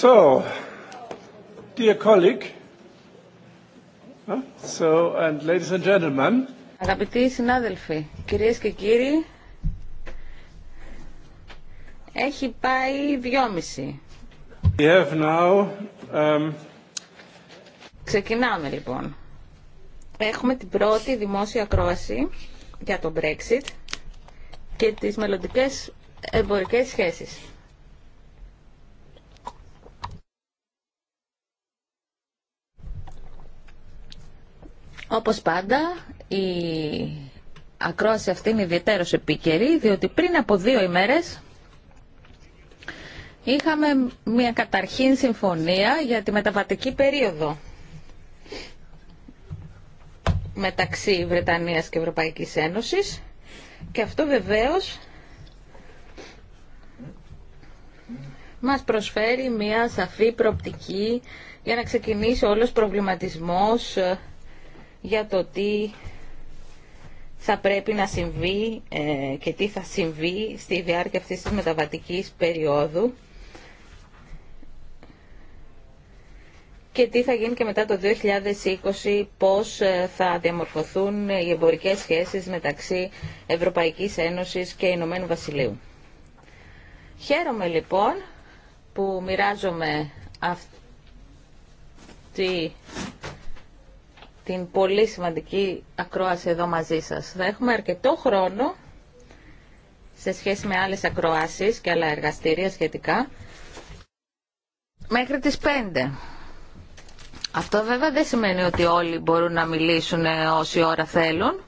So, dear colleague, so, and ladies Αγαπητοί συνάδελφοι, κυρίες και κύριοι, έχει πάει δυόμιση. We have now, um, Ξεκινάμε λοιπόν. Έχουμε την πρώτη δημόσια ακρόαση για το Brexit και τις μελλοντικές εμπορικές σχέσεις. Όπως πάντα, η ακρόαση αυτή είναι ιδιαίτερος επίκαιρη, διότι πριν από δύο ημέρες είχαμε μια καταρχήν συμφωνία για τη μεταβατική περίοδο μεταξύ Βρετανίας και Ευρωπαϊκής Ένωσης και αυτό βεβαίως μας προσφέρει μια σαφή προοπτική για να ξεκινήσει όλος προβληματισμός για το τι θα πρέπει να συμβεί ε, και τι θα συμβεί στη διάρκεια αυτής της μεταβατικής περίοδου και τι θα γίνει και μετά το 2020, πώς ε, θα διαμορφωθούν οι εμπορικές σχέσεις μεταξύ Ευρωπαϊκής Ένωσης και Ηνωμένου Βασιλείου. Χαίρομαι λοιπόν που μοιράζομαι αυτή την πολύ σημαντική ακρόαση εδώ μαζί σας. Θα έχουμε αρκετό χρόνο σε σχέση με άλλες ακροάσεις και άλλα εργαστήρια σχετικά μέχρι τις 5. Αυτό βέβαια δεν σημαίνει ότι όλοι μπορούν να μιλήσουν όση ώρα θέλουν.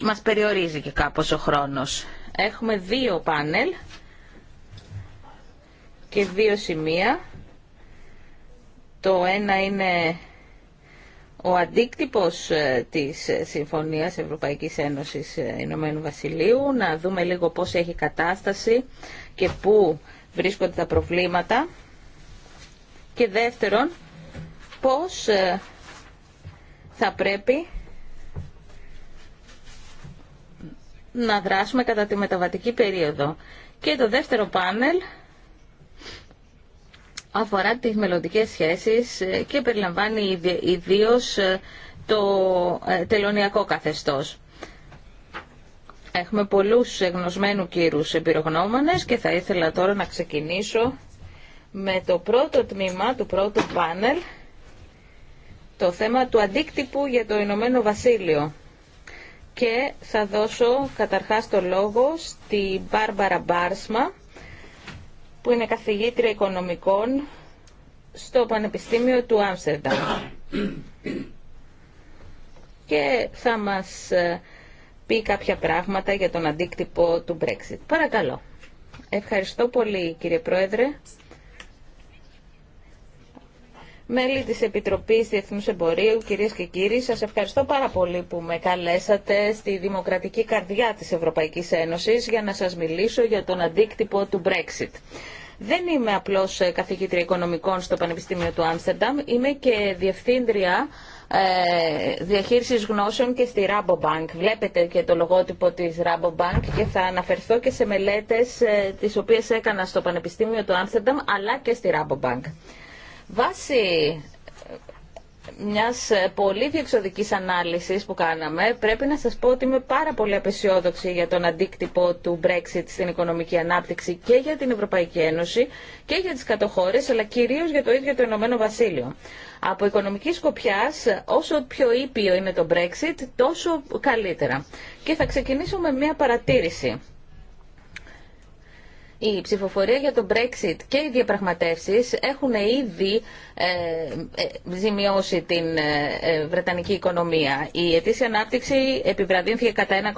Μας περιορίζει και κάπως ο χρόνος. Έχουμε δύο πάνελ και δύο σημεία το ένα είναι ο αντίκτυπος ε, της Συμφωνίας Ευρωπαϊκής Ένωσης ε, Ηνωμένου Βασιλείου, να δούμε λίγο πώς έχει κατάσταση και πού βρίσκονται τα προβλήματα. Και δεύτερον, πώς ε, θα πρέπει να δράσουμε κατά τη μεταβατική περίοδο. Και το δεύτερο πάνελ αφορά τις μελλοντικές σχέσεις ε, και περιλαμβάνει ιδίως ε, το ε, τελωνιακό καθεστώς. Έχουμε πολλούς γνωσμένους κύρους εμπειρογνώμονες και θα ήθελα τώρα να ξεκινήσω με το πρώτο τμήμα του πρώτου πάνελ, το θέμα του αντίκτυπου για το Ηνωμένο Βασίλειο. Και θα δώσω καταρχάς το λόγο στη Μπάρμπαρα Μπάρσμα, που είναι καθηγήτρια οικονομικών στο Πανεπιστήμιο του Άμστερνταμ. Και θα μας ε, πει κάποια πράγματα για τον αντίκτυπο του Brexit. Παρακαλώ. Ευχαριστώ πολύ κύριε Πρόεδρε. Μέλη της Επιτροπής Διεθνούς Εμπορίου, κυρίες και κύριοι, σας ευχαριστώ πάρα πολύ που με καλέσατε στη δημοκρατική καρδιά της Ευρωπαϊκής Ένωσης για να σας μιλήσω για τον αντίκτυπο του Brexit. Δεν είμαι απλώς ε, καθηγήτρια οικονομικών στο Πανεπιστήμιο του Άμστερνταμ, είμαι και διευθύντρια ε, διαχείρισης γνώσεων και στη Rabobank. Βλέπετε και το λογότυπο της Rabobank και θα αναφερθώ και σε μελέτες ε, τις οποίες έκανα στο Πανεπιστήμιο του Άμστερνταμ αλλά και στη Rabobank. Βάσει ε, μιας ε, πολύ διεξοδικής ανάλυσης που κάναμε, πρέπει να σας πω ότι είμαι πάρα πολύ απεσιόδοξη για τον αντίκτυπο του Brexit στην οικονομική ανάπτυξη και για την Ευρωπαϊκή Ένωση και για τις κατοχώρες, αλλά κυρίως για το ίδιο το Ηνωμένο Βασίλειο. Από οικονομική σκοπιά, όσο πιο ήπιο είναι το Brexit, τόσο καλύτερα. Και θα ξεκινήσω με μια παρατήρηση η ψηφοφορία για το Brexit και οι διαπραγματεύσεις έχουν ήδη ε, ε, ζημιώσει την ε, Βρετανική οικονομία. Η ετήσια ανάπτυξη επιβραδύνθηκε κατά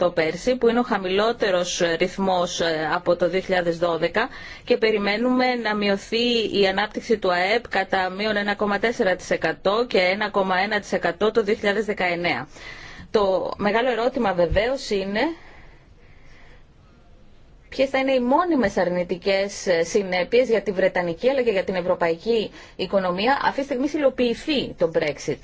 1,7% πέρσι, που είναι ο χαμηλότερος ρυθμός από το 2012 και περιμένουμε να μειωθεί η ανάπτυξη του ΑΕΠ κατά μείον 1,4% και 1,1% το 2019. Το μεγάλο ερώτημα βεβαίως είναι Ποιε θα είναι οι μόνιμε αρνητικέ ε, συνέπειε για τη Βρετανική αλλά και για την ευρωπαϊκή οικονομία αυτή τη στιγμή υλοποιηθεί το Brexit.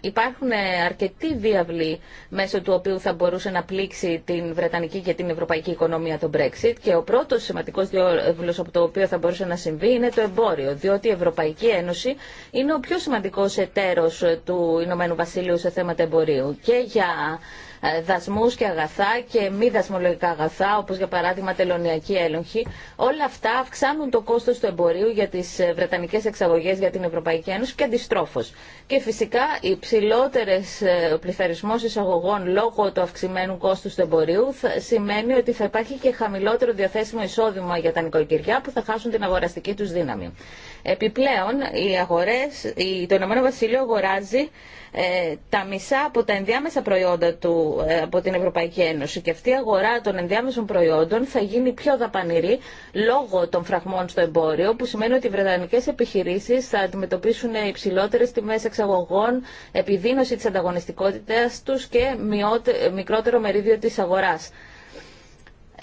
Υπάρχουν ε, αρκετοί διάβλοι μέσω του οποίου θα μπορούσε να πλήξει την Βρετανική και την Ευρωπαϊκή οικονομία το Brexit και ο πρώτος σημαντικός διάβλος από το οποίο θα μπορούσε να συμβεί είναι το εμπόριο, διότι η Ευρωπαϊκή Ένωση είναι ο πιο σημαντικός εταίρος ε, του Ηνωμένου Βασίλειου σε θέματα εμπορίου και για ε, Δασμού και αγαθά και μη δασμολογικά αγαθά, όπω για παράδειγμα τελωνιακή έλεγχη. Όλα αυτά αυξάνουν το κόστο του εμπορίου για τι ε, βρετανικέ εξαγωγέ για την Ευρωπαϊκή Ένωση και αντιστρόφως. Και φυσικά οι υψηλότερες ε, πληθωρισμό εισαγωγών λόγω του αυξημένου κόστου του εμπορίου θα σημαίνει ότι θα υπάρχει και χαμηλότερο διαθέσιμο εισόδημα για τα νοικοκυριά που θα χάσουν την αγοραστική του δύναμη. Επιπλέον, οι αγορές, το Ηνωμένο Βασίλειο αγοράζει ε, τα μισά από τα ενδιάμεσα προϊόντα του ε, από την Ευρωπαϊκή Ένωση. Και αυτή η αγορά των ενδιάμεσων προϊόντων θα γίνει πιο δαπανηρή λόγω των φραγμών στο εμπόριο, που σημαίνει ότι οι βρετανικέ επιχειρήσει θα αντιμετωπίσουν υψηλότερες τιμές εξαγωγών, επιδείνωση της ανταγωνιστικότητας τους και μικρότερο μερίδιο της αγοράς.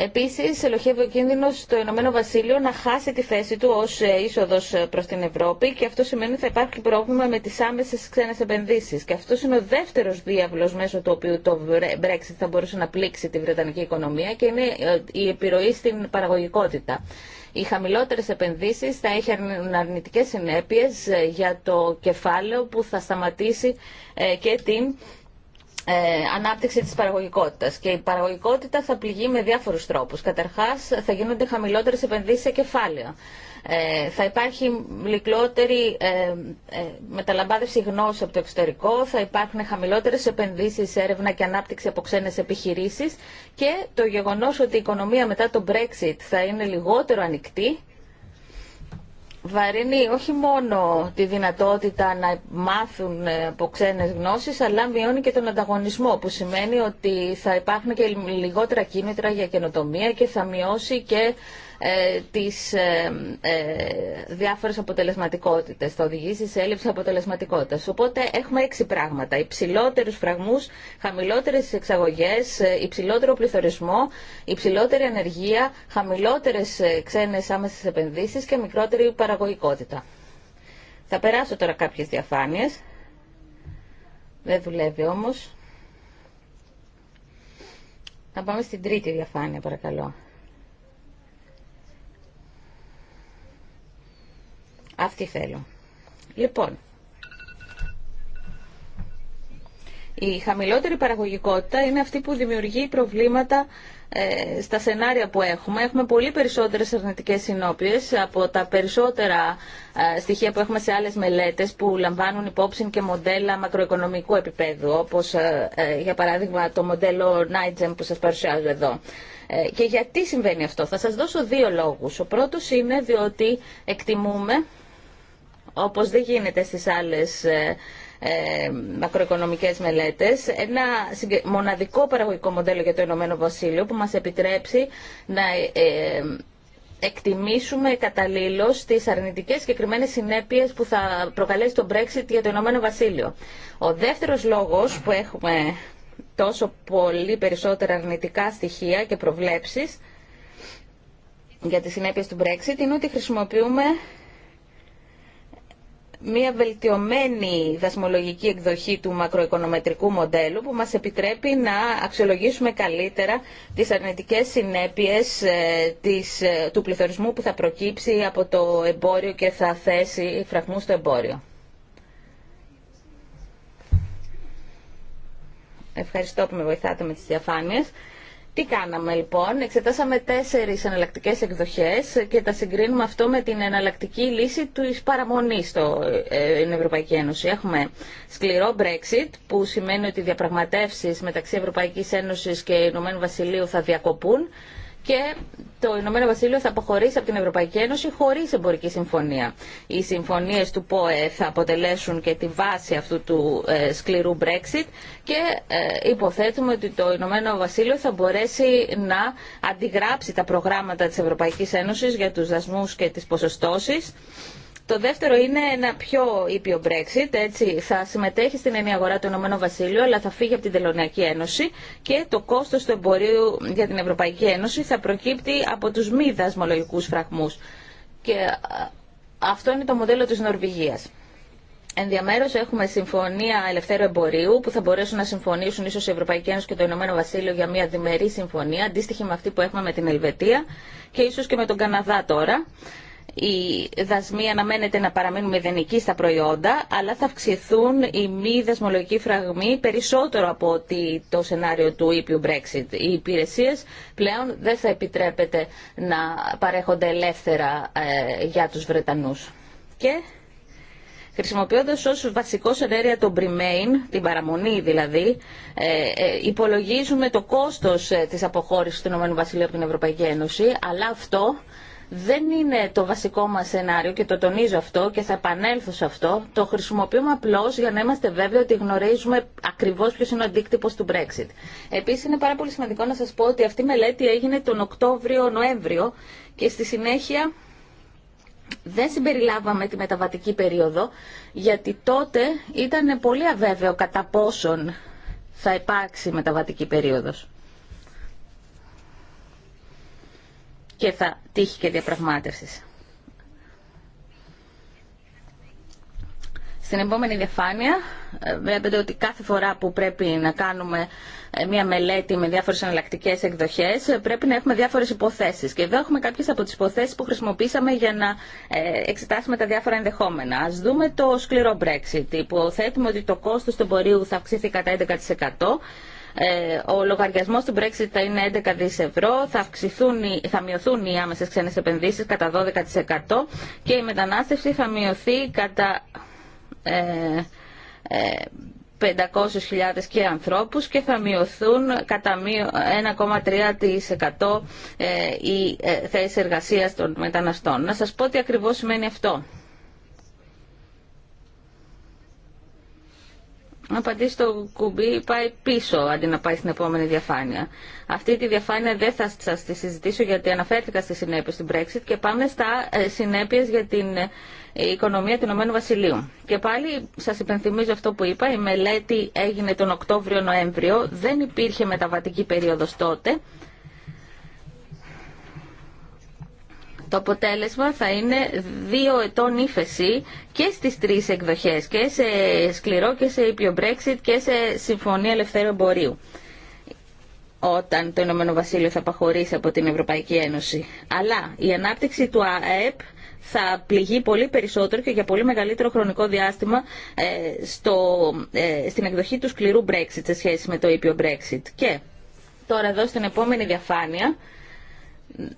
Επίσης, ελοχεύει ο κίνδυνο, το Ηνωμένο Βασίλειο να χάσει τη θέση του ως ε, είσοδος ε, προς την Ευρώπη και αυτό σημαίνει ότι θα υπάρχει πρόβλημα με τις άμεσες ξένες επενδύσεις. Και αυτό είναι ο δεύτερος διάβλος μέσω του οποίου το Brexit θα μπορούσε να πλήξει τη Βρετανική οικονομία και είναι ε, η επιρροή στην παραγωγικότητα. Οι χαμηλότερε επενδύσεις θα έχουν αρνητικές συνέπειες για το κεφάλαιο που θα σταματήσει και την ε, ανάπτυξη της παραγωγικότητας και η παραγωγικότητα θα πληγεί με διάφορους τρόπους. Καταρχάς θα γίνονται χαμηλότερες επενδύσεις σε κεφάλαια. Ε, θα υπάρχει λικλότερη ε, ε, μεταλαμπάδευση γνώση από το εξωτερικό, θα υπάρχουν χαμηλότερες επενδύσεις σε έρευνα και ανάπτυξη από ξένες επιχειρήσεις και το γεγονός ότι η οικονομία μετά το Brexit θα είναι λιγότερο ανοιχτή βαρύνει όχι μόνο τη δυνατότητα να μάθουν ε, από ξένες γνώσεις, αλλά μειώνει και τον ανταγωνισμό, που σημαίνει ότι θα υπάρχουν και λιγότερα κίνητρα για καινοτομία και θα μειώσει και ε, τις ε, ε, διάφορες αποτελεσματικότητες. Θα οδηγήσει σε έλλειψη αποτελεσματικότητας. Οπότε έχουμε έξι πράγματα. Υψηλότερους φραγμούς, χαμηλότερες εξαγωγές, υψηλότερο πληθωρισμό, υψηλότερη ανεργία, χαμηλότερες ξένες άμεσες επενδύσεις και μικρότερη παραγωγικότητα. Θα περάσω τώρα κάποιες διαφάνειες. Δεν δουλεύει όμως. Να πάμε στην τρίτη διαφάνεια παρακαλώ. Αυτή θέλω. Λοιπόν, η χαμηλότερη παραγωγικότητα είναι αυτή που δημιουργεί προβλήματα ε, στα σενάρια που έχουμε. Έχουμε πολύ περισσότερες αρνητικές συνόπιες από τα περισσότερα ε, στοιχεία που έχουμε σε άλλες μελέτες που λαμβάνουν υπόψη και μοντέλα μακροοικονομικού επίπεδου, όπως ε, για παράδειγμα το μοντέλο Nigem που σας παρουσιάζω εδώ. Και γιατί συμβαίνει αυτό. Θα σας δώσω δύο λόγους. Ο πρώτος είναι διότι εκτιμούμε όπως δεν γίνεται στις άλλες ε, ε μακροοικονομικές μελέτες, ένα μοναδικό παραγωγικό μοντέλο για το Ηνωμένο Βασίλειο που μας επιτρέψει να ε, εκτιμήσουμε καταλήλως τις αρνητικές συγκεκριμένε συνέπειες που θα προκαλέσει το Brexit για το Ηνωμένο Βασίλειο. Ο δεύτερος λόγος που έχουμε τόσο πολύ περισσότερα αρνητικά στοιχεία και προβλέψεις για τις συνέπειες του Brexit είναι ότι χρησιμοποιούμε μια βελτιωμένη δασμολογική εκδοχή του μακροοικονομετρικού μοντέλου που μας επιτρέπει να αξιολογήσουμε καλύτερα τις αρνητικές συνέπειες ε, της, ε, του πληθωρισμού που θα προκύψει από το εμπόριο και θα θέσει φραγμού στο εμπόριο. Ευχαριστώ που με βοηθάτε με τις διαφάνειες. Τι κάναμε λοιπόν, εξετάσαμε τέσσερι εναλλακτικέ εκδοχές και τα συγκρίνουμε αυτό με την εναλλακτική λύση του παραμονή ε, στην Ευρωπαϊκή Ένωση. Έχουμε σκληρό Brexit που σημαίνει ότι οι διαπραγματεύσεις μεταξύ Ευρωπαϊκής Ένωση και Ηνωμένου Βασιλείου θα διακοπούν και το Ηνωμένο Βασίλειο θα αποχωρήσει από την Ευρωπαϊκή Ένωση χωρί εμπορική συμφωνία. Οι συμφωνίε του ΠΟΕ θα αποτελέσουν και τη βάση αυτού του ε, σκληρού Brexit και ε, υποθέτουμε ότι το Ηνωμένο Βασίλειο θα μπορέσει να αντιγράψει τα προγράμματα τη Ευρωπαϊκή Ένωση για του δασμού και τι ποσοστώσει το δεύτερο είναι ένα πιο ήπιο Brexit, έτσι θα συμμετέχει στην ενή αγορά του Ηνωμένου αλλά θα φύγει από την Τελωνιακή Ένωση και το κόστος του εμπορίου για την Ευρωπαϊκή Ένωση θα προκύπτει από τους μη δασμολογικούς φραγμούς. Και αυτό είναι το μοντέλο της Νορβηγίας. Ενδιαμέρω έχουμε συμφωνία ελευθέρου εμπορίου που θα μπορέσουν να συμφωνήσουν ίσω η Ευρωπαϊκή Ένωση και το Ηνωμένο Βασίλειο για μια διμερή συμφωνία, αντίστοιχη με αυτή που έχουμε με την Ελβετία και ίσω και με τον Καναδά τώρα οι δασμοί αναμένεται να παραμείνουν μηδενικοί στα προϊόντα, αλλά θα αυξηθούν οι μη δασμολογικοί φραγμοί περισσότερο από το σενάριο του ήπιου Brexit. Οι υπηρεσίε πλέον δεν θα επιτρέπεται να παρέχονται ελεύθερα ε, για τους Βρετανούς. Και χρησιμοποιώντα ω βασικό σενέρια το Bremain, την παραμονή δηλαδή, ε, ε, υπολογίζουμε το κόστο τη αποχώρηση του Ηνωμένου Βασιλείου από την Ευρωπαϊκή Ένωση, αλλά αυτό δεν είναι το βασικό μας σενάριο και το τονίζω αυτό και θα επανέλθω σε αυτό. Το χρησιμοποιούμε απλώς για να είμαστε βέβαιοι ότι γνωρίζουμε ακριβώς ποιος είναι ο αντίκτυπος του Brexit. Επίσης είναι πάρα πολύ σημαντικό να σας πω ότι αυτή η μελέτη έγινε τον Οκτώβριο-Νοέμβριο και στη συνέχεια δεν συμπεριλάβαμε τη μεταβατική περίοδο γιατί τότε ήταν πολύ αβέβαιο κατά πόσον θα υπάρξει μεταβατική περίοδος. και θα τύχει και διαπραγμάτευσης. Στην επόμενη διαφάνεια ε, βλέπετε ότι κάθε φορά που πρέπει να κάνουμε ε, μια μελέτη με διάφορες εναλλακτικέ εκδοχές ε, πρέπει να έχουμε διάφορες υποθέσεις. Και εδώ έχουμε κάποιες από τις υποθέσεις που χρησιμοποίησαμε για να εξετάσουμε τα διάφορα ενδεχόμενα. Ας δούμε το σκληρό Brexit. Υποθέτουμε ότι το κόστος του εμπορίου θα αυξηθεί κατά 11% ε, ο λογαριασμός του Brexit θα είναι 11 δις ευρώ, θα, αυξηθούν, θα μειωθούν οι άμεσες ξένες επενδύσεις κατά 12% και η μετανάστευση θα μειωθεί κατά... 500.000 ε, ε, και ανθρώπους και θα μειωθούν κατά 1,3% οι θέσεις εργασίας των μεταναστών. Να σας πω τι ακριβώς σημαίνει αυτό. Αν πατήσει το κουμπί πάει πίσω αντί να πάει στην επόμενη διαφάνεια. Αυτή τη διαφάνεια δεν θα σα τη συζητήσω γιατί αναφέρθηκα στις συνέπειες του Brexit και πάμε στα ε, συνέπειε για την ε, οικονομία του Ηνωμένου Βασιλείου. Και πάλι σας υπενθυμίζω αυτό που είπα, η μελέτη έγινε τον Οκτώβριο-Νοέμβριο, δεν υπήρχε μεταβατική περίοδο τότε. Το αποτέλεσμα θα είναι δύο ετών ύφεση και στις τρεις εκδοχές, και σε σκληρό και σε ήπιο Brexit και σε συμφωνία ελευθέρου εμπορίου όταν το Ηνωμένο Βασίλειο θα απαχωρήσει από την Ευρωπαϊκή Ένωση. Αλλά η ανάπτυξη του ΑΕΠ θα πληγεί πολύ περισσότερο και για πολύ μεγαλύτερο χρονικό διάστημα ε, στο, ε, στην εκδοχή του σκληρού Brexit σε σχέση με το ήπιο Brexit. Και τώρα εδώ στην επόμενη διαφάνεια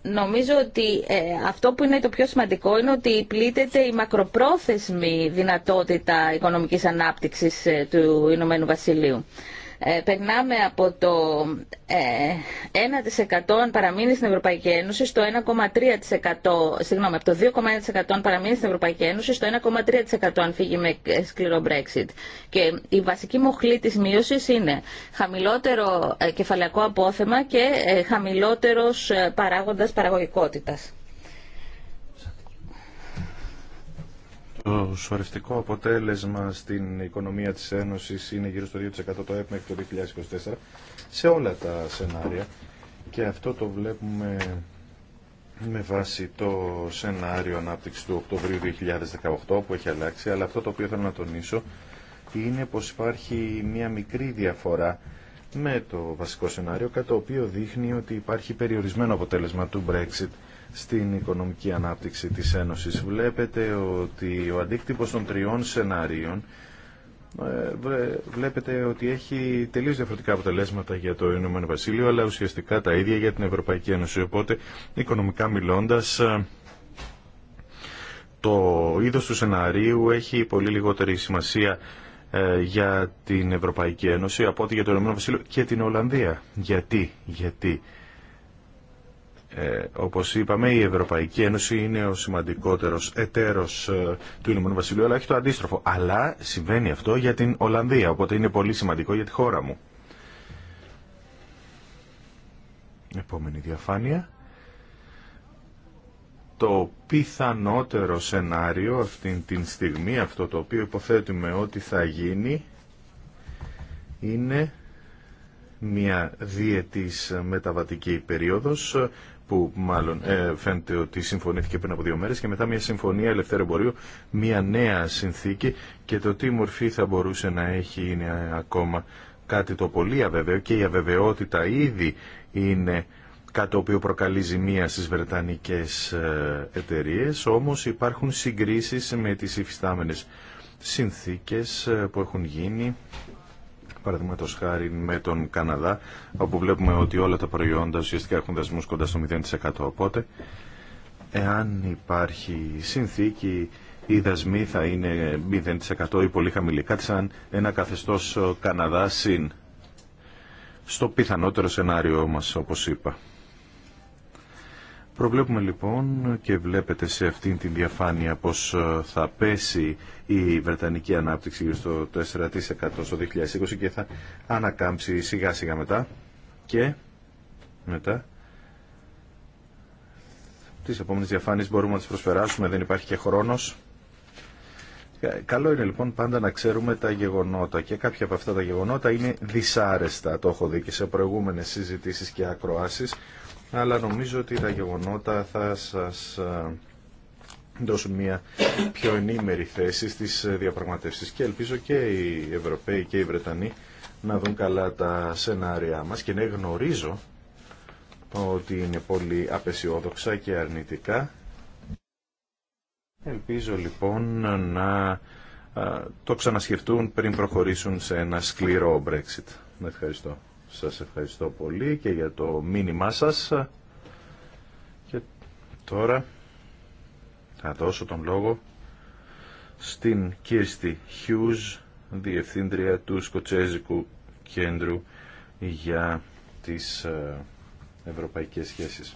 Νομίζω ότι ε, αυτό που είναι το πιο σημαντικό είναι ότι πλήττεται η μακροπρόθεσμη δυνατότητα οικονομικής ανάπτυξης ε, του Ηνωμένου Βασιλείου. Ε, περνάμε από το 1% ε, παραμείνει στην Ευρωπαϊκή Ένωση στο 1,3% συγγνώμη, από το 2,1% παραμείνει στην Ευρωπαϊκή Ένωση στο 1,3% αν φύγει με ε, σκληρό Brexit. Και η βασική μοχλή της μείωσης είναι χαμηλότερο κεφαλαιακό απόθεμα και χαμηλότερος παράγοντας παραγωγικότητας. Το σωρευτικό αποτέλεσμα στην οικονομία της Ένωσης είναι γύρω στο 2% το ΕΠ το 2024 σε όλα τα σενάρια και αυτό το βλέπουμε με βάση το σενάριο ανάπτυξη του Οκτωβρίου 2018 που έχει αλλάξει, αλλά αυτό το οποίο θέλω να τονίσω είναι πως υπάρχει μια μικρή διαφορά με το βασικό σενάριο, κατά το οποίο δείχνει ότι υπάρχει περιορισμένο αποτέλεσμα του Brexit στην οικονομική ανάπτυξη της Ένωσης. Βλέπετε ότι ο αντίκτυπος των τριών σενάριων ε, βλέπετε ότι έχει τελείως διαφορετικά αποτελέσματα για το Ηνωμένο Βασίλειο αλλά ουσιαστικά τα ίδια για την Ευρωπαϊκή Ένωση. Οπότε οικονομικά μιλώντας ε, το είδος του σενάριου έχει πολύ λιγότερη σημασία ε, για την Ευρωπαϊκή Ένωση από ό,τι για το Ηνωμένο Βασίλειο και την Ολλανδία. Γιατί, γιατί ε, όπως είπαμε, η Ευρωπαϊκή Ένωση είναι ο σημαντικότερος εταίρος ε, του Ηνωμένου Βασιλείου, αλλά έχει το αντίστροφο. Αλλά συμβαίνει αυτό για την Ολλανδία, οπότε είναι πολύ σημαντικό για τη χώρα μου. Επόμενη διαφάνεια. Το πιθανότερο σενάριο αυτή την στιγμή, αυτό το οποίο υποθέτουμε ότι θα γίνει, είναι μια διετής μεταβατική περίοδος που μάλλον ε, φαίνεται ότι συμφωνήθηκε πριν από δύο μέρες και μετά μια συμφωνία ελευθέρου εμπορίου, μια νέα συνθήκη και το τι μορφή θα μπορούσε να έχει είναι ακόμα κάτι το πολύ αβεβαίο και η αβεβαιότητα ήδη είναι κάτι το οποίο προκαλεί ζημία στις βρετανικές ε, εταιρείε, όμως υπάρχουν συγκρίσεις με τις υφιστάμενες συνθήκες ε, που έχουν γίνει παραδείγματο χάρη με τον Καναδά, όπου βλέπουμε ότι όλα τα προϊόντα ουσιαστικά έχουν δεσμού κοντά στο 0%. Οπότε, εάν υπάρχει συνθήκη, οι δασμοί θα είναι 0% ή πολύ χαμηλή. Κάτι σαν ένα καθεστώς Καναδά συν. Στο πιθανότερο σενάριό μας, όπως είπα. Προβλέπουμε λοιπόν και βλέπετε σε αυτήν την διαφάνεια πως ε, θα πέσει η Βρετανική ανάπτυξη στο 4% στο 2020 και θα ανακάμψει σιγά σιγά μετά και μετά τις επόμενες διαφάνειες μπορούμε να τις προσφεράσουμε, δεν υπάρχει και χρόνος. Ε, καλό είναι λοιπόν πάντα να ξέρουμε τα γεγονότα και κάποια από αυτά τα γεγονότα είναι δυσάρεστα, το έχω δει και σε προηγούμενες συζητήσεις και ακροάσεις αλλά νομίζω ότι τα γεγονότα θα σας ε, δώσουν μια πιο ενήμερη θέση στις ε, διαπραγματεύσεις και ελπίζω και οι Ευρωπαίοι και οι Βρετανοί να δουν καλά τα σενάρια μας και να γνωρίζω ότι είναι πολύ απεσιόδοξα και αρνητικά. Ελπίζω λοιπόν να ε, το ξανασκεφτούν πριν προχωρήσουν σε ένα σκληρό Brexit. Ευχαριστώ. Σας ευχαριστώ πολύ και για το μήνυμά σας. Και τώρα θα δώσω τον λόγο στην Κίρστη Χιούζ, Διευθύντρια του Σκοτσέζικου Κέντρου για τις ε, Ευρωπαϊκές Σχέσεις.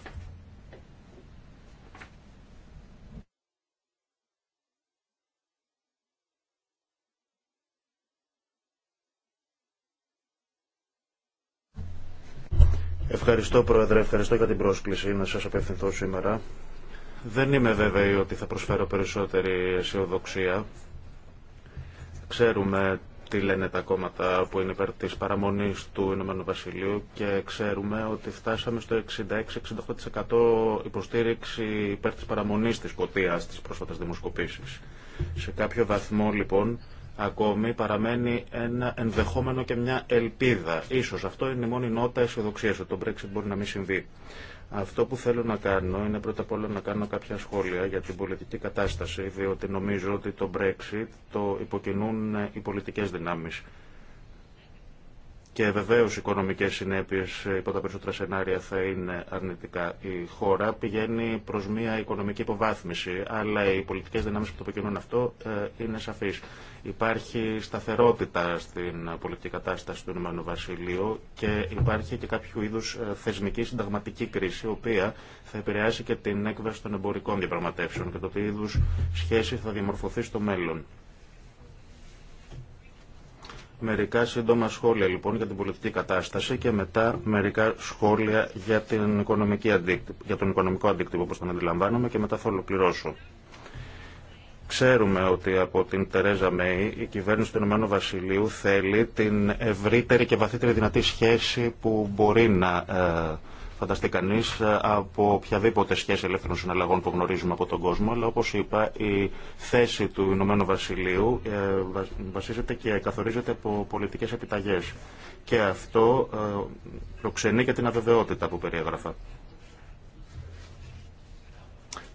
Ευχαριστώ Πρόεδρε, ευχαριστώ για την πρόσκληση να σας απευθυνθώ σήμερα. Δεν είμαι βέβαιη ότι θα προσφέρω περισσότερη αισιοδοξία. Ξέρουμε τι λένε τα κόμματα που είναι υπέρ της παραμονής του Ηνωμένου Βασιλείου και ξέρουμε ότι φτάσαμε στο 66-68% υποστήριξη υπέρ της παραμονής της Σκοτίας της πρόσφατας δημοσκοπήσεις. Σε κάποιο βαθμό λοιπόν ακόμη παραμένει ένα ενδεχόμενο και μια ελπίδα. Ίσως αυτό είναι η μόνη νότα αισιοδοξία ότι το Brexit μπορεί να μην συμβεί. Αυτό που θέλω να κάνω είναι πρώτα απ' όλα να κάνω κάποια σχόλια για την πολιτική κατάσταση, διότι νομίζω ότι το Brexit το υποκινούν οι πολιτικές δυνάμεις και βεβαίως οι οικονομικές συνέπειες υπό τα περισσότερα σενάρια θα είναι αρνητικά. Η χώρα πηγαίνει προς μια οικονομική υποβάθμιση, αλλά οι πολιτικές δυνάμεις που το αποκοινούν αυτό ε, είναι σαφείς. Υπάρχει σταθερότητα στην πολιτική κατάσταση του Ηνωμένου Βασιλείου και υπάρχει και κάποιο είδους ε, θεσμική συνταγματική κρίση, η οποία θα επηρεάσει και την έκβαση των εμπορικών διαπραγματεύσεων και το τι είδους σχέση θα διαμορφωθεί στο μέλλον. Μερικά σύντομα σχόλια λοιπόν για την πολιτική κατάσταση και μετά μερικά σχόλια για, την οικονομική για τον οικονομικό αντίκτυπο όπως τον αντιλαμβάνομαι και μετά θα ολοκληρώσω. Ξέρουμε ότι από την Τερέζα Μέη η κυβέρνηση του Ηνωμένου Βασιλείου θέλει την ευρύτερη και βαθύτερη δυνατή σχέση που μπορεί να ε, φανταστεί κανεί ε, από οποιαδήποτε σχέση ελεύθερων συναλλαγών που γνωρίζουμε από τον κόσμο. Αλλά όπω είπα, η θέση του Ηνωμένου Βασιλείου ε, βασίζεται και καθορίζεται από πολιτικέ επιταγέ. Και αυτό ε, προξενεί και την αβεβαιότητα που περιέγραφα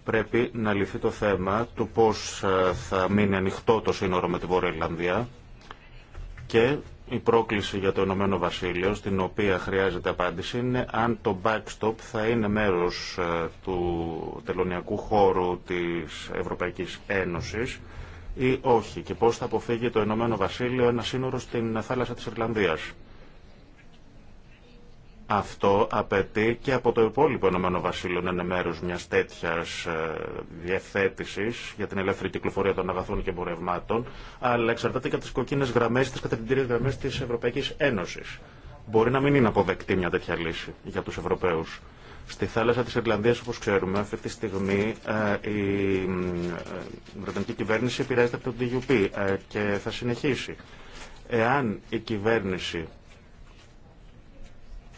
πρέπει να λυθεί το θέμα του πώς θα μείνει ανοιχτό το σύνορο με τη Βόρεια Ιρλανδία και η πρόκληση για το Ηνωμένο Βασίλειο, στην οποία χρειάζεται απάντηση, είναι αν το backstop θα είναι μέρος ε, του τελωνιακού χώρου της Ευρωπαϊκής Ένωσης ή όχι και πώς θα αποφύγει το Ηνωμένο Βασίλειο ένα σύνορο στην θάλασσα της Ιρλανδίας. Αυτό απαιτεί και από το υπόλοιπο Ηνωμένο Βασίλειο να είναι μέρο μια τέτοια ε, διευθέτηση για την ελεύθερη κυκλοφορία των αγαθών και εμπορευμάτων, αλλά εξαρτάται και από τι κοκκίνε γραμμέ, τι κατευθυντήριε γραμμέ τη Ευρωπαϊκή Ένωση. Μπορεί να μην είναι αποδεκτή μια τέτοια λύση για του Ευρωπαίου. Στη θάλασσα τη Ιρλανδία, όπω ξέρουμε, αυτή τη στιγμή ε, η ε, Βρετανική κυβέρνηση επηρεάζεται από τον DUP και θα συνεχίσει. Εάν η κυβέρνηση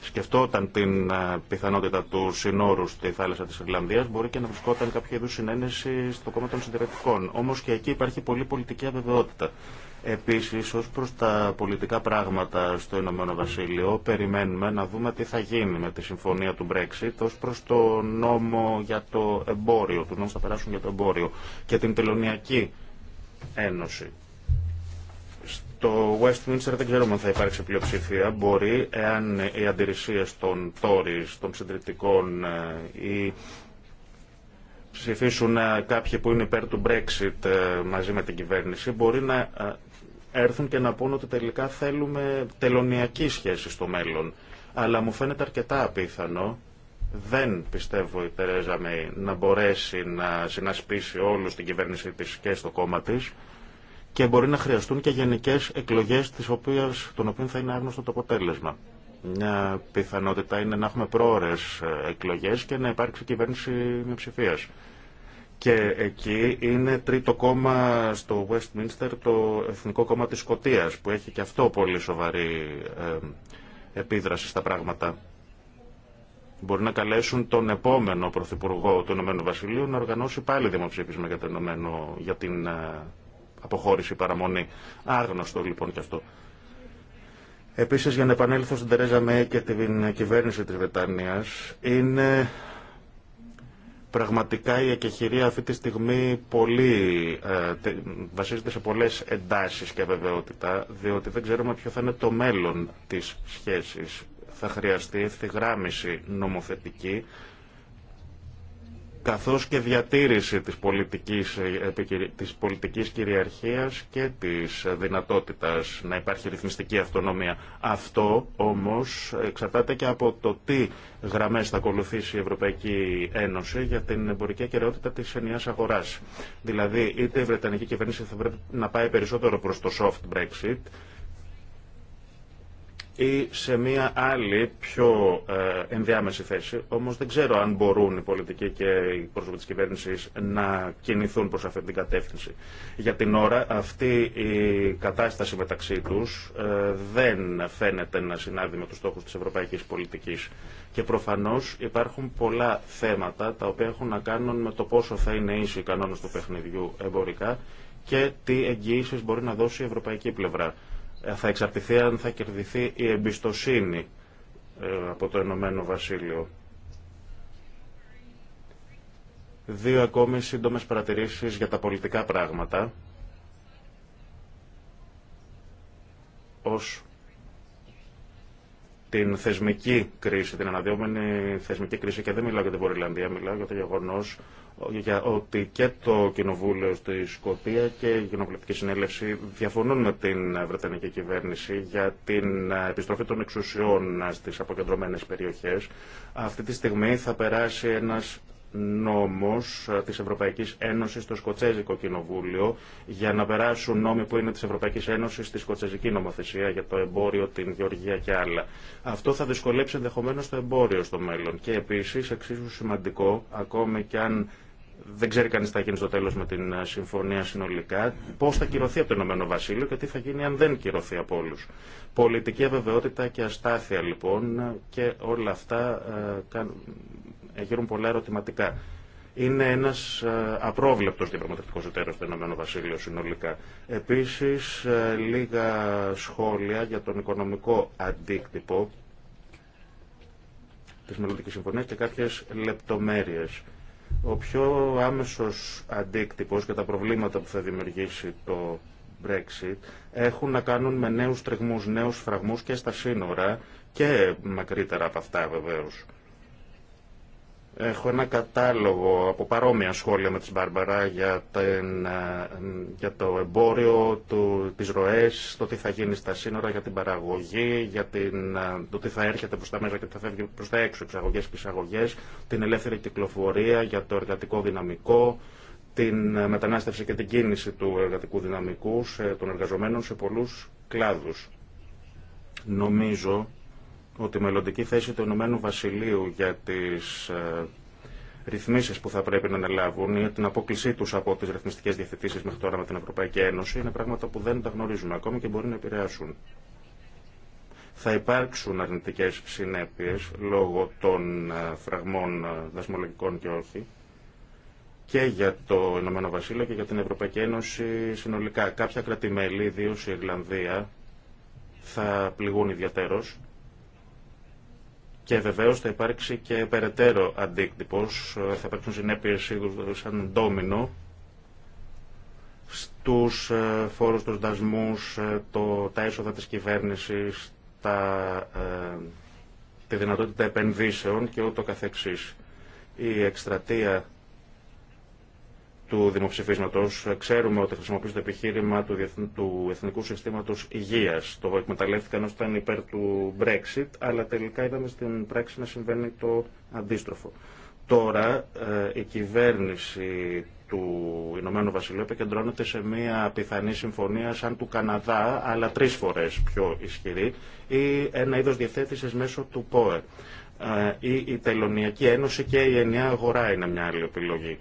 σκεφτόταν την ε, πιθανότητα του συνόρου στη θάλασσα της Ιρλανδία, μπορεί και να βρισκόταν κάποια είδου συνένεση στο κόμμα των συντηρητικών. Όμως και εκεί υπάρχει πολύ πολιτική αβεβαιότητα. Επίσης, ω προς τα πολιτικά πράγματα στο Ηνωμένο Βασίλειο, περιμένουμε να δούμε τι θα γίνει με τη συμφωνία του Brexit ω προ το νόμο για το εμπόριο, του νόμους θα περάσουν για το εμπόριο και την τελωνιακή ένωση το Westminster δεν ξέρουμε αν θα υπάρξει πλειοψηφία. Μπορεί, εάν οι αντιρρησίες των Τόρις, των συντριπτικών ε, ή ψηφίσουν ε, κάποιοι που είναι υπέρ του Brexit ε, μαζί με την κυβέρνηση, μπορεί να έρθουν και να πούν ότι τελικά θέλουμε τελωνιακή σχέση στο μέλλον. Αλλά μου φαίνεται αρκετά απίθανο δεν πιστεύω η Τερέζα Μέη να μπορέσει να συνασπίσει όλους την κυβέρνησή της και στο κόμμα της και μπορεί να χρειαστούν και γενικέ εκλογέ των οποίων θα είναι άγνωστο το αποτέλεσμα. Μια πιθανότητα είναι να έχουμε πρόορε ε, εκλογές και να υπάρξει κυβέρνηση ψηφία. Και εκεί είναι τρίτο κόμμα στο Westminster το Εθνικό Κόμμα της Σκοτίας που έχει και αυτό πολύ σοβαρή ε, επίδραση στα πράγματα. Μπορεί να καλέσουν τον επόμενο Πρωθυπουργό του Ηνωμένου Βασιλείου να οργανώσει πάλι δημοψήφισμα για, το για την ε, αποχώρηση παραμονή. Άγνωστο λοιπόν και αυτό. Επίση, για να επανέλθω στην Τερέζα Μέη και την κυβέρνηση τη Βρετανία, είναι πραγματικά η εκεχηρία αυτή τη στιγμή πολύ, ε, βασίζεται σε πολλέ εντάσει και αβεβαιότητα, διότι δεν ξέρουμε ποιο θα είναι το μέλλον της σχέση. Θα χρειαστεί ευθυγράμμιση νομοθετική καθώς και διατήρηση της πολιτικής, ε, της πολιτικής κυριαρχίας και της δυνατότητας να υπάρχει ρυθμιστική αυτονομία. Αυτό όμως εξαρτάται και από το τι γραμμές θα ακολουθήσει η Ευρωπαϊκή Ένωση για την εμπορική ακεραιότητα της ενιαίας αγοράς. Δηλαδή, είτε η Βρετανική κυβέρνηση θα πρέπει να πάει περισσότερο προς το soft Brexit, ή σε μια άλλη πιο ε, ενδιάμεση θέση. Όμω δεν ξέρω αν μπορούν οι πολιτικοί και οι πρόσωποι τη κυβέρνηση να κινηθούν προ αυτή την κατεύθυνση. Για την ώρα αυτή η κατάσταση μεταξύ του ε, δεν φαίνεται να συνάδει με του στόχου τη ευρωπαϊκή πολιτική. Και προφανώ υπάρχουν πολλά θέματα τα οποία έχουν να κάνουν με το πόσο θα είναι ίσοι οι κανόνε του παιχνιδιού εμπορικά και τι εγγυήσει μπορεί να δώσει η ευρωπαϊκή πλευρά θα εξαρτηθεί αν θα κερδιθεί η εμπιστοσύνη ε, από το Ενωμένο Βασίλειο. Δύο ακόμη σύντομες παρατηρήσεις για τα πολιτικά πράγματα ως την θεσμική κρίση, την αναδυόμενη θεσμική κρίση και δεν μιλάω για την Βορειλανδία, μιλάω για το γεγονό για ότι και το Κοινοβούλιο στη Σκωτία και η Κοινοβουλευτική Συνέλευση διαφωνούν με την Βρετανική κυβέρνηση για την επιστροφή των εξουσιών στις αποκεντρωμένες περιοχές. Αυτή τη στιγμή θα περάσει ένα νόμος ε, της Ευρωπαϊκής Ένωσης στο Σκοτσέζικο Κοινοβούλιο για να περάσουν νόμοι που είναι της Ευρωπαϊκής Ένωσης στη Σκοτσέζικη νομοθεσία για το εμπόριο, την γεωργία και άλλα. Αυτό θα δυσκολέψει ενδεχομένω το εμπόριο στο μέλλον και επίσης εξίσου σημαντικό, ακόμη και αν δεν ξέρει κανεί τι θα γίνει στο τέλο με την ε, συμφωνία συνολικά, πώ θα κυρωθεί από το Ηνωμένο Βασίλειο και τι θα γίνει αν δεν κυρωθεί από όλου. Πολιτική αβεβαιότητα και αστάθεια λοιπόν και όλα αυτά ε, γύρουν πολλά ερωτηματικά. Είναι ένα ε, απρόβλεπτο διαπραγματευτικό εταίρο του ΕΒ Βασίλειου συνολικά. Επίση, ε, λίγα σχόλια για τον οικονομικό αντίκτυπο τη μελλοντική συμφωνία και κάποιε λεπτομέρειε. Ο πιο άμεσο αντίκτυπο και τα προβλήματα που θα δημιουργήσει το Brexit έχουν να κάνουν με νέους τρεγμούς, νέου φραγμού και στα σύνορα και μακρύτερα από αυτά βεβαίω. Έχω ένα κατάλογο από παρόμοια σχόλια με τη Μπάρμπαρα για, την, ε, για το εμπόριο, του, τις ροές, το τι θα γίνει στα σύνορα, για την παραγωγή, για την, ε, το τι θα έρχεται προς τα μέσα και τι θα φεύγει προς τα έξω, εξαγωγές και εισαγωγές, την ελεύθερη κυκλοφορία, για το εργατικό δυναμικό, την ε, μετανάστευση και την κίνηση του εργατικού δυναμικού των εργαζομένων σε πολλούς κλάδους. Νομίζω ότι η μελλοντική θέση του Ηνωμένου Βασιλείου για τις ε, ρυθμίσεις που θα πρέπει να αναλάβουν ή την απόκλησή τους από τις ρυθμιστικές διευθετήσεις μέχρι τώρα με την Ευρωπαϊκή Ένωση είναι πράγματα που δεν τα γνωρίζουμε ακόμα και μπορεί να επηρεάσουν. Θα υπάρξουν αρνητικές συνέπειες λόγω των ε, φραγμών ε, δασμολογικών και όχι και για το Ηνωμένο Βασίλειο και για την Ευρωπαϊκή Ένωση συνολικά. Κάποια κρατημέλη, ιδίω η Ιρλανδία, θα πληγούν ιδιαίτερως και βεβαίω θα υπάρξει και περαιτέρω αντίκτυπο, ε, θα υπάρξουν συνέπειε σίγουρα σαν ντόμινο στου ε, φόρου, του δασμού, ε, το, τα έσοδα τη κυβέρνηση, τη δυνατότητα επενδύσεων και ούτω καθεξής. Η εκστρατεία του δημοψηφισματο. Ξέρουμε ότι χρησιμοποιεί το επιχείρημα του, του Εθνικού Συστήματο Υγεία, Το εκμεταλλεύτηκαν ω ήταν υπέρ του Brexit, αλλά τελικά είδαμε στην πράξη να συμβαίνει το αντίστροφο. Τώρα ε, η κυβέρνηση του Ηνωμένου Βασιλείου επικεντρώνεται σε μια πιθανή συμφωνία σαν του Καναδά, αλλά τρει φορέ πιο ισχυρή, ή ένα είδο διαθέτηση μέσω του ΠΟΕ. Ή ε, η Τελωνιακή Ένωση και η Ενιαία Αγορά είναι μια άλλη επιλογή.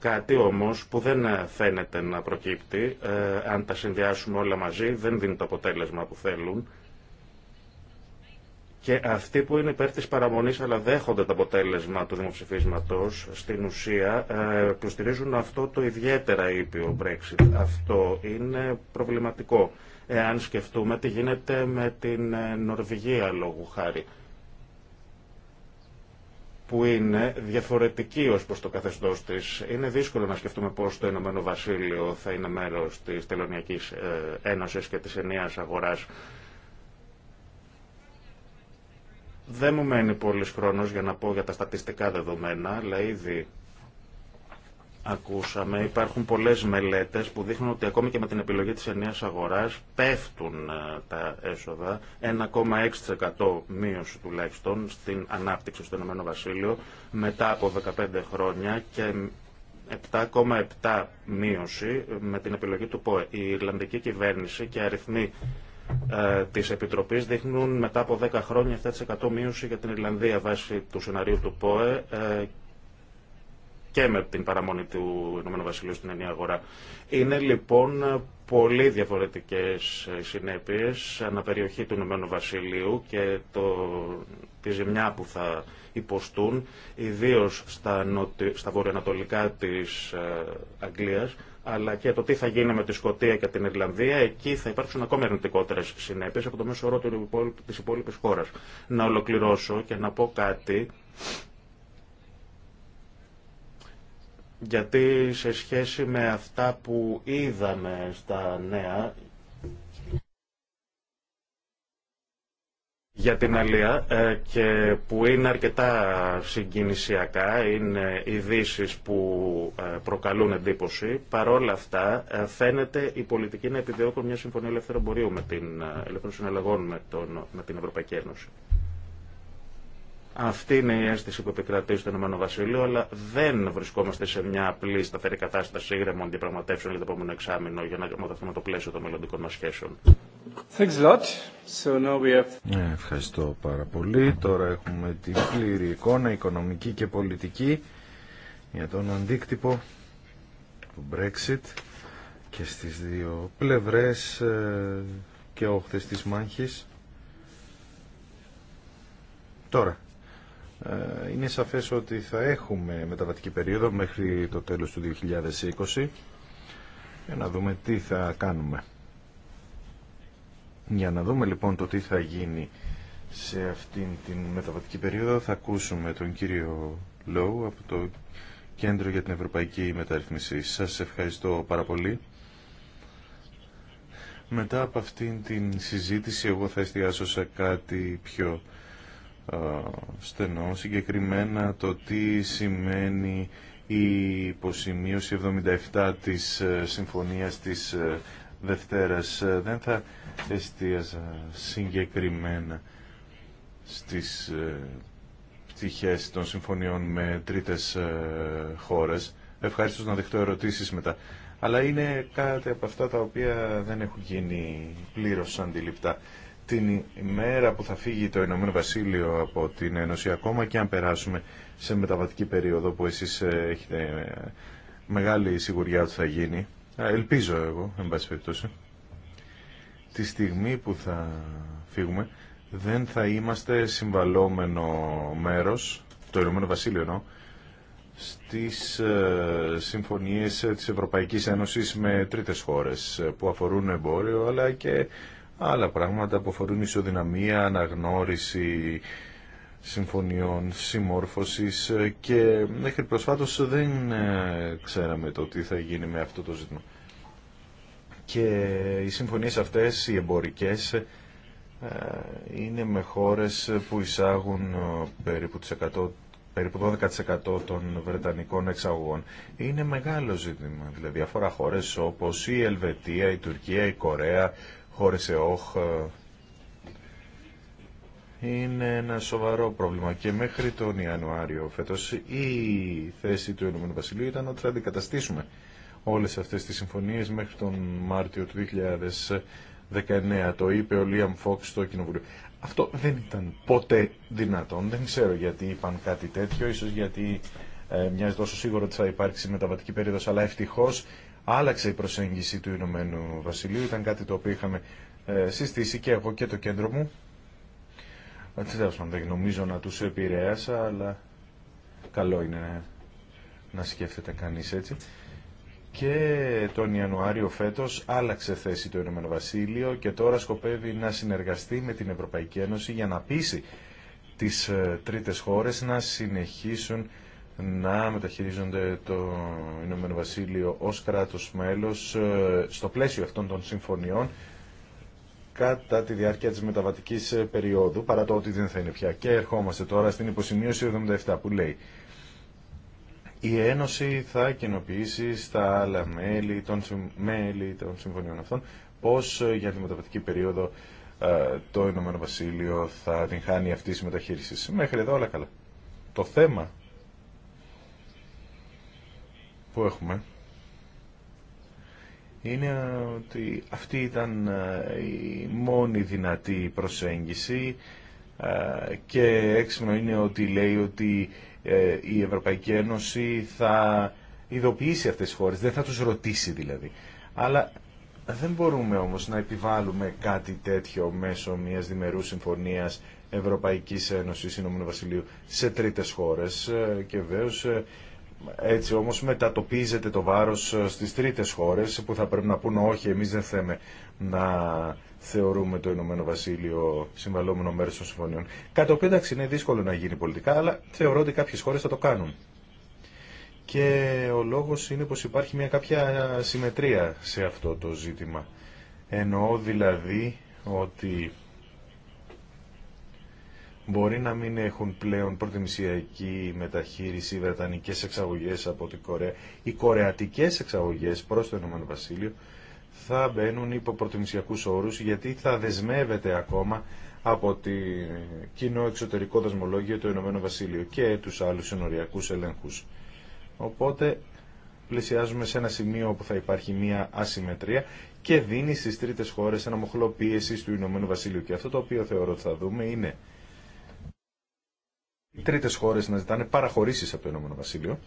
Κάτι όμως που δεν φαίνεται να προκύπτει, ε, αν τα συνδυάσουμε όλα μαζί, δεν δίνει το αποτέλεσμα που θέλουν. Και αυτοί που είναι υπέρ της παραμονής αλλά δέχονται το αποτέλεσμα του δημοψηφίσματος στην ουσία ε, προστηρίζουν αυτό το ιδιαίτερα ήπιο Brexit. Αυτό είναι προβληματικό εάν σκεφτούμε τι γίνεται με την ε, Νορβηγία λόγου χάρη που είναι διαφορετική ως προς το καθεστώς της. Είναι δύσκολο να σκεφτούμε πώς το Ηνωμένο Βασίλειο θα είναι μέρος της Τελωνιακής ε, Ένωσης και της ενιαίας αγοράς. Δεν μου μένει πολλής χρόνος για να πω για τα στατιστικά δεδομένα, αλλά ήδη ακούσαμε, υπάρχουν πολλές μελέτες που δείχνουν ότι ακόμη και με την επιλογή της ενίας αγοράς πέφτουν ε, τα έσοδα, 1,6% μείωση τουλάχιστον στην ανάπτυξη στο Ηνωμένο Βασίλειο μετά από 15 χρόνια και 7,7% μείωση με την επιλογή του ΠΟΕ. Η Ιρλανδική κυβέρνηση και αριθμοί ε, της Επιτροπής δείχνουν μετά από 10 χρόνια 7% μείωση για την Ιρλανδία βάσει του σενάριου του ΠΟΕ ε, και με την παραμονή του Ηνωμένου Βασιλείου στην ενιαία αγορά. Είναι λοιπόν πολύ διαφορετικές ε, συνέπειες αναπεριοχή του Ηνωμένου Βασιλείου και το, τη ζημιά που θα υποστούν, ιδίως στα, στα βορειοανατολικά της ε, Αγγλίας, αλλά και το τι θα γίνει με τη Σκωτία και την Ιρλανδία, εκεί θα υπάρξουν ακόμα αρνητικότερε συνέπειε από το μέσο όρο τη υπόλοιπη χώρα. Να ολοκληρώσω και να πω κάτι γιατί σε σχέση με αυτά που είδαμε στα νέα για την Αλία ε, και που είναι αρκετά συγκινησιακά, είναι ειδήσει που ε, προκαλούν εντύπωση. Παρόλα αυτά ε, φαίνεται η πολιτική να επιδιώκουν μια συμφωνία ελεύθερου μπορίου με την ελεύθερων συναλλαγών με, τον, με την Ευρωπαϊκή Ένωση. Αυτή είναι η αίσθηση που επικρατεί στο Ηνωμένο Βασίλειο, αλλά δεν βρισκόμαστε σε μια απλή σταθερή κατάσταση ήρεμων διαπραγματεύσεων για το επόμενο εξάμεινο για να μεταφέρουμε το πλαίσιο των μελλοντικών μα σχέσεων. Ε, ευχαριστώ πάρα πολύ. Τώρα έχουμε την πλήρη εικόνα οικονομική και πολιτική για τον αντίκτυπο του Brexit και στις δύο πλευρές ε, και όχθε της μάχης. Τώρα, ε, είναι σαφές ότι θα έχουμε μεταβατική περίοδο μέχρι το τέλος του 2020 για να δούμε τι θα κάνουμε. Για να δούμε λοιπόν το τι θα γίνει σε αυτήν την μεταβατική περίοδο θα ακούσουμε τον κύριο Λόου από το Κέντρο για την Ευρωπαϊκή Μεταρρυθμίση. Σας ευχαριστώ πάρα πολύ. Μετά από αυτήν την συζήτηση εγώ θα εστιάσω σε κάτι πιο ε, στενό συγκεκριμένα το τι σημαίνει η υποσημείωση 77 της ε, συμφωνίας της ε, Δευτέρας. Δεν θα εστίαζα συγκεκριμένα στις πτυχές των συμφωνιών με τρίτες χώρες. Ευχαριστώ να δεχτώ ερωτήσεις μετά. Αλλά είναι κάτι από αυτά τα οποία δεν έχουν γίνει πλήρως αντιληπτά την ημέρα που θα φύγει το Ηνωμένο Βασίλειο από την Ένωση, ακόμα και αν περάσουμε σε μεταβατική περίοδο που εσείς ε, έχετε ε, μεγάλη σιγουριά ότι θα γίνει, ελπίζω εγώ, εν πάση περιπτώσει, τη στιγμή που θα φύγουμε, δεν θα είμαστε συμβαλόμενο μέρος, το Ηνωμένο Βασίλειο εννοώ, στις ε, συμφωνίες της Ευρωπαϊκής Ένωσης με τρίτες χώρες που αφορούν εμπόριο αλλά και άλλα πράγματα που αφορούν ισοδυναμία, αναγνώριση συμφωνιών, συμμόρφωσης και μέχρι προσφάτως δεν ε, ξέραμε το τι θα γίνει με αυτό το ζήτημα. Και οι συμφωνίες αυτές, οι εμπορικές, ε, είναι με χώρες που εισάγουν ε, περίπου, το 100, περίπου 12% των Βρετανικών εξαγωγών. Είναι μεγάλο ζήτημα, δηλαδή αφορά χώρες όπως η Ελβετία, η Τουρκία, η Κορέα, χώρες ΕΟΧ ε, είναι ένα σοβαρό πρόβλημα και μέχρι τον Ιανουάριο φέτος η θέση του Ηνωμένου Βασιλείου ήταν ότι θα αντικαταστήσουμε όλες αυτές τις συμφωνίες μέχρι τον Μάρτιο του 2019. Το είπε ο Λίαμ Φόξ στο Κοινοβουλίο. Αυτό δεν ήταν ποτέ δυνατόν. Δεν ξέρω γιατί είπαν κάτι τέτοιο. Ίσως γιατί ε, μοιάζει τόσο σίγουρο ότι θα υπάρξει μεταβατική περίοδος. Αλλά ευτυχώς άλλαξε η προσέγγιση του Ηνωμένου Βασιλείου. Ήταν κάτι το οποίο είχαμε ε, συστήσει και εγώ και το κέντρο μου. Ε, δεν νομίζω να τους επηρέασα, αλλά καλό είναι να σκέφτεται κανείς έτσι. Και τον Ιανουάριο φέτος άλλαξε θέση το Ηνωμένο Βασίλειο και τώρα σκοπεύει να συνεργαστεί με την Ευρωπαϊκή Ένωση για να πείσει τις ε, τρίτες χώρες να συνεχίσουν να μεταχειρίζονται το Ηνωμένο Βασίλειο ως κράτος μέλος ε, στο πλαίσιο αυτών των συμφωνιών κατά τη διάρκεια της μεταβατικής ε, περίοδου, παρά το ότι δεν θα είναι πια. Και ερχόμαστε τώρα στην υποσημείωση 77 που λέει η Ένωση θα κοινοποιήσει στα άλλα μέλη των, μέλη των συμφωνιών αυτών πώς ε, για τη μεταβατική περίοδο το Ηνωμένο Βασίλειο θα την χάνει αυτή τη μεταχείριση. Μέχρι εδώ όλα καλά. Το θέμα έχουμε είναι ότι αυτή ήταν ε, η μόνη δυνατή προσέγγιση ε, και έξυπνο είναι ότι λέει ότι ε, η Ευρωπαϊκή Ένωση θα ειδοποιήσει αυτές τις χώρες, δεν θα τους ρωτήσει δηλαδή. Αλλά δεν μπορούμε όμως να επιβάλλουμε κάτι τέτοιο μέσω μιας διμερούς συμφωνίας Ευρωπαϊκής Ένωσης Ηνωμένου Βασιλείου σε τρίτες χώρες και βεβαίω έτσι όμως μετατοπίζεται το βάρος ε, στις τρίτες χώρες που θα πρέπει να πούν όχι εμείς δεν θέμε να θεωρούμε το Ηνωμένο Βασίλειο συμβαλόμενο μέρος των συμφωνιών. Κατ' οποίο εντάξει είναι δύσκολο να γίνει πολιτικά αλλά θεωρώ ότι κάποιες χώρες θα το κάνουν. Και ο λόγος είναι πως υπάρχει μια κάποια συμμετρία σε αυτό το ζήτημα. Εννοώ δηλαδή ότι Μπορεί να μην έχουν πλέον προτιμησιακή μεταχείριση οι βρετανικέ εξαγωγέ από την Κορέα. Οι κορεατικέ εξαγωγέ προ το Ηνωμένο Βασίλειο θα μπαίνουν υπό προτιμησιακού όρου γιατί θα δεσμεύεται ακόμα από το κοινό εξωτερικό δασμολόγιο του Ηνωμένου Βασίλειο και τους άλλους συνοριακούς ελέγχους. Οπότε πλησιάζουμε σε ένα σημείο όπου θα υπάρχει μία ασυμμετρία και δίνει στις τρίτες χώρες ένα μοχλό πίεση του Ηνωμένου Βασίλειου. Και αυτό το οποίο θεωρώ ότι θα δούμε είναι οι τρίτε χώρε να ζητάνε παραχωρήσει από το Ηνωμένο Βασίλειο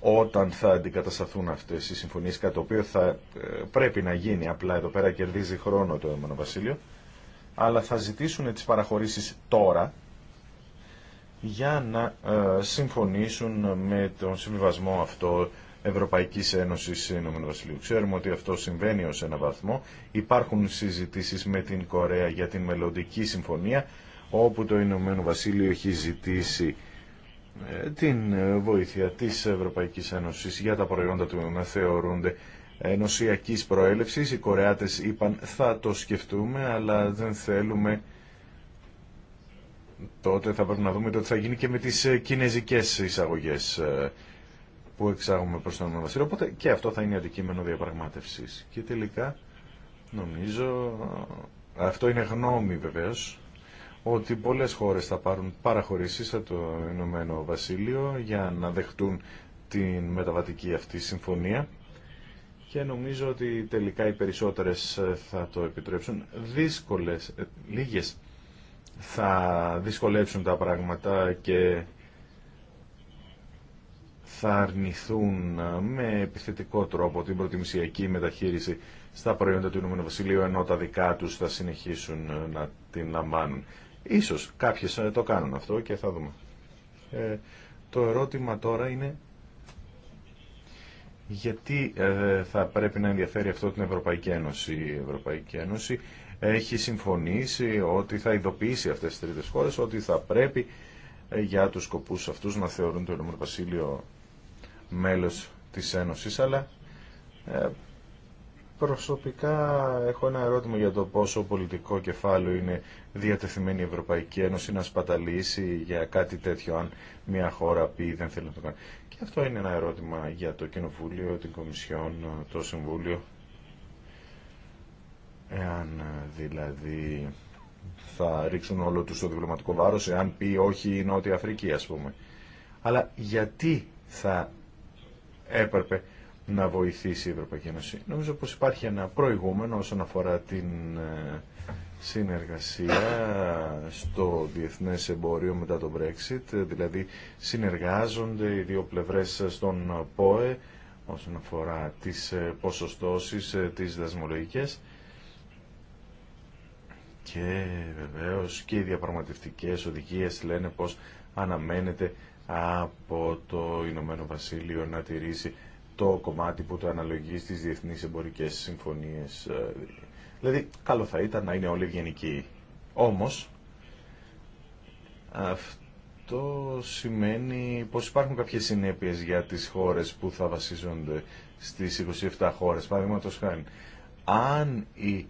όταν θα αντικατασταθούν αυτέ οι συμφωνίε, κάτι το οποίο θα ε, πρέπει να γίνει, απλά εδώ πέρα κερδίζει χρόνο το Ηνωμένο Βασίλειο, αλλά θα ζητήσουν τις παραχωρήσει τώρα για να ε, συμφωνήσουν με τον συμβιβασμό αυτό Ευρωπαϊκής Ένωσης Ηνωμένου Βασιλείου. Ξέρουμε ότι αυτό συμβαίνει ως ένα βαθμό. Υπάρχουν συζητήσεις με την Κορέα για την μελλοντική συμφωνία όπου το Ηνωμένο Βασίλειο έχει ζητήσει ε, την ε, βοήθεια της Ευρωπαϊκής Ένωσης για τα προϊόντα του να θεωρούνται ενωσιακής προέλευσης. Οι Κορεάτες είπαν θα το σκεφτούμε αλλά δεν θέλουμε τότε θα πρέπει να δούμε το τι θα γίνει και με τις ε, κινέζικες εισαγωγές που εξάγουμε προς τον Βασίλειο. Οπότε και αυτό θα είναι αντικείμενο διαπραγμάτευσης. Και τελικά νομίζω, αυτό είναι γνώμη βεβαίω. ότι πολλέ χώρες θα πάρουν παραχωρήσεις από το Ηνωμένο Βασίλειο για να δεχτούν την μεταβατική αυτή συμφωνία και νομίζω ότι τελικά οι περισσότερες θα το επιτρέψουν. Δύσκολες, λίγες θα δυσκολέψουν τα πράγματα και θα αρνηθούν με επιθετικό τρόπο την προτιμησιακή μεταχείριση στα προϊόντα του Ηνωμένου Βασιλείου ενώ τα δικά τους θα συνεχίσουν να την λαμβάνουν. Ίσως κάποιες ε, το κάνουν αυτό και θα δούμε. Ε, το ερώτημα τώρα είναι γιατί ε, θα πρέπει να ενδιαφέρει αυτό την Ευρωπαϊκή Ένωση. Η Ευρωπαϊκή Ένωση έχει συμφωνήσει ότι θα ειδοποιήσει αυτές τις τρίτες χώρες ότι θα πρέπει ε, για τους σκοπούς αυτούς να θεωρούν το Ηνωμένο Βασίλειο μέλος της Ένωσης, αλλά ε, προσωπικά έχω ένα ερώτημα για το πόσο πολιτικό κεφάλαιο είναι διατεθειμένη η Ευρωπαϊκή Ένωση να σπαταλήσει για κάτι τέτοιο αν μια χώρα πει δεν θέλει να το κάνει. Και αυτό είναι ένα ερώτημα για το Κοινοβούλιο, την Κομισιόν, το Συμβούλιο. Εάν δηλαδή θα ρίξουν όλο τους το διπλωματικό βάρος, εάν πει όχι η Νότια Αφρική ας πούμε. Αλλά γιατί θα έπρεπε να βοηθήσει η Ευρωπαϊκή Ένωση. Νομίζω πως υπάρχει ένα προηγούμενο όσον αφορά την ε, συνεργασία στο διεθνές εμπόριο μετά το Brexit, δηλαδή συνεργάζονται οι δύο πλευρές στον ΠΟΕ όσον αφορά τις ε, ποσοστώσεις, ε, τις δασμολογικές και βεβαίως και οι διαπραγματευτικές οδηγίες λένε πως αναμένεται από το Ηνωμένο Βασίλειο να τηρήσει το κομμάτι που το αναλογεί στις διεθνείς εμπορικές συμφωνίες. Ε, δηλαδή, καλό θα ήταν να είναι όλοι ευγενικοί. Όμως, αυτό σημαίνει πως υπάρχουν κάποιες συνέπειες για τις χώρες που θα βασίζονται στις 27 χώρες. Παραδείγματο χάρη, αν η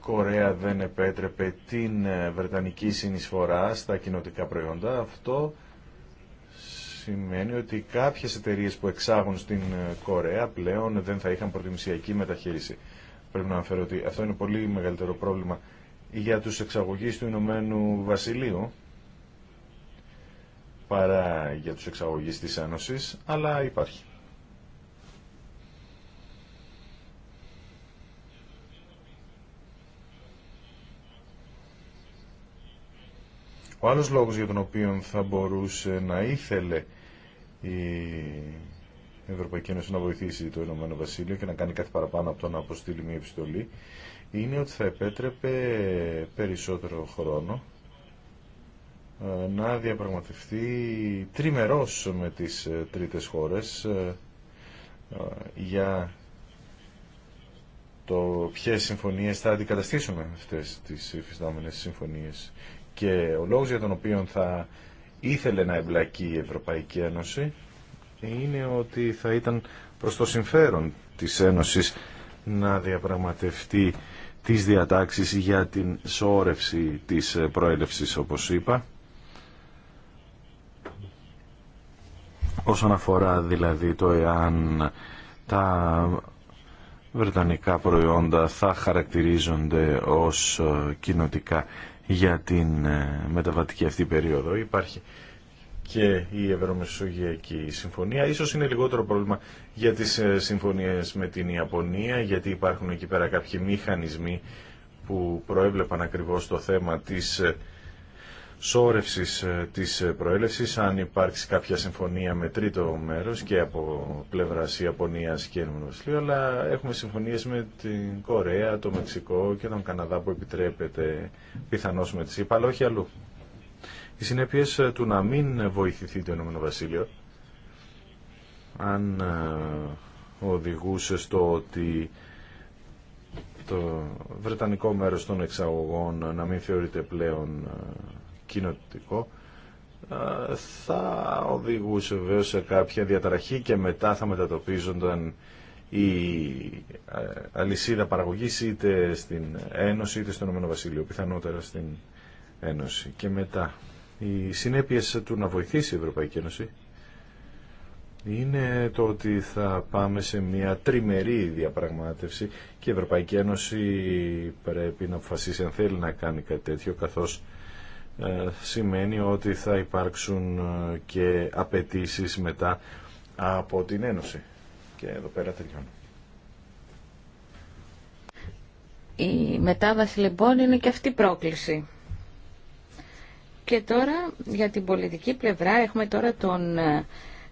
Κορέα δεν επέτρεπε την ε, βρετανική συνεισφορά στα κοινοτικά προϊόντα, αυτό σημαίνει ότι κάποιες εταιρείες που εξάγουν στην ε, Κορέα πλέον δεν θα είχαν προτιμησιακή μεταχείριση. Πρέπει να αναφέρω ότι αυτό είναι πολύ μεγαλύτερο πρόβλημα για τους εξαγωγείς του Ηνωμένου Βασιλείου παρά για τους εξαγωγείς της Ένωση, αλλά υπάρχει. Ο άλλος λόγος για τον οποίο θα μπορούσε να ήθελε η Ευρωπαϊκή Ένωση να βοηθήσει το Ηνωμένο Βασίλειο και να κάνει κάτι παραπάνω από το να αποστείλει μια επιστολή είναι ότι θα επέτρεπε περισσότερο χρόνο ε, να διαπραγματευτεί τριμερός με τις ε, τρίτες χώρες ε, για το ποιες συμφωνίες θα αντικαταστήσουμε αυτές τις υφιστάμενες συμφωνίες και ο λόγος για τον οποίο θα ήθελε να εμπλακεί η Ευρωπαϊκή Ένωση είναι ότι θα ήταν προς το συμφέρον της Ένωσης να διαπραγματευτεί τις διατάξεις για την σώρευση της προέλευσης όπως είπα όσον αφορά δηλαδή το εάν τα βρετανικά προϊόντα θα χαρακτηρίζονται ως ε, κοινοτικά για την ε, μεταβατική αυτή περίοδο. Υπάρχει και η Ευρωμεσογειακή Συμφωνία. Ίσως είναι λιγότερο πρόβλημα για τις ε, συμφωνίες με την Ιαπωνία, γιατί υπάρχουν εκεί πέρα κάποιοι μηχανισμοί που προέβλεπαν ακριβώς το θέμα της ε, σώρευση ε, της ε, προέλευση αν υπάρξει κάποια συμφωνία με τρίτο μέρος και από πλευρά Ιαπωνία και ΕΕ αλλά έχουμε συμφωνίες με την Κορέα, το Μεξικό και τον Καναδά που επιτρέπεται πιθανώ με τις ΥΠΑ, αλλά όχι αλλού. Οι συνέπειε ε, του να μην βοηθηθεί το Ηνωμένο αν οδηγούσε στο ότι το βρετανικό μέρος των εξαγωγών να μην θεωρείται πλέον κοινοτικό θα οδηγούσε βέβαια σε κάποια διαταραχή και μετά θα μετατοπίζονταν η ε, αλυσίδα παραγωγής είτε στην Ένωση είτε στον Ηνωμένο Βασίλειο, πιθανότερα στην Ένωση. Και μετά οι συνέπειες του να βοηθήσει η Ευρωπαϊκή Ένωση είναι το ότι θα πάμε σε μια τριμερή διαπραγμάτευση και η Ευρωπαϊκή Ένωση πρέπει να αποφασίσει αν θέλει να κάνει κάτι τέτοιο καθώς ε, σημαίνει ότι θα υπάρξουν ε, και απαιτήσει μετά από την Ένωση. Και εδώ πέρα τελειώνω. Η μετάβαση λοιπόν είναι και αυτή πρόκληση. Και τώρα για την πολιτική πλευρά έχουμε τώρα τον ε,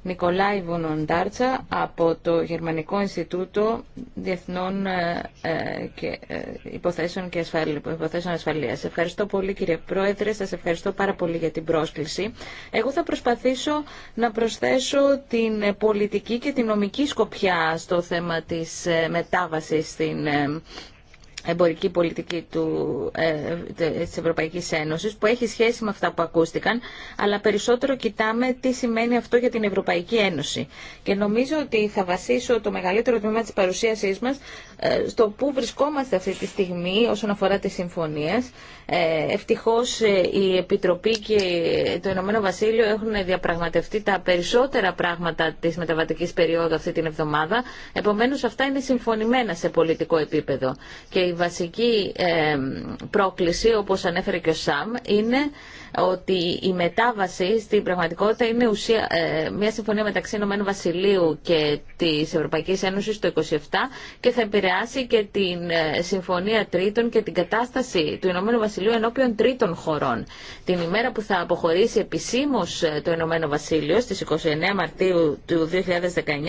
Νικολάη Βουνοντάρτσα από το Γερμανικό Ινστιτούτο Διεθνών ε, ε, ε, Υποθέσεων και Υποθέσεων Ασφαλείας. Ευχαριστώ πολύ κύριε Πρόεδρε, σας ευχαριστώ πάρα πολύ για την πρόσκληση. Εγώ θα προσπαθήσω να προσθέσω την πολιτική και την νομική σκοπιά στο θέμα της μετάβασης στην εμπορική πολιτική του, ε, της Ευρωπαϊκής Ένωσης που έχει σχέση με αυτά που ακούστηκαν αλλά περισσότερο κοιτάμε τι σημαίνει αυτό για την Ευρωπαϊκή Ένωση και νομίζω ότι θα βασίσω το μεγαλύτερο τμήμα της παρουσίασής μας ε, στο που βρισκόμαστε αυτή τη στιγμή όσον αφορά τις συμφωνίες ε, ευτυχώς ε, η Επιτροπή και το Ηνωμένο Βασίλειο έχουν διαπραγματευτεί τα περισσότερα πράγματα της μεταβατικής περίοδου αυτή την εβδομάδα επομένως αυτά είναι συμφωνημένα σε πολιτικό επίπεδο βασική ε, πρόκληση, όπως ανέφερε και ο ΣΑΜ, είναι ότι η μετάβαση στην πραγματικότητα είναι ε, μια συμφωνία μεταξύ Ηνωμένου Βασιλείου και της Ευρωπαϊκής Ένωσης το 27 και θα επηρεάσει και την ε, συμφωνία τρίτων και την κατάσταση του Ηνωμένου Βασιλείου ενώπιον τρίτων χωρών. Την ημέρα που θα αποχωρήσει επισήμω ε, το Ηνωμένο Βασίλειο στις 29 Μαρτίου του 2019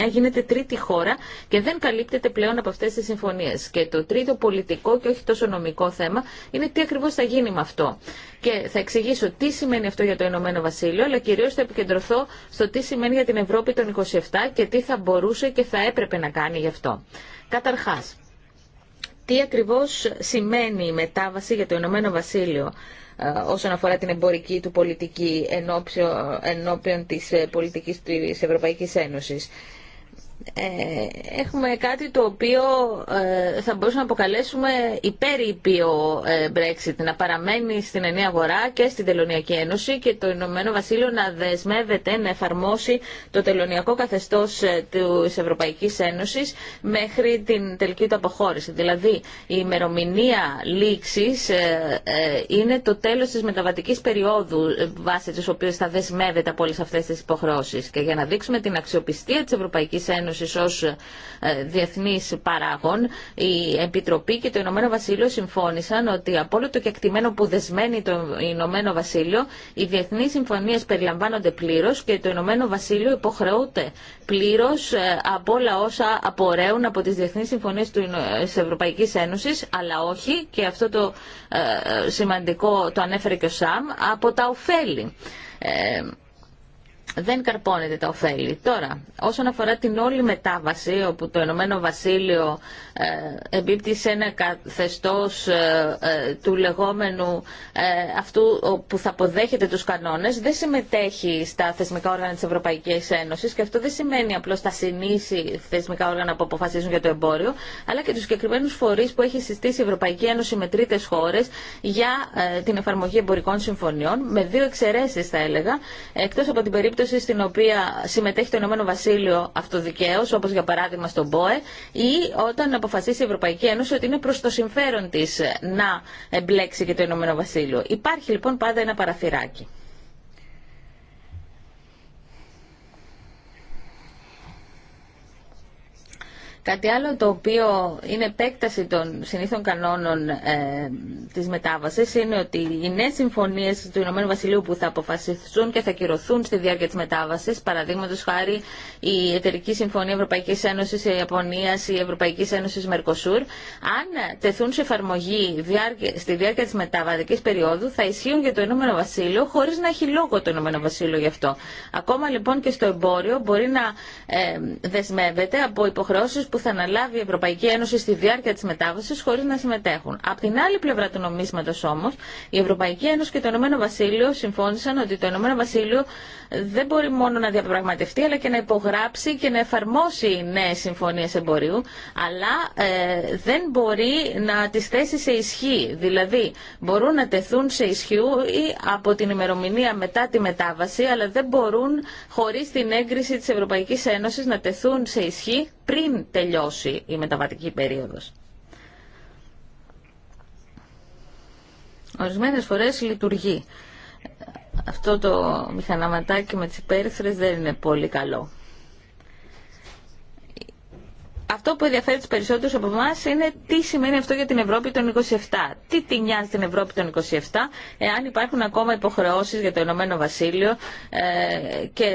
γίνεται τρίτη χώρα και δεν καλύπτεται πλέον από αυτέ τι συμφωνίε. Και το τρίτο πολιτικό και όχι τόσο νομικό θέμα είναι τι ακριβώ θα γίνει με αυτό. Και θα εξηγήσω τι σημαίνει αυτό για το Ηνωμένο Βασίλειο, αλλά κυρίω θα επικεντρωθώ στο τι σημαίνει για την Ευρώπη των 27 και τι θα μπορούσε και θα έπρεπε να κάνει γι' αυτό. Καταρχάς, τι ακριβώς σημαίνει η μετάβαση για το Ηνωμένο Βασίλειο ε, όσον αφορά την εμπορική του πολιτική ενώπιον της ε, πολιτικής της Ευρωπαϊκής Ένωσης. Ε, έχουμε κάτι το οποίο ε, θα μπορούσαμε να αποκαλέσουμε υπερήπιο ε, Brexit, να παραμένει στην ενή αγορά και στην Τελωνιακή Ένωση και το Ηνωμένο Βασίλειο να δεσμεύεται να εφαρμόσει το τελωνιακό καθεστώς της Ευρωπαϊκής Ένωσης μέχρι την τελική του αποχώρηση. Δηλαδή η ημερομηνία λήξης είναι το τέλος της μεταβατικής περίοδου βάσει της οποίας θα δεσμεύεται από όλες αυτές τις υποχρεώσεις. Και για να δείξουμε την αξιοπιστία της Ευρωπαϊκής Ένωσης Ένωσης ως ε, διεθνής παράγων, η Επιτροπή και το Ηνωμένο Βασίλειο συμφώνησαν ότι από όλο το κεκτημένο που δεσμένει το Ηνωμένο Βασίλειο, οι διεθνείς συμφωνίες περιλαμβάνονται πλήρως και το Ηνωμένο Βασίλειο υποχρεούται πλήρως ε, από όλα όσα απορρέουν από τις διεθνείς συμφωνίες ε, της Ευρωπαϊκής Ένωσης, αλλά όχι, και αυτό το σημαντικό το ανέφερε και ο ΣΑΜ, από τα ωφέλη δεν καρπώνεται τα ωφέλη. Τώρα, όσον αφορά την όλη μετάβαση, όπου το Ενωμένο Βασίλειο ε, εμπίπτει σε ένα καθεστώς ε, ε, του λεγόμενου ε, αυτού που θα αποδέχεται τους κανόνες, δεν συμμετέχει στα θεσμικά όργανα της Ευρωπαϊκής Ένωσης και αυτό δεν σημαίνει απλώς τα συνήθι θεσμικά όργανα που αποφασίζουν για το εμπόριο, αλλά και τους συγκεκριμένου φορείς που έχει συστήσει η Ευρωπαϊκή Ένωση με τρίτες χώρες για την εφαρμογή εμπορικών συμφωνιών, με δύο εξαιρέσεις θα έλεγα, εκτός από την περίπτωση περίπτωση στην οποία συμμετέχει το Ηνωμένο Βασίλειο αυτοδικαίως, όπως για παράδειγμα στον ΠΟΕ, ή όταν αποφασίσει η Ευρωπαϊκή Ένωση ότι είναι προς το συμφέρον της να εμπλέξει και το Ηνωμένο Βασίλειο. Υπάρχει λοιπόν πάντα ένα παραθυράκι. Κάτι άλλο το οποίο είναι επέκταση των συνήθων κανόνων ε, της μετάβασης είναι ότι οι νέες συμφωνίες του Ηνωμένου Βασιλείου που θα αποφασιστούν και θα κυρωθούν στη διάρκεια της μετάβασης, παραδείγματος χάρη η Εταιρική Συμφωνία Ευρωπαϊκής Ένωσης Ιαπωνίας ή Ευρωπαϊκή Ένωση Μερκοσούρ, αν τεθούν σε εφαρμογή στη διάρκεια της μεταβατικής περίοδου θα ισχύουν για το Ηνωμένο Βασίλειο χωρίς να έχει λόγο το Ηνωμένο Βασίλειο γι' αυτό. Ακόμα λοιπόν και στο εμπόριο μπορεί να ε, από υποχρεώσεις που θα αναλάβει η Ευρωπαϊκή Ένωση στη διάρκεια τη μετάβαση χωρί να συμμετέχουν. Απ' την άλλη πλευρά του νομίσματο όμω, η Ευρωπαϊκή Ένωση και το Ηνωμένο Βασίλειο συμφώνησαν ότι το Ηνωμένο Βασίλειο δεν μπορεί μόνο να διαπραγματευτεί αλλά και να υπογράψει και να εφαρμόσει νέε συμφωνίε εμπορίου, αλλά ε, δεν μπορεί να τι θέσει σε ισχύ. Δηλαδή, μπορούν να τεθούν σε ισχύ από την ημερομηνία μετά τη μετάβαση, αλλά δεν μπορούν χωρί την έγκριση τη Ευρωπαϊκή Ένωση να τεθούν σε ισχύ πριν τελειώσει τελειώσει η μεταβατική περίοδος. Ορισμένες φορές λειτουργεί. Αυτό το μηχαναματάκι με τις υπέρυθρες δεν είναι πολύ καλό αυτό που ενδιαφέρει του περισσότερου από εμά είναι τι σημαίνει αυτό για την Ευρώπη των 27. Τι τη νοιάζει την Ευρώπη των 27, εάν υπάρχουν ακόμα υποχρεώσει για το Ηνωμένο Βασίλειο ε, και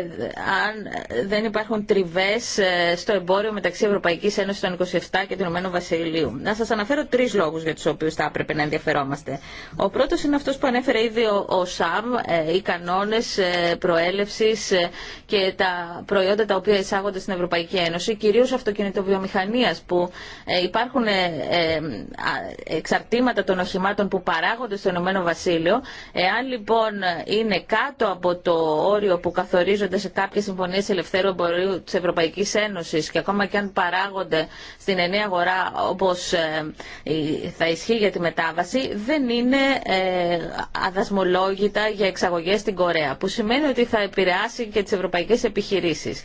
αν δεν υπάρχουν τριβέ ε, στο εμπόριο μεταξύ Ευρωπαϊκή Ένωση των 27 και του Ηνωμένου Βασιλείου. Να σα αναφέρω τρει λόγου για του οποίου θα έπρεπε να ενδιαφερόμαστε. Ο πρώτο είναι αυτό που ανέφερε ήδη ο, ο ΣΑΜ, ε, οι κανόνε ε, προέλευση και τα προϊόντα τα οποία εισάγονται στην Ευρωπαϊκή Ένωση, κυρίω αυτοκινητοβιομηχανία βιομηχανίας που ε, υπάρχουν ε, ε, εξαρτήματα των οχημάτων που παράγονται στο Ηνωμένο Βασίλειο. Εάν λοιπόν είναι κάτω από το όριο που καθορίζονται σε κάποιες συμφωνίες ελευθέρου εμπορίου της Ευρωπαϊκής Ένωσης και ακόμα και αν παράγονται στην ενιαία αγορά όπως θα ισχύει για τη μετάβαση, δεν είναι αδασμολόγητα για εξαγωγές στην Κορέα, που σημαίνει ότι θα επηρεάσει και τις ευρωπαϊκές επιχειρήσεις.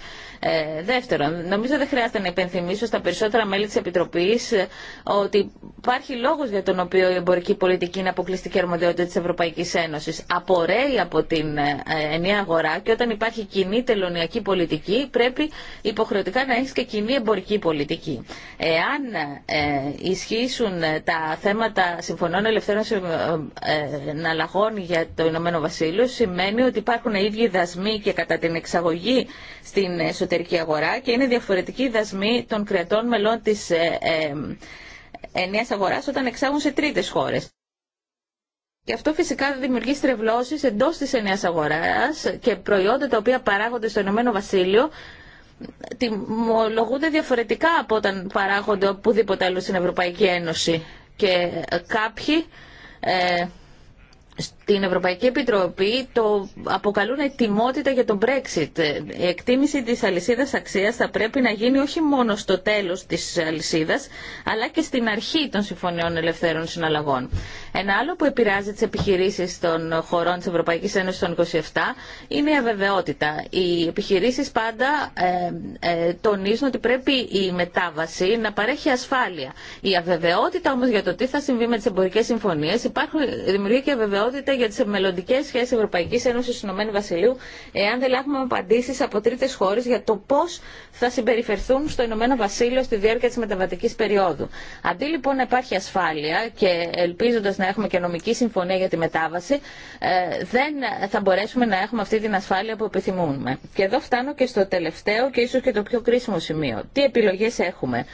Ε, δεύτερον, νομίζω δεν χρειάζεται να υπενθυμίσω στα περισσότερα μέλη της Επιτροπής ε, ότι υπάρχει λόγος για τον οποίο η εμπορική πολιτική είναι αποκλειστική αρμοδιότητα της Ευρωπαϊκής Ένωσης. Απορρέει από την ε, ενιαία αγορά και όταν υπάρχει κοινή τελωνιακή πολιτική πρέπει υποχρεωτικά να έχει και κοινή εμπορική πολιτική. Εάν ε, ισχύσουν τα θέματα συμφωνών ελευθέρων εναλλαγών για το Ηνωμένο Βασίλειο σημαίνει ότι υπάρχουν οι ίδιοι δασμοί και κατά την εξαγωγή στην εσωτερική αγορά και είναι διαφορετική η δασμή των κρατών μελών της ε, ε, ε, ενιαίας αγοράς όταν εξάγουν σε τρίτες χώρες. Και αυτό φυσικά δημιουργεί στρεβλώσεις εντός της ενιαίας αγοράς και προϊόντα τα οποία παράγονται στο Ηνωμένο Βασίλειο τιμολογούνται διαφορετικά από όταν παράγονται οπουδήποτε άλλο στην Ευρωπαϊκή Ένωση. Και κάποιοι την Ευρωπαϊκή Επιτροπή το αποκαλούν ετοιμότητα για τον Brexit. Η εκτίμηση της αλυσίδας αξίας θα πρέπει να γίνει όχι μόνο στο τέλος της αλυσίδας, αλλά και στην αρχή των συμφωνιών ελευθέρων συναλλαγών. Ένα άλλο που επηρεάζει τις επιχειρήσεις των χωρών της Ευρωπαϊκής Ένωσης των 27 είναι η αβεβαιότητα. Οι επιχειρήσεις πάντα ε, ε, τονίζουν ότι πρέπει η μετάβαση να παρέχει ασφάλεια. Η αβεβαιότητα όμως για το τι θα συμβεί με τις εμπορικές συμφωνίες υπάρχουν δημιουργεί και αβεβαιότητα για τι μελλοντικέ σχέσει Ευρωπαϊκή Ένωση και Ηνωμένου Βασιλείου, εάν δεν λάβουμε απαντήσει από τρίτε χώρε για το πώ θα συμπεριφερθούν στο Ηνωμένο Βασίλειο στη διάρκεια τη μεταβατική περίοδου. Αντί λοιπόν να υπάρχει ασφάλεια και ελπίζοντα να έχουμε και νομική συμφωνία για τη μετάβαση, ε, δεν θα μπορέσουμε να έχουμε αυτή την ασφάλεια που επιθυμούμε. Και εδώ φτάνω και στο τελευταίο και ίσω και το πιο κρίσιμο σημείο. Τι επιλογέ έχουμε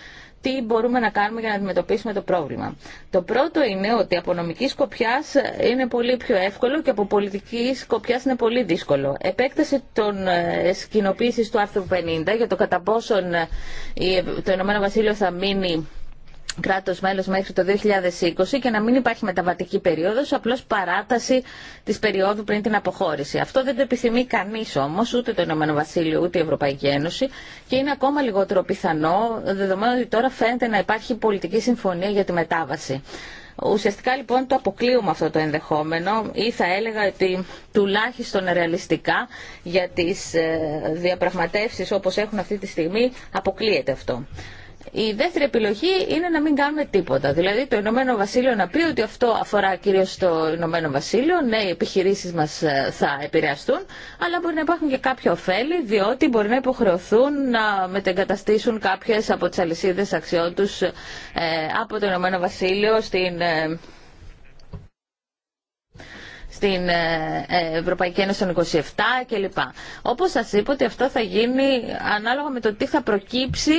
τι μπορούμε να κάνουμε για να αντιμετωπίσουμε το πρόβλημα. Το πρώτο είναι ότι από νομική σκοπιά είναι πολύ πιο εύκολο και από πολιτική σκοπιά είναι πολύ δύσκολο. Επέκταση των ε, σκηνοποίηση του άρθρου 50 για το κατά πόσον ε, ε, το Ηνωμένο Βασίλειο θα μείνει κράτος μέλος μέχρι το 2020 και να μην υπάρχει μεταβατική περίοδος, απλώς παράταση της περίοδου πριν την αποχώρηση. Αυτό δεν το επιθυμεί κανείς όμως, ούτε το ΕΒ ούτε η Ευρωπαϊκή Ένωση και είναι ακόμα λιγότερο πιθανό, δεδομένου ότι τώρα φαίνεται να υπάρχει πολιτική συμφωνία για τη μετάβαση. Ουσιαστικά λοιπόν το αποκλείουμε αυτό το ενδεχόμενο ή θα έλεγα ότι τουλάχιστον ρεαλιστικά για τις ε, διαπραγματεύσεις όπως έχουν αυτή τη στιγμή αποκλείεται αυτό. Η δεύτερη επιλογή είναι να μην κάνουμε τίποτα. Δηλαδή το Ηνωμένο Βασίλειο να πει ότι αυτό αφορά κυρίω το Ηνωμένο Βασίλειο. Ναι, οι επιχειρήσει μα ε, θα επηρεαστούν, αλλά μπορεί να υπάρχουν και κάποια ωφέλη, διότι μπορεί να υποχρεωθούν να μετεγκαταστήσουν κάποιε από τι αλυσίδε αξιών του ε, από το Ηνωμένο Βασίλειο στην ε, στην Ευρωπαϊκή Ένωση των 27 κλπ. Όπως σας είπα ότι αυτό θα γίνει ανάλογα με το τι θα προκύψει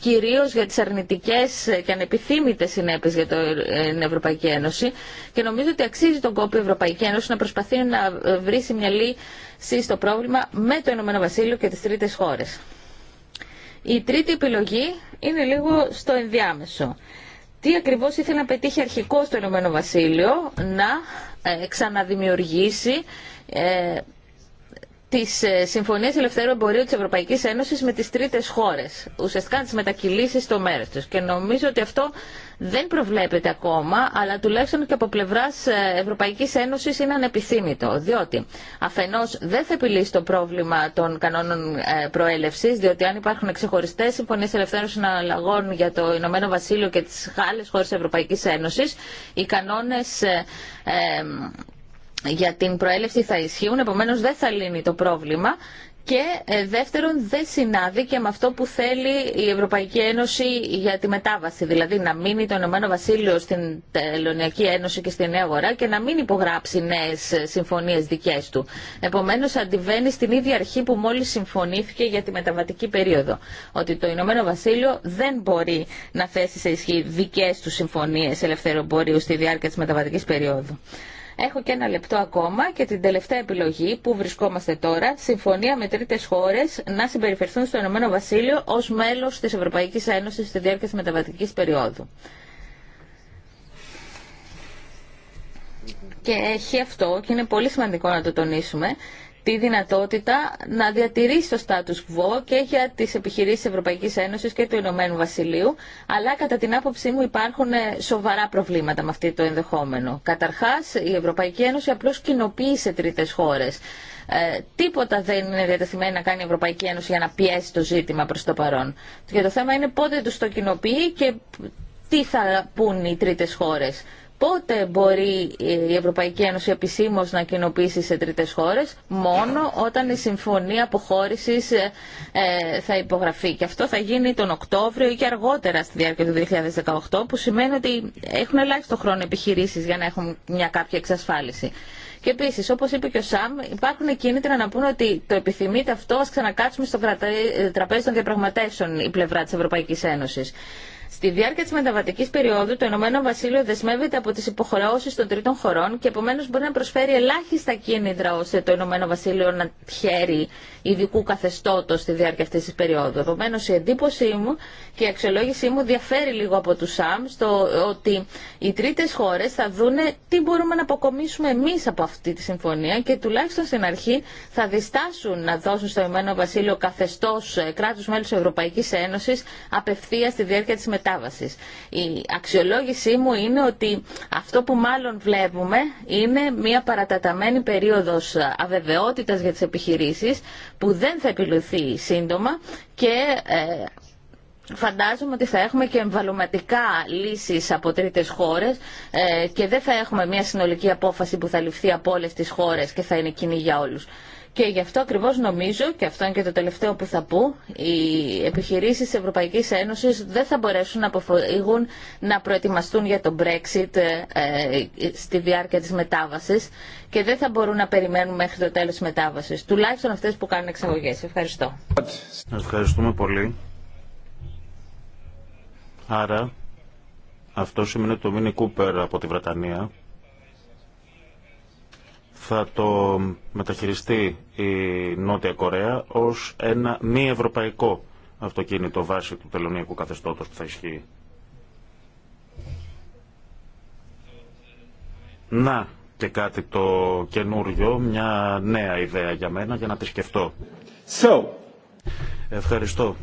κυρίως για τις αρνητικές και ανεπιθύμητες συνέπειες για ε, την Ευρωπαϊκή Ένωση και νομίζω ότι αξίζει τον κόπο η Ευρωπαϊκή Ένωση να προσπαθεί να ε, βρει μια λύση στο πρόβλημα με το Ηνωμένο Βασίλειο και τις τρίτες χώρες. Η τρίτη επιλογή είναι λίγο στο ενδιάμεσο. Τι ακριβώς ήθελε να πετύχει αρχικό στο Ηνωμένο Βασίλειο να ε, ξαναδημιουργήσει τις ε, Συμφωνίε ελευθέρου εμπορίου της Ευρωπαϊκής Ένωσης με τις τρίτες χώρες. Ουσιαστικά τι μετακυλήσει στο μέρο τους. Και νομίζω ότι αυτό δεν προβλέπεται ακόμα, αλλά τουλάχιστον και από πλευρά ε, Ευρωπαϊκή Ένωση είναι ανεπιθύμητο. Διότι αφενό δεν θα επιλύσει το πρόβλημα των κανόνων ε, προέλευση, διότι αν υπάρχουν ξεχωριστέ συμφωνίε ελευθέρου συναλλαγών για το Ηνωμένο Βασίλειο και τι άλλε χώρε Ευρωπαϊκή Ένωση, οι κανόνε για την προέλευση θα ισχύουν, επομένως δεν θα λύνει το πρόβλημα και ε, δεύτερον δεν συνάδει και με αυτό που θέλει η Ευρωπαϊκή Ένωση για τη μετάβαση, δηλαδή να μείνει το Ηνωμένο Βασίλειο στην Τελωνιακή Ένωση και στην νέα αγορά και να μην υπογράψει νέε συμφωνίε δικέ του. Επομένω, αντιβαίνει στην ίδια αρχή που μόλι συμφωνήθηκε για τη μεταβατική περίοδο. Ότι το Ηνωμένο Βασίλειο δεν μπορεί να θέσει σε ισχύ δικέ του συμφωνίε ελευθερωπορίου στη διάρκεια τη μεταβατική περίοδου. Έχω και ένα λεπτό ακόμα και την τελευταία επιλογή που βρισκόμαστε τώρα, συμφωνία με τρίτε χώρε να συμπεριφερθούν στο Ηνωμένο Βασίλειο ω μέλο τη Ευρωπαϊκή Ένωση στη διάρκεια τη μεταβατική περίοδου. Και έχει αυτό και είναι πολύ σημαντικό να το τονίσουμε τη δυνατότητα να διατηρήσει το status quo και για τις επιχειρήσεις Ευρωπαϊκή Ένωση και του Ηνωμένου Βασιλείου, αλλά κατά την άποψή μου υπάρχουν ε, σοβαρά προβλήματα με αυτό το ενδεχόμενο. Καταρχά, η Ευρωπαϊκή Ένωση απλώ κοινοποιεί σε τρίτες χώρες. Ε, τίποτα δεν είναι διατεθειμένη να κάνει η Ευρωπαϊκή Ένωση για να πιέσει το ζήτημα προ το παρόν. Και το θέμα είναι πότε του το κοινοποιεί και τι θα πούν οι τρίτε χώρε. Πότε μπορεί η Ευρωπαϊκή Ένωση επισήμω να κοινοποιήσει σε τρίτε χώρε, μόνο όταν η συμφωνία αποχώρηση ε, θα υπογραφεί. Και αυτό θα γίνει τον Οκτώβριο ή και αργότερα στη διάρκεια του 2018, που σημαίνει ότι έχουν ελάχιστο χρόνο επιχειρήσει για να έχουν μια κάποια εξασφάλιση. Και επίση, όπω είπε και ο Σαμ, υπάρχουν κίνητρα να πούνε ότι το επιθυμείτε αυτό, α ξανακάτσουμε στο τραπέζι των διαπραγματεύσεων η πλευρά τη Ευρωπαϊκή Ένωση. Στη διάρκεια τη μεταβατική περίοδου, το Ηνωμένο Βασίλειο δεσμεύεται από τι υποχρεώσει των τρίτων χωρών και επομένω μπορεί να προσφέρει ελάχιστα κίνητρα ώστε το Ηνωμένο Βασίλειο να χαίρει ειδικού καθεστώτο στη διάρκεια αυτή τη περίοδου. Επομένω, η εντύπωσή μου και η αξιολόγησή μου διαφέρει λίγο από του ΣΑΜ στο ότι οι τρίτε χώρε θα δούνε τι μπορούμε να αποκομίσουμε εμεί από αυτή τη συμφωνία και τουλάχιστον στην αρχή θα διστάσουν να δώσουν στο Ηνωμένο Βασίλειο καθεστώ ε, κράτου μέλου Ευρωπαϊκή Ένωση απευθεία στη διάρκεια τη μεταβατική η αξιολόγησή μου είναι ότι αυτό που μάλλον βλέπουμε είναι μια παραταταμένη περίοδος αβεβαιότητας για τις επιχειρήσεις που δεν θα επιλουθεί σύντομα και ε, Φαντάζομαι ότι θα έχουμε και εμβαλωματικά λύσεις από τρίτες χώρες ε, και δεν θα έχουμε μια συνολική απόφαση που θα ληφθεί από όλες τις χώρες και θα είναι κοινή για όλους. Και γι' αυτό ακριβώ νομίζω, και αυτό είναι και το τελευταίο που θα πω, οι επιχειρήσει τη Ευρωπαϊκή Ένωση δεν θα μπορέσουν να αποφύγουν να προετοιμαστούν για το Brexit ε, στη διάρκεια τη μετάβαση και δεν θα μπορούν να περιμένουν μέχρι το τέλο τη μετάβαση. Τουλάχιστον αυτέ που κάνουν εξαγωγέ. Ευχαριστώ. Ευχαριστούμε πολύ. Άρα, αυτό σημαίνει ότι το Μίνι Κούπερ από τη Βρετανία θα το μεταχειριστεί η Νότια Κορέα ως ένα μη ευρωπαϊκό αυτοκίνητο βάση του τελωνιακού καθεστώτος που θα ισχύει. Να και κάτι το καινούριο, μια νέα ιδέα για μένα για να τη σκεφτώ. So. Ευχαριστώ.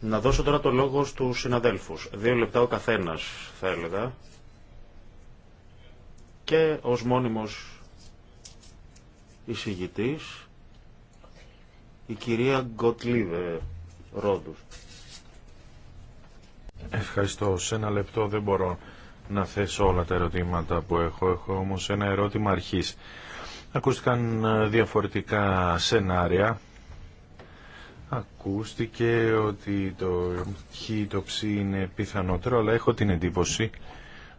Να δώσω τώρα το λόγο στους συναδέλφους. Δύο λεπτά ο καθένας θα έλεγα και ως μόνιμος εισηγητής η κυρία Γκοτλίβε Ρόδους. Ευχαριστώ. Σε ένα λεπτό δεν μπορώ να θέσω όλα τα ερωτήματα που έχω. Έχω όμως ένα ερώτημα αρχής. Ακούστηκαν ε, διαφορετικά σενάρια. Ακούστηκε ότι το χ το είναι πιθανότερο, αλλά έχω την εντύπωση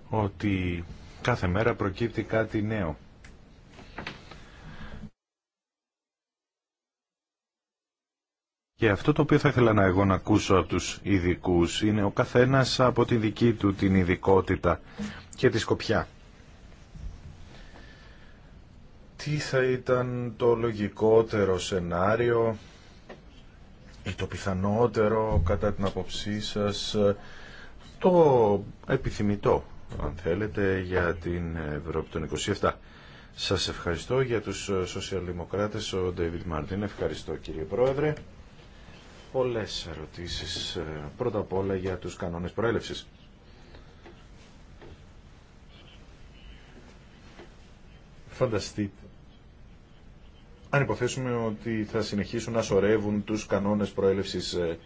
ότι Κάθε μέρα προκύπτει κάτι νέο. Και αυτό το οποίο θα ήθελα να εγώ να ακούσω από τους ειδικού είναι ο καθένας από τη δική του την ειδικότητα και τη σκοπιά. Τι θα ήταν το λογικότερο σενάριο ή το πιθανότερο κατά την αποψή σας το επιθυμητό αν θέλετε, για την Ευρώπη των 27. Σας ευχαριστώ για τους σοσιαλδημοκράτες, ο Ντέιβιτ Μάρτιν. Ευχαριστώ κύριε Πρόεδρε. Πολλές ερωτήσεις. Ε, πρώτα απ' όλα για τους κανόνες προέλευσης. Φανταστείτε. Αν υποθέσουμε ότι θα συνεχίσουν να σωρεύουν τους κανόνες προέλευσης ε,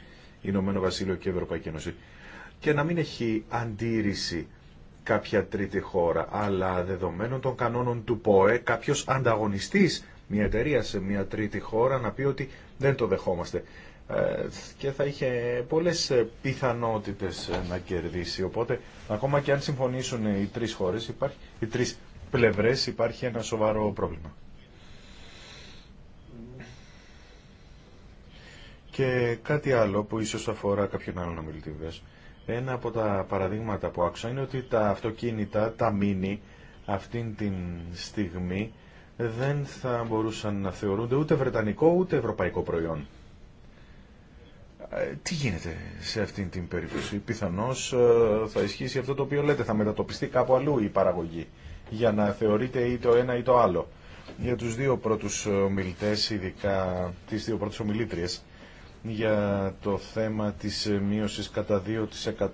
Ηνωμένο Βασίλειο και Ευρωπαϊκή Ένωση και να μην έχει αντίρρηση κάποια τρίτη χώρα, αλλά δεδομένων των κανόνων του ΠΟΕ, κάποιος ανταγωνιστής μια εταιρεία σε μια τρίτη χώρα να πει ότι δεν το δεχόμαστε. Ε, και θα είχε πολλές πιθανότητες να κερδίσει. Οπότε, ακόμα και αν συμφωνήσουν οι τρεις χώρες, υπάρχει, οι τρεις πλευρές, υπάρχει ένα σοβαρό πρόβλημα. Και κάτι άλλο που ίσως αφορά κάποιον άλλον ομιλητή ένα από τα παραδείγματα που άκουσα είναι ότι τα αυτοκίνητα, τα μίνι, αυτήν την στιγμή δεν θα μπορούσαν να θεωρούνται ούτε βρετανικό ούτε ευρωπαϊκό προϊόν. Ε, τι γίνεται σε αυτήν την περίπτωση. Πιθανώς ε, θα ισχύσει αυτό το οποίο λέτε, θα μετατοπιστεί κάπου αλλού η παραγωγή για να θεωρείται ή το ένα ή το άλλο. Για τους δύο πρώτους ομιλητές, ειδικά τις δύο πρώτες ομιλήτριες, για το θέμα της ε, μείωσης κατά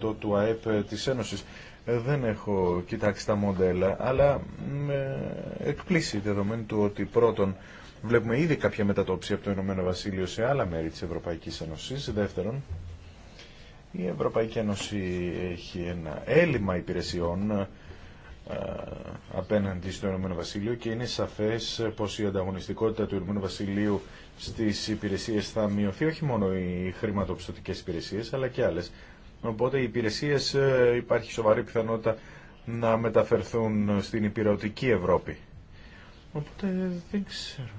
2% του ΑΕΠ ε, της Ένωσης. Ε, δεν έχω κοιτάξει τα μοντέλα, αλλά με εκπλήσει δεδομένου του ότι πρώτον βλέπουμε ήδη κάποια μετατόπιση από το Ηνωμένο Βασίλειο σε άλλα μέρη της Ευρωπαϊκής Ένωσης. Δεύτερον, η Ευρωπαϊκή Ένωση έχει ένα έλλειμμα υπηρεσιών απέναντι στο Ηνωμένο Βασίλειο και είναι σαφές πως η ανταγωνιστικότητα του Ηνωμένου Βασιλείου στις υπηρεσίες θα μειωθεί όχι μόνο οι χρηματοπιστωτικές υπηρεσίες αλλά και άλλες. Οπότε οι υπηρεσίες ε, υπάρχει σοβαρή πιθανότητα να μεταφερθούν στην υπηρετική Ευρώπη. Οπότε δεν ξέρω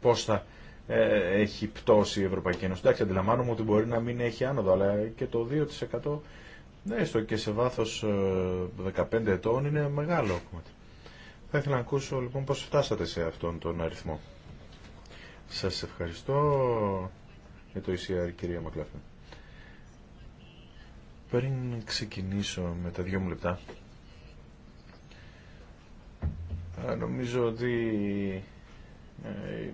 πώς θα ε, έχει πτώσει η Ευρωπαϊκή Ένωση. Εντάξει, αντιλαμβάνομαι ότι μπορεί να μην έχει άνοδο, αλλά και το 2% έστω ναι, και σε βάθος 15 ε, ετών είναι μεγάλο κομμάτι. Θα ήθελα να ακούσω λοιπόν πώς φτάσατε σε αυτόν τον αριθμό. Σας ευχαριστώ για το ECR, κυρία Μακλάφη. Πριν ξεκινήσω με τα δυο μου λεπτά, νομίζω ότι ε,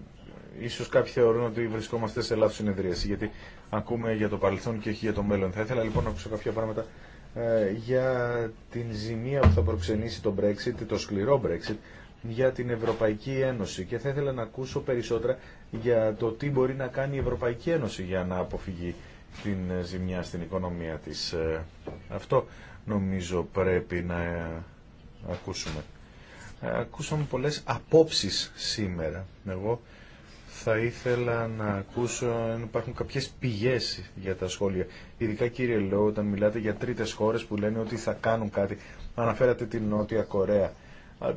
ίσως κάποιοι θεωρούν ότι βρισκόμαστε σε λάθος συνεδρίαση, γιατί ακούμε για το παρελθόν και όχι για το μέλλον. Θα ήθελα λοιπόν να ακούσω κάποια πράγματα ε, για την ζημία που θα προξενήσει το Brexit, το σκληρό Brexit, για την Ευρωπαϊκή Ένωση και θα ήθελα να ακούσω περισσότερα για το τι μπορεί να κάνει η Ευρωπαϊκή Ένωση για να αποφυγεί την ε, ζημιά στην οικονομία της. Ε, αυτό νομίζω πρέπει να ε, ακούσουμε. Ακούσαμε πολλές απόψεις σήμερα. Εγώ θα ήθελα να ακούσω αν υπάρχουν κάποιες πηγές για τα σχόλια. Ειδικά κύριε Λό, όταν μιλάτε για τρίτες χώρες που λένε ότι θα κάνουν κάτι. Αναφέρατε την Νότια Κορέα.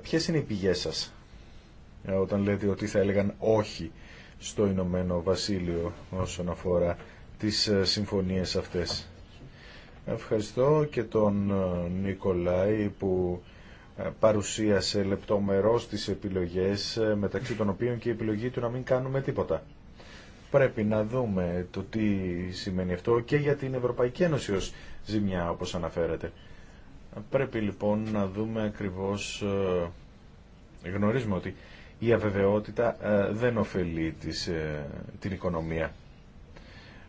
Ποιες είναι οι πηγές σας όταν λέτε ότι θα έλεγαν όχι στο Ηνωμένο Βασίλειο όσον αφορά τις ε, συμφωνίες αυτές. Ευχαριστώ και τον ε, Νικολάη που ε, παρουσίασε λεπτομερώς τις επιλογές μεταξύ των οποίων και η επιλογή του να μην κάνουμε τίποτα. Πρέπει να δούμε το τι σημαίνει αυτό και για την Ευρωπαϊκή Ένωση ως ζημιά όπως αναφέρεται. Πρέπει λοιπόν να δούμε ακριβώς, γνωρίζουμε ότι η αβεβαιότητα ε, δεν ωφελεί της, ε, την οικονομία.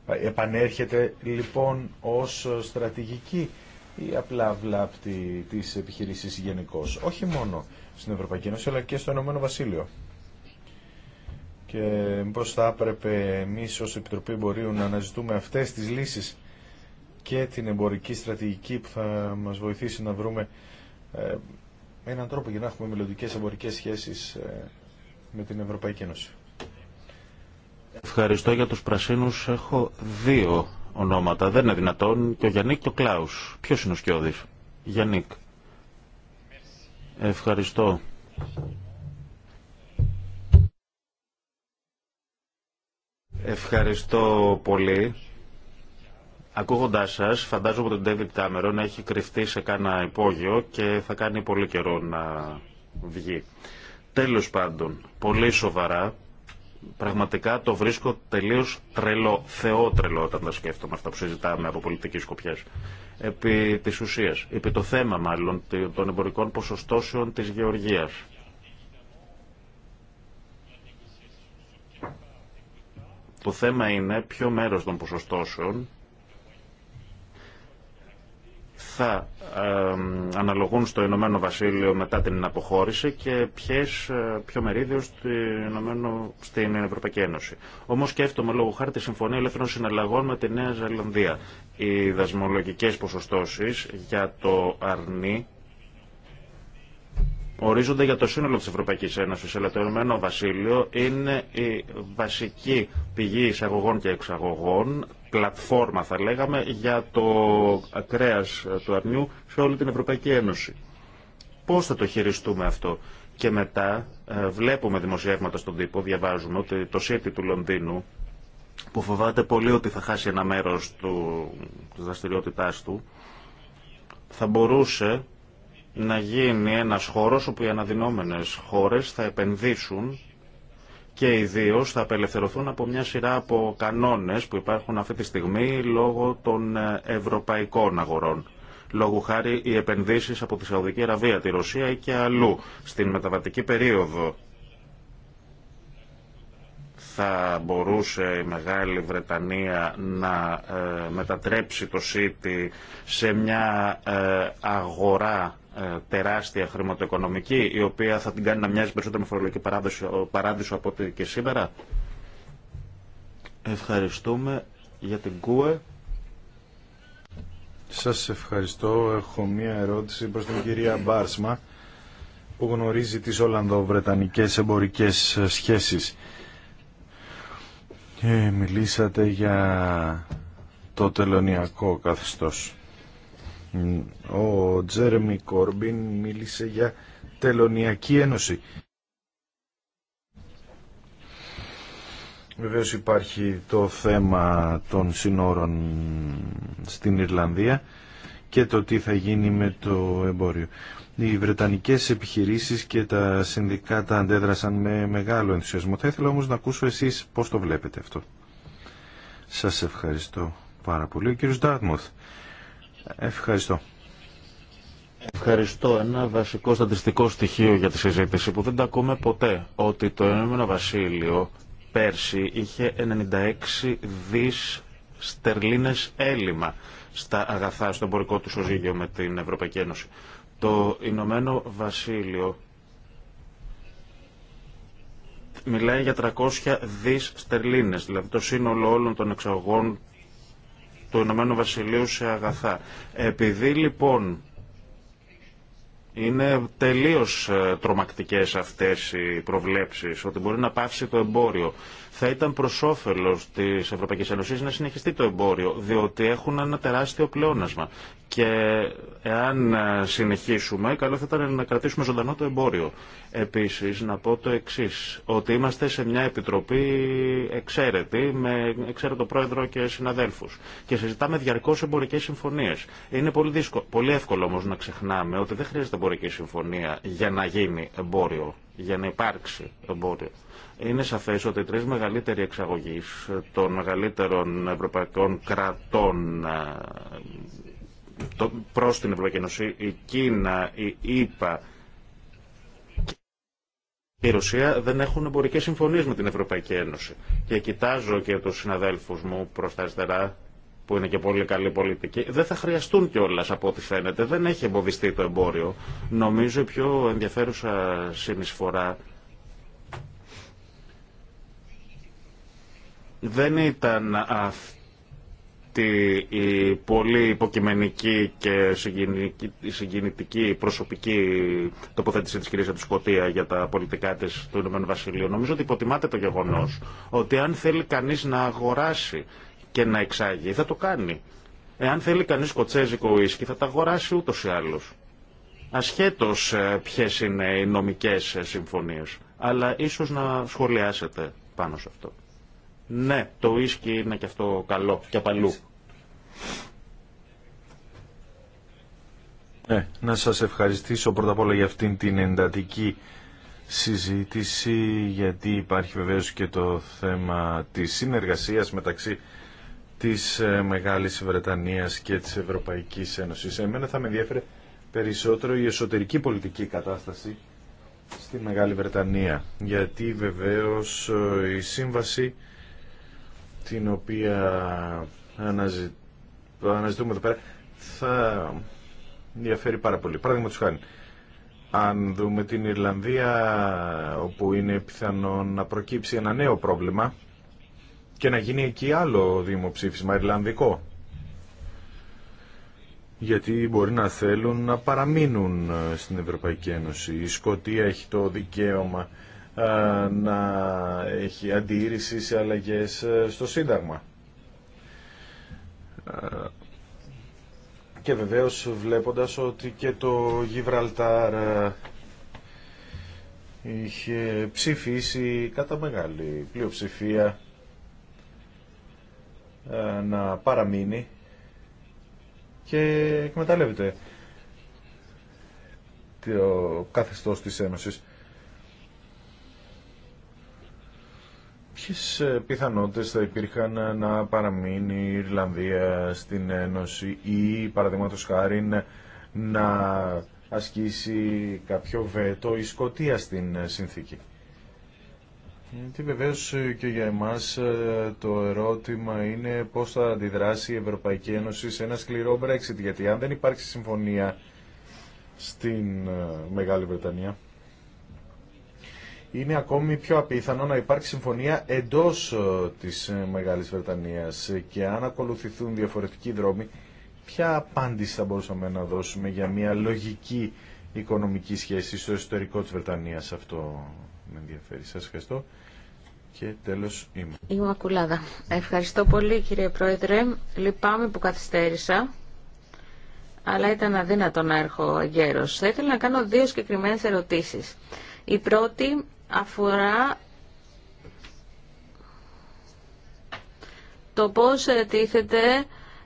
Ε, επανέρχεται λοιπόν ως στρατηγική ή απλά βλάπτη της επιχειρήσης γενικώ. όχι μόνο στην Ευρωπαϊκή Ένωση αλλά και στο Ηνωμένο Βασίλειο. Και μήπως θα έπρεπε εμείς ως Επιτροπή Εμπορίου να αναζητούμε αυτές τις λύσεις και την εμπορική στρατηγική που θα μας βοηθήσει να βρούμε έναν τρόπο για να έχουμε μελλοντικέ εμπορικέ σχέσεις με την Ευρωπαϊκή Ένωση. Ευχαριστώ για τους πρασίνους. Έχω δύο ονόματα. Δεν είναι δυνατόν και ο Γιάννικ και ο Κλάους. Ποιος είναι ο Σκιώδης. Γιάννικ. Ευχαριστώ. Ευχαριστώ πολύ. Ακούγοντά σας. φαντάζομαι ότι ο Ντέβιτ Κάμερον έχει κρυφτεί σε κάνα υπόγειο και θα κάνει πολύ καιρό να βγει. Τέλος πάντων, πολύ σοβαρά, πραγματικά το βρίσκω τελείως τρελό, θεότρελο όταν τα σκέφτομαι αυτά που συζητάμε από πολιτική σκοπιές, Επί της ουσίας, επί το θέμα μάλλον των εμπορικών ποσοστώσεων της γεωργίας. Το θέμα είναι ποιο μέρος των ποσοστώσεων θα αναλογούν στο Ηνωμένο Βασίλειο μετά την αποχώρηση και ποιες, ε, ποιο μερίδιο στην Ευρωπαϊκή Ένωση. Όμως σκέφτομαι λόγω χάρη τη Συμφωνία Ελεύθερων Συναλλαγών με τη Νέα Ζαλανδία. Οι δασμολογικές ποσοστώσεις για το αρνί ορίζονται για το σύνολο της Ευρωπαϊκής Ένωσης, αλλά το Ηνωμένο Βασίλειο είναι η βασική πηγή εισαγωγών και εξαγωγών πλατφόρμα θα λέγαμε για το κρέας του αρνιού σε όλη την Ευρωπαϊκή Ένωση. Πώς θα το χειριστούμε αυτό. Και μετά ε, βλέπουμε δημοσιεύματα στον τύπο, διαβάζουμε ότι το City του Λονδίνου που φοβάται πολύ ότι θα χάσει ένα μέρος του, της του θα μπορούσε να γίνει ένας χώρος όπου οι αναδυνόμενες χώρες θα επενδύσουν και ιδίω θα απελευθερωθούν από μια σειρά από κανόνες που υπάρχουν αυτή τη στιγμή λόγω των ε, ευρωπαϊκών αγορών. Λόγω χάρη οι επενδύσεις από τη Σαουδική Αραβία, τη Ρωσία ή και αλλού στην μεταβατική περίοδο θα μπορούσε η Μεγάλη Βρετανία να ε, μετατρέψει το ΣΥΤΙ σε μια ε, αγορά ε, τεράστια χρηματοοικονομική, η οποία θα την κάνει να μοιάζει περισσότερο με φορολογική παράδοση παράδεισο από ό,τι και σήμερα. Ευχαριστούμε για την ΚΟΕ. Σας ευχαριστώ. Έχω μία ερώτηση προς την κυρία Μπάρσμα που γνωρίζει τις Ολλανδο-Βρετανικές εμπορικές σχέσεις. Και ε, μιλήσατε για το τελωνιακό καθεστώς. Ο Τζέρεμι Κόρμπιν μίλησε για τελωνιακή ένωση. Βεβαίως υπάρχει το θέμα των συνόρων στην Ιρλανδία και το τι θα γίνει με το εμπόριο. Οι Βρετανικές επιχειρήσεις και τα συνδικάτα αντέδρασαν με μεγάλο ενθουσιασμό. Θα ήθελα όμως να ακούσω εσείς πώς το βλέπετε αυτό. Σας ευχαριστώ πάρα πολύ. Ο κύριος Ευχαριστώ. Ευχαριστώ. Ένα βασικό στατιστικό στοιχείο για τη συζήτηση που δεν τα ακούμε ποτέ. Ότι το Ηνωμένο Βασίλειο πέρσι είχε 96 δι στερλίνε έλλειμμα στα αγαθά, στο εμπορικό του σωζύγιο με την Ευρωπαϊκή Ένωση. Το Ηνωμένο Βασίλειο μιλάει για 300 δις στερλίνες, δηλαδή το σύνολο όλων των εξαγωγών το Ηνωμένου Βασιλείου σε αγαθά. Επειδή λοιπόν είναι τελείως ε, τρομακτικές αυτές οι προβλέψεις ότι μπορεί να πάψει το εμπόριο θα ήταν προ όφελο τη Ευρωπαϊκή Ένωση να συνεχιστεί το εμπόριο, διότι έχουν ένα τεράστιο πλεόνασμα. Και εάν ε, συνεχίσουμε, καλό θα ήταν να κρατήσουμε ζωντανό το εμπόριο. Επίση, να πω το εξή, ότι είμαστε σε μια επιτροπή εξαίρετη, με εξαίρετο πρόεδρο και συναδέλφου. Και συζητάμε διαρκώ εμπορικέ συμφωνίε. Είναι πολύ, πολύ εύκολο όμω να ξεχνάμε ότι δεν χρειάζεται εμπορική συμφωνία για να γίνει εμπόριο, για να υπάρξει εμπόριο. Είναι σαφές ότι οι τρεις μεγαλύτεροι εξαγωγείς των μεγαλύτερων ευρωπαϊκών κρατών ε, προς την Ευρωπαϊκή Ένωση, η Κίνα, η ΕΠΑ η Ρωσία δεν έχουν εμπορικές συμφωνίες με την Ευρωπαϊκή Ένωση. Και κοιτάζω και του συναδέλφους μου προς τα αριστερά, που είναι και πολύ καλή πολιτική, δεν θα χρειαστούν κιόλα από ό,τι φαίνεται. Δεν έχει εμποδιστεί το εμπόριο. Νομίζω η πιο ενδιαφέρουσα συνεισφορά Δεν ήταν αυτή η πολύ υποκειμενική και συγκινητική προσωπική τοποθέτηση της κυρίας Αντισκοτία για τα πολιτικά της του Ηνωμένου Βασιλείου. Νομίζω ότι υποτιμάται το γεγονός ότι αν θέλει κανείς να αγοράσει και να εξάγει θα το κάνει. Εάν θέλει κανείς σκοτσέζικο ίσκι θα τα αγοράσει ούτως ή άλλως. Ασχέτως ε, ποιες είναι οι νομικές ε, συμφωνίες. Αλλά ίσως να σχολιάσετε πάνω σε αυτό. Ναι, το ίσκι είναι και αυτό καλό και παλού. Ναι, να σας ευχαριστήσω πρώτα απ' όλα για αυτήν την εντατική συζήτηση γιατί υπάρχει βεβαίως και το θέμα της συνεργασίας μεταξύ της ε, Μεγάλης Βρετανίας και της Ευρωπαϊκής Ένωσης. Εμένα θα με ενδιαφέρε περισσότερο η εσωτερική πολιτική κατάσταση στη Μεγάλη Βρετανία γιατί βεβαίως ε, η σύμβαση την οποία αναζητούμε εδώ πέρα θα ενδιαφέρει πάρα πολύ. Παράδειγμα του χάνει. Αν δούμε την Ιρλανδία, όπου είναι πιθανό να προκύψει ένα νέο πρόβλημα και να γίνει εκεί άλλο δημοψήφισμα Ιρλανδικό. Γιατί μπορεί να θέλουν να παραμείνουν στην Ευρωπαϊκή Ένωση. Η Σκοτία έχει το δικαίωμα ε, να έχει αντίρρηση σε αλλαγές ε, στο Σύνταγμα. Ε, και βεβαίως βλέποντας ότι και το Γιβραλτάρ είχε ψηφίσει κατά μεγάλη πλειοψηφία να παραμείνει και εκμεταλλεύεται το καθεστώς της Ένωσης. Ποιε πιθανότητε θα υπήρχαν ε, να παραμείνει η Ιρλανδία στην Ένωση ή παραδείγματος χάρη να ασκήσει κάποιο βέτο η παραδείγματο χαρη να ασκησει καποιο βετο η σκοτια στην ε, συνθήκη. Τι βεβαίω ε, και για εμάς το ερώτημα είναι πώς θα αντιδράσει η Ευρωπαϊκή Ένωση σε ένα σκληρό Brexit. Γιατί αν δεν υπάρξει συμφωνία στην Μεγάλη Βρετανία, είναι ακόμη πιο απίθανο να υπάρξει συμφωνία εντός ε, της ε, Μεγάλης Βρετανίας και αν ακολουθηθούν διαφορετικοί δρόμοι, ποια απάντηση θα μπορούσαμε να δώσουμε για μια λογική οικονομική σχέση στο εσωτερικό της Βρετανίας. Αυτό με ενδιαφέρει. Σας ευχαριστώ. Και τέλος είμαι. Είμαι Ευχαριστώ πολύ κύριε Πρόεδρε. Λυπάμαι που καθυστέρησα αλλά ήταν αδύνατο να έρχω γέρος. Θα ήθελα να κάνω δύο συγκεκριμένε ερωτήσεις. Η πρώτη αφορά το πώς ε, τίθεται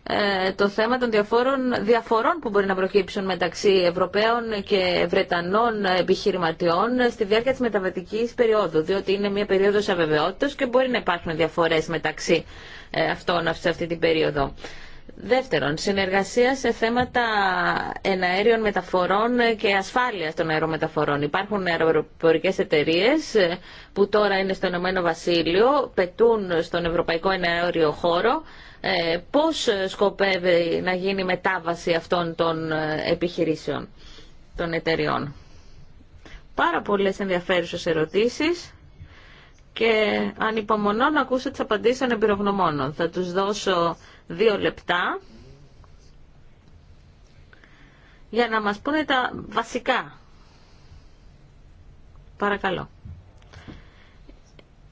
ε, το θέμα των διαφόρων διαφορών που μπορεί να προκύψουν μεταξύ Ευρωπαίων και Βρετανών επιχειρηματιών στη διάρκεια της μεταβατικής περίοδου, διότι είναι μια περίοδος αβεβαιότητας και μπορεί να υπάρχουν διαφορές μεταξύ ε, αυτών σε αυτή την περίοδο. Δεύτερον, συνεργασία σε θέματα εναέριων μεταφορών και ασφάλειας των αερομεταφορών. Υπάρχουν αεροπορικέ εταιρείε που τώρα είναι στο Ηνωμένο Βασίλειο, πετούν στον Ευρωπαϊκό Εναέριο Χώρο. Ε, πώς σκοπεύει να γίνει η μετάβαση αυτών των επιχειρήσεων, των εταιριών. Πάρα πολλέ ενδιαφέρουσε ερωτήσει και ανυπομονώ να ακούσω τι απαντήσει των εμπειρογνωμόνων. Θα τους δώσω δύο λεπτά για να μας πούνε τα βασικά. Παρακαλώ.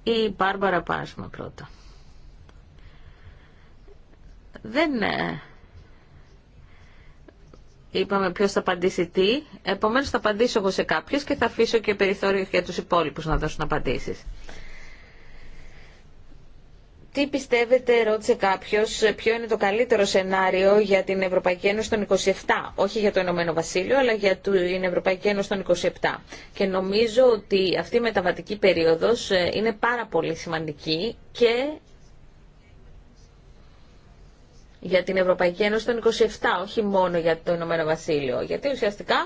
Η Μπάρμπαρα Πάσμα πρώτα. Δεν ε, είπαμε ποιος θα απαντήσει τι, επομένως θα απαντήσω εγώ σε κάποιους και θα αφήσω και περιθώριο για τους υπόλοιπους να δώσουν απαντήσεις. Τι πιστεύετε, ρώτησε κάποιο, ποιο είναι το καλύτερο σενάριο για την Ευρωπαϊκή Ένωση των 27, όχι για το Ηνωμένο Βασίλειο, αλλά για την Ευρωπαϊκή Ένωση των 27. Και νομίζω ότι αυτή η μεταβατική περίοδο ε, είναι πάρα πολύ σημαντική και για την Ευρωπαϊκή Ένωση των 27, όχι μόνο για το Ηνωμένο Βασίλειο. Γιατί ουσιαστικά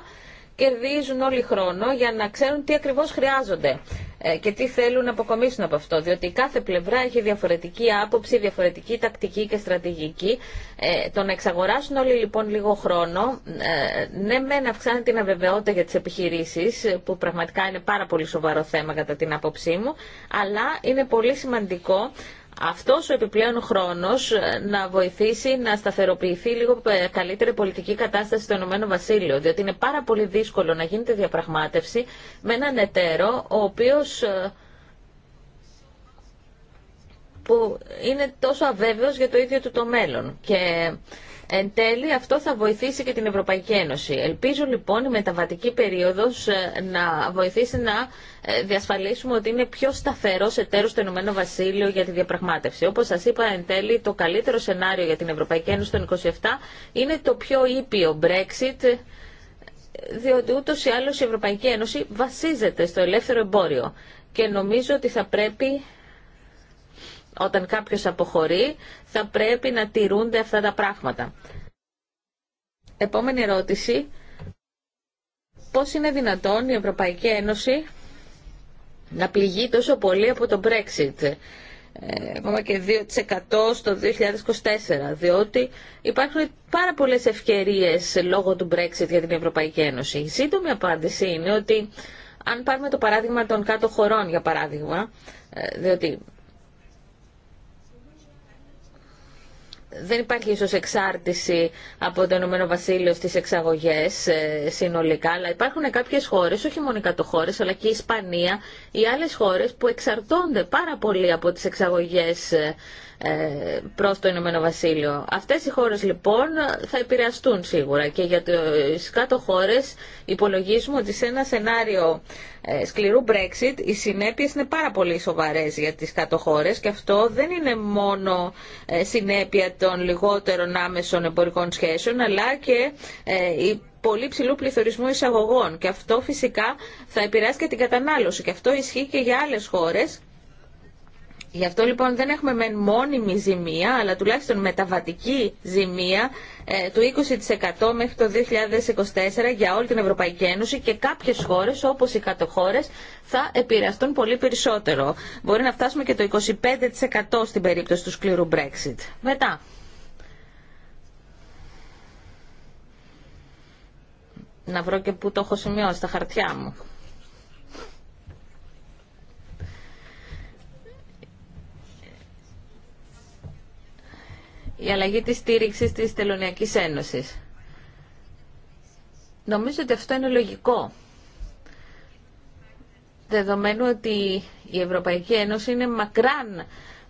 κερδίζουν όλοι χρόνο για να ξέρουν τι ακριβώς χρειάζονται ε, και τι θέλουν να αποκομίσουν από αυτό. Διότι κάθε πλευρά έχει διαφορετική άποψη, διαφορετική τακτική και στρατηγική. Ε, το να εξαγοράσουν όλοι λοιπόν λίγο χρόνο, ε, ναι μεν αυξάνει την αβεβαιότητα για τις επιχειρήσεις, που πραγματικά είναι πάρα πολύ σοβαρό θέμα κατά την άποψή μου, αλλά είναι πολύ σημαντικό αυτός ο επιπλέον χρόνος ε, να βοηθήσει να σταθεροποιηθεί λίγο ε, καλύτερη πολιτική κατάσταση στο Ηνωμένο Βασίλειο, διότι είναι πάρα πολύ δύσκολο να γίνεται διαπραγμάτευση με έναν εταίρο ο οποίος ε, που είναι τόσο αβέβαιος για το ίδιο του το μέλλον. Και Εν τέλει αυτό θα βοηθήσει και την Ευρωπαϊκή Ένωση. Ελπίζω λοιπόν η μεταβατική περίοδος ε, να βοηθήσει να ε, διασφαλίσουμε ότι είναι πιο σταθερό εταίρο το Ηνωμένο Βασίλειο για τη διαπραγμάτευση. Όπω σα είπα εν τέλει το καλύτερο σενάριο για την Ευρωπαϊκή Ένωση των 27 είναι το πιο ήπιο Brexit διότι ούτως ή άλλο η αλλω η Ένωση βασίζεται στο ελεύθερο εμπόριο και νομίζω ότι θα πρέπει όταν κάποιος αποχωρεί θα πρέπει να τηρούνται αυτά τα πράγματα. Επόμενη ερώτηση. Πώς είναι δυνατόν η Ευρωπαϊκή Ένωση να πληγεί τόσο πολύ από το Brexit, ε, ακόμα και 2% στο 2024, διότι υπάρχουν πάρα πολλές ευκαιρίες λόγω του Brexit για την Ευρωπαϊκή Ένωση. Η σύντομη απάντηση είναι ότι αν πάρουμε το παράδειγμα των κάτω χωρών, για παράδειγμα, ε, διότι δεν υπάρχει ίσως εξάρτηση από το Ηνωμένο Βασίλειο στις εξαγωγές ε, συνολικά, αλλά υπάρχουν κάποιες χώρες, όχι μόνο οι κατοχώρες, αλλά και η Ισπανία, οι άλλες χώρες που εξαρτώνται πάρα πολύ από τις εξαγωγές ε, ε, προς το Ηνωμένο Βασίλειο. Αυτές οι χώρες λοιπόν θα επηρεαστούν σίγουρα και για τις κάτω χώρες υπολογίζουμε ότι σε ένα σενάριο ε, σκληρού Brexit οι συνέπειες είναι πάρα πολύ σοβαρές για τις κάτω χώρες και αυτό δεν είναι μόνο ε, συνέπεια των λιγότερων άμεσων εμπορικών σχέσεων αλλά και η πολύ ψηλού πληθωρισμού εισαγωγών και αυτό φυσικά θα επηρεάσει και την κατανάλωση και αυτό ισχύει και για άλλες χώρες Γι' αυτό λοιπόν δεν έχουμε μεν μόνιμη ζημία, αλλά τουλάχιστον μεταβατική ζημία ε, του 20% μέχρι το 2024 για όλη την Ευρωπαϊκή Ένωση και κάποιες χώρες όπως οι κατοχώρε, θα επηρεαστούν πολύ περισσότερο. Μπορεί να φτάσουμε και το 25% στην περίπτωση του σκληρού Brexit. Μετά. Να βρω και πού το έχω σημειώσει στα χαρτιά μου. η αλλαγή της στήριξης της Τελωνιακής Ένωσης. Νομίζω ότι αυτό είναι λογικό. Δεδομένου ότι η Ευρωπαϊκή Ένωση είναι μακράν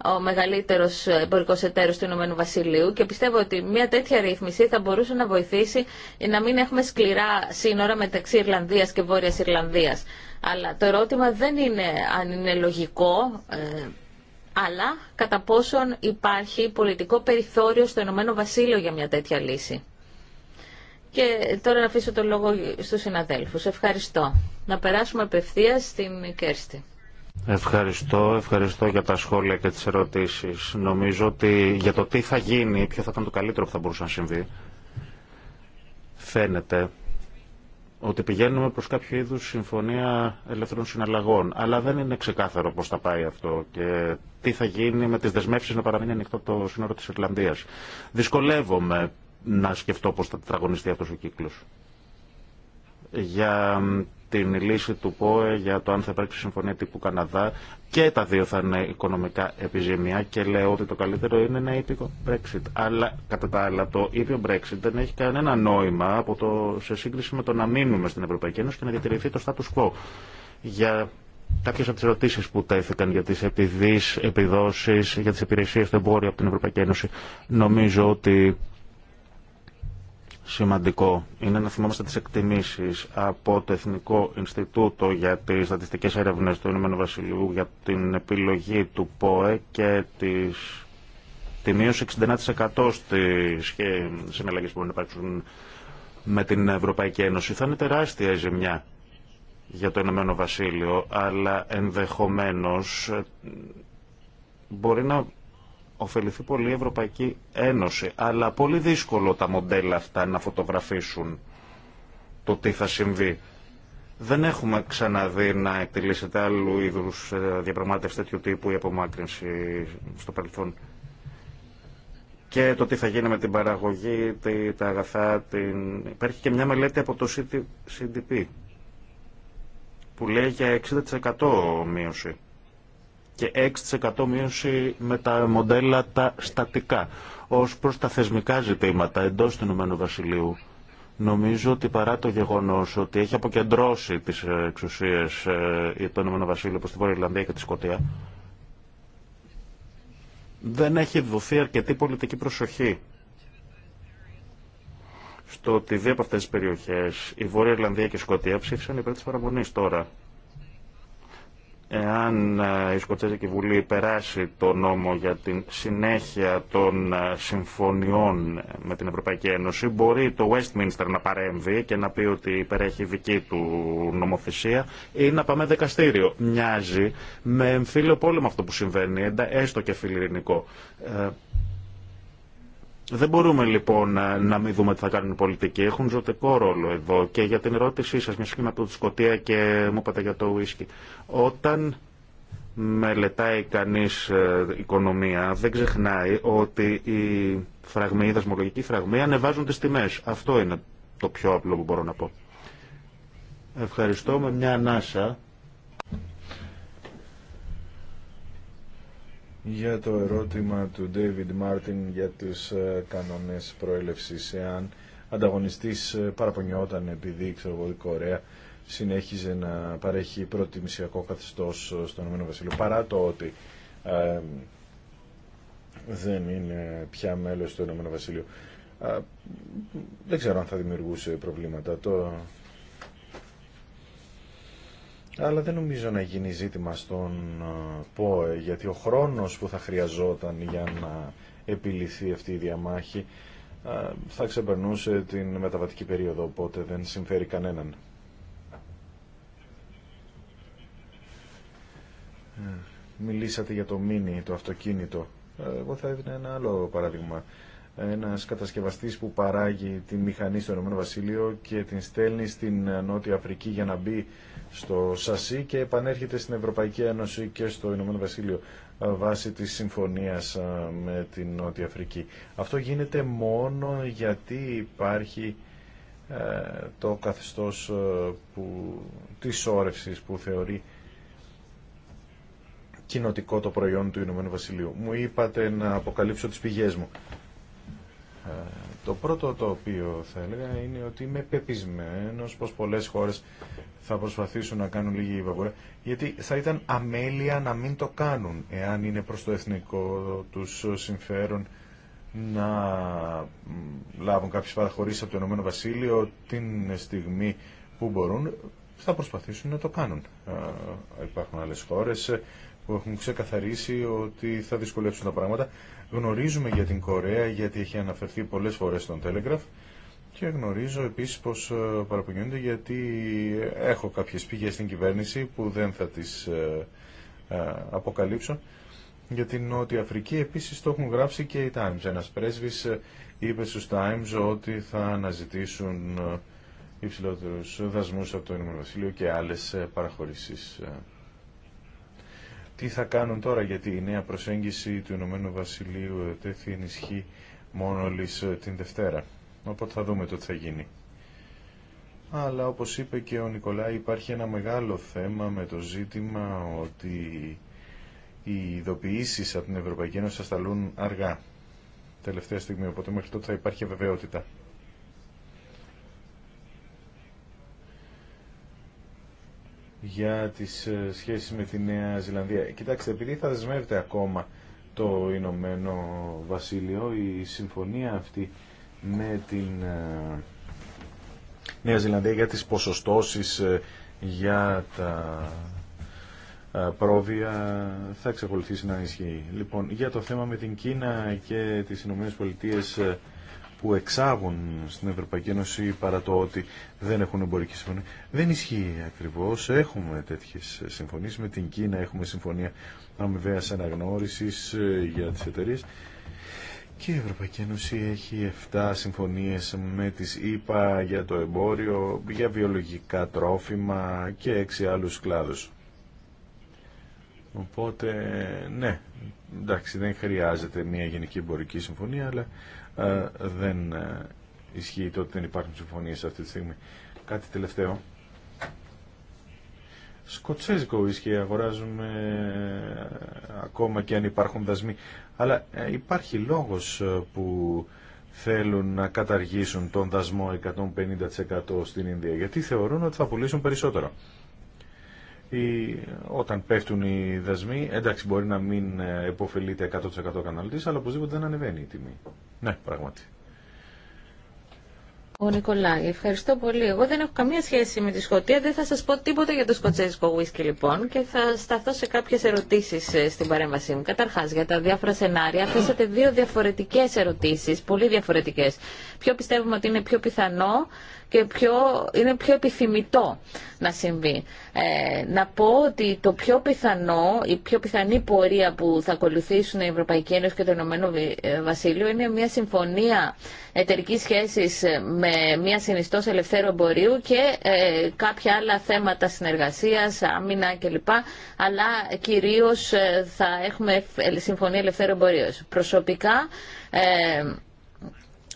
ο μεγαλύτερος εμπορικό εταίρος του Ηνωμένου Βασιλείου και πιστεύω ότι μια τέτοια ρύθμιση θα μπορούσε να βοηθήσει να μην έχουμε σκληρά σύνορα μεταξύ Ιρλανδίας και Βόρειας Ιρλανδίας. Αλλά το ερώτημα δεν είναι αν είναι λογικό. Ε, αλλά κατά πόσον υπάρχει πολιτικό περιθώριο στο Ηνωμένο Βασίλειο για μια τέτοια λύση. Και τώρα να αφήσω το λόγο στους συναδέλφους. Ευχαριστώ. Να περάσουμε απευθεία στην Κέρστη. Ευχαριστώ, ευχαριστώ για τα σχόλια και τις ερωτήσεις. Νομίζω ότι για το τι θα γίνει, ποιο θα ήταν το καλύτερο που θα μπορούσε να συμβεί, φαίνεται ότι πηγαίνουμε προς κάποιο είδους συμφωνία ελεύθερων συναλλαγών. Αλλά δεν είναι ξεκάθαρο πώς θα πάει αυτό και τι θα γίνει με τις δεσμεύσεις να παραμείνει ανοιχτό το σύνορο της Ιρλανδίας. Δυσκολεύομαι να σκεφτώ πώς θα τραγωνιστεί αυτός ο κύκλος. Για την λύση του ΠΟΕ για το αν θα υπάρξει συμφωνία τύπου Καναδά και τα δύο θα είναι οικονομικά επιζήμια και λέω ότι το καλύτερο είναι ένα ήπιο Brexit. Αλλά κατά τα άλλα το ήπιο Brexit δεν έχει κανένα νόημα από το, σε σύγκριση με το να μείνουμε στην Ευρωπαϊκή Ένωση και να διατηρηθεί το status quo. Για κάποιες από τις ερωτήσεις που τέθηκαν για τις επιδείς, επιδόσεις, για τις υπηρεσίες του εμπόριου από την Ευρωπαϊκή Ένωση νομίζω ότι σημαντικό είναι να θυμόμαστε τις εκτιμήσεις από το Εθνικό Ινστιτούτο για τις Στατιστικές Έρευνες του Ηνωμένου Βασιλείου για την επιλογή του ΠΟΕ και τις... τη μείωση 69% στις συναλλαγές που μπορούν να υπάρξουν με την Ευρωπαϊκή Ένωση. Θα είναι τεράστια ζημιά για το Ηνωμένο Βασίλειο, αλλά ενδεχομένως ε, μπορεί να ωφεληθεί πολύ η Ευρωπαϊκή Ένωση, αλλά πολύ δύσκολο τα μοντέλα αυτά να φωτογραφίσουν το τι θα συμβεί. Δεν έχουμε ξαναδεί να εκτελήσεται άλλου είδου ε, διαπραγμάτευση τέτοιου τύπου η απομάκρυνση στο παρελθόν. Και το τι θα γίνει με την παραγωγή, τα αγαθά. Την... Υπάρχει και μια μελέτη από το CDP που λέει για 60% μείωση και 6% μείωση με τα μοντέλα τα στατικά. Ως προς τα θεσμικά ζητήματα εντός του Ηνωμένου Βασιλείου, νομίζω ότι παρά το γεγονός ότι έχει αποκεντρώσει τις εξουσίες ε, το Ηνωμένο Βασίλειο προς τη Βόρεια Ιρλανδία και τη Σκοτία, δεν έχει δοθεί αρκετή πολιτική προσοχή στο ότι δύο από αυτέ τι περιοχέ, η Βόρεια Ιρλανδία και η Σκοτία, ψήφισαν υπέρ τη παραμονή τώρα. Εάν ε, η Σκοτσέζικη Βουλή περάσει το νόμο για την συνέχεια των ε, συμφωνιών ε, με την Ευρωπαϊκή Ένωση, μπορεί το Westminster να παρέμβει και να πει ότι υπερέχει δική του νομοθεσία ή να πάμε δικαστήριο. Μοιάζει με εμφύλιο πόλεμο αυτό που συμβαίνει, έστω και φιλιρινικό. Δεν μπορούμε λοιπόν ε, να μην δούμε τι θα κάνουν οι πολιτικοί. Έχουν ζωτικό ρόλο εδώ και για την ερώτησή σας, μια σχήμα από τη Σκωτία και μου είπατε για το ουίσκι. Όταν μελετάει κανείς ε, οικονομία δεν ξεχνάει ότι οι φραγμοί, οι δασμολογικοί φραγμοί ανεβάζουν τις τιμές. Αυτό είναι το πιο απλό που μπορώ να πω. Ευχαριστώ με μια ανάσα. για το ερώτημα του David Martin για τους ε, κανόνες προέλευσης εάν ανταγωνιστής ε, παραπονιόταν επειδή ξέρω εγώ η Κορέα συνέχιζε να παρέχει προτιμησιακό καθεστώς ε, στον Ηνωμένο Βασίλειο παρά το ότι δεν είναι πια μέλος του Ηνωμένου δεν ξέρω αν θα δημιουργούσε προβλήματα. Το αλλά δεν νομίζω να γίνει ζήτημα στον ε, ΠΟΕ, γιατί ο χρόνος που θα χρειαζόταν για να επιληθεί αυτή η διαμάχη ε, θα ξεπερνούσε την μεταβατική περίοδο, οπότε δεν συμφέρει κανέναν. Ε, μιλήσατε για το μίνι, το αυτοκίνητο. Εγώ θα έδινα ένα άλλο παράδειγμα ένας κατασκευαστής που παράγει τη μηχανή στο Ηνωμένο Βασίλειο και την στέλνει στην Νότια Αφρική για να μπει στο ΣΑΣΥ και επανέρχεται στην Ευρωπαϊκή Ένωση και στο Ηνωμένο Βασίλειο βάσει της συμφωνίας με την Νότια Αφρική. Αυτό γίνεται μόνο γιατί υπάρχει το καθεστώς που, της όρευσης που θεωρεί κοινοτικό το προϊόν του Ηνωμένου Βασιλείου. Μου είπατε να αποκαλύψω τις πηγές μου. Ε, το πρώτο το οποίο θα έλεγα είναι ότι είμαι πεπισμένο πως πολλές χώρες θα προσπαθήσουν να κάνουν λίγη υπαγορά, γιατί θα ήταν αμέλεια να μην το κάνουν, εάν είναι προς το εθνικό τους συμφέρον να λάβουν κάποιε παραχωρήσει από το Ηνωμένο Βασίλειο την στιγμή που μπορούν, θα προσπαθήσουν να το κάνουν. Ε, υπάρχουν άλλε χώρε που έχουν ξεκαθαρίσει ότι θα δυσκολεύσουν τα πράγματα Γνωρίζουμε για την Κορέα γιατί έχει αναφερθεί πολλές φορές στον Telegraph και γνωρίζω επίσης πως ε, παραπονιούνται γιατί έχω κάποιες πηγές στην κυβέρνηση που δεν θα τις ε, ε, αποκαλύψω για την Νότια Αφρική. Επίσης το έχουν γράψει και οι Times. Ένας πρέσβης είπε στους Times ότι θα αναζητήσουν υψηλότερους δασμούς από το Ινωμένο Βασίλειο και άλλες παραχωρήσεις τι θα κάνουν τώρα, γιατί η νέα προσέγγιση του Ηνωμένου Βασιλείου τέθη ενισχύ μόνο ε, την Δευτέρα. Οπότε θα δούμε το τι θα γίνει. Αλλά όπως είπε και ο Νικολάη υπάρχει ένα μεγάλο θέμα με το ζήτημα ότι οι ειδοποιήσει από την Ευρωπαϊκή Ένωση θα σταλούν αργά τελευταία στιγμή, οπότε μέχρι τότε θα υπάρχει βεβαιότητα. για τις ε, σχέσεις με τη Νέα Ζηλανδία. Ε, κοιτάξτε, επειδή θα δεσμεύεται ακόμα το Ηνωμένο Βασίλειο, η συμφωνία αυτή με την ε, Νέα Ζηλανδία για τις ποσοστώσεις για τα πρόβια θα εξακολουθήσει να ισχύει. Λοιπόν, για το θέμα με την Κίνα και τις Ηνωμένες Πολιτείες που εξάγουν στην Ευρωπαϊκή Ένωση παρά το ότι δεν έχουν εμπορική συμφωνία. Δεν ισχύει ακριβώς. Έχουμε τέτοιες συμφωνίες με την Κίνα, έχουμε συμφωνία αμοιβαίας αναγνώρισης ε, για τις εταιρείε. Και η Ευρωπαϊκή Ένωση έχει 7 συμφωνίες με τις ΗΠΑ για το εμπόριο, για βιολογικά τρόφιμα και 6 άλλους κλάδους. Οπότε, ναι, εντάξει, δεν χρειάζεται μια γενική εμπορική συμφωνία, αλλά ε, δεν ε, ισχύει το ότι δεν υπάρχουν συμφωνίες αυτή τη στιγμή. Κάτι τελευταίο. Σκοτσέζικο ισχύει. αγοράζουμε ε, ακόμα και αν υπάρχουν δασμοί. Αλλά υπάρχει λόγος που θέλουν να καταργήσουν τον δασμό 150% στην Ινδία. Γιατί θεωρούν ότι θα πουλήσουν περισσότερο ή όταν πέφτουν οι δασμοί, εντάξει μπορεί να μην επωφελείται 100% ο αλλά οπωσδήποτε δεν ανεβαίνει η τιμή. Ναι, πράγματι. Ο Νικολάη, ευχαριστώ πολύ. Εγώ δεν έχω καμία σχέση με τη Σκωτία, δεν θα σας πω τίποτα για το σκοτσέζικο whisky λοιπόν και θα σταθώ σε κάποιες ερωτήσεις ε, στην παρέμβασή μου. Καταρχάς, για τα διάφορα σενάρια, θέσατε δύο διαφορετικές ερωτήσεις, πολύ διαφορετικές. Ποιο πιστεύουμε ότι είναι πιο πιθανό και είναι πιο επιθυμητό να συμβεί. Ε, να πω ότι το πιο πιθανό, η πιο πιθανή πορεία που θα ακολουθήσουν η Ευρωπαϊκή Ένωση και το Ηνωμένο ε, Βασίλειο είναι μια συμφωνία εταιρική σχέση ε, με μια συνιστό ελευθέρου εμπορίου και ε, κάποια άλλα θέματα συνεργασία, άμυνα κλπ. Αλλά κυρίω ε, θα έχουμε συμφωνία ελευθέρου εμπορίου. Προσωπικά,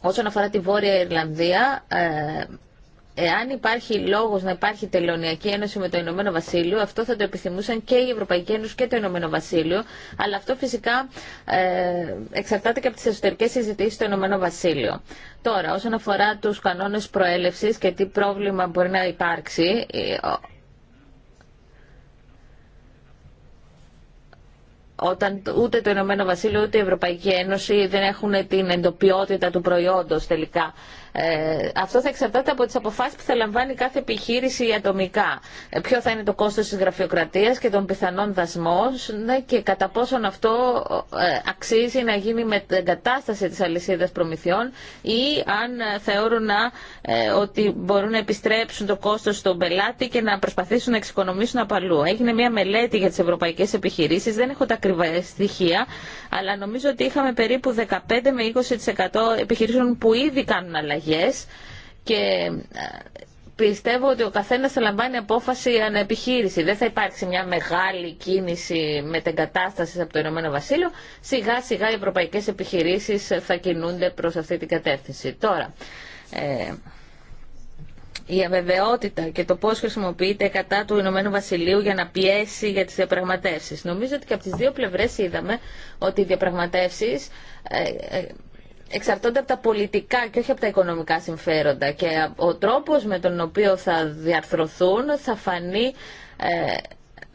Όσον αφορά τη Βόρεια Ιρλανδία, ε, εάν υπάρχει λόγος να υπάρχει τελωνιακή ένωση με το Ηνωμένο Βασίλειο, αυτό θα το επιθυμούσαν και η Ευρωπαϊκή Ένωση και το Ηνωμένο Βασίλειο, αλλά αυτό φυσικά ε, εξαρτάται και από τις εσωτερικές συζητήσεις του Ηνωμένο Βασίλειου. Τώρα, όσον αφορά τους κανόνες προέλευσης και τι πρόβλημα μπορεί να υπάρξει, ε, όταν ούτε το Ηνωμένο Βασίλειο ούτε η Ευρωπαϊκή Ένωση δεν έχουν την εντοπιότητα του προϊόντος τελικά ε, αυτό θα εξαρτάται από τι αποφάσει που θα λαμβάνει κάθε επιχείρηση ατομικά. Ε, ποιο θα είναι το κόστο τη γραφειοκρατίας και των πιθανών δασμών ναι, και κατά πόσον αυτό ε, αξίζει να γίνει με την κατάσταση τη αλυσίδα προμηθειών ή αν θεωρούν να, ότι μπορούν να επιστρέψουν το κόστο στον πελάτη και να προσπαθήσουν να εξοικονομήσουν απαλού. Έγινε μια μελέτη για τι ευρωπαϊκέ επιχειρήσει. δεν έχω τα ακριβά στοιχεία, αλλά νομίζω ότι είχαμε περίπου 15 με 20% επιχειρήσεων που ήδη κάνουν αλλαγή και ε, πιστεύω ότι ο καθένας θα λαμβάνει απόφαση ανεπιχείρηση. Δεν θα υπάρξει μια μεγάλη κίνηση κατάσταση από το Ηνωμένο Βασίλειο. Σιγά σιγά οι ευρωπαϊκές επιχειρήσεις θα κινούνται προς αυτή την κατεύθυνση. Τώρα, ε, η αβεβαιότητα και το πώς χρησιμοποιείται κατά του Ηνωμένου Βασιλείου για να πιέσει για τις διαπραγματεύσεις. Νομίζω ότι και από τις δύο πλευρές είδαμε ότι οι διαπραγματεύσεις ε, ε, εξαρτώνται από τα πολιτικά και όχι από τα οικονομικά συμφέροντα και ο τρόπος με τον οποίο θα διαρθρωθούν θα φανεί ε,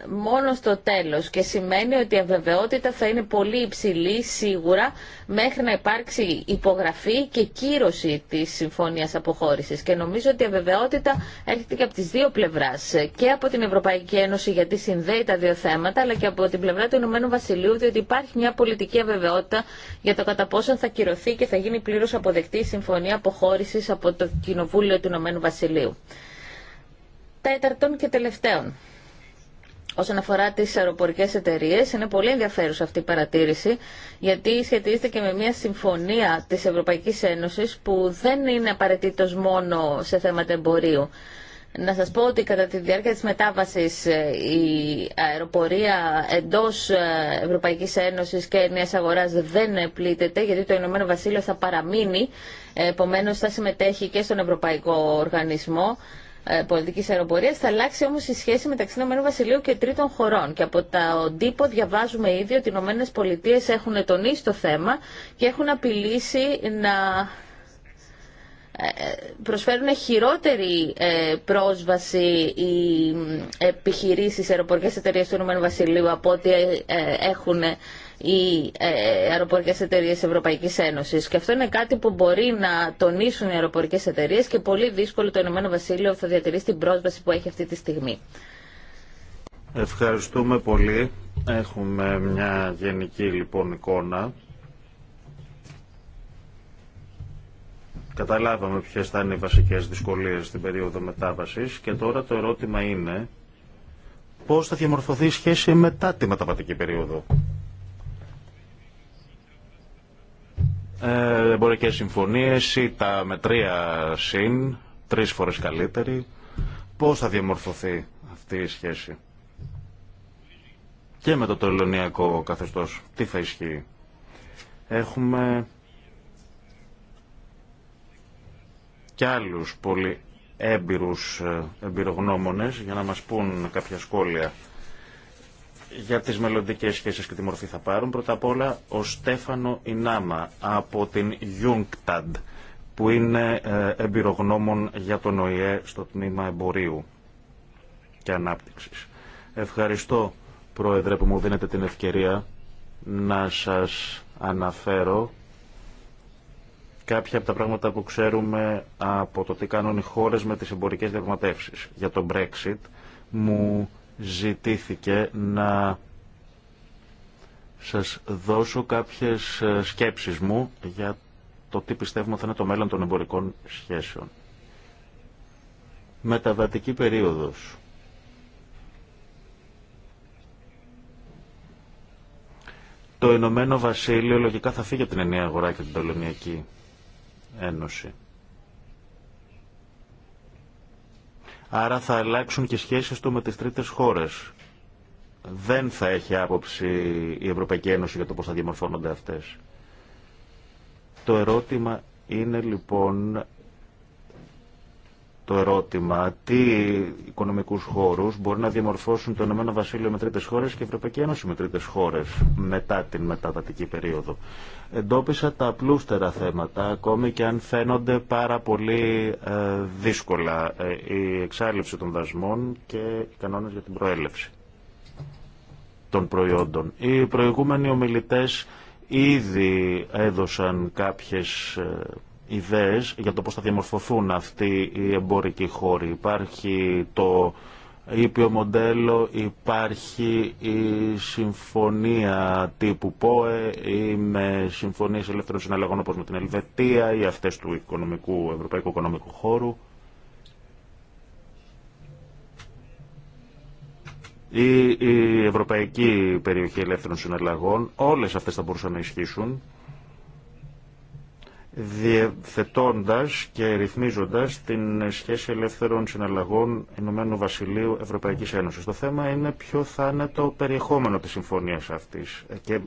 μόνο στο τέλος και σημαίνει ότι η αβεβαιότητα θα είναι πολύ υψηλή σίγουρα μέχρι να υπάρξει υπογραφή και κύρωση της συμφωνίας αποχώρησης και νομίζω ότι η αβεβαιότητα έρχεται και από τις δύο πλευράς και από την Ευρωπαϊκή Ένωση γιατί συνδέει τα δύο θέματα αλλά και από την πλευρά του Ηνωμένου Βασιλείου διότι υπάρχει μια πολιτική αβεβαιότητα για το κατά πόσο θα κυρωθεί και θα γίνει πλήρω αποδεκτή η συμφωνία αποχώρησης από το Κοινοβούλιο του Ηνωμένου Βασιλείου. Τέταρτον και τελευταίον. Όσον αφορά τι αεροπορικέ εταιρείε, είναι πολύ ενδιαφέρουσα αυτή η παρατήρηση, γιατί σχετίζεται και με μια συμφωνία τη Ευρωπαϊκή Ένωση που δεν είναι απαραίτητο μόνο σε θέματα εμπορίου. Να σας πω ότι κατά τη διάρκεια της μετάβασης ε, η αεροπορία εντός ε, Ευρωπαϊκής Ένωσης και Νέας Αγοράς δεν πλήττεται γιατί το Ηνωμένο Βασίλειο θα παραμείνει, επομένως θα συμμετέχει και στον Ευρωπαϊκό Οργανισμό ε, πολιτικής αεροπορίας, θα αλλάξει όμως η σχέση μεταξύ Ηνωμένου Βασιλείου και τρίτων χωρών. Και από τα τύπο διαβάζουμε ήδη ότι οι Ηνωμένε Πολιτείε έχουν τονίσει το θέμα και έχουν απειλήσει να ε, προσφέρουν χειρότερη ε, πρόσβαση οι επιχειρήσεις αεροπορικές εταιρείες του Ηνωμένου Βασιλείου από ό,τι έχουν οι ε, αεροπορικέ εταιρείε Ευρωπαϊκή Ένωση. Και αυτό είναι κάτι που μπορεί να τονίσουν οι αεροπορικέ εταιρείε και πολύ δύσκολο το Ηνωμένο Βασίλειο θα διατηρήσει την πρόσβαση που έχει αυτή τη στιγμή. Ευχαριστούμε πολύ. Έχουμε μια γενική λοιπόν εικόνα. Καταλάβαμε ποιες θα είναι οι βασικές δυσκολίες στην περίοδο μετάβασης και τώρα το ερώτημα είναι πώς θα διαμορφωθεί η σχέση μετά τη μεταβατική περίοδο. Ε, εμπορικές συμφωνίες ή τα μετρία συν, τρεις φορές καλύτερη. Πώς θα διαμορφωθεί αυτή η σχέση και με το τελωνιακό καθεστώς. Τι θα ισχύει. Έχουμε και άλλους πολύ έμπειρους ε, εμπειρογνώμονες για να μας πούν κάποια σχόλια για τις μελλοντικές σχέσεις και τη μορφή θα πάρουν. Πρώτα απ' όλα ο Στέφανο Ινάμα από την Jungtad που είναι ε, εμπειρογνώμων για τον ΟΗΕ στο τμήμα εμπορίου και ανάπτυξης. Ευχαριστώ Πρόεδρε που μου δίνετε την ευκαιρία να σας αναφέρω κάποια από τα πράγματα που ξέρουμε από το τι κάνουν οι χώρες με τις εμπορικές διαπραγματεύσεις. Για το Brexit μου ζητήθηκε να σας δώσω κάποιες ε, σκέψεις μου για το τι πιστεύουμε θα είναι το μέλλον των εμπορικών σχέσεων. Μεταβατική περίοδος. Το Ηνωμένο Βασίλειο λογικά θα φύγει από την ενιαία αγορά και την Πολωνιακή Ένωση. Άρα θα αλλάξουν και σχέσεις του με τι τρίτε χώρες. Δεν θα έχει άποψη η Ευρωπαϊκή Ένωση για το πώ θα διαμορφώνονται αυτές. Το ερώτημα είναι λοιπόν το ερώτημα τι οικονομικούς χώρους μπορεί να διαμορφώσουν το Ηνωμένο Βασίλειο με τρίτες χώρες και η Ευρωπαϊκή Ένωση με τρίτες χώρες μετά την μεταβατική περίοδο εντόπισα τα απλούστερα θέματα, ακόμη και αν φαίνονται πάρα πολύ ε, δύσκολα. Ε, η εξάλληψη των δασμών και οι κανόνες για την προέλευση των προϊόντων. Οι προηγούμενοι ομιλητές ήδη έδωσαν κάποιες ε, ιδέες για το πώς θα διαμορφωθούν αυτοί οι εμπορικοί χώροι. Υπάρχει το ήπιο μοντέλο υπάρχει η συμφωνία τύπου ΠΟΕ ή με συμφωνίες ελεύθερων συναλλαγών όπως με την Ελβετία ή αυτές του οικονομικού, ευρωπαϊκού οικονομικού χώρου ή η Ευρωπαϊκή Περιοχή Ελεύθερων Συναλλαγών. Όλες αυτές θα μπορούσαν να ισχύσουν διευθετώντας και ρυθμίζοντας την σχέση ελεύθερων συναλλαγών Ηνωμένου Βασιλείου Ευρωπαϊκής Ένωσης. Το θέμα είναι ποιο θα είναι το περιεχόμενο της συμφωνίας αυτής και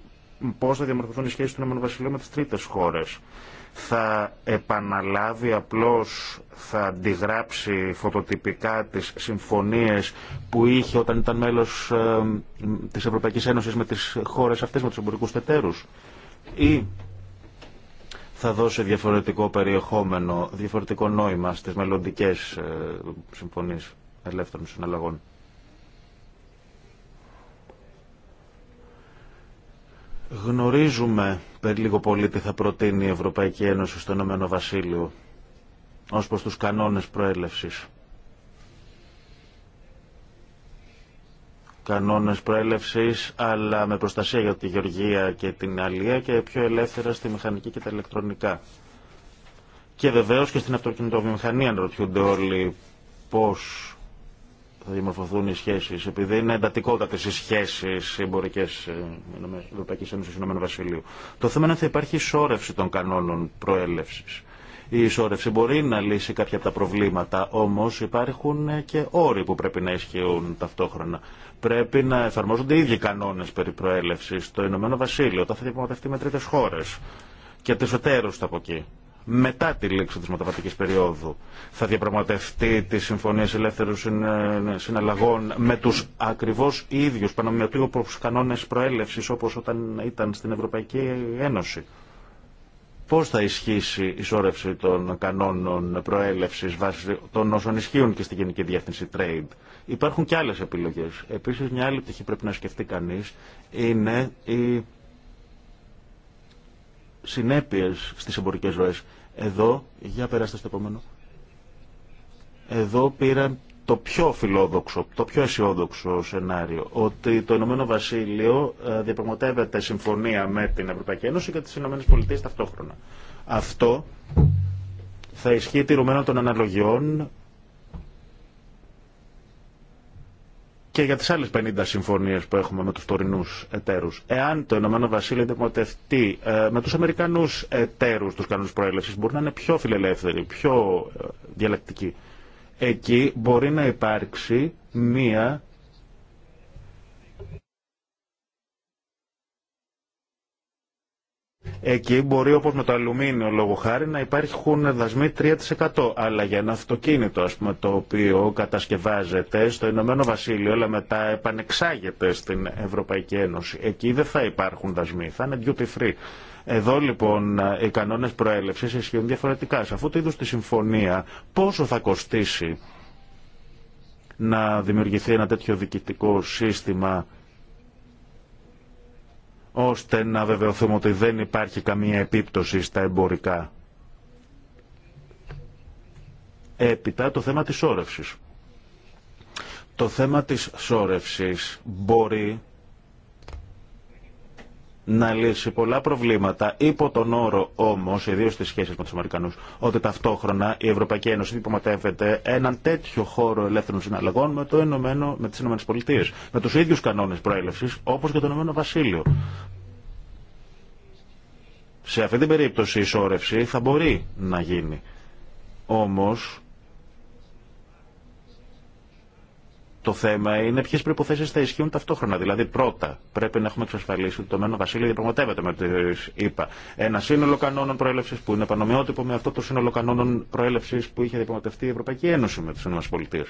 πώς θα διαμορφωθούν οι σχέσεις του Ηνωμένου Βασιλείου με τις τρίτες χώρες. Θα επαναλάβει απλώς, θα αντιγράψει φωτοτυπικά τις συμφωνίες που είχε όταν ήταν μέλος ε, της Ευρωπαϊκής Ένωσης με τις χώρες αυτές, με τους εμπορικού τετέρους ή θα δώσει διαφορετικό περιεχόμενο, διαφορετικό νόημα στις μελλοντικέ ε, συμφωνίες ελεύθερων συναλλαγών. Γνωρίζουμε περί λίγο πολύ τι θα προτείνει η Ευρωπαϊκή Ένωση στον Ηνωμένο Βασίλειο ως προς τους κανόνες προέλευσης. κανόνες προέλευσης, αλλά με προστασία για τη γεωργία και την αλία και πιο ελεύθερα στη μηχανική και τα ηλεκτρονικά. Και βεβαίως και στην αυτοκινητοβιομηχανία ρωτιούνται όλοι πώς θα δημορφωθούν οι σχέσεις, επειδή είναι εντατικότατες οι σχέσεις εμπορικές ε, Ευρωπαϊκής Ένωσης Βασιλείου. Το θέμα είναι ότι θα υπάρχει σώρευση των κανόνων προέλευσης η ισόρρευση μπορεί να λύσει κάποια από τα προβλήματα, όμως υπάρχουν και όροι που πρέπει να ισχύουν ταυτόχρονα. Πρέπει να εφαρμόζονται οι ίδιοι κανόνες περί προέλευσης στο Ηνωμένο Βασίλειο, όταν θα διαπραγματευτεί με τρίτες χώρες και τις εταίρους από εκεί μετά τη λήξη της μεταβατικής περίοδου θα διαπραγματευτεί τις συμφωνίες ελεύθερου συναλλαγών με τους ακριβώς ίδιους πανομοιωτικού κανόνε κανόνες προέλευσης όπως όταν ήταν στην Ευρωπαϊκή Ένωση πώς θα ισχύσει η σώρευση των κανόνων προέλευσης βάσει των όσων ισχύουν και στην Γενική Διεύθυνση Trade. Υπάρχουν και άλλες επιλογές. Επίσης μια άλλη πτυχή πρέπει να σκεφτεί κανείς είναι οι συνέπειες στις εμπορικές ροές. Εδώ, για περάστε στο επόμενο. Εδώ πήραν το πιο φιλόδοξο, το πιο αισιόδοξο σενάριο, ότι το Ηνωμένο Βασίλειο ε, διαπραγματεύεται συμφωνία με την Ευρωπαϊκή Ένωση και τις Ηνωμένες Πολιτείες ταυτόχρονα. Αυτό θα ισχύει τηρουμένο των αναλογιών και για τις άλλες 50 συμφωνίες που έχουμε με τους τωρινούς εταίρους. Εάν το Ηνωμένο Βασίλειο ε, με τους Αμερικανούς εταίρους τους κανόνες προέλευσης, μπορεί να είναι πιο φιλελεύθεροι, πιο ε, διαλεκτική εκεί μπορεί να υπάρξει μία Εκεί μπορεί όπως με το αλουμίνιο λόγω χάρη να υπάρχουν δασμοί 3%. Αλλά για ένα αυτοκίνητο ας πούμε, το οποίο κατασκευάζεται στο Ηνωμένο Βασίλειο αλλά μετά επανεξάγεται στην Ευρωπαϊκή Ένωση. Εκεί δεν θα υπάρχουν δασμοί, θα είναι duty free. Εδώ λοιπόν οι κανόνε προέλευση ισχύουν διαφορετικά. Σε το είδο τη συμφωνία, πόσο θα κοστίσει να δημιουργηθεί ένα τέτοιο διοικητικό σύστημα ώστε να βεβαιωθούμε ότι δεν υπάρχει καμία επίπτωση στα εμπορικά. Έπειτα το θέμα της σόρευσης. Το θέμα της σόρευσης μπορεί να λύσει πολλά προβλήματα υπό τον όρο όμω, ιδίω στι σχέσει με του Αμερικανού, ότι ταυτόχρονα η Ευρωπαϊκή Ένωση διπλωματεύεται έναν τέτοιο χώρο ελεύθερων συναλλαγών με, το Ενωμένο, με τι ΗΠΑ. Με του ίδιου κανόνε προέλευση όπω και το Ηνωμένο Βασίλειο. Σε αυτή την περίπτωση η ισόρρευση θα μπορεί να γίνει. Όμως Το θέμα είναι ποιε προποθέσει θα ισχύουν ταυτόχρονα. Δηλαδή, πρώτα πρέπει να έχουμε εξασφαλίσει ότι το Μένο Βασίλειο διαπραγματεύεται με τι ΗΠΑ. Ένα σύνολο κανόνων προέλευση που είναι πανομοιότυπο με αυτό το σύνολο κανόνων προέλευση που είχε διαπραγματευτεί η Ευρωπαϊκή Ένωση με τι ΗΠΑ.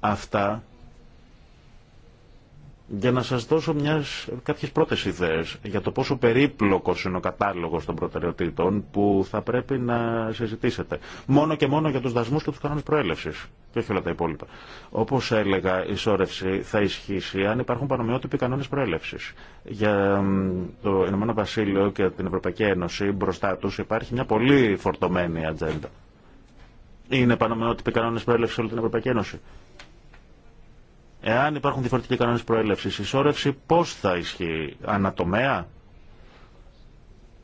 Αυτά για να σας δώσω μιας, κάποιες πρώτες ιδέες για το πόσο περίπλοκος είναι ο κατάλογος των προτεραιοτήτων που θα πρέπει να συζητήσετε. Μόνο και μόνο για τους δασμούς και τους κανόνες προέλευσης και όχι όλα τα υπόλοιπα. Όπως έλεγα, η σώρευση θα ισχύσει αν υπάρχουν πανομοιότυποι κανόνες προέλευσης. Για το Ηνωμένο Βασίλειο και την Ευρωπαϊκή Ένωση μπροστά τους υπάρχει μια πολύ φορτωμένη ατζέντα. Είναι πανομοιότυποι κανόνες προέλευσης σε όλη την Ευρωπαϊκή Ένωση. Εάν υπάρχουν διαφορετικοί κανόνες προέλευσης, η σώρευση πώς θα ισχύει, ανατομέα.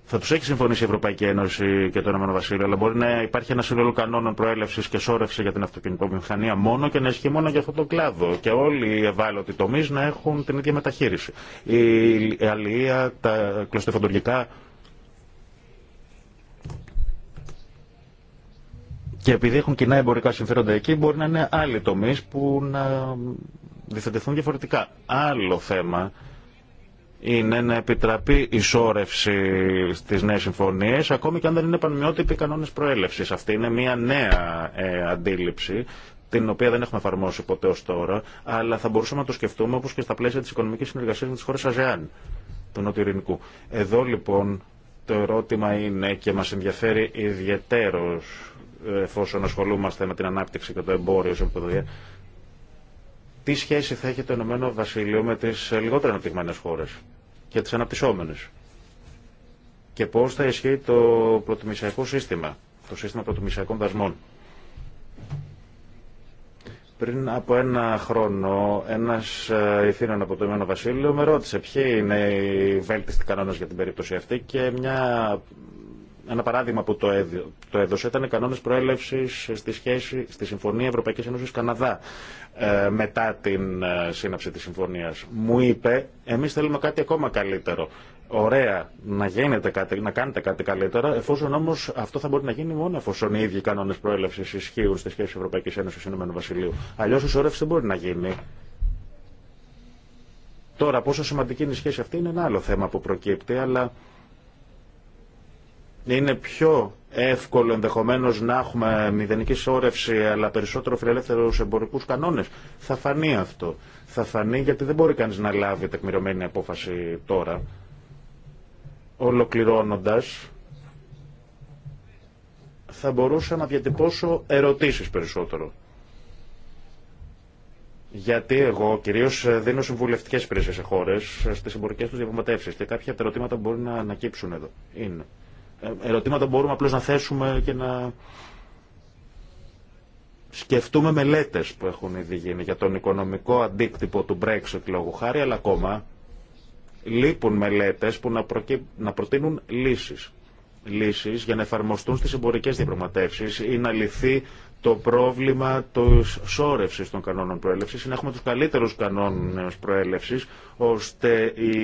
Θα του έχει συμφωνήσει η Ευρωπαϊκή Ένωση και το Ηνωμένο Βασίλειο, αλλά μπορεί να υπάρχει ένα σύνολο κανόνων προέλευση και σώρευση για την αυτοκινητοβιομηχανία μόνο και να ισχύει μόνο για αυτό το κλάδο. Και όλοι οι ευάλωτοι τομεί να έχουν την ίδια μεταχείριση. Η αλληλεία, τα κλωστεφοντουργικά. Και επειδή έχουν κοινά εμπορικά συμφέροντα εκεί, μπορεί να είναι άλλοι τομεί που να διευθετηθούν διαφορετικά. Άλλο θέμα είναι να επιτραπεί ισόρευση στις νέες συμφωνίες, ακόμη και αν δεν είναι πανομοιότυποι κανόνες προέλευσης. Αυτή είναι μια νέα ε, αντίληψη, την οποία δεν έχουμε εφαρμόσει ποτέ ως τώρα, αλλά θα μπορούσαμε να το σκεφτούμε όπως και στα πλαίσια της οικονομικής συνεργασίας με τις χώρες ΑΖΕΑΝ, του Νότιου Εδώ λοιπόν το ερώτημα είναι και μας ενδιαφέρει ιδιαίτερος ε, εφόσον ασχολούμαστε με την ανάπτυξη και το εμπόριο σε τι σχέση θα έχει το Ηνωμένο Βασίλειο με τι λιγότερο αναπτυγμένε χώρε και τι αναπτυσσόμενε. και πώς θα ισχύει το πρωτομησιακό σύστημα, το σύστημα πρωτομησιακών δασμών. Πριν από ένα χρόνο, ένας ε, ηθήνων από το Ηνωμένο Βασίλειο με ρώτησε ποιοι είναι οι βέλτιστοι κανόνε για την περίπτωση αυτή και μια ένα παράδειγμα που το, το έδωσε ήταν οι κανόνες προέλευση στη, σχέση, στη Συμφωνία Ευρωπαϊκή Ένωση Καναδά ε, μετά την ε, σύναψη τη συμφωνία. Μου είπε, εμεί θέλουμε κάτι ακόμα καλύτερο. Ωραία να, κάτι, να κάνετε κάτι καλύτερα, εφόσον όμω αυτό θα μπορεί να γίνει μόνο εφόσον οι ίδιοι κανόνε προέλευση ισχύουν στη σχέση Ευρωπαϊκή Ένωση και Ηνωμένου Βασιλείου. Αλλιώ η σώρευση δεν μπορεί να γίνει. Τώρα, πόσο σημαντική είναι η σχέση αυτή είναι ένα άλλο θέμα που προκύπτει, αλλά είναι πιο εύκολο ενδεχομένω να έχουμε μηδενική σώρευση αλλά περισσότερο φιλελεύθερου εμπορικού κανόνε. Θα φανεί αυτό. Θα φανεί γιατί δεν μπορεί κανεί να λάβει τεκμηρωμένη απόφαση τώρα. Ολοκληρώνοντα, θα μπορούσα να διατυπώσω ερωτήσει περισσότερο. Γιατί εγώ κυρίω δίνω συμβουλευτικέ υπηρεσίε σε χώρε στι εμπορικέ του διαπραγματεύσει και κάποια από τα ερωτήματα μπορεί να ανακύψουν εδώ είναι ερωτήματα μπορούμε απλώς να θέσουμε και να σκεφτούμε μελέτες που έχουν ήδη γίνει για τον οικονομικό αντίκτυπο του Brexit λόγου χάρη, αλλά ακόμα λείπουν μελέτες που να, να προτείνουν λύσεις. Λύσεις για να εφαρμοστούν στις εμπορικές διαπραγματεύσεις ή να λυθεί το πρόβλημα τη σώρευσης των κανόνων πρόέλευση είναι να έχουμε του καλύτερου κανόνε προέλευση, ώστε η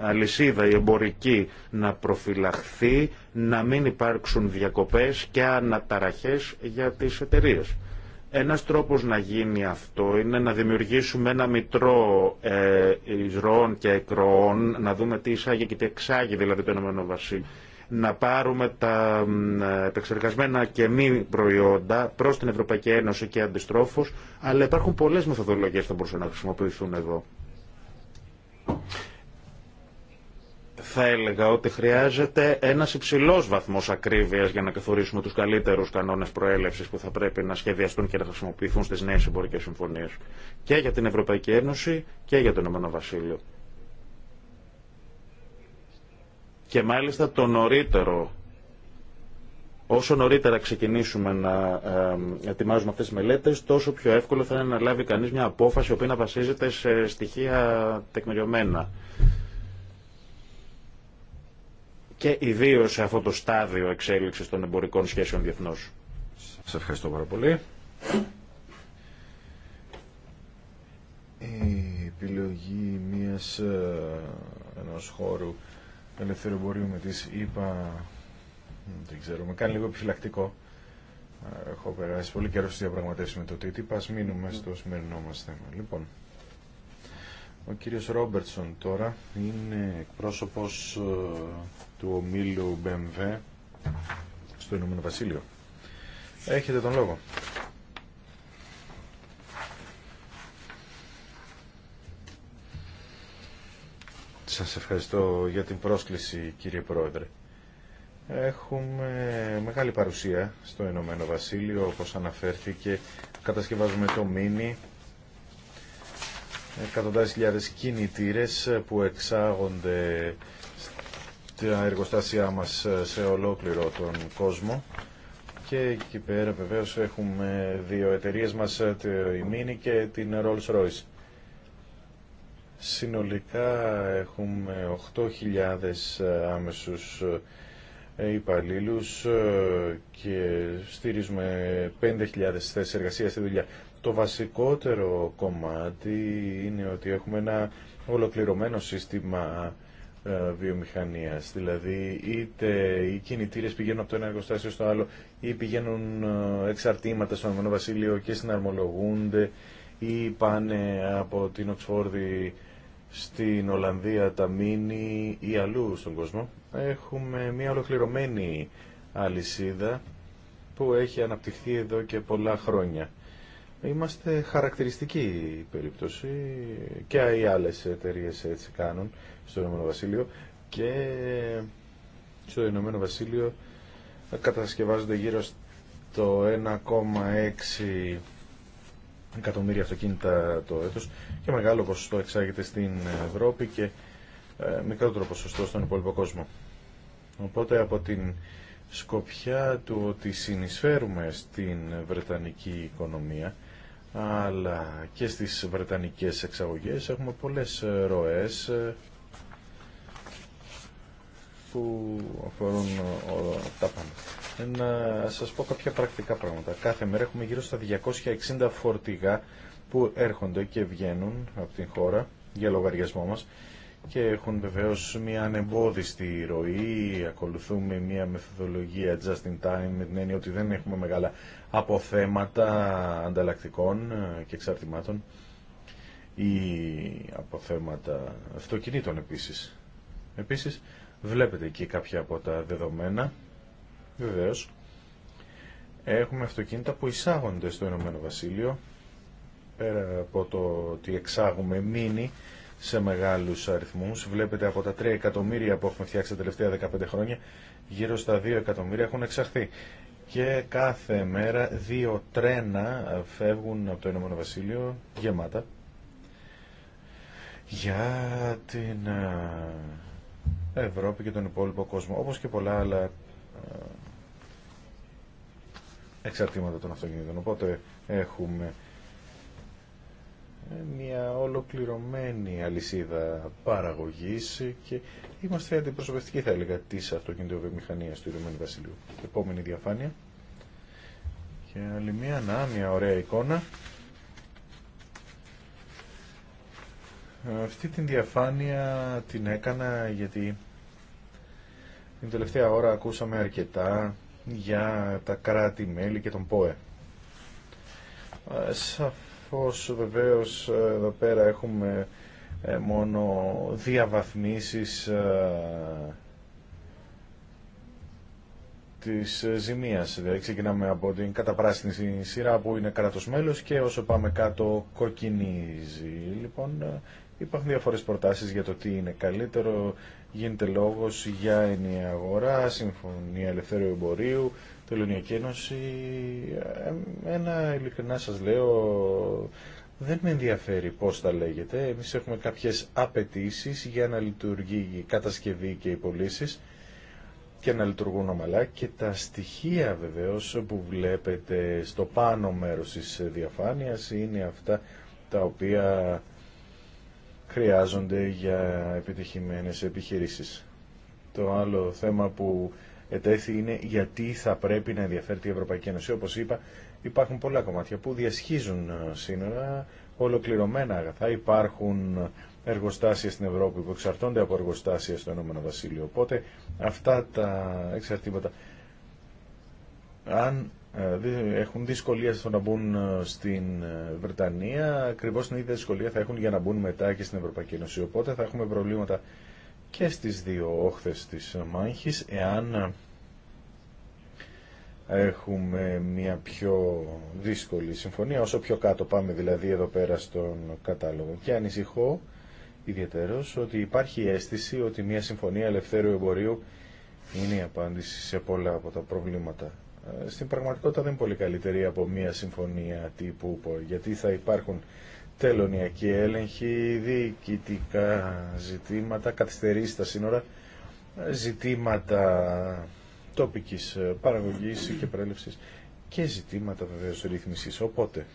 αλυσίδα, η εμπορική να προφυλαχθεί, να μην υπάρξουν διακοπές και αναταραχές για τις εταιρείε. Ένας τρόπος να γίνει αυτό είναι να δημιουργήσουμε ένα μητρό ε, εισρώων και εκροών, να δούμε τι εισάγει και τι εξάγει δηλαδή το Ηνωμένο Βασίλειο να πάρουμε τα επεξεργασμένα και μη προϊόντα προς την Ευρωπαϊκή Ένωση και αντιστρόφως, αλλά υπάρχουν πολλές μεθοδολογίες που θα μπορούσαν να χρησιμοποιηθούν εδώ. Θα έλεγα ότι χρειάζεται ένας υψηλός βαθμός ακρίβειας για να καθορίσουμε τους καλύτερους κανόνες προέλευσης που θα πρέπει να σχεδιαστούν και να χρησιμοποιηθούν στις νέες εμπορικές συμφωνίες. Και για την Ευρωπαϊκή Ένωση και για τον Ηνωμένο Βασίλειο. και μάλιστα το νωρίτερο Όσο νωρίτερα ξεκινήσουμε να ετοιμάζουμε αυτές τις μελέτες, τόσο πιο εύκολο θα είναι να λάβει κανείς μια απόφαση, η οποία να βασίζεται σε στοιχεία τεκμηριωμένα. Και ιδίω σε αυτό το στάδιο εξέλιξης των εμπορικών σχέσεων διεθνώς. Σας ευχαριστώ πάρα πολύ. Η επιλογή μιας, ε, ενός χώρου ελευθεροπορίου με τις είπα δεν ξέρω, με κάνει λίγο επιφυλακτικό. Έχω περάσει πολύ καιρό στις διαπραγματεύσεις με το TTIP, ας μείνουμε στο σημερινό μας θέμα. Λοιπόν, ο κύριος Ρόμπερτσον τώρα είναι εκπρόσωπος ε, του ομίλου BMW στο Ηνωμένο Βασίλειο. Έχετε τον λόγο. Σας ευχαριστώ για την πρόσκληση κύριε Πρόεδρε. Έχουμε μεγάλη παρουσία στο Ενωμένο Βασίλειο, όπως αναφέρθηκε. Κατασκευάζουμε το μήνυ. Εκατοντάδες χιλιάδες κινητήρες που εξάγονται στα εργοστάσια μας σε ολόκληρο τον κόσμο. Και εκεί πέρα βεβαίως έχουμε δύο εταιρείες μας, η Μίνη και την Rolls Royce. Συνολικά έχουμε 8.000 ε, άμεσους ε, υπαλλήλου ε, και στηρίζουμε 5.000 θέσει εργασία στη δουλειά. Το βασικότερο κομμάτι είναι ότι έχουμε ένα ολοκληρωμένο σύστημα βιομηχανίας. Δηλαδή είτε οι κινητήρες πηγαίνουν από το ένα εργοστάσιο στο άλλο ή πηγαίνουν εξαρτήματα στον Αμενό Βασίλειο και συναρμολογούνται ή πάνε από την Οξφόρδη στην Ολλανδία, τα Μίνι ή αλλού στον κόσμο, έχουμε μια ολοκληρωμένη αλυσίδα που έχει αναπτυχθεί εδώ και πολλά χρόνια. Είμαστε χαρακτηριστική περίπτωση και οι άλλες εταιρείε έτσι κάνουν στο Ηνωμένο Βασίλειο και στο Ηνωμένο Βασίλειο κατασκευάζονται γύρω στο 1,6 εκατομμύρια αυτοκίνητα το έτος και μεγάλο ποσοστό εξάγεται στην Ευρώπη και ε, μικρότερο ποσοστό στον υπόλοιπο κόσμο. Οπότε από την σκοπιά του ότι συνεισφέρουμε στην Βρετανική οικονομία αλλά και στις Βρετανικές εξαγωγές έχουμε πολλές ροές ε, που αφορούν ε, τα πάντα να σας πω κάποια πρακτικά πράγματα. Κάθε μέρα έχουμε γύρω στα 260 φορτηγά που έρχονται και βγαίνουν από την χώρα για λογαριασμό μας και έχουν βεβαίως μια ανεμπόδιστη ροή, ακολουθούμε μια μεθοδολογία just in time με την έννοια ότι δεν έχουμε μεγάλα αποθέματα ανταλλακτικών και εξαρτημάτων ή αποθέματα αυτοκινήτων επίσης. Επίσης βλέπετε εκεί κάποια από τα δεδομένα Βεβαίω. Έχουμε αυτοκίνητα που εισάγονται στο Ηνωμένο Βασίλειο, πέρα από το ότι εξάγουμε μήνυ σε μεγάλους αριθμούς. Βλέπετε από τα 3 εκατομμύρια που έχουμε φτιάξει τα τελευταία 15 χρόνια, γύρω στα 2 εκατομμύρια έχουν εξαχθεί. Και κάθε μέρα δύο τρένα φεύγουν από το Ηνωμένο Βασίλειο γεμάτα για την ε, Ευρώπη και τον υπόλοιπο κόσμο, όπως και πολλά άλλα ε, εξαρτήματα των αυτοκινήτων. Οπότε έχουμε μια ολοκληρωμένη αλυσίδα παραγωγής και είμαστε αντιπροσωπευτικοί θα έλεγα της αυτοκινητοβιομηχανίας του Ηρωμένου Βασιλείου. Επόμενη διαφάνεια. Και άλλη μια, να, μια ωραία εικόνα. Αυτή την διαφάνεια την έκανα γιατί την τελευταία ώρα ακούσαμε αρκετά για τα κράτη-μέλη και τον ΠΟΕ. Ε, σαφώς βεβαίως εδώ πέρα έχουμε ε, μόνο διαβαθμίσεις ε, της ζημίας. Δηλαδή ξεκινάμε από την καταπράσινη σειρά που είναι κράτος μέλος και όσο πάμε κάτω κοκκινίζει. Λοιπόν, υπάρχουν διαφορές προτάσεις για το τι είναι καλύτερο, γίνεται λόγος για ενιαία αγορά, συμφωνία ελευθέρου εμπορίου, τελωνιακή ένωση. Ε, Ένα ειλικρινά σας λέω δεν με ενδιαφέρει πώς τα λέγεται. Εμείς έχουμε κάποιες απαιτήσει για να λειτουργεί η κατασκευή και οι πωλήσει και να λειτουργούν ομαλά και τα στοιχεία βεβαίως που βλέπετε στο πάνω μέρος της διαφάνειας είναι αυτά τα οποία χρειάζονται για επιτυχημένες επιχειρήσεις. Το άλλο θέμα που ετέθη είναι γιατί θα πρέπει να ενδιαφέρει η Ευρωπαϊκή Ένωση. Όπως είπα, υπάρχουν πολλά κομμάτια που διασχίζουν ε, σύνορα, ολοκληρωμένα αγαθά. Υπάρχουν εργοστάσια στην Ευρώπη που εξαρτώνται από εργοστάσια στο Ηνωμένο Βασίλειο. Οπότε αυτά τα εξαρτήματα, αν ε, έχουν δυσκολία στο να μπουν ε, στην ε, Βρετανία, ακριβώ την ίδια δυσκολία θα έχουν για να μπουν μετά και στην Ευρωπαϊκή Ένωση. Οπότε θα έχουμε προβλήματα και στις δύο όχθες της μάχη, εάν έχουμε μια πιο δύσκολη συμφωνία, όσο πιο κάτω πάμε δηλαδή εδώ πέρα στον κατάλογο. Και ανησυχώ ιδιαίτερος ότι υπάρχει αίσθηση ότι μια συμφωνία ελευθέρου εμπορίου είναι η απάντηση σε πολλά από τα προβλήματα ε, στην πραγματικότητα δεν είναι πολύ καλύτερη από μια συμφωνία τύπου γιατί θα υπάρχουν τελωνιακοί έλεγχοι, διοικητικά ζητήματα, καθυστερήσει στα σύνορα, ε, ζητήματα τοπικής ε, παραγωγής και πρέλευσης και ζητήματα βεβαίως ρύθμισης. Οπότε,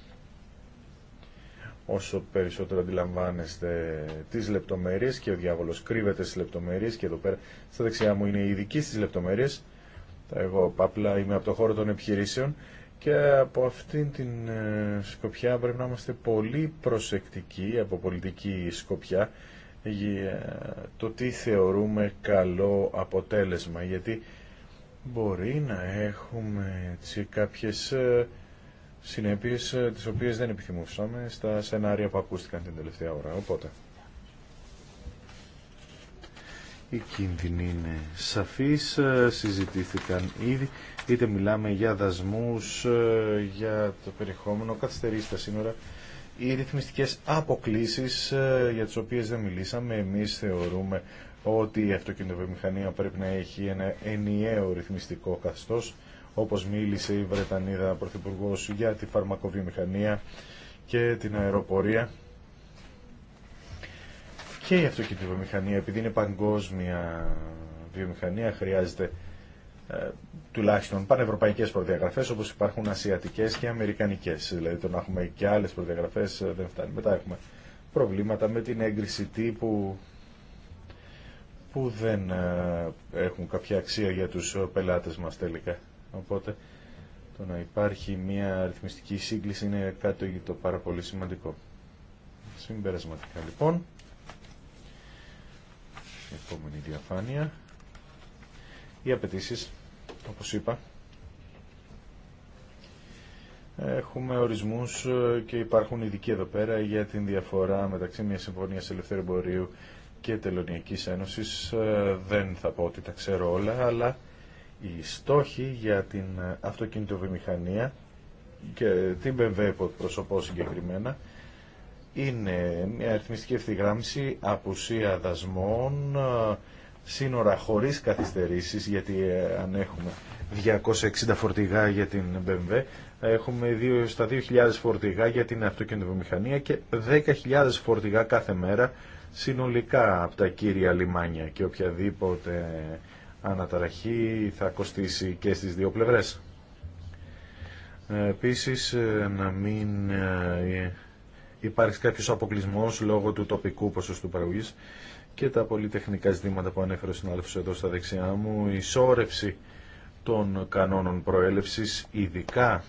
όσο περισσότερο αντιλαμβάνεστε τις λεπτομέρειες και ο διάβολος κρύβεται στις λεπτομέρειες και εδώ πέρα στα δεξιά μου είναι η ειδική στις λεπτομέρειες εγώ απλά είμαι από το χώρο των επιχειρήσεων και από αυτήν την ε, σκοπιά πρέπει να είμαστε πολύ προσεκτικοί από πολιτική σκοπιά για ε, το τι θεωρούμε καλό αποτέλεσμα γιατί μπορεί να έχουμε έτσι, κάποιες ε, συνέπειες τις οποίες δεν επιθυμούσαμε στα σενάρια που ακούστηκαν την τελευταία ώρα. Οπότε Οι κίνδυνοι είναι σαφής, ε, συζητήθηκαν ήδη, είτε μιλάμε για δασμούς, ε, για το περιεχόμενο, καθυστερήσει στα σύνορα. Οι ρυθμιστικές αποκλήσεις ε, για τις οποίες δεν μιλήσαμε, εμείς θεωρούμε ότι η αυτοκινητοβιομηχανία πρέπει να έχει ένα ενιαίο ρυθμιστικό καθεστώς, όπως μίλησε η Βρετανίδα Πρωθυπουργός για τη φαρμακοβιομηχανία και την αεροπορία και η βιομηχανία επειδή είναι παγκόσμια βιομηχανία, χρειάζεται ε, τουλάχιστον πανευρωπαϊκές προδιαγραφές όπως υπάρχουν ασιατικές και αμερικανικές. Δηλαδή το να έχουμε και άλλες προδιαγραφές ε, δεν φτάνει. Μετά έχουμε προβλήματα με την έγκριση τύπου που δεν ε, έχουν κάποια αξία για τους πελάτες μας τελικά. Οπότε το να υπάρχει μια αριθμιστική σύγκληση είναι κάτι το πάρα πολύ σημαντικό. Συμπερασματικά λοιπόν. Επόμενη διαφάνεια. Οι απαιτήσει, όπως είπα, Έχουμε ορισμούς ε, και υπάρχουν ειδικοί εδώ πέρα για την διαφορά μεταξύ μιας συμφωνίας ελευθέρου και τελωνιακής ένωσης. Ε, δεν θα πω ότι τα ξέρω όλα, αλλά οι στόχοι για την αυτοκινητοβιομηχανία και την BMW προσωπώ συγκεκριμένα είναι μια αριθμιστική ευθυγράμμιση, απουσία δασμών, σύνορα χωρίς καθυστερήσεις, γιατί ε, αν έχουμε 260 φορτηγά για την BMW, έχουμε στα 2.000 φορτηγά για την αυτοκινητοβιομηχανία και 10.000 φορτηγά κάθε μέρα συνολικά από τα κύρια λιμάνια και οποιαδήποτε αναταραχή θα κοστίσει και στις δύο πλευρές. Ε, επίσης, ε, να μην Υπάρχει κάποιο αποκλεισμό λόγω του τοπικού ποσοστού παραγωγή και τα πολυτεχνικά ζητήματα που ανέφερε ο συνάδελφο εδώ στα δεξιά μου, η σώρευση των κανόνων προέλευση, ειδικά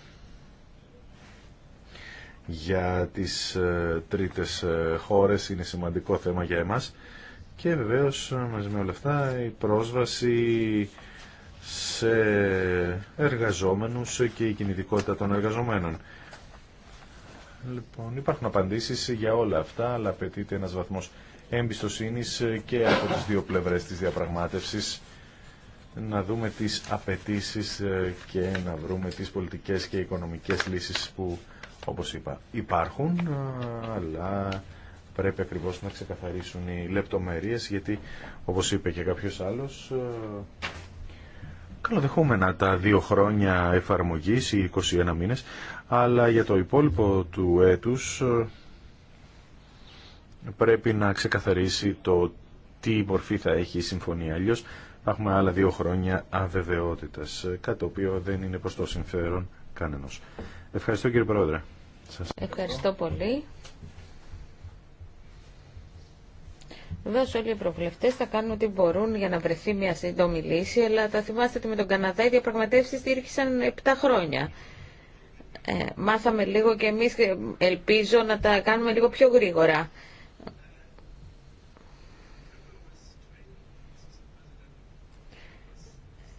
για τις ε, τρίτες ε, χώρες, είναι σημαντικό θέμα για εμάς. Και βεβαίως ε, μαζί με όλα αυτά η πρόσβαση σε εργαζόμενους και η κινητικότητα των εργαζομένων. Λοιπόν, υπάρχουν απαντήσεις για όλα αυτά, αλλά απαιτείται ένα βαθμό εμπιστοσύνης και από τις δύο πλευρές της διαπραγμάτευσης να δούμε τις απαιτήσει ε, και να βρούμε τις πολιτικές και οικονομικές λύσεις που, όπως είπα, υπάρχουν, ε, αλλά πρέπει ακριβώ να ξεκαθαρίσουν οι λεπτομέρειε γιατί, όπως είπε και κάποιο άλλο ε, καλοδεχούμενα τα δύο χρόνια εφαρμογής, ή 21 μήνε αλλά για το υπόλοιπο του έτους ε, πρέπει να ξεκαθαρίσει το τι μορφή θα έχει η συμφωνία. Αλλιώς θα έχουμε άλλα δύο χρόνια αβεβαιότητας, ε, κάτι το οποίο δεν είναι προς το συμφέρον κανένας. Ευχαριστώ κύριε Πρόεδρε. Σας... Ευχαριστώ πολύ. Βεβαίω όλοι οι προβλεφτέ θα κάνουν ό,τι μπορούν για να βρεθεί μια σύντομη λύση, αλλά θα θυμάστε ότι με τον Καναδά οι διαπραγματεύσει διήρχησαν 7 χρόνια. Ε, μάθαμε λίγο και εμείς ε, ελπίζω να τα κάνουμε λίγο πιο γρήγορα.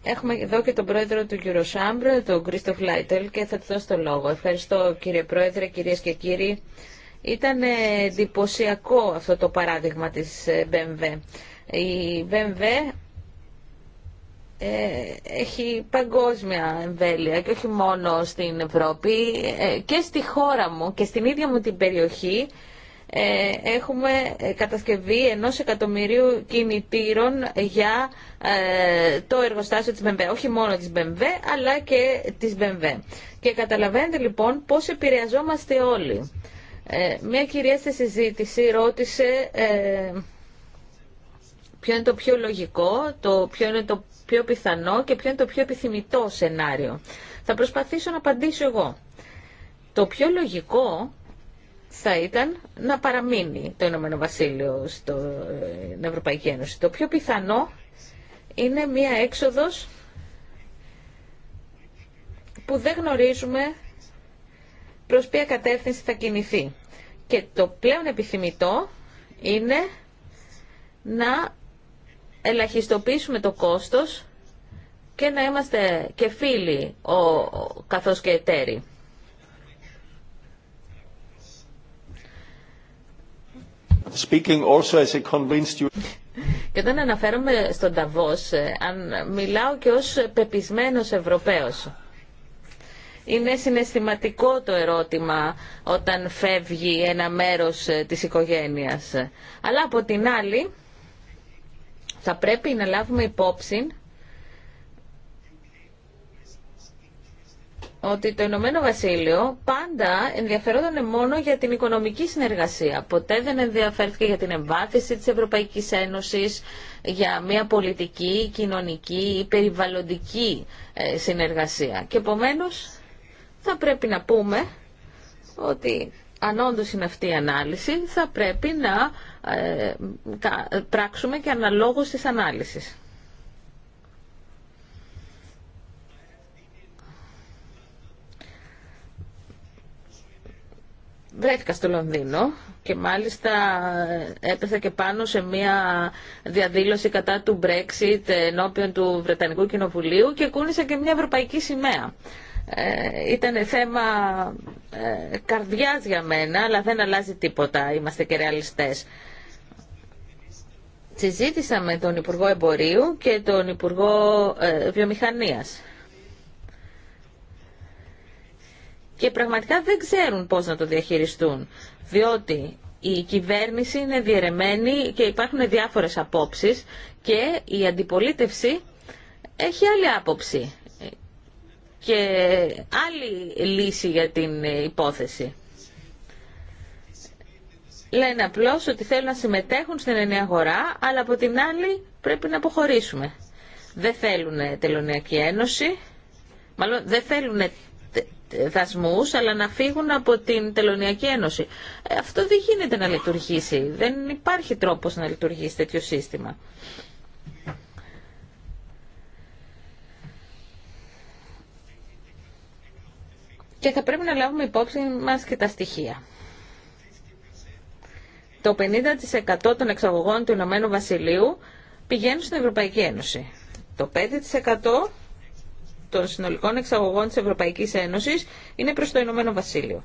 Έχουμε εδώ και τον πρόεδρο του Eurochambre, τον Κρίστοφ Λάιτελ και θα του δώσω το λόγο. Ευχαριστώ κύριε πρόεδρε, κυρίες και κύριοι. Ήταν ε, εντυπωσιακό αυτό το παράδειγμα της ε, BMW. Η BMW ε, έχει παγκόσμια εμβέλεια και όχι μόνο στην Ευρώπη ε, και στη χώρα μου και στην ίδια μου την περιοχή ε, έχουμε κατασκευή ενός εκατομμυρίου κινητήρων για το εργοστάσιο της BMW, όχι μόνο της BMW αλλά και της BMW. Και καταλαβαίνετε λοιπόν πώς επηρεαζόμαστε όλοι. Μια κυρία στη συζήτηση ρώτησε ποιο είναι το πιο λογικό, το ποιο είναι το πιο πιθανό και ποιο είναι το πιο επιθυμητό σενάριο. Θα προσπαθήσω να απαντήσω εγώ. Το πιο λογικό θα ήταν να παραμείνει το Ηνωμένο Βασίλειο ε, στην Ευρωπαϊκή Ένωση. Το πιο πιθανό είναι μία έξοδος που δεν γνωρίζουμε προς ποια κατεύθυνση θα κινηθεί. Και το πλέον επιθυμητό είναι να ελαχιστοποιήσουμε το κόστος και να είμαστε και φίλοι ο, καθώς και εταίροι. Speaking also as Και όταν αναφέρομαι στον Ταβός, ε, αν μιλάω και ως πεπισμένος Ευρωπαίος. Είναι συναισθηματικό το ερώτημα όταν φεύγει ένα μέρος ε, της οικογένειας. Αλλά από την άλλη, θα πρέπει να λάβουμε υπόψη ότι το Ηνωμένο Βασίλειο πάντα ενδιαφερόταν μόνο για την οικονομική συνεργασία. Ποτέ δεν ενδιαφέρθηκε για την εμβάθυνση της Ευρωπαϊκής Ένωσης, για μια πολιτική, κοινωνική ή περιβαλλοντική ε, συνεργασία. Και επομένως θα πρέπει να πούμε ότι αν όντω είναι αυτή η ανάλυση, θα πρέπει να πουμε οτι αν οντως ειναι αυτη η αναλυση θα πρεπει να ε, πράξουμε και αναλόγως της ανάλυσης. βρέθηκα στο Λονδίνο και μάλιστα ε, έπεσα και πάνω σε μια διαδήλωση κατά του Brexit ενώπιον του Βρετανικού Κοινοβουλίου και κούνησα και μια ευρωπαϊκή σημαία. Ε, ήταν θέμα ε, καρδιάς για μένα, αλλά δεν αλλάζει τίποτα, είμαστε και ρεαλιστές συζήτησα με τον Υπουργό Εμπορίου και τον Υπουργό ε, Βιομηχανίας. Και πραγματικά δεν ξέρουν πώς να το διαχειριστούν, διότι η κυβέρνηση είναι διαιρεμένη και υπάρχουν διάφορες απόψεις και η αντιπολίτευση έχει άλλη άποψη και άλλη λύση για την υπόθεση λένε απλώ ότι θέλουν να συμμετέχουν στην ενιαία αγορά, αλλά από την άλλη πρέπει να αποχωρήσουμε. Δεν θέλουν τελωνιακή ένωση, μάλλον δεν θέλουν δασμού αλλά να φύγουν από την τελωνιακή ένωση. Ε, αυτό δεν γίνεται να λειτουργήσει. Δεν υπάρχει τρόπος να λειτουργήσει τέτοιο σύστημα. Και θα πρέπει να λάβουμε υπόψη μας και τα στοιχεία το 50% των εξαγωγών του Ηνωμένου Βασιλείου πηγαίνουν στην Ευρωπαϊκή Ένωση. Το 5% των συνολικών εξαγωγών της Ευρωπαϊκής Ένωσης είναι προς το Ηνωμένο Βασίλειο.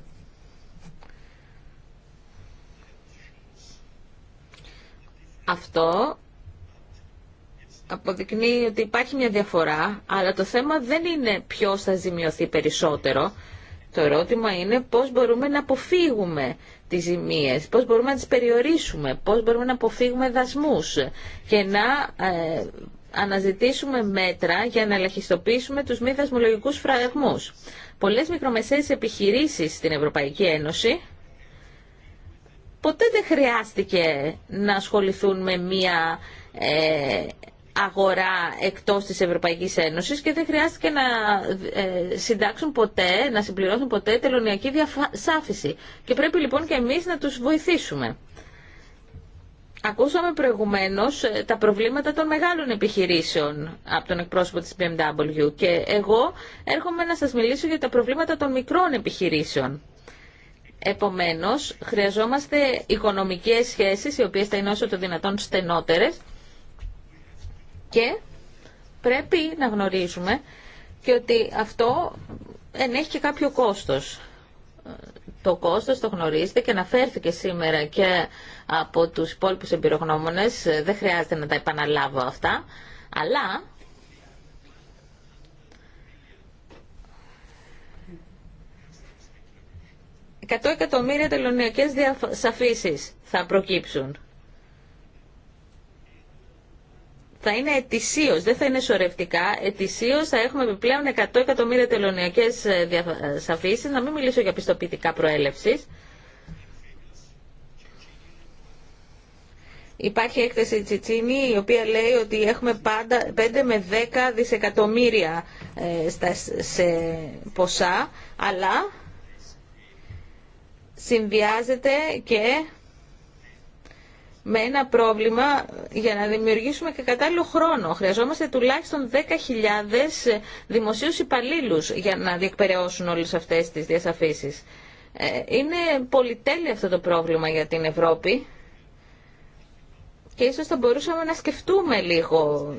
Αυτό αποδεικνύει ότι υπάρχει μια διαφορά, αλλά το θέμα δεν είναι ποιος θα ζημιωθεί περισσότερο. Το ερώτημα είναι πώς μπορούμε να αποφύγουμε τις ζημίες, πώς μπορούμε να τις περιορίσουμε, πώς μπορούμε να αποφύγουμε δασμούς και να ε, αναζητήσουμε μέτρα για να ελαχιστοποιήσουμε τους μη δασμολογικούς φραγμούς. Πολλές μικρομεσαίες επιχειρήσεις στην Ευρωπαϊκή Ένωση ποτέ δεν χρειάστηκε να ασχοληθούν με μία ε, αγορά εκτός της Ευρωπαϊκής Ένωσης και δεν χρειάστηκε να ε, συντάξουν ποτέ, να συμπληρώσουν ποτέ τελωνιακή διασάφηση. Και πρέπει λοιπόν και εμείς να τους βοηθήσουμε. Ακούσαμε προηγουμένως ε, τα προβλήματα των μεγάλων επιχειρήσεων από τον εκπρόσωπο της BMW και εγώ έρχομαι να σας μιλήσω για τα προβλήματα των μικρών επιχειρήσεων. Επομένως, χρειαζόμαστε οικονομικές σχέσεις οι οποίες θα είναι όσο το δυνατόν στενότερες και πρέπει να γνωρίζουμε και ότι αυτό ενέχει και κάποιο κόστος. Το κόστος το γνωρίζετε και αναφέρθηκε σήμερα και από τους υπόλοιπου εμπειρογνώμονες, δεν χρειάζεται να τα επαναλάβω αυτά, αλλά εκατό εκατομμύρια τελωνιακές διασαφήσεις θα προκύψουν. θα είναι ετησίω, δεν θα είναι σωρευτικά. Ετησίω θα έχουμε επιπλέον 100 εκατομμύρια τελωνιακέ ε, διασαφήσει. να μην μιλήσω για πιστοποιητικά προέλευση. Υπάρχει έκθεση Τσιτσίνη η οποία λέει ότι έχουμε πάντα 5 με 10 δισεκατομμύρια ε, σε ποσά, αλλά συνδυάζεται και με ένα πρόβλημα για να δημιουργήσουμε και κατάλληλο χρόνο. Χρειαζόμαστε τουλάχιστον 10.000 δημοσίους υπαλλήλους για να διεκπαιρεώσουν όλες αυτές τις διασαφήσεις. Ε, είναι πολυτέλεια αυτό το πρόβλημα για την Ευρώπη και ίσως θα μπορούσαμε να σκεφτούμε λίγο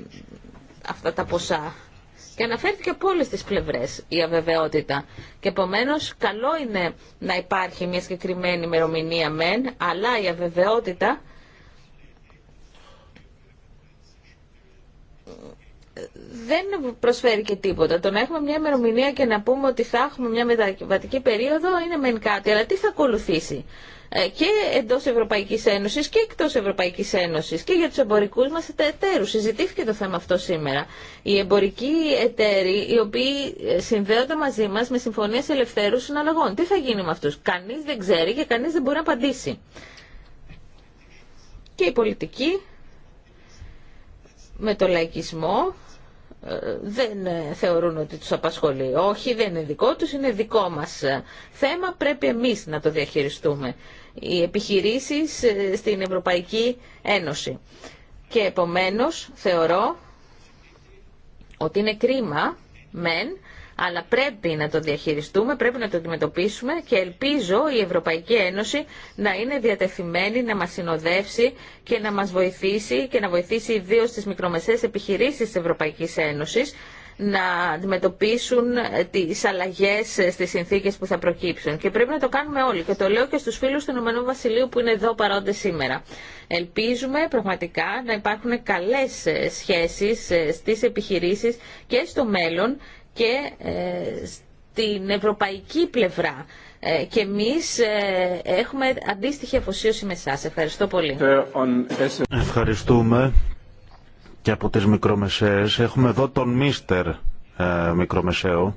αυτά τα ποσά. Και αναφέρθηκε από όλε τι πλευρέ η αβεβαιότητα. Και επομένω, καλό είναι να υπάρχει μια συγκεκριμένη ημερομηνία μεν, αλλά η αβεβαιότητα δεν προσφέρει και τίποτα. Το να έχουμε μια ημερομηνία και να πούμε ότι θα έχουμε μια μεταβατική περίοδο είναι μεν κάτι, αλλά τι θα ακολουθήσει ε, και εντό Ευρωπαϊκή Ένωση και εκτό Ευρωπαϊκή Ένωση και για του εμπορικού μα εταίρου. Συζητήθηκε το θέμα αυτό σήμερα. Οι εμπορικοί εταίροι, οι οποίοι ε, συνδέονται μαζί μα με συμφωνίε ελευθέρου συναλλαγών. Τι θα γίνει με αυτού. Κανεί δεν ξέρει και κανεί δεν μπορεί να απαντήσει. Και η πολιτική με το λαϊκισμό δεν ε, θεωρούν ότι τους απασχολεί. Όχι, δεν είναι δικό τους, είναι δικό μας ε, θέμα, πρέπει εμείς να το διαχειριστούμε. Οι επιχειρήσεις ε, στην Ευρωπαϊκή Ένωση. Και επομένως θεωρώ ότι είναι κρίμα, μεν, αλλά πρέπει να το διαχειριστούμε, πρέπει να το αντιμετωπίσουμε και ελπίζω η Ευρωπαϊκή Ένωση να είναι διατεθειμένη να μας συνοδεύσει και να μας βοηθήσει και να βοηθήσει ιδίως τις μικρομεσαίες επιχειρήσεις της Ευρωπαϊκής Ένωσης να αντιμετωπίσουν τις αλλαγές στις συνθήκες που θα προκύψουν. Και πρέπει να το κάνουμε όλοι. Και το λέω και στους φίλους του Ηνωμένου Βασιλείου που είναι εδώ παρόντες σήμερα. Ελπίζουμε πραγματικά να υπάρχουν καλές σχέσεις στις επιχειρήσεις και στο μέλλον και ε, στην ευρωπαϊκή πλευρά. Ε, και εμείς ε, έχουμε αντίστοιχη αφοσίωση με εσάς. Ευχαριστώ πολύ. Ευχαριστούμε και από τις μικρομεσαίες. Έχουμε εδώ τον Μίστερ Μικρομεσαίο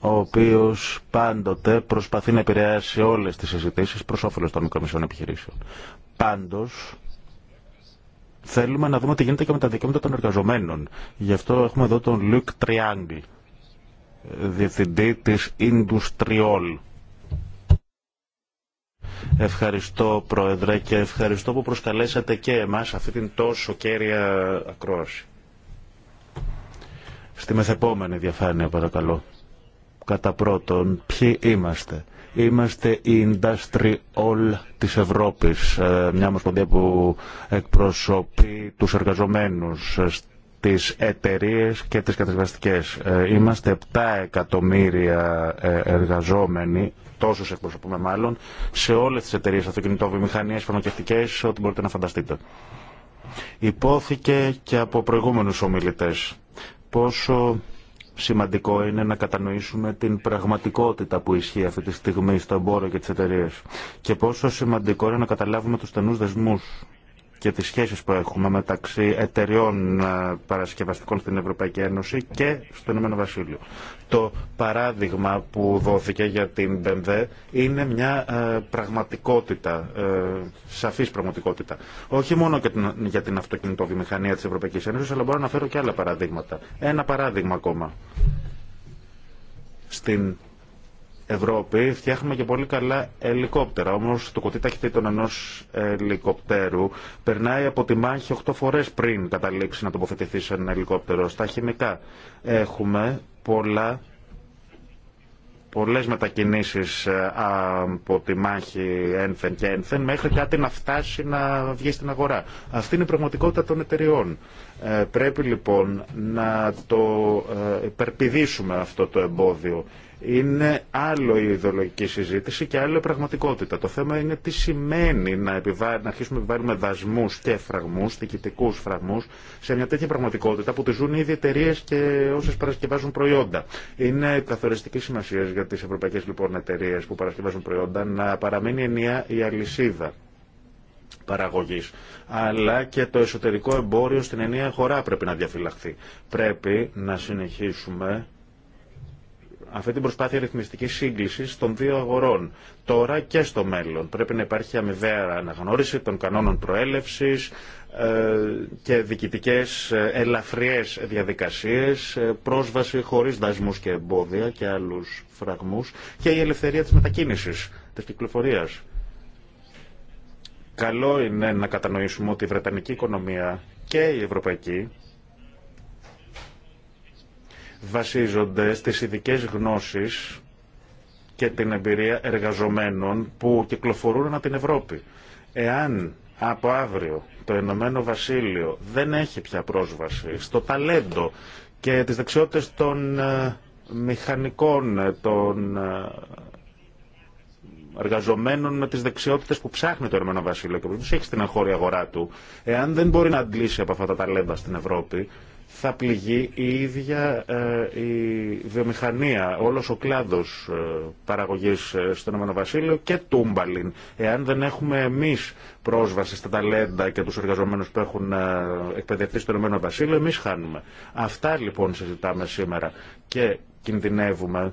ο οποίος πάντοτε προσπαθεί να επηρεάσει όλες τις συζητήσει προ όφελο των μικρομεσαίων επιχειρήσεων. Πάντω, Θέλουμε να δούμε τι γίνεται και με τα δικαιώματα των εργαζομένων. Γι' αυτό έχουμε εδώ τον Λουκ Τριάγκλ, διευθυντή της Industriol. Ευχαριστώ Πρόεδρε και ευχαριστώ που προσκαλέσατε και εμάς αυτή την τόσο κέρια ακρόαση. Στη μεθεπόμενη διαφάνεια παρακαλώ. Κατά πρώτον, ποιοι είμαστε. Είμαστε η Industry All της Ευρώπης, ε, μια ομοσπονδία που εκπροσωπεί τους εργαζομένους ε, τις εταιρείε και τις κατασκευαστικές. Ε, είμαστε 7 εκατομμύρια εργαζόμενοι, τόσους εκπροσωπούμε μάλλον, σε όλες τις εταιρείε αυτοκινητοβιομηχανίες, φαρμακευτικές, ό,τι μπορείτε να φανταστείτε. Υπόθηκε και από προηγούμενους ομιλητές πόσο Σημαντικό είναι να κατανοήσουμε την πραγματικότητα που ισχύει αυτή τη στιγμή στο εμπόριο και τι εταιρείε και πόσο σημαντικό είναι να καταλάβουμε του στενού δεσμού και τις σχέσεις που έχουμε μεταξύ εταιρεών ε, παρασκευαστικών στην Ευρωπαϊκή Ένωση και στον Ηνωμένο Βασίλειο. Το παράδειγμα που δόθηκε για την BMW είναι μια ε, πραγματικότητα, ε, σαφής πραγματικότητα. Όχι μόνο για την αυτοκινητοβιομηχανία της Ευρωπαϊκής Ένωσης, αλλά μπορώ να φέρω και άλλα παραδείγματα. Ένα παράδειγμα ακόμα. Στην Ευρώπη φτιάχνουμε και πολύ καλά ελικόπτερα. όμως το κουτί ταχυτήτων ενό ελικοπτέρου περνάει από τη μάχη 8 φορέ πριν καταλήξει να τοποθετηθεί σε ένα ελικόπτερο. Στα χημικά έχουμε πολλά πολλές μετακινήσεις ε, από τη μάχη ένθεν και ένθεν μέχρι κάτι να φτάσει να βγει στην αγορά. Αυτή είναι η πραγματικότητα των εταιριών. Ε, πρέπει λοιπόν να το ε, υπερπηδήσουμε αυτό το εμπόδιο είναι άλλο η ιδεολογική συζήτηση και άλλο η πραγματικότητα. Το θέμα είναι τι σημαίνει να, επιβά... να αρχίσουμε να επιβάλλουμε δασμού και φραγμού, διοικητικού φραγμού, σε μια τέτοια πραγματικότητα που τη ζουν ήδη εταιρείε και όσε παρασκευάζουν προϊόντα. Είναι καθοριστική σημασία για τι ευρωπαϊκέ λοιπόν εταιρείε που παρασκευάζουν προϊόντα να παραμείνει ενιαία η αλυσίδα παραγωγής. Αλλά και το εσωτερικό εμπόριο στην ενιαία χώρα πρέπει να διαφυλαχθεί. Πρέπει να συνεχίσουμε αυτή την προσπάθεια ρυθμιστικής σύγκληση των δύο αγορών τώρα και στο μέλλον. Πρέπει να υπάρχει αμοιβαία αναγνώριση των κανόνων προέλευσης ε, και διοικητικέ ε, ελαφριέ διαδικασίε ε, πρόσβαση χωρί δασμούς και εμπόδια και άλλου φραγμούς και η ελευθερία της μετακίνησης, της κυκλοφορίας. Καλό είναι να κατανοήσουμε ότι η Βρετανική οικονομία και η Ευρωπαϊκή βασίζονται στις ειδικέ γνώσεις και την εμπειρία εργαζομένων που κυκλοφορούν από την Ευρώπη. Εάν από αύριο το Ενωμένο Βασίλειο δεν έχει πια πρόσβαση στο ταλέντο και τις δεξιότητες των ε, μηχανικών, ε, των ε, εργαζομένων με τις δεξιότητες που ψάχνει το Ενωμένο Βασίλειο και που τους έχει στην εγχώρια αγορά του, εάν δεν μπορεί να αντλήσει από αυτά τα ταλέντα στην Ευρώπη, θα πληγεί η ίδια ε, η βιομηχανία, όλος ο κλάδος ε, παραγωγής ε, στον Ηνωμένο και τούμπαλιν. Εάν δεν έχουμε εμείς πρόσβαση στα ταλέντα και τους εργαζομένους που έχουν εκπαιδευτεί στον Ηνωμένο Βασίλειο, εμείς χάνουμε. Αυτά λοιπόν συζητάμε σήμερα και κινδυνεύουμε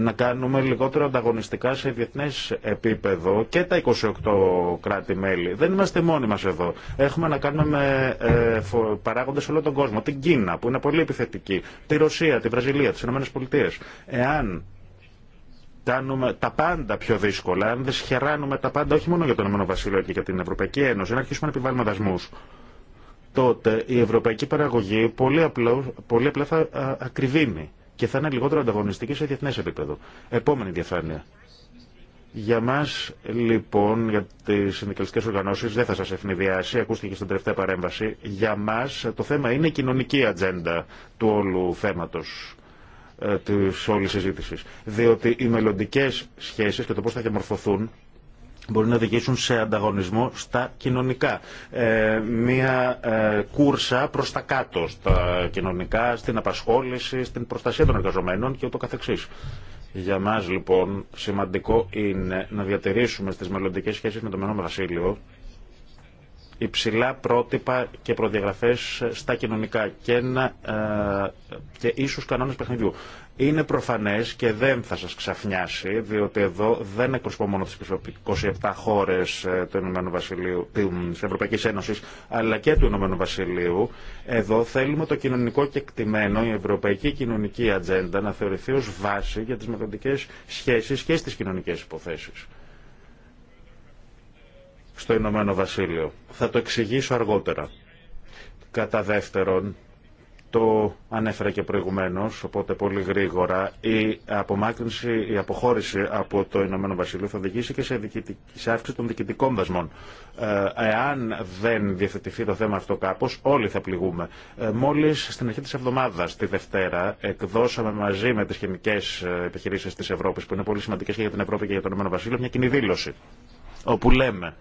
να κάνουμε λιγότερο ανταγωνιστικά σε διεθνέ επίπεδο και τα 28 κράτη-μέλη. Δεν είμαστε μόνοι μα εδώ. Έχουμε να κάνουμε με ε, όλο τον κόσμο. Την Κίνα που είναι πολύ επιθετική, τη Ρωσία, τη Βραζιλία, τι ΗΠΑ. Εάν κάνουμε τα πάντα πιο δύσκολα, αν σχεράνουμε τα πάντα όχι μόνο για τον ΕΒ και για την Ευρωπαϊκή Ένωση, αν αρχίσουμε να επιβάλλουμε δασμού, τότε η ευρωπαϊκή παραγωγή πολύ απλά, πολύ θα ακριβίνει και θα είναι λιγότερο ανταγωνιστική σε διεθνέ επίπεδο. Επόμενη διαφάνεια. Για μα, λοιπόν, για τι συνδικαλιστικέ οργανώσει, δεν θα σα ευνηδιάσει, ακούστηκε στην τελευταία παρέμβαση. Για μα, το θέμα είναι η κοινωνική ατζέντα του όλου θέματο ε, τη όλη συζήτηση. Διότι οι μελλοντικέ σχέσει και το πώ θα διαμορφωθούν μπορεί να οδηγήσουν σε ανταγωνισμό στα κοινωνικά. Ε, μία ε, κούρσα προς τα κάτω, στα κοινωνικά, στην απασχόληση, στην προστασία των εργαζομένων και ούτω καθεξής. Για μας λοιπόν σημαντικό είναι να διατηρήσουμε στις μελλοντικέ σχέσεις με το μενό Βασίλειο υψηλά πρότυπα και προδιαγραφές στα κοινωνικά και, ένα, ε, και κανόνες παιχνιδιού. Είναι προφανές και δεν θα σας ξαφνιάσει, διότι εδώ δεν εκπροσωπώ μόνο τις 27 χώρες ε, του Ηνωμένου Βασιλείου, της Ευρωπαϊκής Ένωσης, αλλά και του Ηνωμένου Βασιλείου. Εδώ θέλουμε το κοινωνικό κεκτημένο, η ευρωπαϊκή κοινωνική ατζέντα, να θεωρηθεί ως βάση για τις μελλοντικές σχέσεις και στις κοινωνικές υποθέσεις στο Ηνωμένο Βασίλειο. Θα το εξηγήσω αργότερα. Κατά δεύτερον, το ανέφερα και προηγουμένως, οπότε πολύ γρήγορα. Η απομάκρυνση, η αποχώρηση από το Ηνωμένο Βασίλειο θα οδηγήσει και σε, σε αύξηση των διοικητικών δασμών. Ε, εάν δεν διαθετηθεί το θέμα αυτό κάπως, όλοι θα πληγούμε. Ε, μόλις στην αρχή της εβδομάδας, τη Δευτέρα, εκδώσαμε μαζί με τις χημικές ε, επιχειρήσεις της Ευρώπης, που είναι πολύ σημαντικές και για την Ευρώπη και για το Ηνωμένο Βασίλειο, μια κοινή δήλωση, όπου λέμε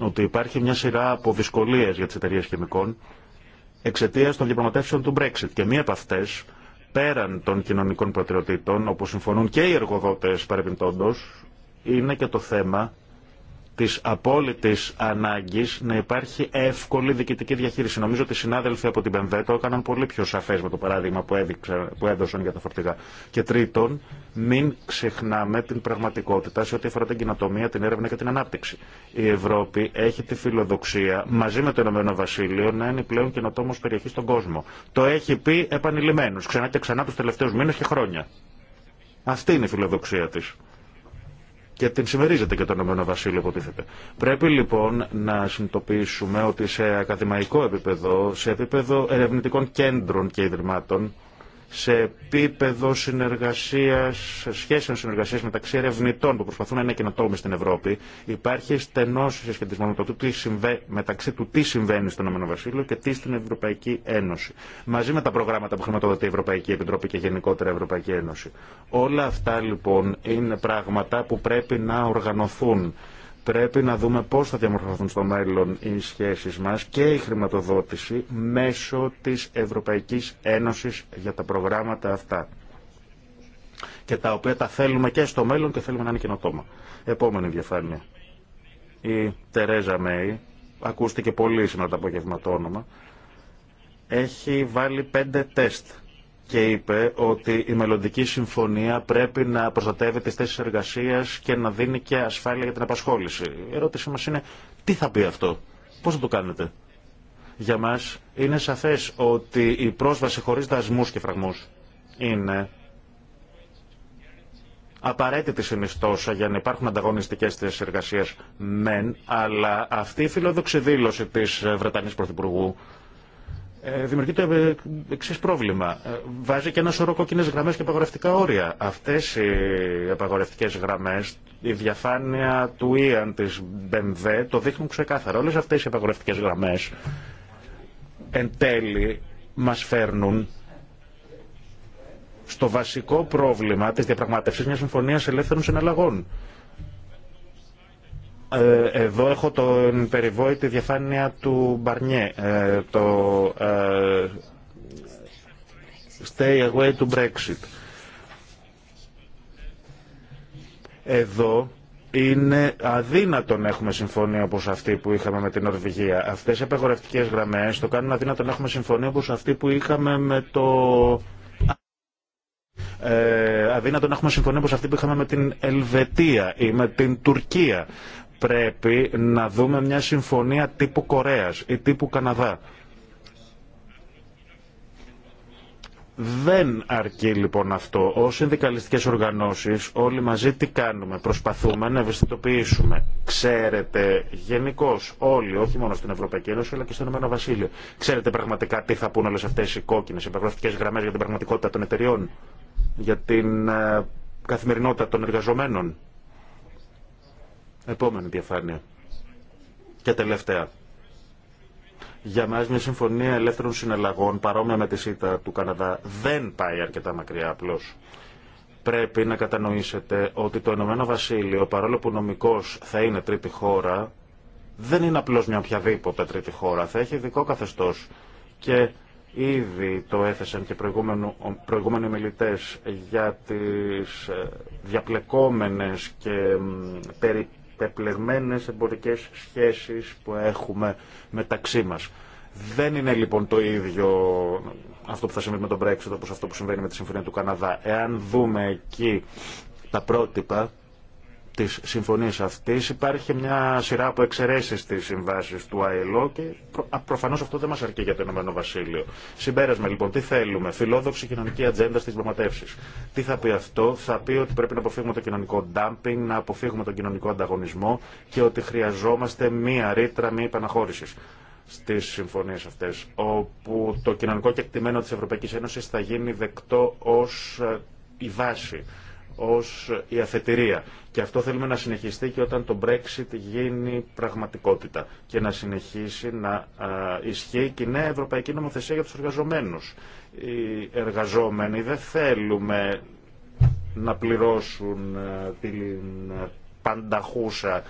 ότι υπάρχει μια σειρά από δυσκολίες για τις εταιρείε χημικών, εξαιτία των διαπραγματεύσεων του Brexit. Και μία από αυτέ, πέραν των κοινωνικών προτεραιοτήτων, όπου συμφωνούν και οι εργοδότε παρεμπιπτόντω, είναι και το θέμα της απόλυτης ανάγκης να υπάρχει εύκολη διοικητική διαχείριση. Νομίζω ότι οι συνάδελφοι από την ΠΕΜΒΕ το έκαναν πολύ πιο σαφές με το παράδειγμα που, έδωσαν για τα φορτηγά. Και τρίτον, μην ξεχνάμε την πραγματικότητα σε ό,τι αφορά την κοινοτομία, την έρευνα και την ανάπτυξη. Η Ευρώπη έχει τη φιλοδοξία μαζί με το Ηνωμένο Βασίλειο να είναι πλέον κοινοτόμο περιοχή στον κόσμο. Το έχει πει επανειλημμένω ξανά και ξανά του τελευταίου μήνε και χρόνια. Αυτή είναι η φιλοδοξία της και την συμμερίζεται και το Ηνωμένο Βασίλειο, υποτίθεται. Πρέπει λοιπόν να συνειδητοποιήσουμε ότι σε ακαδημαϊκό επίπεδο, σε επίπεδο ερευνητικών κέντρων και ιδρυμάτων, σε επίπεδο συνεργασίας, σχέσεων συνεργασία, μεταξύ ερευνητών που προσπαθούν να είναι καινοτόμοι στην Ευρώπη. Υπάρχει στενός συσχετισμό με το τι μεταξύ του τι συμβαίνει στον Ηνωμένο και τι στην Ευρωπαϊκή Ένωση. Μαζί με τα προγράμματα που χρηματοδοτεί η Ευρωπαϊκή Επιτροπή και γενικότερα η Ευρωπαϊκή Ένωση. Όλα αυτά λοιπόν είναι πράγματα που πρέπει να οργανωθούν Πρέπει να δούμε πώς θα διαμορφωθούν στο μέλλον οι σχέσεις μας και η χρηματοδότηση μέσω της Ευρωπαϊκής Ένωσης για τα προγράμματα αυτά και τα οποία τα θέλουμε και στο μέλλον και θέλουμε να είναι καινοτόμα. Επόμενη διαφάνεια. Η Τερέζα Μέη, ακούστηκε πολύ σήμερα το απογευματόνομα, έχει βάλει πέντε τεστ και είπε ότι η μελλοντική συμφωνία πρέπει να προστατεύει τις θέσεις εργασίας και να δίνει και ασφάλεια για την απασχόληση. Η ερώτησή μας είναι τι θα πει αυτό, πώς θα το κάνετε. Για μας είναι σαφές ότι η πρόσβαση χωρίς δασμούς και φραγμούς είναι απαραίτητη συνιστόσα για να υπάρχουν ανταγωνιστικές θέσει εργασία. Μεν, αλλά αυτή η φιλόδοξη δήλωση τη Πρωθυπουργού ε, δημιουργείται ε, εξή πρόβλημα. Ε, βάζει και ένα σωρό κόκκινε γραμμέ και απαγορευτικά όρια. Αυτέ οι απαγορευτικέ γραμμέ, η διαφάνεια του ΙΑΝ τη ΜπενΔΕ, το δείχνουν ξεκάθαρα. Όλε αυτέ οι απαγορευτικέ γραμμέ εν τέλει μα φέρνουν στο βασικό πρόβλημα τη διαπραγμάτευση μια συμφωνία ελεύθερων συναλλαγών. Ε, εδώ έχω τον περιβόητη διαφάνεια του Μπαρνιέ, ε, το ε, stay away του Brexit. Εδώ είναι αδύνατο να έχουμε συμφωνία όπως αυτή που είχαμε με την Νορβηγία. Αυτές οι απεγορευτικές γραμμές το κάνουν αδύνατο να έχουμε συμφωνία όπως αυτή που είχαμε με το... Ε, αδύνατο να έχουμε συμφωνία όπως αυτή που είχαμε με την Ελβετία ή με την Τουρκία πρέπει να δούμε μια συμφωνία τύπου Κορέας ή τύπου Καναδά. Δεν αρκεί λοιπόν αυτό. Ω συνδικαλιστικέ οργανώσει, όλοι μαζί τι κάνουμε. Προσπαθούμε να ευαισθητοποιήσουμε. Ξέρετε, γενικώ όλοι, όχι μόνο στην Ευρωπαϊκή Ένωση, αλλά και στον Ηνωμένο Βασίλειο. Ξέρετε πραγματικά τι θα πούνε όλε αυτέ οι κόκκινε επαγγελματικέ γραμμέ για την πραγματικότητα των εταιριών, για την ε, καθημερινότητα των εργαζομένων. Επόμενη διαφάνεια. Και τελευταία. Για μας μια συμφωνία ελεύθερων συναλλαγών παρόμοια με τη ΣΥΤΑ του Καναδά δεν πάει αρκετά μακριά απλώς. Πρέπει να κατανοήσετε ότι το Ηνωμένο Βασίλειο, παρόλο που νομικός θα είναι τρίτη χώρα, δεν είναι απλώς μια οποιαδήποτε τρίτη χώρα. Θα έχει ειδικό καθεστώς. Και ήδη το έθεσαν και προηγούμενοι μιλητέ για τις ε, διαπλεκόμενες και τετεπλεγμένες εμπορικές σχέσεις που έχουμε μεταξύ μας. Δεν είναι λοιπόν το ίδιο αυτό που θα συμβεί με τον Brexit όπως αυτό που συμβαίνει με τη Συμφωνία του Καναδά. Εάν δούμε εκεί τα πρότυπα της συμφωνίας αυτής υπάρχει μια σειρά από εξαιρέσεις στις συμβάσεις του ΑΕΛΟ και προ, προφανώς αυτό δεν μας αρκεί για το Ηνωμένο Βασίλειο. Συμπέρασμα λοιπόν, τι θέλουμε, φιλόδοξη κοινωνική ατζέντα στις διαπραγματεύσεις. Τι θα πει αυτό, θα πει ότι πρέπει να αποφύγουμε το κοινωνικό ντάμπινγκ, να αποφύγουμε τον κοινωνικό ανταγωνισμό και ότι χρειαζόμαστε μία ρήτρα μη επαναχώρηση στι συμφωνίε αυτέ, όπου το κοινωνικό κεκτημένο τη Ευρωπαϊκή Ένωση θα γίνει δεκτό ω ε, η βάση ως η αφετηρία. Και αυτό θέλουμε να συνεχιστεί και όταν το Brexit γίνει πραγματικότητα και να συνεχίσει να ισχύει και η νέα ευρωπαϊκή νομοθεσία για τους εργαζομένους. Οι εργαζόμενοι δεν θέλουμε να πληρώσουν την πανταχούσα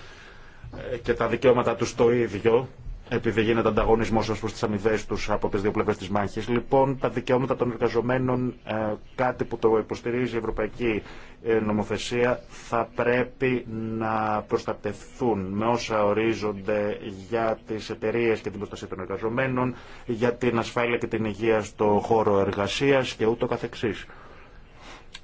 ε, και τα δικαιώματα τους το ίδιο επειδή γίνεται ανταγωνισμό ω προ τι αμοιβέ του από τι δύο πλευρέ τη μάχη. Λοιπόν, τα δικαιώματα των εργαζομένων, ε, κάτι που το υποστηρίζει η Ευρωπαϊκή ε, Νομοθεσία, θα πρέπει να προστατευθούν με όσα ορίζονται για τι εταιρείε και την προστασία των εργαζομένων, για την ασφάλεια και την υγεία στο χώρο εργασία και ούτω καθεξής.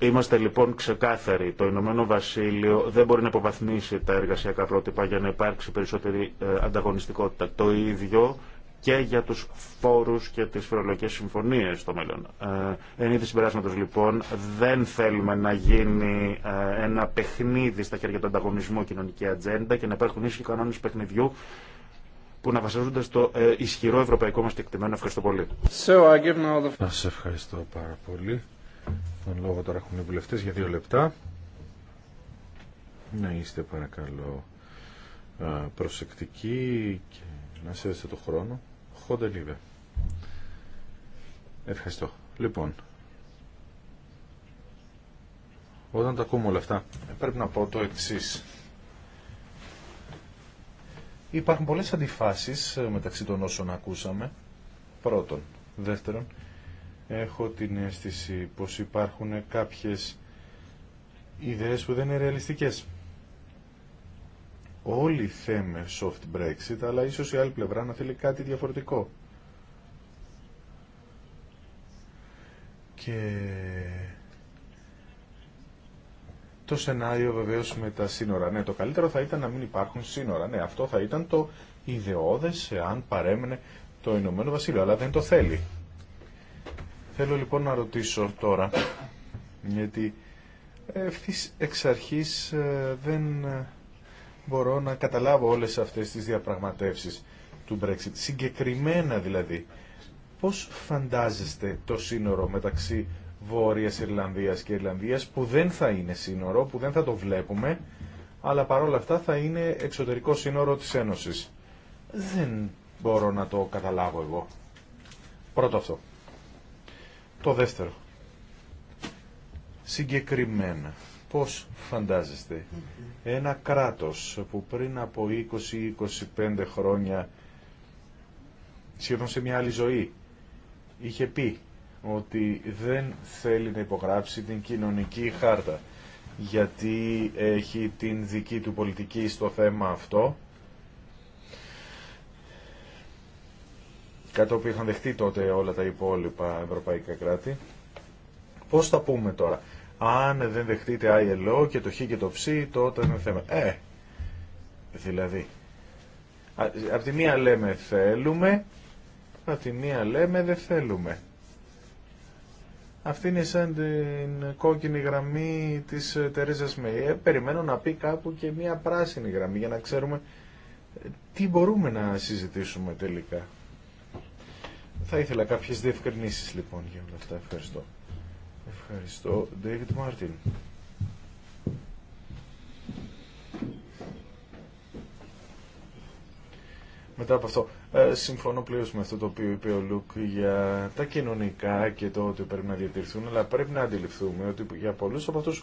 Είμαστε λοιπόν ξεκάθαροι. Το Ηνωμένο Βασίλειο δεν μπορεί να υποβαθμίσει τα εργασιακά πρότυπα για να υπάρξει περισσότερη ε, ανταγωνιστικότητα. Το ίδιο και για τους φόρους και τις φορολογικές συμφωνίες στο μέλλον. Ε, εν είδη συμπεράσματος λοιπόν δεν θέλουμε να γίνει ε, ένα παιχνίδι στα χέρια του ανταγωνισμού κοινωνική ατζέντα και να υπάρχουν ίσχυοι κανόνες παιχνιδιού που να βασίζονται στο ε, ισχυρό ευρωπαϊκό μας κεκτημένο. Ευχαριστώ πολύ. So, now Σας ευχαριστώ πάρα πολύ. Τον λόγο τώρα έχουν οι για δύο λεπτά. Να είστε παρακαλώ προσεκτικοί και να σέβεστε το χρόνο. Χόντε λίβε. Ευχαριστώ. Λοιπόν, όταν τα ακούμε όλα αυτά, ε, πρέπει να πω το εξή. Υπάρχουν πολλές αντιφάσεις ε, μεταξύ των όσων ακούσαμε. Πρώτον. Δεύτερον, έχω την αίσθηση πως υπάρχουν κάποιες ιδέες που δεν είναι ρεαλιστικές. Όλοι θέμε soft Brexit, αλλά ίσως η άλλη πλευρά να θέλει κάτι διαφορετικό. Και το σενάριο βεβαίως με τα σύνορα. Ναι, το καλύτερο θα ήταν να μην υπάρχουν σύνορα. Ναι, αυτό θα ήταν το ιδεώδες εάν παρέμενε το Ηνωμένο Βασίλειο, αλλά δεν το θέλει. Θέλω λοιπόν να ρωτήσω τώρα, γιατί ευθύς εξ αρχής ε, δεν ε, μπορώ να καταλάβω όλες αυτές τις διαπραγματεύσεις του Brexit. Συγκεκριμένα δηλαδή, πώς φαντάζεστε το σύνορο μεταξύ Βόρειας Ιρλανδίας και Ιρλανδίας που δεν θα είναι σύνορο, που δεν θα το βλέπουμε, αλλά παρόλα αυτά θα είναι εξωτερικό σύνορο της Ένωσης. Δεν μπορώ να το καταλάβω εγώ. Πρώτο αυτό. Το δεύτερο. Συγκεκριμένα, πώς φαντάζεστε ένα κράτος που πριν από 20-25 χρόνια σχεδόν σε μια άλλη ζωή είχε πει ότι δεν θέλει να υπογράψει την κοινωνική χάρτα γιατί έχει την δική του πολιτική στο θέμα αυτό κάτι το είχαν δεχτεί τότε όλα τα υπόλοιπα ευρωπαϊκά κράτη. Πώς θα πούμε τώρα, αν δεν δεχτείτε ILO και το Χ και το Ψ, τότε δεν θέμα. Ε, δηλαδή, Από τη μία λέμε θέλουμε, από τη μία λέμε δεν θέλουμε. Αυτή είναι σαν την κόκκινη γραμμή της ε, Τερέζας Μέη. Ε, περιμένω να πει κάπου και μία πράσινη γραμμή για να ξέρουμε ε, τι μπορούμε να συζητήσουμε τελικά. Θα ήθελα κάποιε διευκρινήσει λοιπόν για όλα αυτά. Ευχαριστώ. Ευχαριστώ. David Μάρτιν. Μετά από αυτό, ε, συμφωνώ πλήρω με αυτό το οποίο είπε ο Λουκ για τα κοινωνικά και το ότι πρέπει να διατηρηθούν, αλλά πρέπει να αντιληφθούμε ότι για πολλού από αυτού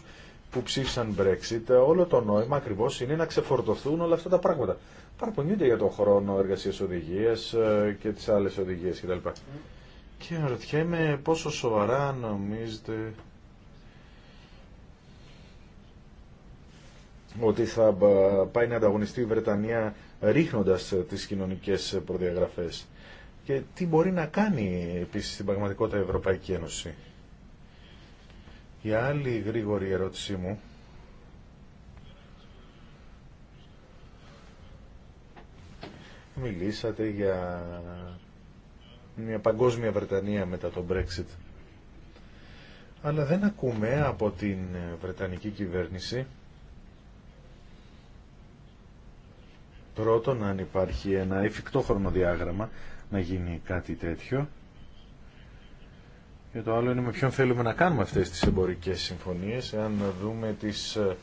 που ψήφισαν Brexit, όλο το νόημα ακριβώ είναι να ξεφορτωθούν όλα αυτά τα πράγματα παραπονιούνται για τον χρόνο εργασίας οδηγία ε, και τι άλλε οδηγίε κτλ. Και αναρωτιέμαι πόσο σοβαρά νομίζετε ότι θα πάει να ανταγωνιστεί η Βρετανία ρίχνοντας ε, τις κοινωνικές προδιαγραφές. Και τι μπορεί να κάνει επίσης στην πραγματικότητα η Ευρωπαϊκή Ένωση. Η άλλη γρήγορη ερώτησή μου μιλήσατε για μια παγκόσμια Βρετανία μετά το Brexit. Αλλά δεν ακούμε από την Βρετανική κυβέρνηση πρώτον αν υπάρχει ένα εφικτό χρονοδιάγραμμα να γίνει κάτι τέτοιο και το άλλο είναι με ποιον θέλουμε να κάνουμε αυτές τις εμπορικές συμφωνίες. Αν δούμε τις ε,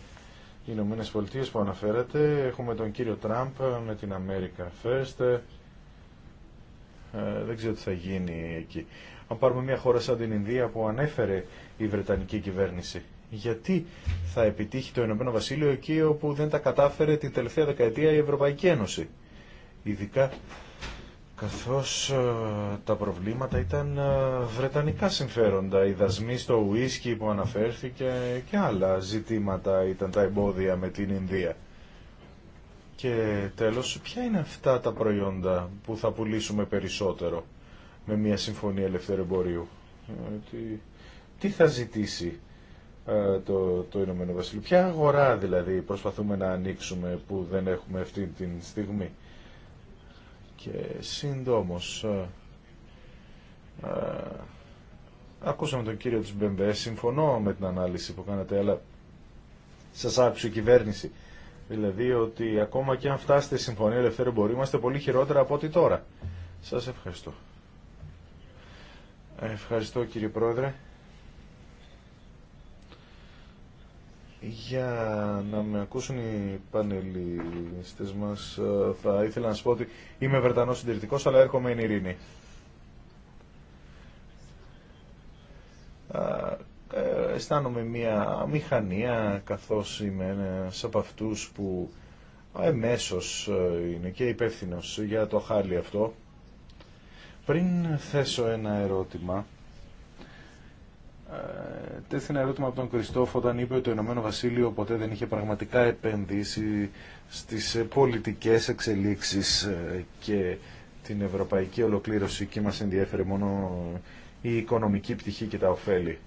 Ηνωμένε Πολιτείε που αναφέρατε. Έχουμε τον κύριο Τραμπ με την America First. Ε, δεν ξέρω τι θα γίνει εκεί. Αν πάρουμε μια χώρα σαν την Ινδία που ανέφερε η Βρετανική κυβέρνηση, γιατί θα επιτύχει το Ηνωμένο Βασίλειο εκεί όπου δεν τα κατάφερε την τελευταία δεκαετία η Ευρωπαϊκή Ένωση. Ειδικά καθώς ε, τα προβλήματα ήταν ε, βρετανικά συμφέροντα. Οι δασμοί στο ουίσκι που αναφέρθηκε και άλλα ζητήματα ήταν τα εμπόδια με την Ινδία. Και τέλος, ποια είναι αυτά τα προϊόντα που θα πουλήσουμε περισσότερο με μια συμφωνία ελευθερεμπορίου. Ε, τι, τι θα ζητήσει το, το Ηνωμένο Βασίλειο. Ποια αγορά δηλαδή προσπαθούμε να ανοίξουμε που δεν έχουμε αυτή τη στιγμή και σύντομος. Ε, ε, ακούσαμε τον κύριο της Μπεμπέ, συμφωνώ με την ανάλυση που κάνατε, αλλά σας άκουσε η κυβέρνηση. Δηλαδή ότι ακόμα και αν φτάσετε Συμφωνία Ελευθέρου μπορεί, είμαστε πολύ χειρότερα από ό,τι τώρα. Σας ευχαριστώ. Ευχαριστώ κύριε Πρόεδρε. Για να με ακούσουν οι πανελίστες μας, ε, θα ήθελα να σα πω ότι είμαι Βρετανός συντηρητικός, αλλά έρχομαι εν ειρήνη. Ε, αισθάνομαι μια μηχανία, καθώς είμαι ένας από αυτούς που εμέσως ε, είναι και υπεύθυνο για το χάλι αυτό. Πριν θέσω ένα ερώτημα, ε, τέθη ένα ερώτημα από τον Κριστόφ όταν είπε ότι το Ηνωμένο Βασίλειο ποτέ δεν είχε πραγματικά επενδύσει στις ε, πολιτικές εξελίξεις ε, και την ευρωπαϊκή ολοκλήρωση και μας ενδιαφέρει μόνο η οικονομική πτυχή και τα ωφέλη.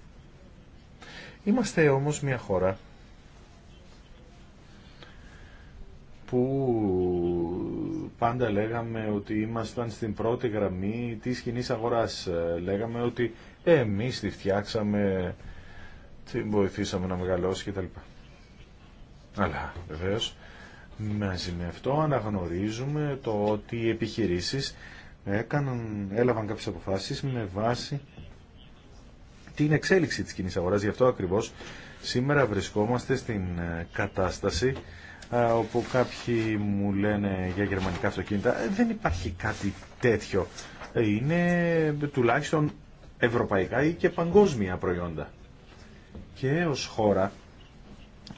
Είμαστε όμως μια χώρα που πάντα λέγαμε ότι ήμασταν στην πρώτη γραμμή της κοινή αγοράς. Λέγαμε ότι εμείς τη φτιάξαμε, την βοηθήσαμε να μεγαλώσει κτλ. Αλλά βεβαίω. μαζί με αυτό αναγνωρίζουμε το ότι οι επιχειρήσεις έκαναν, έλαβαν κάποιες αποφάσεις με βάση την εξέλιξη της κοινή αγοράς. Γι' αυτό ακριβώς σήμερα βρισκόμαστε στην ε, κατάσταση ε, όπου κάποιοι μου λένε για γερμανικά αυτοκίνητα «Ε, δεν υπάρχει κάτι τέτοιο. Είναι τουλάχιστον ευρωπαϊκά ή και παγκόσμια προϊόντα. Και ως χώρα,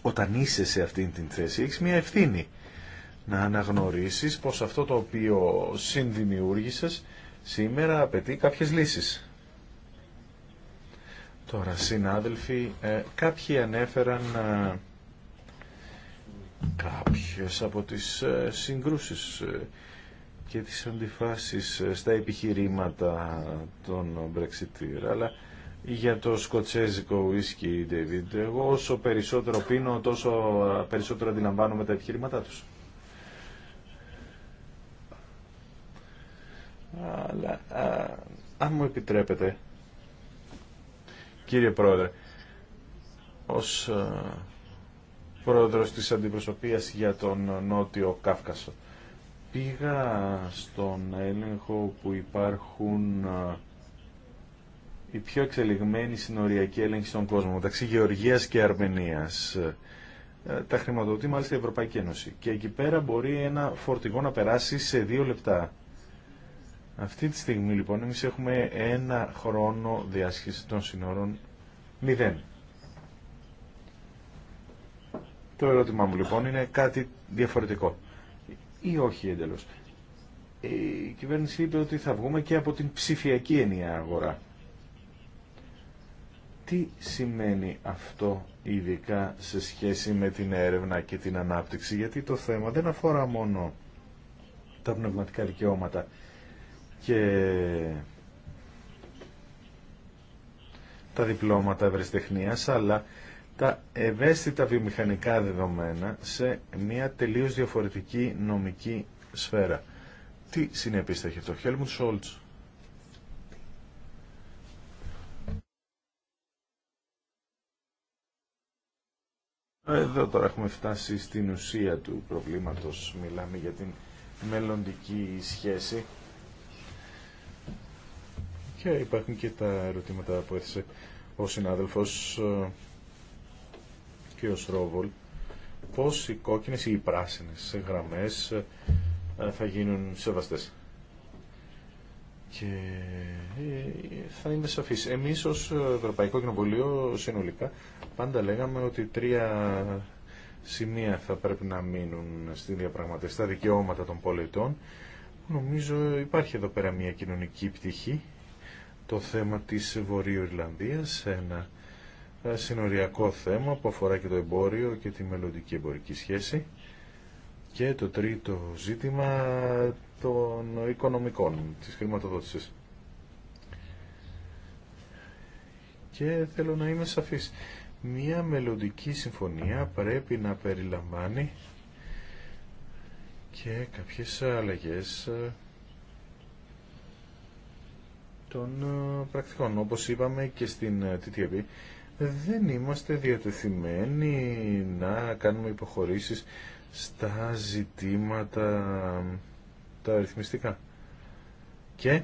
όταν είσαι σε αυτήν την θέση, έχεις μια ευθύνη να αναγνωρίσεις πως αυτό το οποίο συνδημιούργησες σήμερα απαιτεί κάποιες λύσεις. Τώρα, συνάδελφοι, ε, κάποιοι ανέφεραν ε, κάποιες από τις ε, συγκρούσεις και τις αντιφάσεις ε, στα επιχειρήματα των Brexiteer, αλλά για το σκοτσέζικο ουίσκι, David, εγώ όσο περισσότερο πίνω, τόσο ε, περισσότερο αντιλαμβάνομαι τα επιχειρήματά τους. Αλλά, αν μου επιτρέπετε, κύριε Πρόεδρε, ως α, ε, πρόεδρος της αντιπροσωπείας για τον Νότιο Κάφκασο, Πήγα στον έλεγχο που υπάρχουν οι πιο εξελιγμένοι συνοριακοί έλεγχοι στον κόσμο μεταξύ Γεωργίας και Αρμενίας. Ε, τα χρηματοδοτεί μάλιστα η Ευρωπαϊκή Ένωση. Και εκεί πέρα μπορεί ένα φορτηγό να περάσει σε δύο λεπτά. Αυτή τη στιγμή λοιπόν εμείς έχουμε ένα χρόνο διάσχεση των συνόρων μηδέν. Το ερώτημά μου λοιπόν είναι κάτι διαφορετικό ή όχι εντελώς. Η κυβέρνηση είπε ότι θα βγούμε και από την ψηφιακή ενιαία αγορά. Τι σημαίνει αυτό ειδικά σε σχέση με την έρευνα και την ανάπτυξη, γιατί το θέμα δεν αφορά μόνο τα πνευματικά δικαιώματα και τα διπλώματα ευρεσιτεχνίας, αλλά τα ευαίσθητα βιομηχανικά δεδομένα σε μια τελείως διαφορετική νομική σφαίρα. Τι συνέπειες έχει αυτό, Χέλμουντ Σόλτς. Εδώ τώρα έχουμε φτάσει στην ουσία του προβλήματος. Μιλάμε για την μελλοντική σχέση. Και υπάρχουν και τα ερωτήματα που έθεσε ο συνάδελφος ε, και ο σρόβολ πώς οι κόκκινες ή οι πράσινες γραμμές ε, θα γίνουν σεβαστές. Και ε, θα είναι σαφής. Εμείς ως Ευρωπαϊκό Κοινοβουλίο συνολικά πάντα λέγαμε ότι τρία σημεία θα πρέπει να μείνουν στη διαπραγματεύση, τα δικαιώματα των πολιτών. Νομίζω υπάρχει εδώ πέρα μια κοινωνική πτυχή, το θέμα της Βορείου Ιρλανδίας, ένα ε, συνοριακό θέμα που αφορά και το εμπόριο και τη μελλοντική εμπορική σχέση και το τρίτο ζήτημα των οικονομικών, της χρηματοδότησης. Και θέλω να είμαι σαφής. Μία μελλοντική συμφωνία πρέπει να περιλαμβάνει και κάποιες αλλαγές ε, των ε, πρακτικών. Όπως είπαμε και στην TTIP, δεν είμαστε διατεθειμένοι να κάνουμε υποχωρήσεις στα ζητήματα τα αριθμιστικά. Και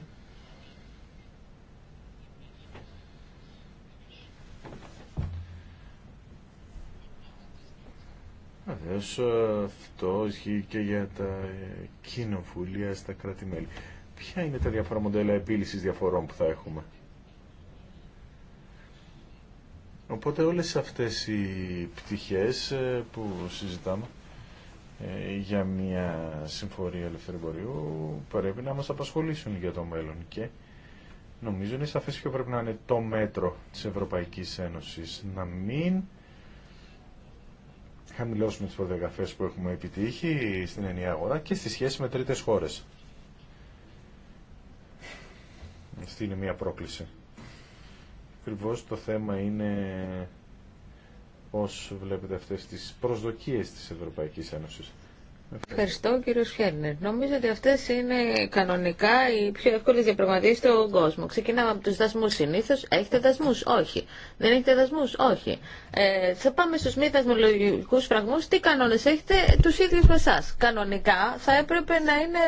Βεβαίω αυτό ισχύει και για τα κοινοβούλια στα κράτη-μέλη. Ποια είναι τα διάφορα μοντέλα επίλυσης διαφορών που θα έχουμε. Οπότε όλες αυτές οι πτυχές ε, που συζητάμε ε, για μια συμφορία ελευθερμπορίου πρέπει να μας απασχολήσουν για το μέλλον και νομίζω είναι σαφές ποιο πρέπει να είναι το μέτρο της Ευρωπαϊκής Ένωσης να μην χαμηλώσουμε τις προδιαγραφές που έχουμε επιτύχει στην ενιαία αγορά και στη σχέση με τρίτες χώρες. Αυτή είναι μια πρόκληση. Ακριβώ το θέμα είναι πώ βλέπετε αυτέ τι προσδοκίε τη Ευρωπαϊκή Ένωση. Ευχαριστώ κύριο Φιέρνερ. Νομίζω ότι αυτέ είναι κανονικά οι πιο εύκολε διαπραγματεύσει στον κόσμο. Ξεκινάμε από του δασμού συνήθω. Έχετε δασμού, όχι. Δεν έχετε δασμού, όχι. Ε, θα πάμε στου μη δασμολογικού φραγμού. Τι κανόνε έχετε, του ίδιου με εσά. Κανονικά θα έπρεπε να είναι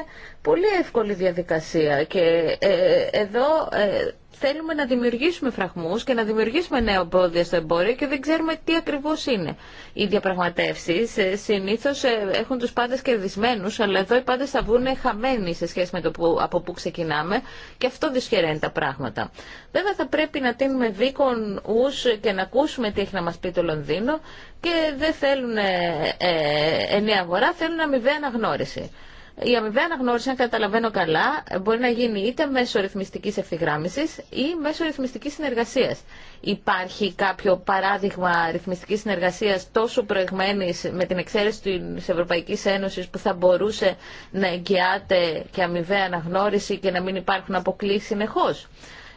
πολύ εύκολη διαδικασία. Και ε, εδώ ε, θέλουμε να δημιουργήσουμε φραγμούς και να δημιουργήσουμε νέα εμπόδια στο εμπόριο και δεν ξέρουμε τι ακριβώς είναι. Οι διαπραγματεύσεις ε, συνήθως ε, έχουν τους πάντες κερδισμένους, αλλά εδώ οι πάντες θα βγουν χαμένοι σε σχέση με το που, από πού ξεκινάμε και αυτό δυσχεραίνει τα πράγματα. Βέβαια θα πρέπει να τίνουμε δίκον ους και να ακούσουμε τι έχει να μας πει το Λονδίνο και δεν θέλουν ε, ε, ενιαία αγορά, θέλουν αμοιβαία αναγνώριση. Η αμοιβαία αναγνώριση, αν καταλαβαίνω καλά, μπορεί να γίνει είτε μέσω ρυθμιστική ευθυγράμμιση ή μέσω ρυθμιστική συνεργασία. Υπάρχει κάποιο παράδειγμα ρυθμιστική συνεργασία τόσο προηγμένη με την εξαίρεση τη Ευρωπαϊκή Ένωση που θα μπορούσε να εγγυάται και αμοιβαία αναγνώριση και να μην υπάρχουν αποκλήσει συνεχώ.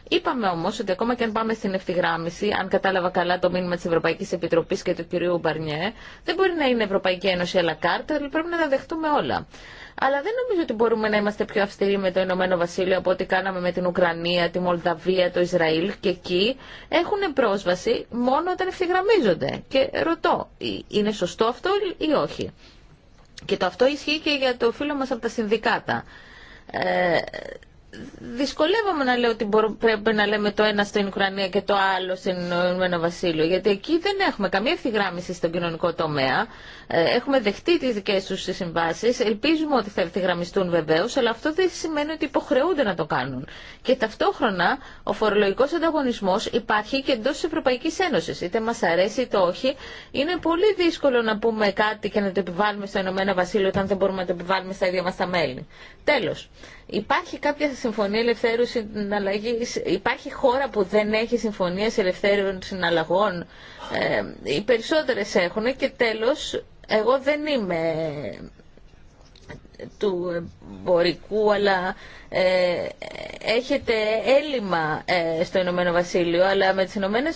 Είπαμε όμω ότι ακόμα και αν πάμε στην ευθυγράμμιση, αν κατάλαβα καλά το μήνυμα τη Ευρωπαϊκή Επιτροπή και του κυρίου Μπαρνιέ, δεν μπορεί να είναι Ευρωπαϊκή Ένωση αλλά κάρτα, πρέπει να τα δεχτούμε όλα αλλά δεν νομίζω ότι μπορούμε να είμαστε πιο αυστηροί με το Ηνωμένο Βασίλειο από ό,τι κάναμε με την Ουκρανία, τη Μολδαβία, το Ισραήλ και εκεί έχουν πρόσβαση μόνο όταν ευθυγραμμίζονται. Και ρωτώ, είναι σωστό αυτό ή όχι. Και το αυτό ισχύει και για το φίλο μας από τα συνδικάτα. Ε, δυσκολεύομαι να λέω ότι πρέπει να λέμε το ένα στην Ουκρανία και το άλλο στην Ηνωμένο Βασίλειο, γιατί εκεί δεν έχουμε καμία ευθυγράμμιση στον κοινωνικό τομέα. Ε, έχουμε δεχτεί τις δικές τους συμβάσει. ελπίζουμε ότι θα ευθυγραμμιστούν βεβαίω, αλλά αυτό δεν σημαίνει ότι υποχρεούνται να το κάνουν. Και ταυτόχρονα ο φορολογικό ανταγωνισμό υπάρχει και εντό τη Ευρωπαϊκής Είτε μα αρέσει είτε όχι, είναι πολύ δύσκολο να πούμε κάτι και να το επιβάλλουμε στο Ηνωμένο Βασίλειο όταν δεν μπορούμε να το επιβάλλουμε στα ίδια μας τα μέλη. Υπάρχει κάποια συμφωνία ελευθέρου συναλλαγή, υπάρχει χώρα που δεν έχει συμφωνίες ελευθέρων συναλλαγών. Ε, οι περισσότερες έχουν και τέλος, εγώ δεν είμαι του εμπορικού, αλλά ε, έχετε έλλειμμα ε, στο Ηνωμένο Βασίλειο, αλλά με τις Ηνωμένε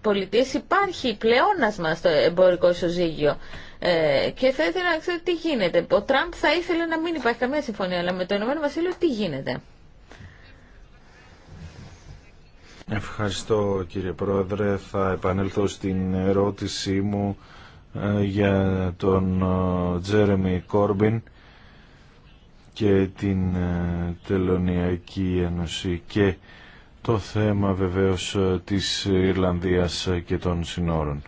Πολιτείες υπάρχει πλεόνασμα στο εμπορικό ισοζύγιο. Ε, και θα ήθελα να ξέρω τι γίνεται. Ο Τραμπ θα ήθελε να μην υπάρχει καμία συμφωνία, αλλά με το Ηνωμένο Βασίλειο τι γίνεται. Ευχαριστώ κύριε Πρόεδρε. Θα επανέλθω στην ερώτησή μου ε, για τον ε, Τζέρεμι Κόρμπιν και την Τελωνιακή Ένωση και το θέμα βεβαίως της Ιρλανδίας και των συνόρων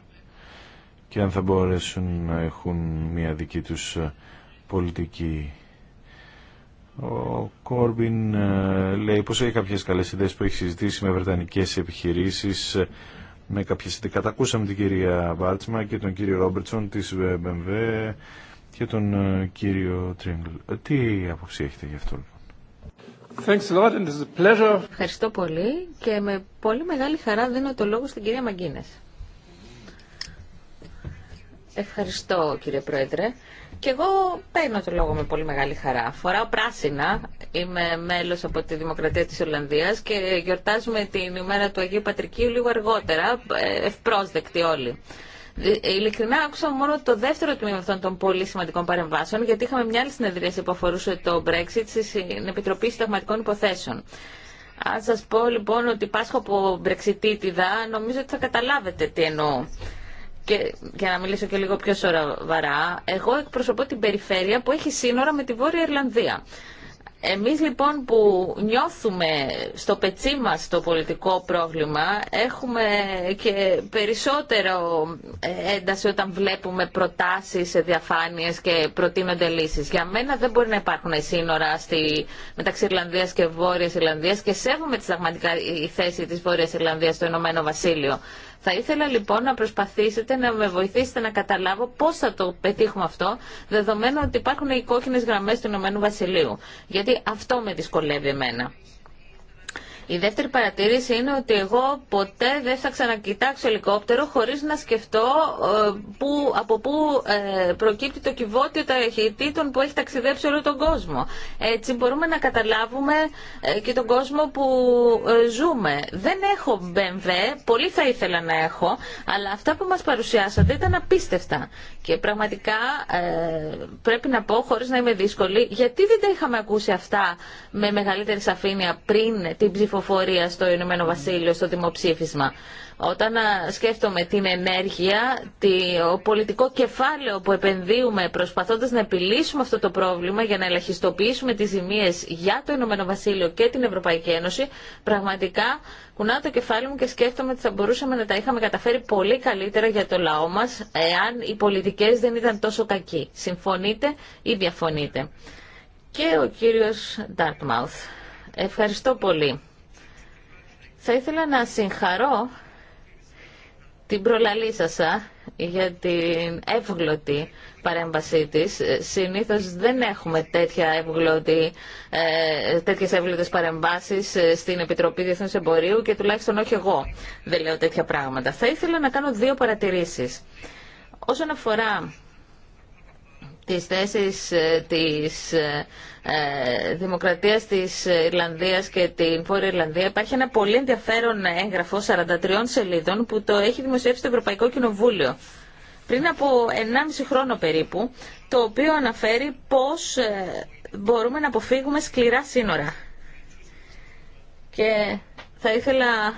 και αν θα μπορέσουν να έχουν μια δική τους ε, πολιτική. Ο Κόρμπιν ε, λέει πως έχει κάποιες καλές ιδέες που έχει συζητήσει με βρετανικές επιχειρήσεις, ε, με κάποιες ιδέες. Ακούσαμε την κυρία Βάλτσμα και τον κύριο Ρόμπερτσον της BMW και τον κύριο Τρίγκλ. Τι άποψη έχετε γι' αυτό λοιπόν. Ευχαριστώ πολύ και με πολύ μεγάλη χαρά δίνω το λόγο στην κυρία Μαγκίνες. Ευχαριστώ κύριε Πρόεδρε. Και εγώ παίρνω το λόγο με πολύ μεγάλη χαρά. Φοράω πράσινα, είμαι μέλος από τη Δημοκρατία της Ολλανδίας και γιορτάζουμε την ημέρα του Αγίου Πατρικίου λίγο αργότερα, ευπρόσδεκτοι όλοι. Ειλικρινά άκουσα μόνο το δεύτερο τμήμα αυτών των πολύ σημαντικών παρεμβάσεων, γιατί είχαμε μια άλλη συνεδρίαση που αφορούσε το Brexit στην Επιτροπή Συνταγματικών Υποθέσεων. Αν σας πω λοιπόν ότι πάσχω από Brexitίτιδα, νομίζω ότι θα καταλάβετε τι εννοώ και για να μιλήσω και λίγο πιο σοβαρά, εγώ εκπροσωπώ την περιφέρεια που έχει σύνορα με τη Βόρεια Ιρλανδία. Εμείς λοιπόν που νιώθουμε στο πετσί μας το πολιτικό πρόβλημα έχουμε και περισσότερο ε, ένταση όταν βλέπουμε προτάσεις, διαφάνειες και προτείνονται λύσεις. Για μένα δεν μπορεί να υπάρχουν σύνορα στη, μεταξύ Ιρλανδίας και Βόρειας Ιρλανδίας και σέβομαι τη σταγματικά η θέση της Βόρειας Ιρλανδίας στο Ηνωμένο Βασίλειο. Θα ήθελα λοιπόν να προσπαθήσετε να με βοηθήσετε να καταλάβω πώς θα το πετύχουμε αυτό, δεδομένου ότι υπάρχουν οι κόκκινες γραμμές του Ηνωμένου Βασιλείου. Γιατί αυτό με δυσκολεύει εμένα. Η δεύτερη παρατήρηση είναι ότι εγώ ποτέ δεν θα ξανακοιτάξω ελικόπτερο χωρίς να σκεφτώ ε, που, από πού ε, προκύπτει το κυβότιο ταχυτήτων που έχει ταξιδέψει όλο τον κόσμο. Έτσι μπορούμε να καταλάβουμε ε, και τον κόσμο που ζούμε. Δεν έχω BMW, πολύ θα ήθελα να έχω, αλλά αυτά που μας παρουσιάσατε ήταν απίστευτα. Και πραγματικά πρέπει να πω, χωρίς να είμαι δύσκολη, γιατί δεν τα είχαμε ακούσει αυτά με μεγαλύτερη σαφήνεια πριν την ψηφοφορία ψηφοφορία στο Ηνωμένο Βασίλειο στο δημοψήφισμα. Όταν ε, σκέφτομαι την ενέργεια, το πολιτικό κεφάλαιο που επενδύουμε προσπαθώντας να επιλύσουμε αυτό το πρόβλημα για να ελαχιστοποιήσουμε τις ζημίες για το Ηνωμένο Βασίλειο και την Ευρωπαϊκή Ένωση, πραγματικά κουνά το κεφάλι μου και σκέφτομαι ότι θα μπορούσαμε να τα είχαμε καταφέρει πολύ καλύτερα για το λαό μας, εάν οι πολιτικές δεν ήταν τόσο κακοί. Συμφωνείτε ή διαφωνείτε. Και ο κύριος Dartmouth. Ευχαριστώ πολύ. Θα ήθελα να συγχαρώ την προλαλήσασα για την εύγλωτη παρέμβασή της. Συνήθως δεν έχουμε τέτοια εύγλωτη, ε, τέτοιες εύγλωτες παρεμβάσεις ε, στην Επιτροπή Διεθνούς Εμπορίου και τουλάχιστον όχι εγώ δεν λέω τέτοια πράγματα. Θα ήθελα να κάνω δύο παρατηρήσεις. Όσον αφορά τις θέσεις ε, της ε, ε, Δημοκρατίας της Ιρλανδίας και την Βόρεια Ιρλανδία υπάρχει ένα πολύ ενδιαφέρον έγγραφο 43 σελίδων που το έχει δημοσιεύσει το Ευρωπαϊκό Κοινοβούλιο πριν από 1,5 χρόνο περίπου το οποίο αναφέρει πώς μπορούμε να αποφύγουμε σκληρά σύνορα. Και θα ήθελα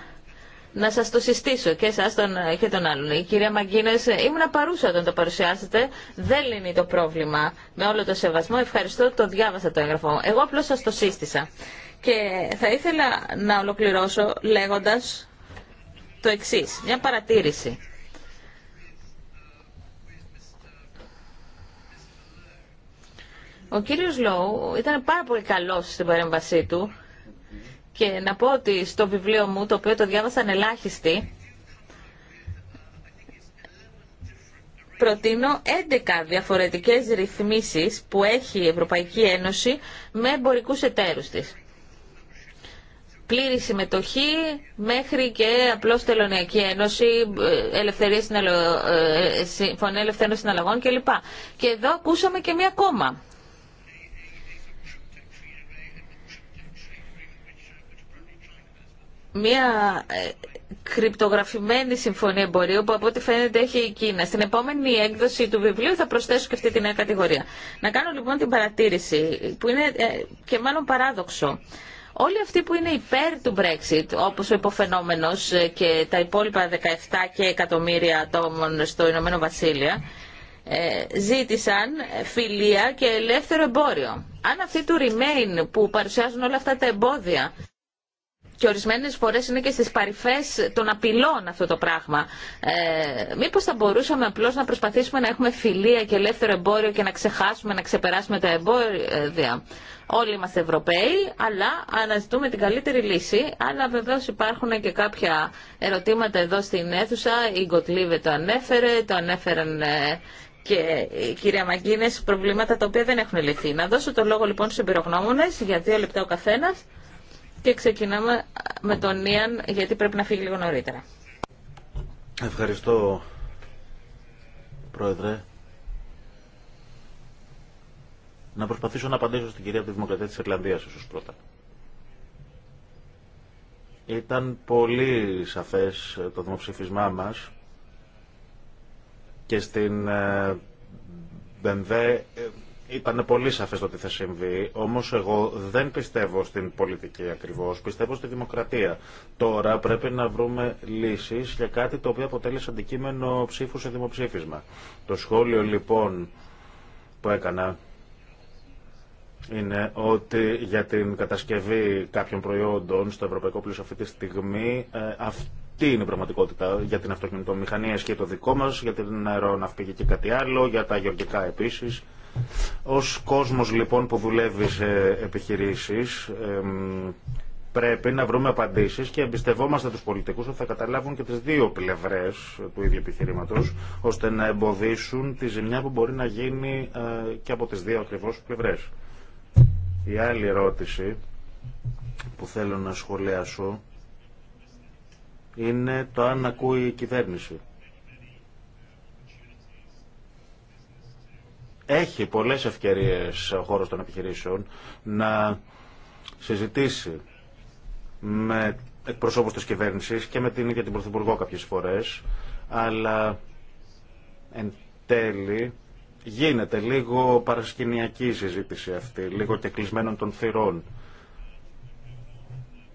να σας το συστήσω και εσάς τον, και τον άλλον. Η κυρία Μαγκίνες, ε, ήμουν παρούσα όταν το παρουσιάσατε, δεν λύνει το πρόβλημα με όλο το σεβασμό. Ευχαριστώ, το διάβασα το έγγραφό Εγώ απλώς σας το σύστησα. Και θα ήθελα να ολοκληρώσω λέγοντας το εξής, μια παρατήρηση. Ο κύριος Λόου ήταν πάρα πολύ καλός στην παρέμβασή του και να πω ότι στο βιβλίο μου, το οποίο το διάβασαν ελάχιστοι, προτείνω 11 διαφορετικές ρυθμίσεις που έχει η Ευρωπαϊκή Ένωση με εμπορικούς εταίρους της. Πλήρη συμμετοχή μέχρι και απλώς τελωνιακή ένωση, ελευθερία συναλλο... Ε, συμφωνία ελευθέρων συναλλαγών κλπ. Και εδώ ακούσαμε και μία κόμμα. μια ε, κρυπτογραφημένη συμφωνία εμπορίου που από ό,τι φαίνεται έχει η Κίνα. Στην επόμενη έκδοση του βιβλίου θα προσθέσω και αυτή τη νέα κατηγορία. Να κάνω λοιπόν την παρατήρηση που είναι ε, και μάλλον παράδοξο. Όλοι αυτοί που είναι υπέρ του Brexit, όπως ο υποφαινόμενος ε, και τα υπόλοιπα 17 και εκατομμύρια ατόμων στο Ηνωμένο Βασίλεια, ζήτησαν φιλία και ελεύθερο εμπόριο. Αν αυτοί του Remain που παρουσιάζουν όλα αυτά τα εμπόδια και ορισμένε φορέ είναι και στι παρυφές των απειλών αυτό το πράγμα. Ε, μήπως θα μπορούσαμε απλώ να προσπαθήσουμε να έχουμε φιλία και ελεύθερο εμπόριο και να ξεχάσουμε, να ξεπεράσουμε τα εμπόρια. Όλοι είμαστε Ευρωπαίοι, αλλά αναζητούμε την καλύτερη λύση. Αλλά βεβαίω υπάρχουν και κάποια ερωτήματα εδώ στην αίθουσα. Η Γκοτλίβε το ανέφερε, το ανέφεραν ε, και η κυρία Μαγκίνες προβλήματα τα οποία δεν έχουν λυθεί. Να δώσω το λόγο λοιπόν στου εμπειρογνώμονε για δύο λεπτά ο καθένα. Και ξεκινάμε με τον Ιαν, γιατί πρέπει να φύγει λίγο νωρίτερα. Ευχαριστώ, Πρόεδρε. Να προσπαθήσω να απαντήσω στην κυρία από τη Δημοκρατία της Ιρλανδίας, ίσως πρώτα. Ήταν πολύ σαφές το δημοψηφισμά μας και στην ΜΒΕ ήταν πολύ σαφέ το τι θα συμβεί, όμω εγώ δεν πιστεύω στην πολιτική ακριβώ, πιστεύω στη δημοκρατία. Τώρα πρέπει να βρούμε λύσει για κάτι το οποίο αποτέλεσε αντικείμενο ψήφου σε δημοψήφισμα. Το σχόλιο λοιπόν που έκανα είναι ότι για την κατασκευή κάποιων προϊόντων στο ευρωπαϊκό πλαίσιο αυτή τη στιγμή ε, αυτή είναι η πραγματικότητα για την αυτοκινητομηχανία και το δικό μας, για την αεροναυπηγική κάτι άλλο, για τα γεωργικά επίσης. Ως κόσμος λοιπόν που δουλεύει σε επιχειρήσεις πρέπει να βρούμε απαντήσεις και εμπιστευόμαστε τους πολιτικούς ότι θα καταλάβουν και τις δύο πλευρές του ίδιου επιχειρήματος ώστε να εμποδίσουν τη ζημιά που μπορεί να γίνει ε, και από τις δύο ακριβώς πλευρές. Η άλλη ερώτηση που θέλω να σχολιάσω είναι το αν ακούει η κυβέρνηση. έχει πολλές ευκαιρίες ο χώρος των επιχειρήσεων να συζητήσει με εκπροσώπους της κυβέρνησης και με την ίδια την Πρωθυπουργό κάποιες φορές, αλλά εν τέλει γίνεται λίγο παρασκηνιακή η συζήτηση αυτή, λίγο και κλεισμένων των θυρών.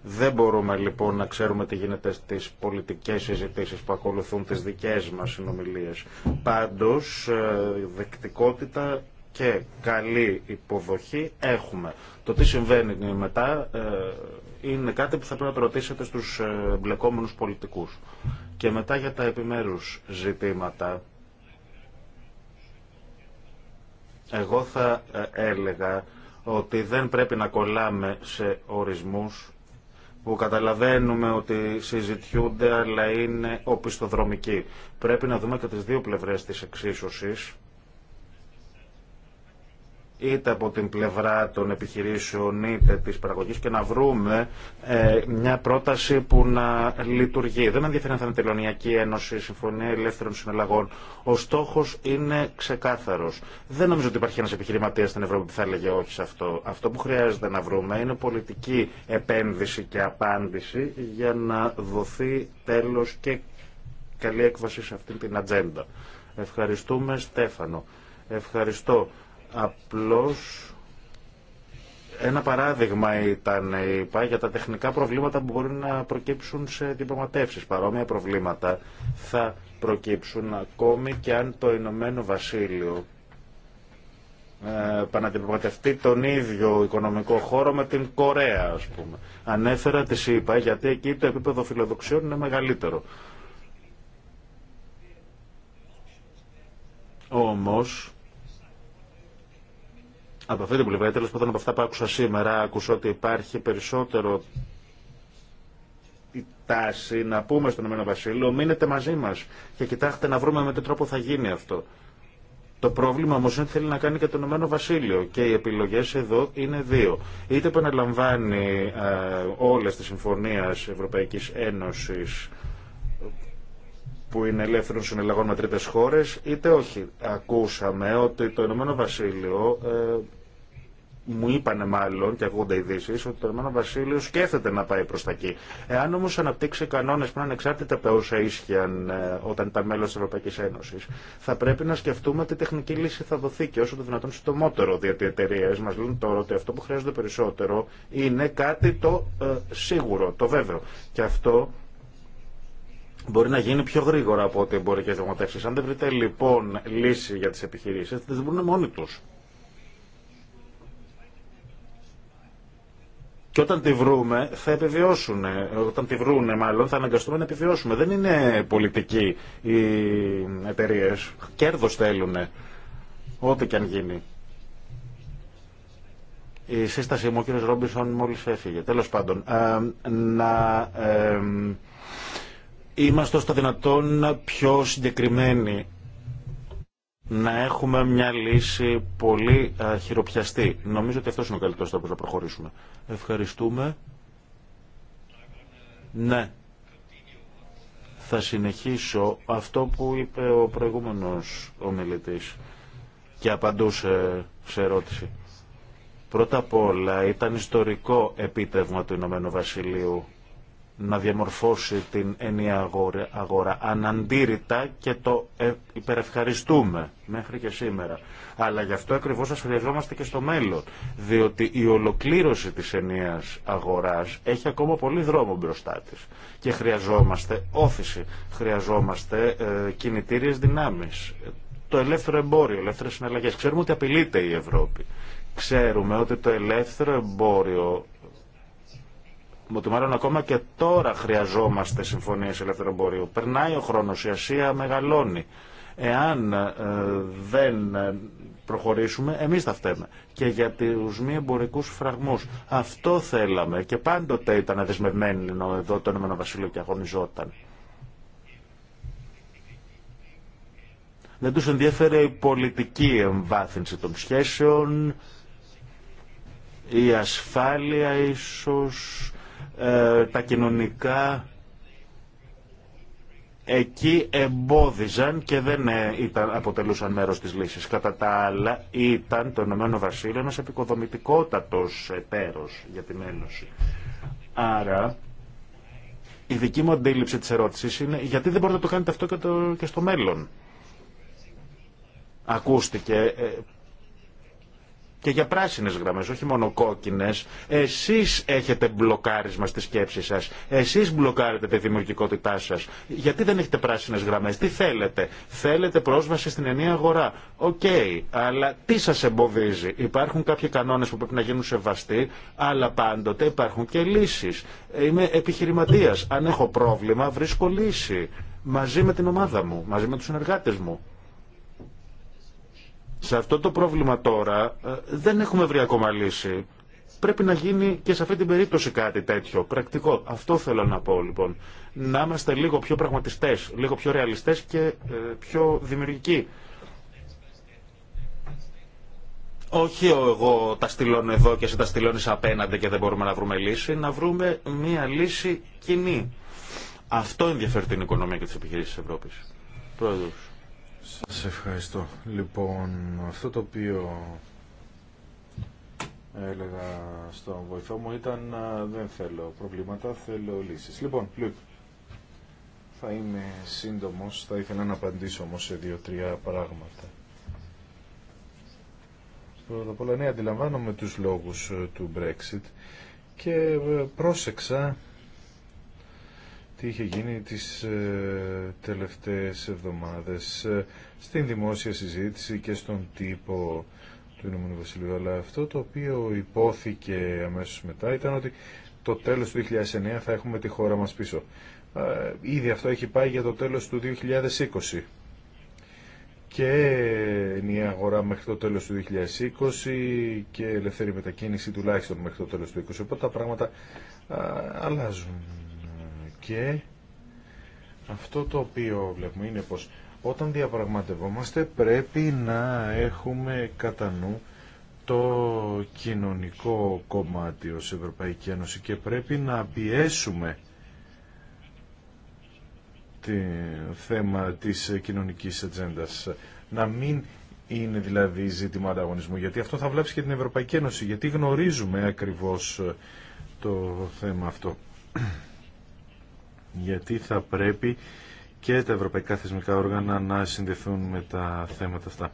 Δεν μπορούμε λοιπόν να ξέρουμε τι γίνεται στις πολιτικές συζητήσεις που ακολουθούν τις δικές μας συνομιλίες. Πάντως, ε, δεκτικότητα και καλή υποδοχή έχουμε. Το τι συμβαίνει μετά ε, είναι κάτι που θα πρέπει να το ρωτήσετε στους ε, μπλεκόμενους πολιτικούς. Και μετά για τα επιμέρους ζητήματα. Εγώ θα έλεγα ότι δεν πρέπει να κολλάμε σε ορισμούς που καταλαβαίνουμε ότι συζητιούνται αλλά είναι οπισθοδρομικοί. Πρέπει να δούμε και τις δύο πλευρές της εξίσωσης είτε από την πλευρά των επιχειρήσεων είτε της παραγωγής και να βρούμε ε, μια πρόταση που να λειτουργεί. Δεν ενδιαφέρει αν θα είναι τελωνιακή ένωση, συμφωνία ελεύθερων συναλλαγών. Ο στόχος είναι ξεκάθαρος. Δεν νομίζω ότι υπάρχει ένας επιχειρηματίας στην Ευρώπη που θα έλεγε όχι σε αυτό. Αυτό που χρειάζεται να βρούμε είναι πολιτική επένδυση και απάντηση για να δοθεί τέλος και καλή έκβαση σε αυτή την ατζέντα. Ευχαριστούμε Στέφανο. Ευχαριστώ. Απλώς ένα παράδειγμα ήταν είπα, για τα τεχνικά προβλήματα που μπορεί να προκύψουν σε διπλωματεύσει. Παρόμοια προβλήματα θα προκύψουν ακόμη και αν το Ηνωμένο Βασίλειο ε, τον ίδιο οικονομικό χώρο με την Κορέα, ας πούμε. Ανέφερα τη ΣΥΠΑ γιατί εκεί το επίπεδο φιλοδοξιών είναι μεγαλύτερο. Όμως, από αυτή την πλευρά, τέλο πάντων από αυτά που άκουσα σήμερα, άκουσα ότι υπάρχει περισσότερο η τάση να πούμε στον Ηνωμένο Βασίλειο μείνετε μαζί μα και κοιτάξτε να βρούμε με τι τρόπο θα γίνει αυτό. Το πρόβλημα όμω είναι ότι θέλει να κάνει και το Ηνωμένο Βασίλειο και οι επιλογέ εδώ είναι δύο. Είτε επαναλαμβάνει ε, όλε τι συμφωνίε Ευρωπαϊκή Ένωση που είναι ελεύθερων συνελλαγών με τρίτε χώρε, είτε όχι. Ακούσαμε ότι το Ηνωμένο Βασίλειο ε, μου είπανε μάλλον και ακούγονται ειδήσει ότι το Ηνωμένο Βασίλειο σκέφτεται να πάει προ τα εκεί. Εάν όμω αναπτύξει κανόνε που είναι ανεξάρτητα από τα όσα ίσχυαν ε, όταν ήταν μέλο τη Ευρωπαϊκή Ένωση, θα πρέπει να σκεφτούμε τι τεχνική λύση θα δοθεί και όσο το δυνατόν συντομότερο. Διότι οι εταιρείε μα λένε τώρα ότι αυτό που χρειάζονται περισσότερο είναι κάτι το ε, σίγουρο, το βέβαιο. Και αυτό μπορεί να γίνει πιο γρήγορα από ό,τι και δημοτεύσει. Αν δεν βρείτε λοιπόν λύση για τι επιχειρήσει, δεν μπορούν μόνοι του. Και όταν τη βρούμε, θα επιβιώσουν. Όταν τη βρούνε, μάλλον, θα αναγκαστούμε να επιβιώσουμε. Δεν είναι πολιτικοί οι εταιρείε. Κέρδο θέλουν. Ό,τι και αν γίνει. Η σύστασή μου, ο κ. Ρόμπισον, μόλι έφυγε. Τέλο πάντων, ε, να. Ε, είμαστε τα δυνατόν πιο συγκεκριμένοι να έχουμε μια λύση πολύ χειροπιαστή. Νομίζω ότι αυτό είναι ο καλύτερος τρόπος να προχωρήσουμε. Ευχαριστούμε. Ναι. Θα συνεχίσω αυτό που είπε ο προηγούμενος ομιλητής και απαντούσε σε ερώτηση. Πρώτα απ' όλα ήταν ιστορικό επίτευγμα του Ηνωμένου Βασιλείου να διαμορφώσει την ενιαία αγορά αναντήρητα και το ε- υπερευχαριστούμε μέχρι και σήμερα. Αλλά γι' αυτό ακριβώς σας χρειαζόμαστε και στο μέλλον, διότι η ολοκλήρωση της ενιαίας αγοράς έχει ακόμα πολύ δρόμο μπροστά της και χρειαζόμαστε όθηση, χρειαζόμαστε ε, κινητήριες δυνάμεις, το ελεύθερο εμπόριο, ελεύθερες συναλλαγές. Ξέρουμε ότι απειλείται η Ευρώπη. Ξέρουμε ότι το ελεύθερο εμπόριο ότι μάλλον ακόμα και τώρα χρειαζόμαστε συμφωνίε ελεύθερου εμπορίου. Περνάει ο χρόνος, η Ασία μεγαλώνει. Εάν ε, δεν προχωρήσουμε, εμείς θα φταίμε. Και για του μη εμπορικού φραγμούς. Αυτό θέλαμε και πάντοτε ήταν δεσμευμένο εδώ το Ηνωμένο Βασίλειο και αγωνιζόταν. Δεν τους ενδιέφερε η πολιτική εμβάθυνση των σχέσεων, η ασφάλεια ίσως, ε, τα κοινωνικά εκεί εμπόδιζαν και δεν ε, ήταν, αποτελούσαν μέρος της λύσης. Κατά τα άλλα ήταν το Ηνωμένο Βασίλειο ένας επικοδομητικότατος εταίρος για την Ένωση. Άρα η δική μου αντίληψη της ερώτησης είναι γιατί δεν μπορείτε να το κάνετε αυτό και, το, και στο μέλλον. Ακούστηκε ε, και για πράσινε γραμμέ, όχι μόνο κόκκινε. Εσεί έχετε μπλοκάρισμα στη σκέψη σα. Εσεί μπλοκάρετε τη δημιουργικότητά σα. Γιατί δεν έχετε πράσινε γραμμέ, τι θέλετε. Θέλετε πρόσβαση στην ενιαία αγορά. Οκ, αλλά τι σα εμποδίζει. Υπάρχουν κάποιοι κανόνε που πρέπει να γίνουν σεβαστοί, αλλά πάντοτε υπάρχουν και λύσει. Είμαι επιχειρηματία. Αν έχω πρόβλημα, βρίσκω λύση. Μαζί με την ομάδα μου, μαζί με του συνεργάτε μου. Σε αυτό το πρόβλημα τώρα ε, δεν έχουμε βρει ακόμα λύση. Πρέπει να γίνει και σε αυτή την περίπτωση κάτι τέτοιο, πρακτικό. Αυτό θέλω να πω λοιπόν. Να είμαστε λίγο πιο πραγματιστές, λίγο πιο ρεαλιστές και ε, πιο δημιουργικοί. Όχι εγώ τα στυλώνω εδώ και εσύ τα στυλώνεις απέναντι και δεν μπορούμε να βρούμε λύση. Να βρούμε μία λύση κοινή. Αυτό ενδιαφέρει την οικονομία και τις επιχειρήσεις της Ευρώπης. Πρόεδρος. Σας ευχαριστώ. Λοιπόν, αυτό το οποίο έλεγα στον βοηθό μου ήταν δεν θέλω προβλήματα, θέλω λύσεις. Λοιπόν, Λουκ, θα είμαι σύντομος, θα ήθελα να απαντήσω όμως σε δύο-τρία πράγματα. Πρώτα απ' όλα, ναι, αντιλαμβάνομαι τους λόγους ε, του Brexit και ε, πρόσεξα τι είχε γίνει τις ε, τελευταίες εβδομάδες ε, στην δημόσια συζήτηση και στον τύπο του Ηνωμένου Βασιλείου. Αλλά αυτό το οποίο υπόθηκε αμέσως μετά ήταν ότι το τέλος του 2009 θα έχουμε τη χώρα μας πίσω. Ε, ήδη αυτό έχει πάει για το τέλος του 2020 και η αγορά μέχρι το τέλος του 2020 και ελευθερή μετακίνηση τουλάχιστον μέχρι το τέλος του 2020. Οπότε τα πράγματα αλλάζουν και αυτό το οποίο βλέπουμε είναι πως όταν διαπραγματευόμαστε πρέπει να έχουμε κατά νου το κοινωνικό κομμάτι ως Ευρωπαϊκή Ένωση και πρέπει να πιέσουμε το θέμα της κοινωνικής ατζέντα. Να μην είναι δηλαδή ζήτημα ανταγωνισμού, γιατί αυτό θα βλάψει και την Ευρωπαϊκή Ένωση, γιατί γνωρίζουμε ακριβώς το θέμα αυτό γιατί θα πρέπει και τα ευρωπαϊκά θεσμικά όργανα να συνδεθούν με τα θέματα αυτά.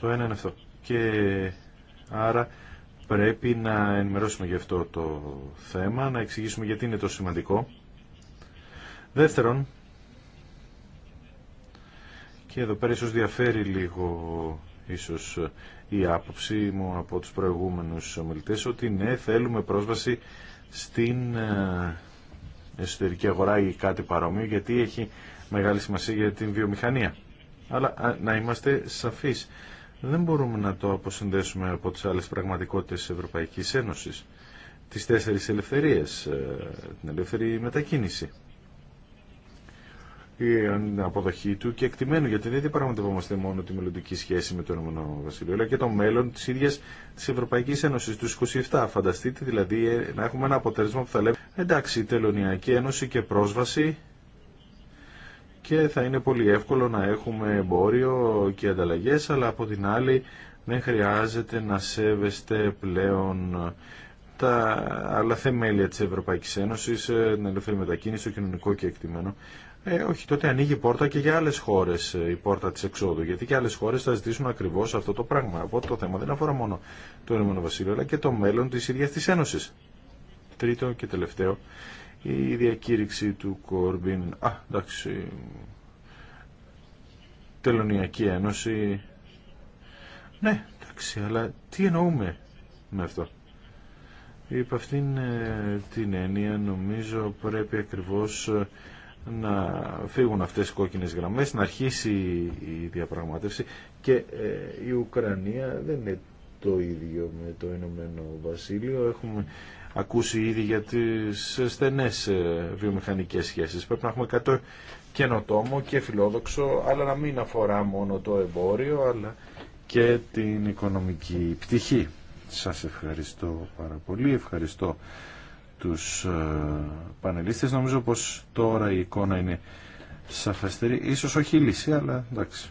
Το ένα είναι αυτό. Και άρα πρέπει να ενημερώσουμε γι' αυτό το θέμα, να εξηγήσουμε γιατί είναι το σημαντικό. Δεύτερον, και εδώ πέρα ίσως διαφέρει λίγο ίσως η άποψη μου από τους προηγούμενους ομιλητές ότι ναι θέλουμε πρόσβαση στην ε, εσωτερική αγορά ή κάτι παρόμοιο, γιατί έχει μεγάλη σημασία για την βιομηχανία. Αλλά να είμαστε σαφείς, δεν μπορούμε να το αποσυνδέσουμε από τις άλλες πραγματικότητες της Ευρωπαϊκής Ένωσης. Τις τέσσερις ελευθερίες, ε, την ελεύθερη μετακίνηση, η αποδοχή του και εκτιμένου, γιατί δεν διαπραγματευόμαστε μόνο τη μελλοντική σχέση με τον Ηνωμένο Βασίλειο, αλλά και το μέλλον τη ίδια τη Ευρωπαϊκή Ένωση, του 27. Φανταστείτε δηλαδή ε, να έχουμε ένα αποτέλεσμα που θα λέμε εντάξει, τελωνιακή ένωση και πρόσβαση και θα είναι πολύ εύκολο να έχουμε εμπόριο και ανταλλαγέ, αλλά από την άλλη δεν χρειάζεται να σέβεστε πλέον τα άλλα θεμέλια της Ευρωπαϊκής Ένωσης, την ε, ελευθερία μετακίνηση, το κοινωνικό και εκτιμένο. Ε, όχι, τότε ανοίγει πόρτα και για άλλες χώρες ε, η πόρτα της εξόδου, γιατί και άλλες χώρες θα ζητήσουν ακριβώς αυτό το πράγμα. Οπότε το θέμα δεν αφορά μόνο το Ηνωμένο Βασίλειο, αλλά και το μέλλον της ίδιας της Ένωσης. Τρίτο και τελευταίο, η διακήρυξη του Κόρμπιν, α, εντάξει, τελωνιακή ένωση. Ναι, εντάξει, αλλά τι εννοούμε με αυτό. Υπ' αυτήν ε, την έννοια νομίζω πρέπει ακριβώς ε, να φύγουν αυτές οι κόκκινες γραμμές, να αρχίσει η διαπραγμάτευση και ε, η Ουκρανία δεν είναι το ίδιο με το Ηνωμένο Βασίλειο. Έχουμε ακούσει ήδη για τις στενές ε, βιομηχανικές σχέσεις. Πρέπει να έχουμε κάτι καινοτόμο και φιλόδοξο, αλλά να μην αφορά μόνο το εμπόριο, αλλά και την οικονομική πτυχή. Σας ευχαριστώ πάρα πολύ. Ευχαριστώ τους ε, πανελίστες. Νομίζω πως τώρα η εικόνα είναι σαφέστερη. Ίσως όχι η λύση, αλλά εντάξει.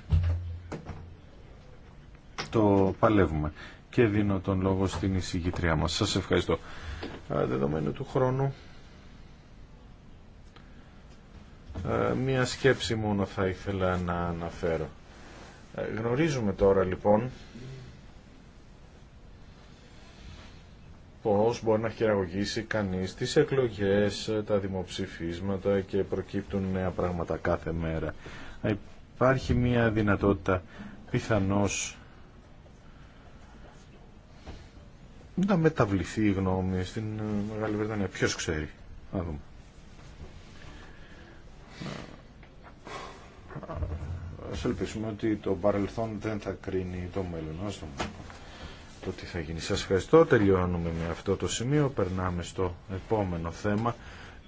Το παλεύουμε. Και δίνω τον λόγο στην εισηγήτριά μας. Σας ευχαριστώ. Ε, δεδομένου του χρόνου, ε, μία σκέψη μόνο θα ήθελα να αναφέρω. Γνωρίζουμε τώρα λοιπόν πώς μπορεί να χειραγωγήσει κανείς τις εκλογές, τα δημοψηφίσματα και προκύπτουν νέα πράγματα κάθε μέρα. Υπάρχει μια δυνατότητα πιθανώς να μεταβληθεί η γνώμη στην ε, Μεγάλη Βρετανία. Ποιος ξέρει. Να δούμε. ελπίσουμε ότι το παρελθόν δεν θα κρίνει το μέλλον. Ας το τι θα γίνει. Σας ευχαριστώ. Τελειώνουμε με αυτό το σημείο. Περνάμε στο επόμενο θέμα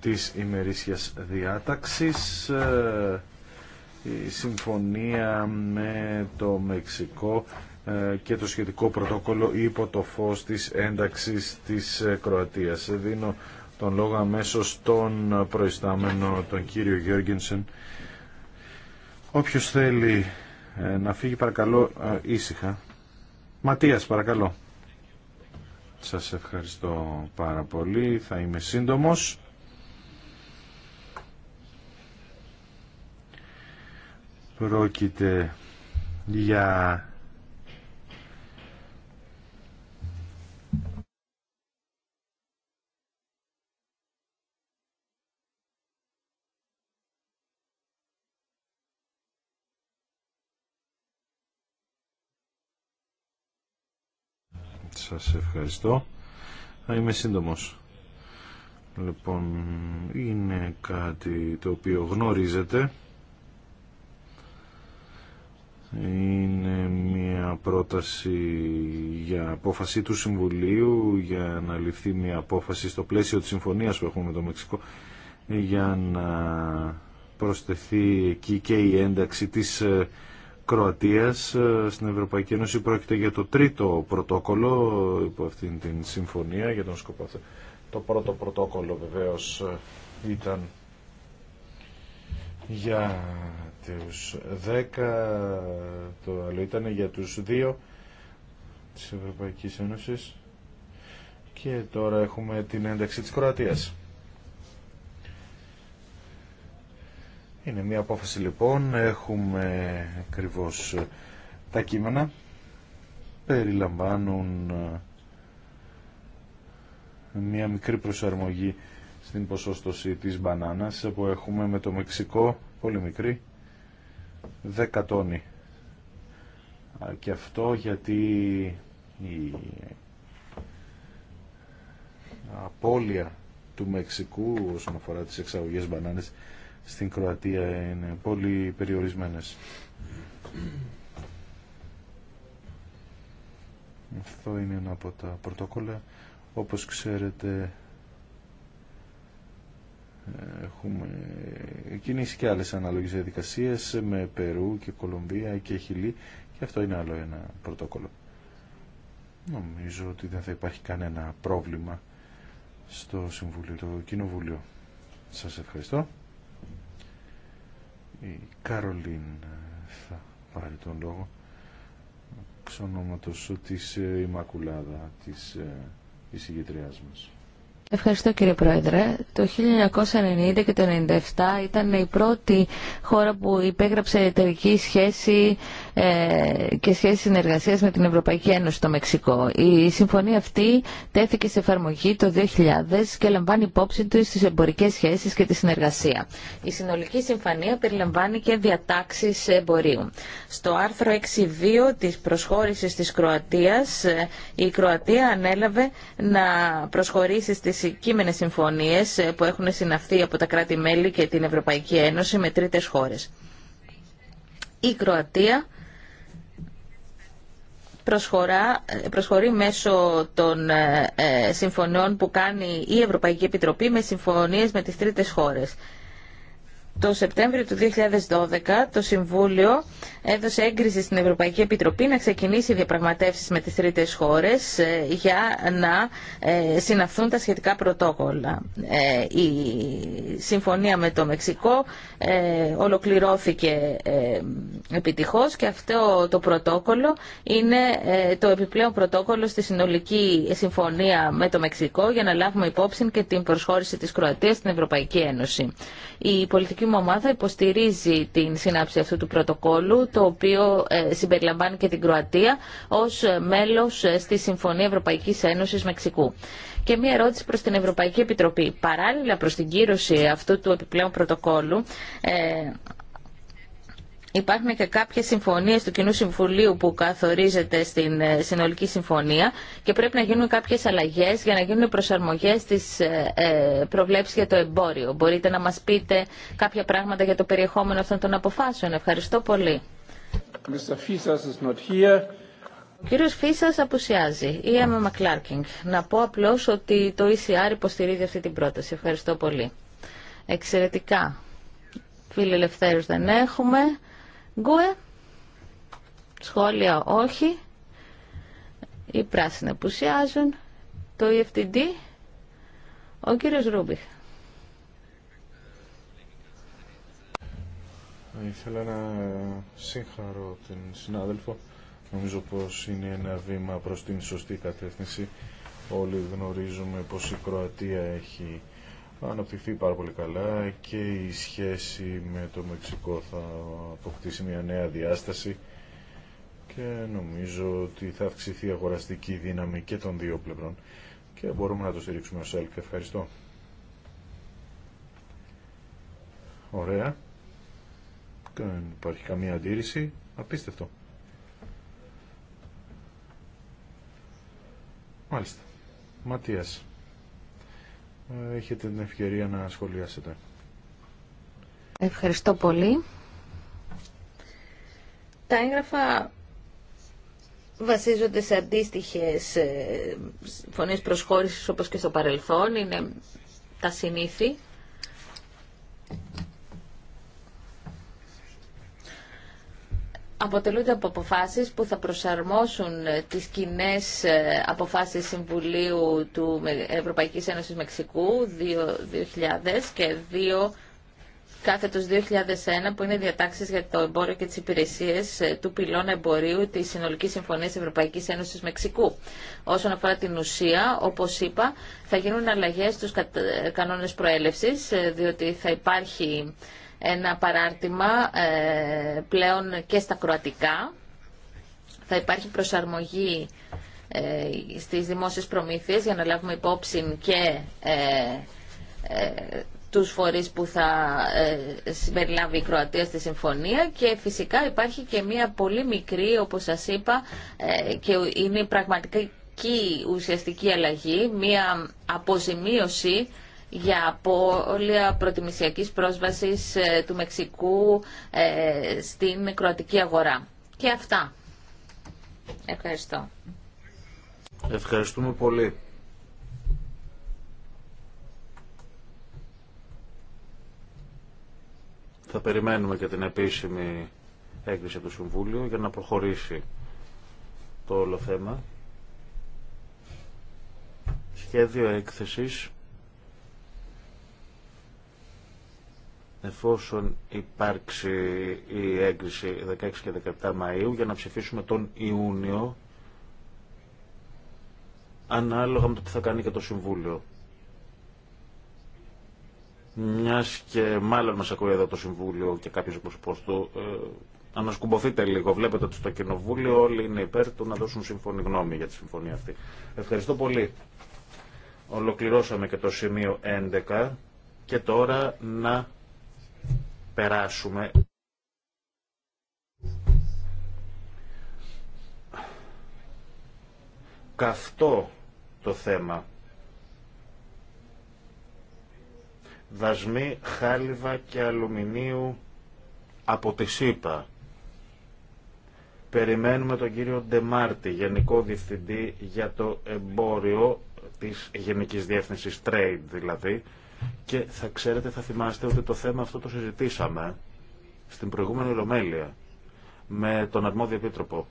της ημερήσιας διάταξης. Ε, η συμφωνία με το Μεξικό ε, και το σχετικό πρωτόκολλο υπό το φως της ένταξης της ε, Κροατίας. Δίνω τον λόγο αμέσως στον προϊστάμενο, τον κύριο Γιώργινσεν. Όποιος θέλει να φύγει παρακαλώ ήσυχα. Ματίας, παρακαλώ. Σας ευχαριστώ πάρα πολύ. Θα είμαι σύντομος. Πρόκειται για Σας ευχαριστώ. Θα είμαι σύντομος. Λοιπόν, είναι κάτι το οποίο γνωρίζετε. Είναι μια πρόταση για απόφαση του Συμβουλίου για να ληφθεί μια απόφαση στο πλαίσιο της συμφωνίας που έχουμε με το Μεξικό για να προσθεθεί εκεί και η ένταξη της ε, Κροατίας ε, στην Ευρωπαϊκή Ένωση πρόκειται για το τρίτο πρωτόκολλο υπό αυτήν την συμφωνία για τον σκοπό Το πρώτο πρωτόκολλο βεβαίως ε, ήταν για τους 10, το άλλο ήταν για τους 2 της Ευρωπαϊκής Ένωσης και τώρα έχουμε την ένταξη της Κροατίας. Είναι μια απόφαση λοιπόν. Έχουμε ακριβώ τα κείμενα. Περιλαμβάνουν ε, μια μικρή προσαρμογή στην ποσόστοση της μπανάνας που έχουμε με το Μεξικό, πολύ μικρή, 10 Και αυτό γιατί η απώλεια του Μεξικού όσον αφορά τις εξαγωγές μπανάνες στην Κροατία είναι πολύ περιορισμένες. Αυτό είναι ένα από τα πρωτόκολλα. Όπως ξέρετε έχουμε κινήσει και άλλες αναλογικές διαδικασίες με Περού και Κολομβία και Χιλή και αυτό είναι άλλο ένα πρωτόκολλο. Νομίζω ότι δεν θα υπάρχει κανένα πρόβλημα στο Συμβούλιο, το Κοινοβούλιο. Σας ευχαριστώ. Η Κάρολιν θα πάρει τον λόγο εξ ονόματος της Ημακουλάδα, ε, της ε, εισηγητριάς μας. Ευχαριστώ κύριε Πρόεδρε. Το 1990 και το 1997 ήταν η πρώτη χώρα που υπέγραψε εταιρική σχέση ε, και σχέση συνεργασίας με την Ευρωπαϊκή Ένωση στο Μεξικό. Η συμφωνία αυτή τέθηκε σε εφαρμογή το 2000 και λαμβάνει υπόψη του στις εμπορικές σχέσεις και τη συνεργασία. Η συνολική συμφωνία περιλαμβάνει και διατάξεις εμπορίου. Στο άρθρο 6.2 της προσχώρησης της Κροατίας, ε, η Κροατία ανέλαβε να προσχωρήσει στη τις κείμενες συμφωνίες ε, που έχουν συναυθεί από τα κράτη-μέλη και την Ευρωπαϊκή Ένωση με τρίτες χώρες. Η Κροατία προσχωρά, ε, προσχωρεί μέσω των ε, συμφωνιών που κάνει η Ευρωπαϊκή Επιτροπή με συμφωνίες με τις τρίτες χώρες. Το Σεπτέμβριο του 2012 το Συμβούλιο έδωσε έγκριση στην Ευρωπαϊκή Επιτροπή να ξεκινήσει διαπραγματεύσεις με τις τρίτες χώρες ε, για να ε, συναυθούν τα σχετικά πρωτόκολλα. Ε, η συμφωνία με το Μεξικό ολοκληρώθηκε επιτυχώς και αυτό το πρωτόκολλο είναι το επιπλέον πρωτόκολλο στη συνολική συμφωνία με το Μεξικό για να λάβουμε υπόψη και την προσχώρηση της Κροατίας στην Ευρωπαϊκή Ένωση. Η πολιτική μου ομάδα υποστηρίζει την συνάψη αυτού του πρωτοκόλλου το οποίο ε, συμπεριλαμβάνει και την Κροατία ως ε, μέλος ε, στη Συμφωνία Ευρωπαϊκής Ένωσης Μεξικού. Και μία ερώτηση προς την Ευρωπαϊκή Επιτροπή. Παράλληλα προς την κύρωση αυτού του επιπλέον πρωτοκόλου, Υπάρχουν και κάποιες συμφωνίες του Κοινού Συμβουλίου που καθορίζεται στην Συνολική Συμφωνία και πρέπει να γίνουν κάποιες αλλαγές για να γίνουν προσαρμογές στις προβλέψεις για το εμπόριο. Μπορείτε να μας πείτε κάποια πράγματα για το περιεχόμενο αυτών των αποφάσεων. Ευχαριστώ πολύ. Ο κύριος Φίσας απουσιάζει. Η Έμμα Μακλάρκινγκ. Να πω απλώς ότι το ECR υποστηρίζει αυτή την πρόταση. Ευχαριστώ πολύ. Εξαιρετικά. Ελευθέρους δεν έχουμε. Γκουε. Σχόλια όχι. Οι πράσινοι απουσιάζουν. Το EFTD. Ο κύριος Ρούμπιχ. Ήθελα να συγχαρώ την συνάδελφο. Νομίζω πως είναι ένα βήμα προς την σωστή κατεύθυνση. Όλοι γνωρίζουμε πως η Κροατία έχει αναπτυχθεί πάρα πολύ καλά και η σχέση με το Μεξικό θα αποκτήσει μια νέα διάσταση και νομίζω ότι θα αυξηθεί η αγοραστική δύναμη και των δύο πλευρών και μπορούμε να το στηρίξουμε ως ΕΛΚ. Ευχαριστώ. Ωραία. Δεν υπάρχει καμία αντίρρηση. Απίστευτο. Μάλιστα. Ματίας. Έχετε την ευκαιρία να σχολιάσετε. Ευχαριστώ πολύ. Τα έγγραφα βασίζονται σε αντίστοιχες ε, φωνές προσχώρησης όπως και στο παρελθόν. Είναι τα συνήθη. αποτελούνται από αποφάσεις που θα προσαρμόσουν ε, τις κοινέ ε, αποφάσεις Συμβουλίου του Ευρωπαϊκής Ένωσης Μεξικού 2000 και 2 κάθετος 2001 που είναι διατάξεις για το εμπόριο και τις υπηρεσίες ε, του πυλώνα εμπορίου της Συνολικής Συμφωνίας Ευρωπαϊκής Ένωσης Μεξικού. Όσον αφορά την ουσία, όπως είπα, θα γίνουν αλλαγές στους κανόνες προέλευσης, διότι θα υπάρχει ένα παράρτημα ε, πλέον και στα κροατικά. Θα υπάρχει προσαρμογή ε, στις δημόσιες προμήθειες για να λάβουμε υπόψη και ε, τους φορείς που θα συμπεριλάβει η Κροατία στη συμφωνία και φυσικά υπάρχει και μία πολύ μικρή, όπως σας είπα, και είναι η πραγματική ουσιαστική αλλαγή, μία αποζημίωση για απώλεια προτιμησιακής πρόσβασης ε, του Μεξικού ε, στην κροατική αγορά. Και αυτά. Ευχαριστώ. Ευχαριστούμε πολύ. Θα περιμένουμε και την επίσημη έγκριση του Συμβούλιο για να προχωρήσει το όλο θέμα. Σχέδιο έκθεσης εφόσον υπάρξει η έγκριση 16 και 17 Μαΐου για να ψηφίσουμε τον Ιούνιο ανάλογα με το τι θα κάνει και το Συμβούλιο. Μια και μάλλον μας ακούει εδώ το Συμβούλιο και κάποιος εκπροσωπό του, ε, ανασκουμποθείτε λίγο. Βλέπετε ότι στο Κοινοβούλιο όλοι είναι υπέρ του να δώσουν σύμφωνη γνώμη για τη συμφωνία αυτή. Ευχαριστώ πολύ. Ολοκληρώσαμε και το σημείο 11 και τώρα να περάσουμε καυτό το θέμα. Δασμοί χάλιβα και αλουμινίου από τη ΣΥΠΑ. Περιμένουμε τον κύριο Ντεμάρτη, Γενικό Διευθυντή για το Εμπόριο της Γενικής Διεύθυνσης Trade δηλαδή, και θα ξέρετε, θα θυμάστε ότι το θέμα αυτό το συζητήσαμε στην προηγούμενη Ολομέλεια με τον αρμόδιο επίτροπο.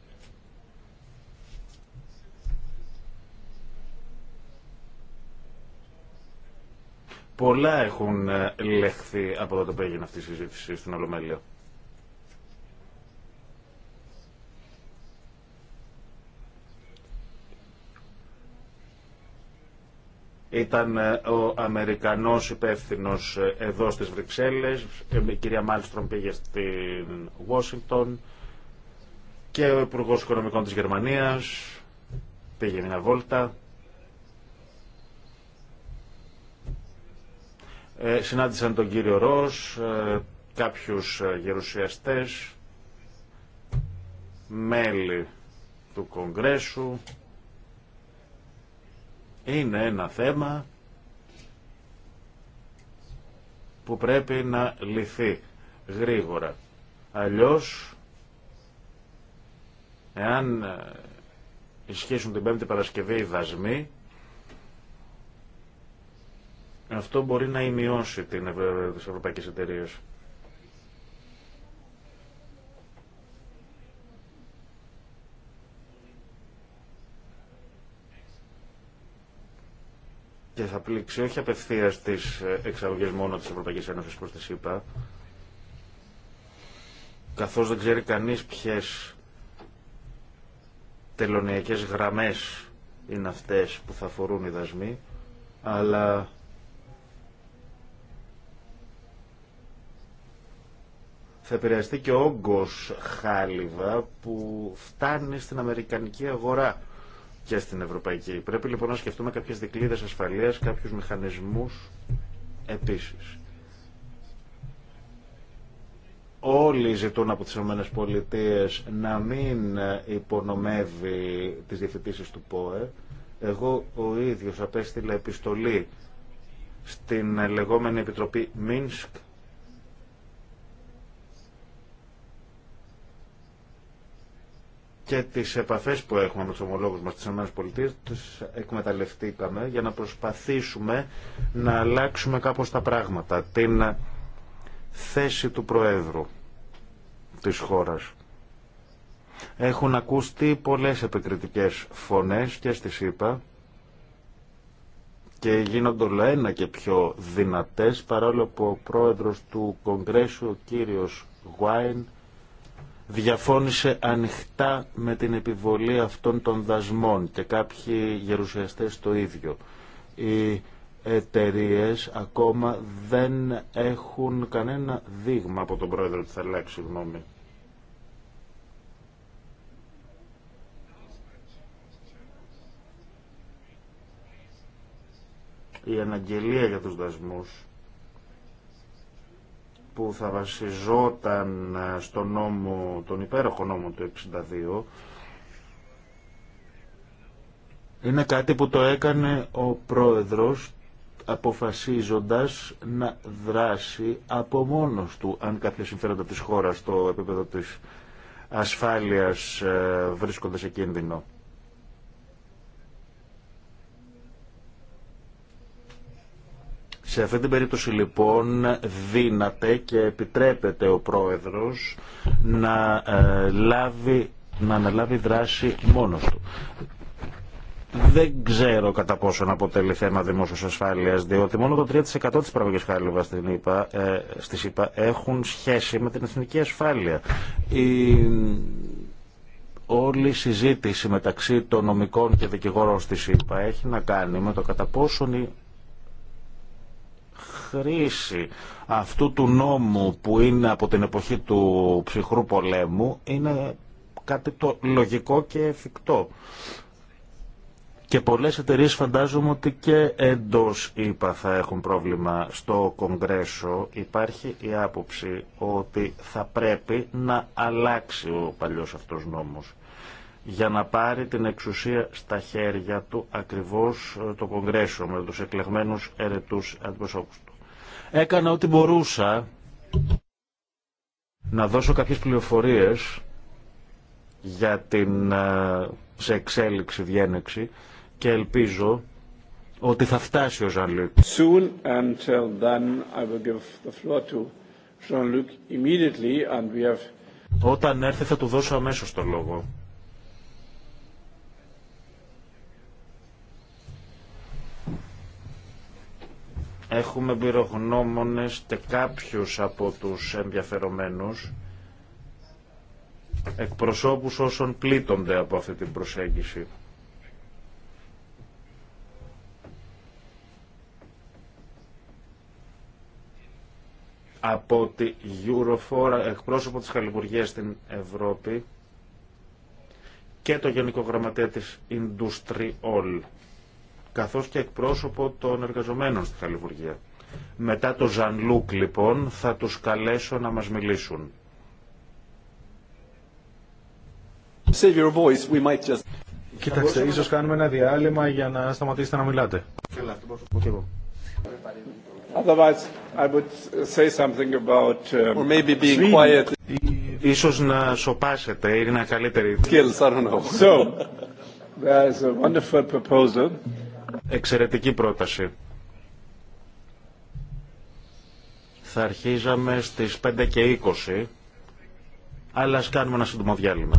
Πολλά έχουν ε, λεχθεί από τότε που έγινε αυτή η συζήτηση στην Ολομέλεια. Ήταν ε, ο Αμερικανός υπεύθυνο ε, εδώ στις Βρυξέλλες, ε, η κυρία Μάλστρομ πήγε στην Ουάσιγκτον και ο Υπουργό Οικονομικών της Γερμανίας πήγε μια βόλτα. συνάντησαν τον κύριο Ρος, κάποιους γερουσιαστές, μέλη του Κογκρέσου, είναι ένα θέμα που πρέπει να λυθεί γρήγορα. Αλλιώς, εάν ε, ισχύσουν την Πέμπτη Παρασκευή οι δασμοί, αυτό μπορεί να ημειώσει την, ε, ευρωπαϊκή ευρωπαϊκές και θα πλήξει όχι απευθεία τι ε, εξαγωγέ μόνο τη Ευρωπαϊκή Ένωση προ τη ΣΥΠΑ, καθώ δεν ξέρει κανεί ποιε τελωνιακέ γραμμέ είναι αυτέ που θα αφορούν οι δασμοί, αλλά θα επηρεαστεί και ο όγκος χάλιβα που φτάνει στην Αμερικανική αγορά και στην Ευρωπαϊκή. Πρέπει λοιπόν να σκεφτούμε κάποιες δικλείδες ασφαλείας, κάποιους μηχανισμούς επίσης. Όλοι ζητούν από τις ΗΠΑ να μην υπονομεύει τις διευθυντήσεις του ΠΟΕ. Εγώ ο ίδιος απέστειλα επιστολή στην λεγόμενη Επιτροπή Μίνσκ και τις επαφές που έχουμε με τους ομολόγους μας στις ΗΠΑ τις εκμεταλλευτήκαμε για να προσπαθήσουμε να αλλάξουμε κάπως τα πράγματα, την θέση του Προέδρου της χώρας. Έχουν ακουστεί πολλές επικριτικές φωνές και στη ΗΠΑ, και γίνονται όλο ένα και πιο δυνατές παρόλο που ο πρόεδρος του Κογκρέσου, ο κύριος Γουάιν, διαφώνησε ανοιχτά με την επιβολή αυτών των δασμών και κάποιοι γερουσιαστές το ίδιο. Οι εταιρείε ακόμα δεν έχουν κανένα δείγμα από τον πρόεδρο της θα γνώμη. Η αναγγελία για τους δασμούς που θα βασιζόταν ε, στο νόμο, τον υπέροχο νόμο του 62 είναι κάτι που το έκανε ο πρόεδρος αποφασίζοντας να δράσει από μόνος του αν κάποια συμφέροντα της χώρας στο επίπεδο της ασφάλειας ε, βρίσκονται σε κίνδυνο. Σε αυτή την περίπτωση λοιπόν δύναται και επιτρέπεται ο πρόεδρος να, ε, λάβει, να αναλάβει δράση μόνος του. Δεν ξέρω κατά πόσο να αποτελεί θέμα δημόσια ασφάλεια, διότι μόνο το 3% τη παραγωγή χάλιβα στη ΣΥΠΑ ε, έχουν σχέση με την εθνική ασφάλεια. Η όλη η συζήτηση μεταξύ των νομικών και δικηγόρων στη ΣΥΠΑ έχει να κάνει με το κατά πόσον χρήση αυτού του νόμου που είναι από την εποχή του ψυχρού πολέμου είναι κάτι το λογικό και εφικτό. Και πολλές εταιρείε φαντάζομαι ότι και εντός είπα, θα έχουν πρόβλημα στο Κογκρέσο. Υπάρχει η άποψη ότι θα πρέπει να αλλάξει ο παλιός αυτός νόμος για να πάρει την εξουσία στα χέρια του ακριβώς ε, το Κογκρέσο με τους εκλεγμένους ερετούς αντιπροσώπους. Έκανα ό,τι μπορούσα να δώσω κάποιες πληροφορίες για την ε, σε εξέλιξη, διένεξη και ελπίζω ότι θα φτάσει ο Ζανλουκ. Soon until then I will give the floor to Jean-Luc immediately and we have... Όταν έρθει θα του δώσω αμέσως το λόγο. Έχουμε πυρογνώμονες και κάποιους από τους ενδιαφερομένους εκπροσώπους όσων πλήττονται από αυτή την προσέγγιση. από τη Eurofora, εκπρόσωπο της Χαλιβουργίας στην Ευρώπη και το Γενικό Γραμματέα της All καθώς και εκπρόσωπο των εργαζομένων στη Χαλιβουργία. Μετά το Ζανλούκ λοιπόν θα τους καλέσω να μας μιλήσουν. Save your voice. We might just... Κοίταξε, ίσως κάνουμε ένα διάλειμμα για να σταματήσετε να μιλάτε. Καλά, αυτό μπορώ και εγώ. Otherwise, I would say something about um, uh, or maybe being quiet. Ίσως να σοπάσετε, είναι ένα καλύτερη. Skills, I don't know. So, there's a wonderful proposal. Εξαιρετική πρόταση. Θα αρχίζαμε στις 5 και 20, αλλά ας κάνουμε ένα σύντομο διάλειμμα.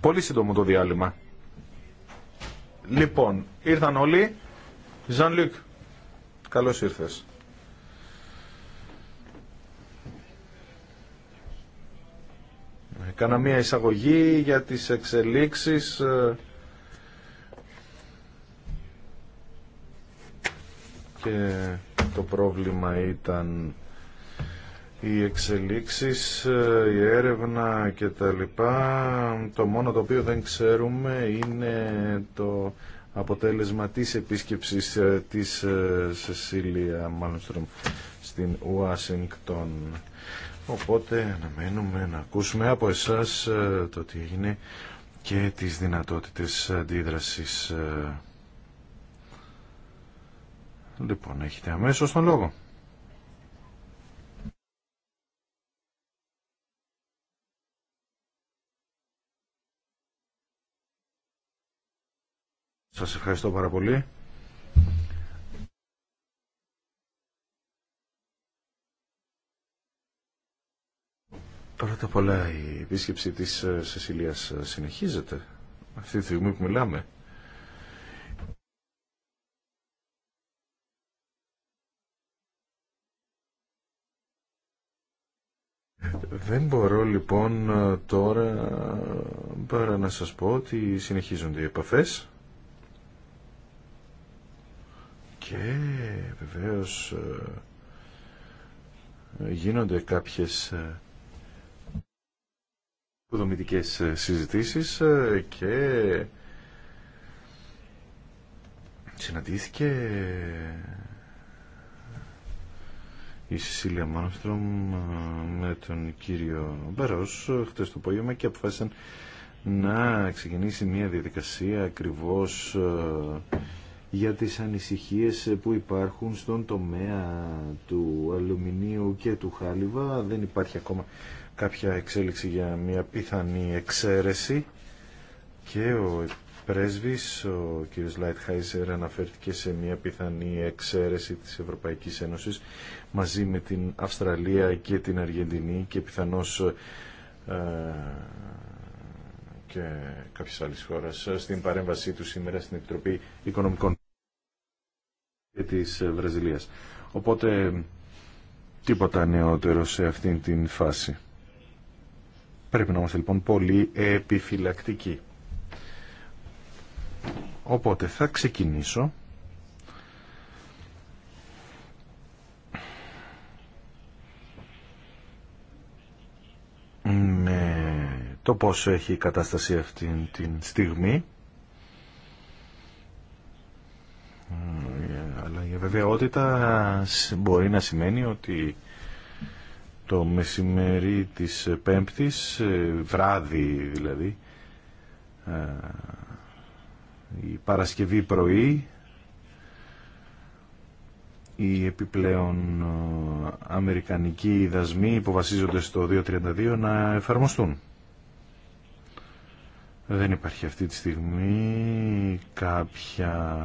Πολύ σύντομο το διάλειμμα. Λοιπόν, ήρθαν όλοι. Ζαν Λουκ, καλώς ήρθες. Κάνα μία εισαγωγή για τις εξελίξεις ε. και το πρόβλημα ήταν οι εξελίξεις, ε, η έρευνα και τα λοιπά. Το μόνο το οποίο δεν ξέρουμε είναι το αποτέλεσμα της επίσκεψης ε, της ε, Σεσίλια Μάλμστρομ στην Ουάσιγκτον. Οπότε αναμένουμε να ακούσουμε από εσάς το τι έγινε και τις δυνατότητες αντίδρασης. Λοιπόν, έχετε αμέσως τον λόγο. Σας ευχαριστώ πάρα πολύ. Πρώτα απ' όλα η επίσκεψη της ε, Σεσιλίας ε, συνεχίζεται αυτή τη στιγμή που μιλάμε. Δεν μπορώ λοιπόν ε, τώρα παρά να σας πω ότι συνεχίζονται οι επαφές. και βεβαίως ε, γίνονται κάποιες ε, δομητικές ε, συζητήσεις και συναντήθηκε η Σισίλια Μάνστρομ με τον κύριο Μπαρός χτες το απόγευμα και αποφάσισαν να ξεκινήσει μια διαδικασία ακριβώς για τις ανησυχίες που υπάρχουν στον τομέα του αλουμινίου και του χάλιβα. Δεν υπάρχει ακόμα κάποια εξέλιξη για μια πιθανή εξαίρεση και ο πρέσβης, ο κ. Λάιτχάιζερ, αναφέρθηκε σε μια πιθανή εξαίρεση της Ευρωπαϊκής Ένωσης μαζί με την Αυστραλία και την Αργεντινή και πιθανώς ε, και κάποιες άλλες χώρες ε, στην παρέμβασή του σήμερα στην Επιτροπή Οικονομικών της ε, Βραζιλίας. Οπότε τίποτα νεότερο σε αυτήν την φάση. Πρέπει να είμαστε λοιπόν πολύ επιφυλακτικοί. Οπότε θα ξεκινήσω με το πόσο έχει η κατάσταση αυτήν την στιγμή Αλλά η βεβαιότητα μπορεί να σημαίνει ότι το μεσημερί της Πέμπτης, ε, βράδυ δηλαδή, ε, η Παρασκευή πρωί, οι επιπλέον ε, αμερικανικοί δασμοί που βασίζονται στο 2.32 να εφαρμοστούν. Δεν υπάρχει αυτή τη στιγμή κάποια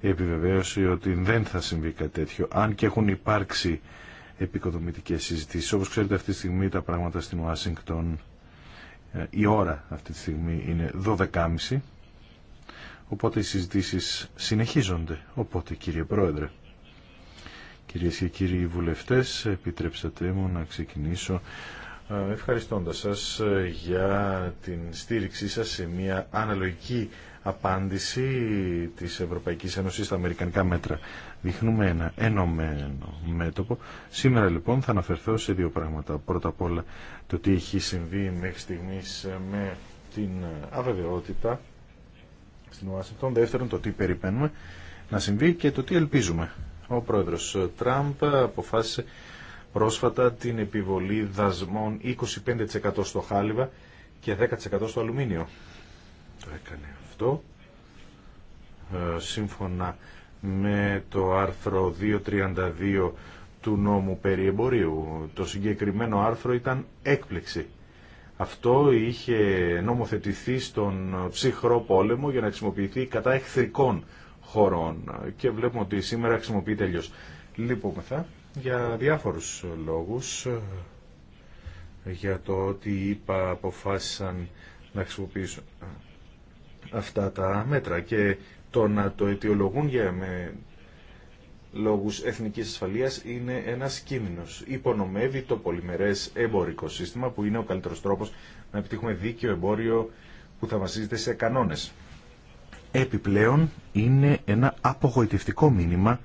επιβεβαίωση ότι δεν θα συμβεί κάτι τέτοιο, αν και έχουν υπάρξει επικοδομητικές συζητήσεις. Όπως ξέρετε αυτή τη στιγμή τα πράγματα στην Ουάσιγκτον, ε, η ώρα αυτή τη στιγμή είναι 12.30, οπότε οι συζητήσεις συνεχίζονται. Οπότε κύριε Πρόεδρε, κυρίες και κύριοι βουλευτές, επιτρέψατε μου να ξεκινήσω ε, ευχαριστώντας σας ε, για την στήριξή σας σε μια αναλογική απάντηση της Ευρωπαϊκής Ένωσης στα Αμερικανικά μέτρα. Δείχνουμε ένα ενωμένο μέτωπο. Σήμερα λοιπόν θα αναφερθώ σε δύο πράγματα. Πρώτα απ' όλα το τι έχει συμβεί μέχρι στιγμής με την αβεβαιότητα στην των Δεύτερον το τι περιμένουμε να συμβεί και το τι ελπίζουμε. Ο πρόεδρος Τραμπ αποφάσισε πρόσφατα την επιβολή δασμών 25% στο χάλιβα και 10% στο αλουμίνιο. Το έκανε ε, σύμφωνα με το άρθρο 232 του νόμου περί εμπορίου. Το συγκεκριμένο άρθρο ήταν έκπληξη. Αυτό είχε νομοθετηθεί στον ψυχρό πόλεμο για να χρησιμοποιηθεί κατά εχθρικών χωρών και βλέπουμε ότι σήμερα χρησιμοποιείται αλλιώ. Λείπομεθα για διάφορους λόγους ε, για το ότι είπα αποφάσισαν να χρησιμοποιήσουν αυτά τα μέτρα και το να το αιτιολογούν για με λόγους εθνικής ασφαλείας είναι ένας κίνδυνος. Υπονομεύει το πολυμερές εμπορικό σύστημα που είναι ο καλύτερος τρόπος να επιτύχουμε δίκαιο εμπόριο που θα βασίζεται σε κανόνες. Επιπλέον είναι ένα απογοητευτικό μήνυμα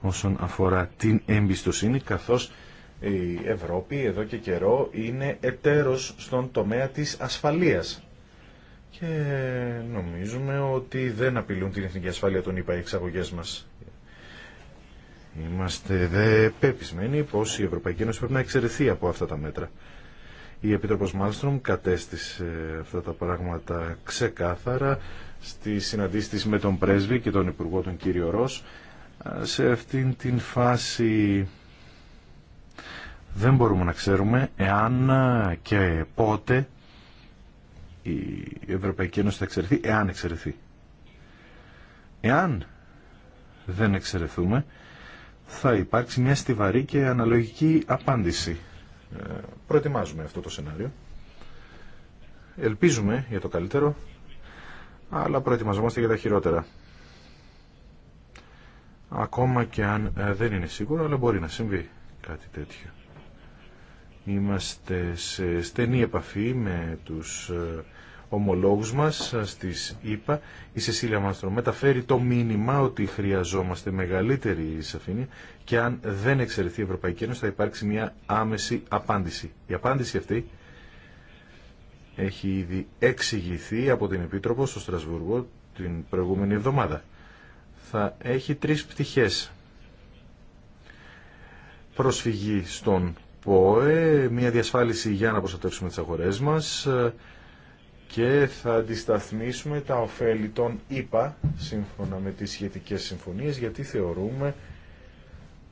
όσον αφορά την εμπιστοσύνη καθώς η Ευρώπη εδώ και καιρό είναι εταίρος στον τομέα της ασφαλείας και νομίζουμε ότι δεν απειλούν την εθνική ασφάλεια των ΙΠΑ οι Είμαστε δε πεπισμένοι πως η Ευρωπαϊκή Ένωση πρέπει να εξαιρεθεί από αυτά τα μέτρα. Η Επίτροπος Μάλστρομ κατέστησε αυτά τα πράγματα ξεκάθαρα στη συναντήση με τον πρέσβη και τον Υπουργό τον κύριο Ρος. Σε αυτήν την φάση δεν μπορούμε να ξέρουμε εάν και πότε η Ευρωπαϊκή Ένωση θα εξαιρεθεί, εάν εξαιρεθεί. Εάν δεν εξαιρεθούμε, θα υπάρξει μια στιβαρή και αναλογική απάντηση. Ε, προετοιμάζουμε αυτό το σενάριο. Ελπίζουμε για το καλύτερο, αλλά προετοιμαζόμαστε για τα χειρότερα. Ακόμα και αν ε, δεν είναι σίγουρο, αλλά μπορεί να συμβεί κάτι τέτοιο. Είμαστε σε στενή επαφή με τους ε, ομολόγους μας ε, στις ΗΠΑ. Η Σεσίλια Μάστρο μεταφέρει το μήνυμα ότι χρειαζόμαστε μεγαλύτερη σαφήνεια και αν δεν εξαιρεθεί η Ευρωπαϊκή Ένωση θα υπάρξει μια άμεση απάντηση. Η απάντηση αυτή έχει ήδη εξηγηθεί από την Επίτροπο στο Στρασβούργο την προηγούμενη εβδομάδα. Θα έχει τρεις πτυχές. Προσφυγή στον ΠΟΕ, μια διασφάλιση για να προστατεύσουμε τις αγορές μας, και θα αντισταθμίσουμε τα ωφέλη των ΙΠΑ σύμφωνα με τις σχετικές συμφωνίες γιατί θεωρούμε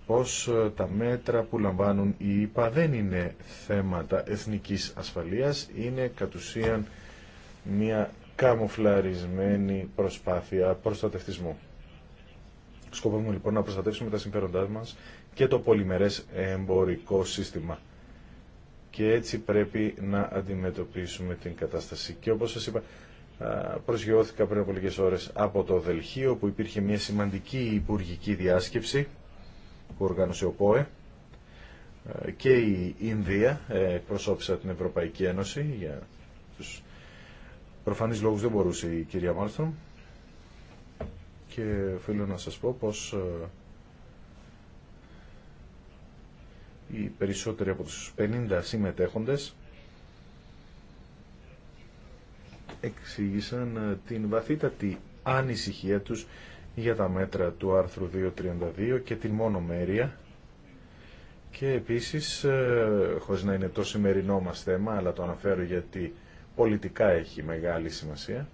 πως ε, τα μέτρα που λαμβάνουν οι ΙΠΑ δεν είναι θέματα εθνικής ασφαλείας, είναι κατ' ουσίαν μια καμουφλαρισμένη προσπάθεια προστατευτισμού. Σκοπεύουμε λοιπόν να προστατεύσουμε τα συμφέροντά μας και το πολυμερές εμπορικό σύστημα και έτσι πρέπει να αντιμετωπίσουμε την κατάσταση. Και όπως σας είπα, προσγειώθηκα πριν από λίγες ώρες από το Δελχείο που υπήρχε μια σημαντική υπουργική διάσκεψη που οργάνωσε ο ΠΟΕ και η Ινδία ε, εκπροσώπησα την Ευρωπαϊκή Ένωση για τους προφανείς λόγους δεν μπορούσε η κυρία Μάλστρομ και οφείλω να σας πω πως οι περισσότεροι από τους 50 συμμετέχοντες εξήγησαν ε, την βαθύτατη ανησυχία τους για τα μέτρα του άρθρου 232 και την μονομέρεια και επίσης, ε, χωρίς να είναι το σημερινό μας θέμα, αλλά το αναφέρω γιατί πολιτικά έχει μεγάλη σημασία,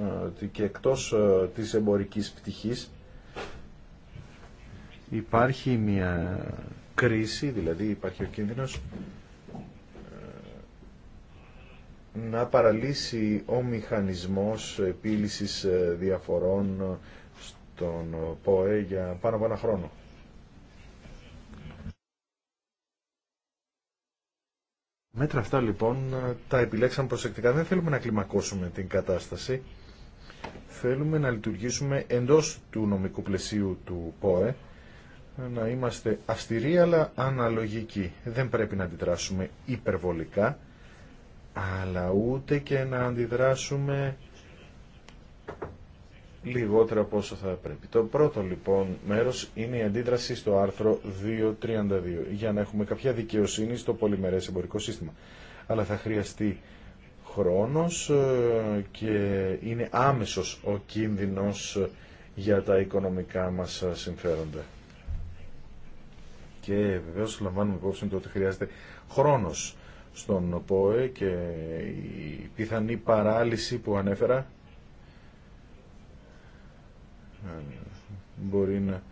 ε, ότι και εκτός της εμπορικής πτυχής υπάρχει μια κρίση, δηλαδή υπάρχει ο κίνδυνος ε, να παραλύσει ο μηχανισμός επίλυσης ε, διαφορών στον ΠΟΕ για πάνω από ένα χρόνο. Μέτρα αυτά λοιπόν τα επιλέξαμε προσεκτικά. Δεν θέλουμε να κλιμακώσουμε την κατάσταση. Θέλουμε να λειτουργήσουμε εντός του νομικού πλαισίου του ΠΟΕ να είμαστε αυστηροί αλλά αναλογικοί. Δεν πρέπει να αντιδράσουμε υπερβολικά, αλλά ούτε και να αντιδράσουμε λιγότερα από όσο θα πρέπει. Το πρώτο λοιπόν μέρος είναι η αντίδραση στο άρθρο 2.32 για να έχουμε κάποια δικαιοσύνη στο πολυμερές εμπορικό σύστημα. Αλλά θα χρειαστεί χρόνος ε, και είναι άμεσος ο κίνδυνος για τα οικονομικά μας συμφέροντα. Και βεβαίω λαμβάνουμε υπόψη το ότι χρειάζεται χρόνος στον ΠΟΕ και η πιθανή παράλυση που ανέφερα μπορεί να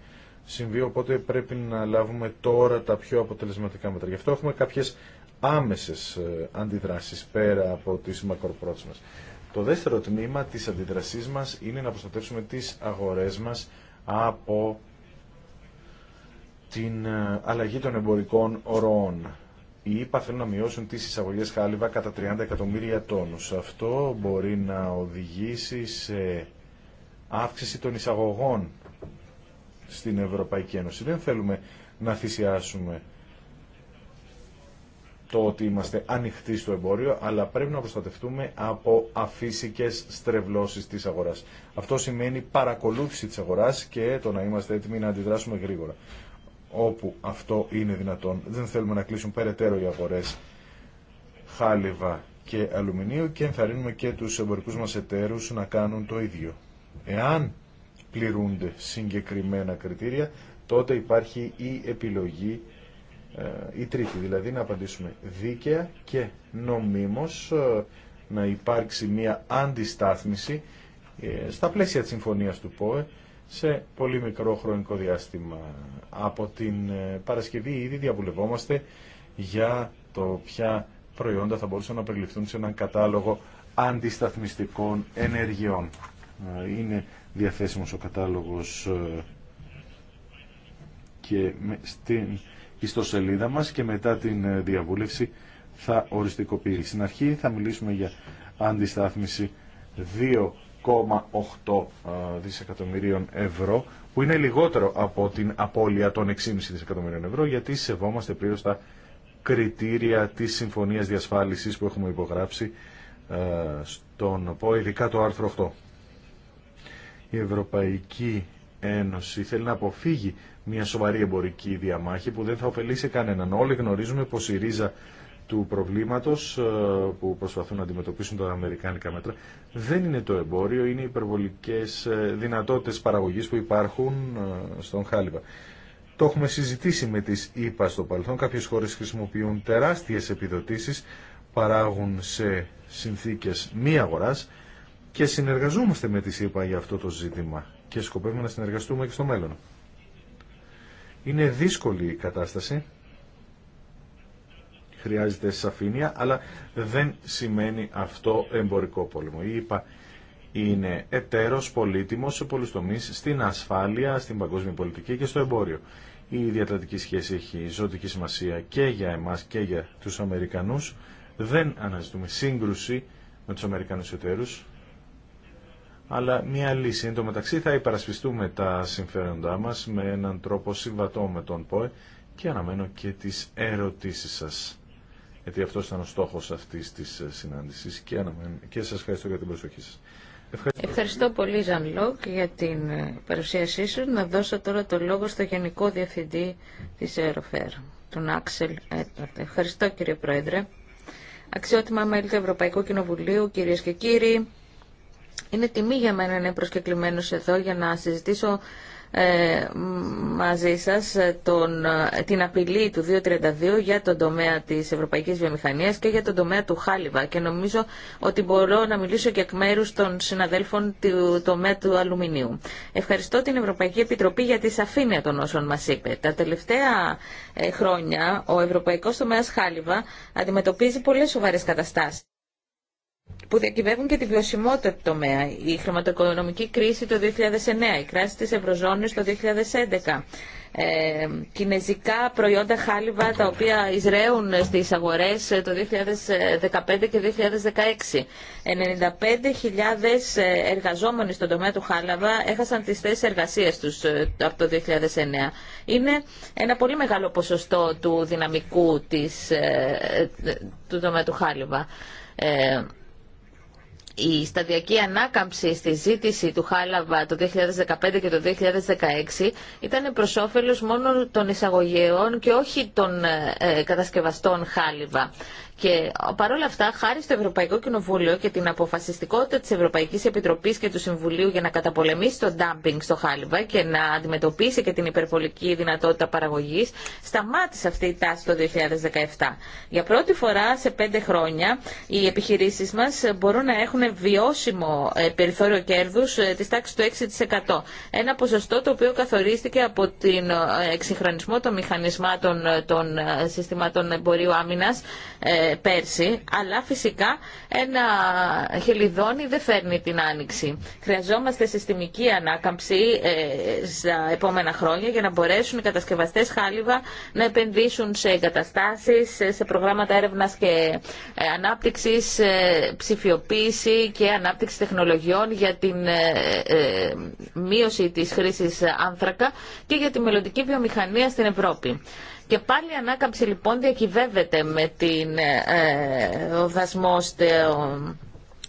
συμβεί, οπότε πρέπει να λάβουμε τώρα τα πιο αποτελεσματικά μέτρα. Γι' αυτό έχουμε κάποιες άμεσες ε, αντιδράσεις πέρα από τις μακροπρόθεσμες. Το δεύτερο τμήμα της αντιδρασής μας είναι να προστατεύσουμε τις αγορές μας από την ε, αλλαγή των εμπορικών ροών. Οι ΗΠΑ θέλουν να μειώσουν τις εισαγωγές χάλιβα κατά 30 εκατομμύρια τόνους. Αυτό μπορεί να οδηγήσει σε αύξηση των εισαγωγών στην Ευρωπαϊκή Ένωση. Δεν θέλουμε να θυσιάσουμε το ότι είμαστε ανοιχτοί στο εμπόριο, αλλά πρέπει να προστατευτούμε από αφύσικες στρεβλώσεις της αγοράς. Αυτό σημαίνει παρακολούθηση της αγοράς και το να είμαστε έτοιμοι να αντιδράσουμε γρήγορα όπου αυτό είναι δυνατόν. Δεν θέλουμε να κλείσουν περαιτέρω οι αγορές χάλιβα και αλουμινίου και ενθαρρύνουμε και τους εμπορικούς μας εταίρους να κάνουν το ίδιο. Εάν πληρούνται συγκεκριμένα κριτήρια, τότε υπάρχει η επιλογή ε, η τρίτη, δηλαδή να απαντήσουμε δίκαια και νομίμως ε, να υπάρξει μια αντιστάθμιση ε, στα πλαίσια της συμφωνίας του ΠΟΕ σε πολύ μικρό χρονικό διάστημα. Από την ε, Παρασκευή ήδη διαβουλευόμαστε για το ποια προϊόντα θα μπορούσαν να περιληφθούν σε έναν κατάλογο αντισταθμιστικών ενεργειών. Ε, είναι διαθέσιμος ο κατάλογος ε, και στην ιστοσελίδα μας και μετά την διαβούλευση θα οριστικοποιεί. Στην αρχή θα μιλήσουμε για αντιστάθμιση δύο 1,8 ε, δισεκατομμυρίων ευρώ, που είναι λιγότερο από την απώλεια των 6,5 δισεκατομμυρίων ευρώ, γιατί σεβόμαστε πλήρω τα κριτήρια τη συμφωνία διασφάλιση που έχουμε υπογράψει ε, στον ΟΠΟ, ειδικά το άρθρο 8. Η Ευρωπαϊκή Ένωση θέλει να αποφύγει μια σοβαρή εμπορική διαμάχη που δεν θα ωφελήσει κανέναν. Όλοι γνωρίζουμε πως η ρίζα του προβλήματος ε, που προσπαθούν να αντιμετωπίσουν τα αμερικάνικα μέτρα δεν είναι το εμπόριο, είναι οι υπερβολικές ε, δυνατότητες παραγωγής που υπάρχουν ε, στον Χάλιβα. Το έχουμε συζητήσει με τις ΗΠΑ στο παρελθόν. Κάποιες χώρες χρησιμοποιούν τεράστιες επιδοτήσεις, παράγουν σε συνθήκες μη αγοράς και συνεργαζόμαστε με τις ΗΠΑ για αυτό το ζήτημα και σκοπεύουμε να συνεργαστούμε και στο μέλλον. Είναι δύσκολη η κατάσταση χρειάζεται σαφήνεια, αλλά δεν σημαίνει αυτό εμπορικό πόλεμο. Η ΕΠΑ είναι εταίρος πολύτιμος σε πολλούς τομείς, στην ασφάλεια, στην παγκόσμια πολιτική και στο εμπόριο. Η διατρατική σχέση έχει ζωτική σημασία και για εμάς και για τους Αμερικανούς. Δεν αναζητούμε σύγκρουση με τους Αμερικανούς εταίρους, αλλά μια λύση. Εν τω μεταξύ θα υπερασπιστούμε τα συμφέροντά μας με έναν τρόπο συμβατό με τον ΠΟΕ και αναμένω και τις ερωτήσεις σας γιατί αυτός ήταν ο στόχος αυτής της ε, συνάντησης και, αναμέν, και σας ευχαριστώ για την προσοχή σας. Ευχαριστώ, πολύ Ζαν Λόκ για την ε, παρουσίασή σου. Να δώσω τώρα το λόγο στο Γενικό Διευθυντή της Aerofair, τον Άξελ Έτναρτ. Ευχαριστώ κύριε Πρόεδρε. Αξιότιμα μέλη του Ευρωπαϊκού Κοινοβουλίου, κύριε και κύριοι, είναι τιμή για μένα να είμαι προσκεκλημένο εδώ για να συζητήσω ε, μαζί σας ε, τον, ε, την απειλή του 232 για τον τομέα της ευρωπαϊκής βιομηχανίας και για τον τομέα του χάλιβα και νομίζω ότι μπορώ να μιλήσω και εκ μέρου των συναδέλφων του τομέα του αλουμινίου. Ευχαριστώ την Ευρωπαϊκή Επιτροπή για τη σαφήνεια των όσων μας είπε. Τα τελευταία χρόνια ο ευρωπαϊκός τομέας χάλιβα αντιμετωπίζει πολλές σοβαρές καταστάσεις που διακυβεύουν και τη βιωσιμότητα του τομέα. Η χρηματοοικονομική κρίση το 2009, η κράση της Ευρωζώνης το 2011, ε, κινέζικα προϊόντα χάλιβα τα οποία εισραίουν στις αγορές ε, το 2015 και 2016. 95.000 ε, εργαζόμενοι στον τομέα του χάλαβα έχασαν τις θέσεις εργασίας τους ε, από το 2009. Είναι ένα πολύ μεγάλο ποσοστό του δυναμικού της, του τομέα του χάλιβα. Ε, η σταδιακή ανάκαμψη στη ζήτηση του Χάλαβα το 2015 και το 2016 ήταν προ όφελο μόνο των εισαγωγεών και όχι των ε, κατασκευαστών Χάλιβα. Και παρόλα αυτά, χάρη στο Ευρωπαϊκό Κοινοβούλιο και την αποφασιστικότητα τη Ευρωπαϊκή Επιτροπή και του Συμβουλίου για να καταπολεμήσει το ντάμπινγκ στο χάλιβα και να αντιμετωπίσει και την υπερβολική δυνατότητα παραγωγή, σταμάτησε αυτή η τάση το 2017. Για πρώτη φορά σε πέντε χρόνια, οι επιχειρήσει μα μπορούν να έχουν βιώσιμο ε, περιθώριο κέρδου ε, τη τάξη του 6%. Ένα ποσοστό το οποίο καθορίστηκε από την ε, εξυγχρονισμό των μηχανισμάτων των συστημάτων εμπορίου άμυνα πέρσι, αλλά φυσικά ένα χελιδόνι δεν φέρνει την άνοιξη. Χρειαζόμαστε συστημική ανάκαμψη ε, στα επόμενα χρόνια για να μπορέσουν οι κατασκευαστές χάλιβα να επενδύσουν σε εγκαταστάσεις, σε προγράμματα έρευνας και ε, ανάπτυξης, ψηφιοποίηση και ανάπτυξη τεχνολογιών για την ε, μείωση της χρήσης άνθρακα και για τη μελλοντική βιομηχανία στην Ευρώπη. Και πάλι η ανάκαμψη λοιπόν διακυβεύεται με την, ε, ε, ε, ο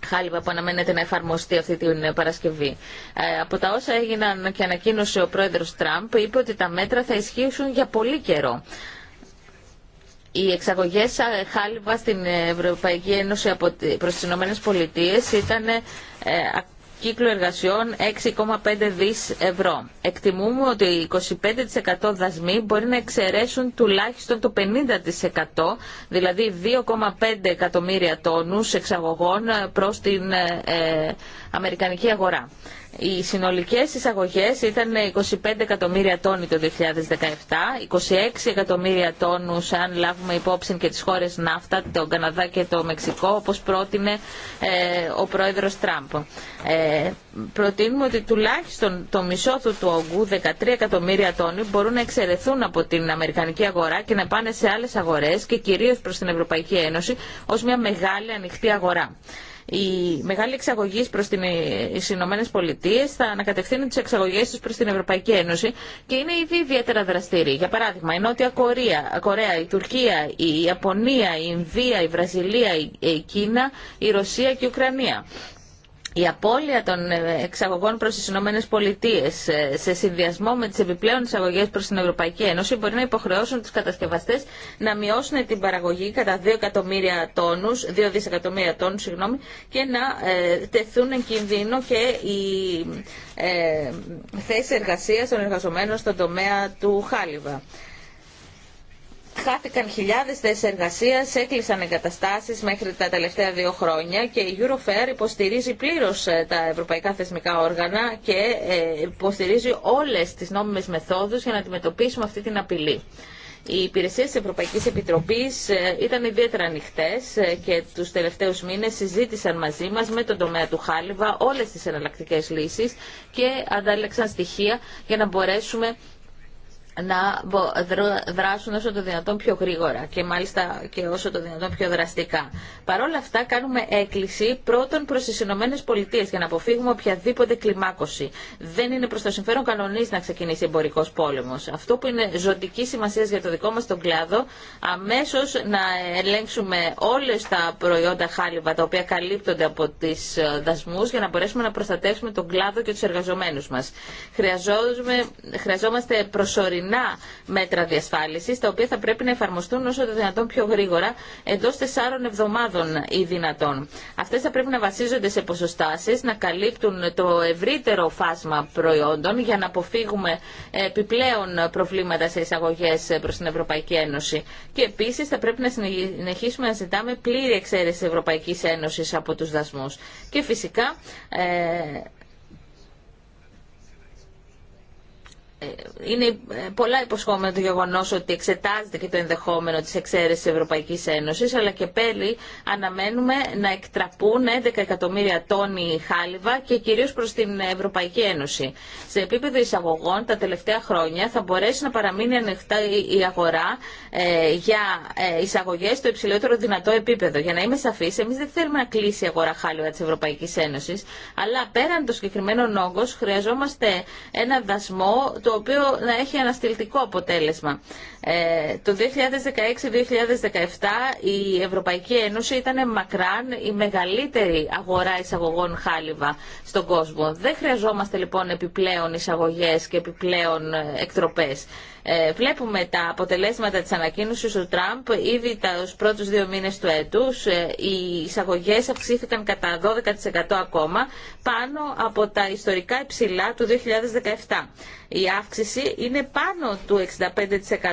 χάλιβα που αναμένεται να εφαρμοστεί αυτή την Παρασκευή. Ε, από τα όσα έγιναν και ανακοίνωσε ο πρόεδρος Τραμπ, είπε ότι τα μέτρα θα ισχύσουν για πολύ καιρό. Οι εξαγωγέ χάλιβα στην Ευρωπαϊκή Ένωση προς τις Ηνωμένε Πολιτείε ήταν κύκλου εργασιών 6,5 δις ευρώ. Εκτιμούμε ότι 25% δασμοί μπορεί να εξαιρέσουν τουλάχιστον το 50%, δηλαδή 2,5 εκατομμύρια τόνους εξαγωγών προς την ε, ε, αμερικανική αγορά. Οι συνολικές εισαγωγές ήταν 25 εκατομμύρια τόνοι το 2017, 26 εκατομμύρια τόνους αν λάβουμε υπόψη και τις χώρες ναύτα, τον Καναδά και το Μεξικό, όπως πρότεινε ε, ο πρόεδρος Τραμπ. Ε, προτείνουμε ότι τουλάχιστον το μισό του του ογκού, 13 εκατομμύρια τόνοι, μπορούν να εξαιρεθούν από την Αμερικανική αγορά και να πάνε σε άλλες αγορές και κυρίως προς την Ευρωπαϊκή Ένωση ως μια μεγάλη ανοιχτή αγορά οι μεγάλοι εξαγωγή προς τις Ηνωμένε Πολιτείε θα ανακατευθύνουν τι εξαγωγέ του προς την Ευρωπαϊκή Ένωση και είναι ήδη ιδιαίτερα δραστήριοι. Για παράδειγμα, η Νότια Κορία, Κορέα, η Τουρκία, η Ιαπωνία, η Ινδία, η Βραζιλία, η Κίνα, η Ρωσία και η Ουκρανία η απώλεια των ε, εξαγωγών προς τις ΗΠΑ Πολιτείες ε, σε συνδυασμό με τις επιπλέον εισαγωγές προς την Ευρωπαϊκή Ένωση μπορεί να υποχρεώσουν τους κατασκευαστές να μειώσουν την παραγωγή κατά 2 δισεκατομμύρια τόνους και να ε, τεθούν εν κινδύνο και οι ε, θέσεις εργασίας των εργαζομένων στον τομέα του Χάλιβα χάθηκαν χιλιάδες θέσεις εργασίας, έκλεισαν εγκαταστάσεις μέχρι τα τελευταία δύο χρόνια και η Eurofair υποστηρίζει πλήρως ε, τα ευρωπαϊκά θεσμικά όργανα και ε, υποστηρίζει όλες τις νόμιμες μεθόδους για να αντιμετωπίσουμε αυτή την απειλή. Οι υπηρεσίε τη Ευρωπαϊκή Επιτροπή ε, ήταν ιδιαίτερα ανοιχτέ και του τελευταίου μήνε συζήτησαν μαζί μα με τον τομέα του Χάλιβα όλε τι εναλλακτικέ λύσει και αντάλλαξαν στοιχεία για να μπορέσουμε να δράσουν όσο το δυνατόν πιο γρήγορα και μάλιστα και όσο το δυνατόν πιο δραστικά. Παρ' όλα αυτά κάνουμε έκκληση πρώτον προς τις Ηνωμένε Πολιτείες για να αποφύγουμε οποιαδήποτε κλιμάκωση. Δεν είναι προς το συμφέρον κανονής να ξεκινήσει εμπορικός πόλεμος. Αυτό που είναι ζωτική σημασία για το δικό μας τον κλάδο, αμέσως να ελέγξουμε όλες τα προϊόντα χάλιβα τα οποία καλύπτονται από τις ε, δασμούς για να μπορέσουμε να προστατεύσουμε τον κλάδο και τους εργαζομένους μας. Χρειαζόμαστε προσωρινή να μέτρα διασφάλισης, τα οποία θα πρέπει να εφαρμοστούν όσο το δυνατόν πιο γρήγορα, εντός τεσσάρων εβδομάδων ή δυνατόν. Αυτές θα πρέπει να βασίζονται σε ποσοστάσεις, να καλύπτουν το ευρύτερο φάσμα προϊόντων για να αποφύγουμε επιπλέον προβλήματα σε εισαγωγέ προς την Ευρωπαϊκή Ένωση. Και επίσης θα πρέπει να συνεχίσουμε να ζητάμε πλήρη εξαίρεση Ευρωπαϊκής Ένωσης από τους δασμούς. Και φυσικά ε, είναι ε, πολλά υποσχόμενο το γεγονός ότι εξετάζεται και το ενδεχόμενο της εξαίρεσης της Ευρωπαϊκής Ένωσης, αλλά και πέλη αναμένουμε να εκτραπούν 11 εκατομμύρια τόνοι χάλιβα και κυρίως προς την Ευρωπαϊκή Ένωση. Σε επίπεδο εισαγωγών τα τελευταία χρόνια θα μπορέσει να παραμείνει ανοιχτά η αγορά ε, για ε, εισαγωγές στο υψηλότερο δυνατό επίπεδο. Για να είμαι σαφής, εμείς δεν θέλουμε να κλείσει η αγορά χάλιβα της Ευρωπαϊκής Ένωσης, αλλά πέραν των συγκεκριμένων όγκων χρειαζόμαστε ένα δασμό το οποίο να έχει αναστηλτικό αποτέλεσμα. Ε, το 2016-2017 η Ευρωπαϊκή Ένωση ήταν μακράν η μεγαλύτερη αγορά εισαγωγών χάλιβα στον κόσμο. Δεν χρειαζόμαστε λοιπόν επιπλέον εισαγωγές και επιπλέον ε, εκτροπές. Ε, βλέπουμε τα αποτελέσματα της ανακοίνωσης του Τραμπ ήδη τους πρώτους δύο μήνες του έτους. Ε, οι εισαγωγές αυξήθηκαν κατά 12% ακόμα πάνω από τα ιστορικά υψηλά του 2017. Η αύξηση είναι πάνω του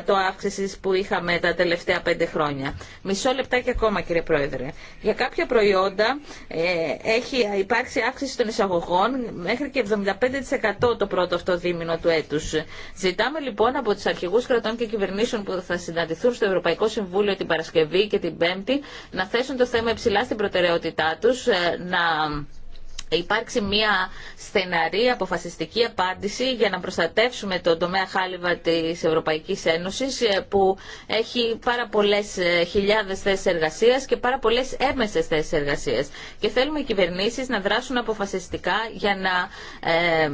65% αύξησης που είχαμε τα τελευταία πέντε χρόνια. Μισό λεπτάκι ακόμα κύριε Πρόεδρε. Για κάποια προϊόντα ε, έχει υπάρξει αύξηση των εισαγωγών μέχρι και 75% το πρώτο αυτό δίμηνο του έτους. Ζητάμε λοιπόν από του αρχηγούς κρατών και κυβερνήσεων που θα συναντηθούν στο Ευρωπαϊκό Συμβούλιο την Παρασκευή και την Πέμπτη να θέσουν το θέμα υψηλά στην προτεραιότητά τους, ε, να υπάρξει μια στεναρή αποφασιστική απάντηση για να προστατεύσουμε τον τομέα χάλιβα της Ευρωπαϊκής Ένωσης ε, που έχει πάρα πολλές ε, χιλιάδες θέσεις εργασίας και πάρα πολλές έμεσες θέσεις εργασίας. Και θέλουμε οι κυβερνήσεις να δράσουν αποφασιστικά για να ε,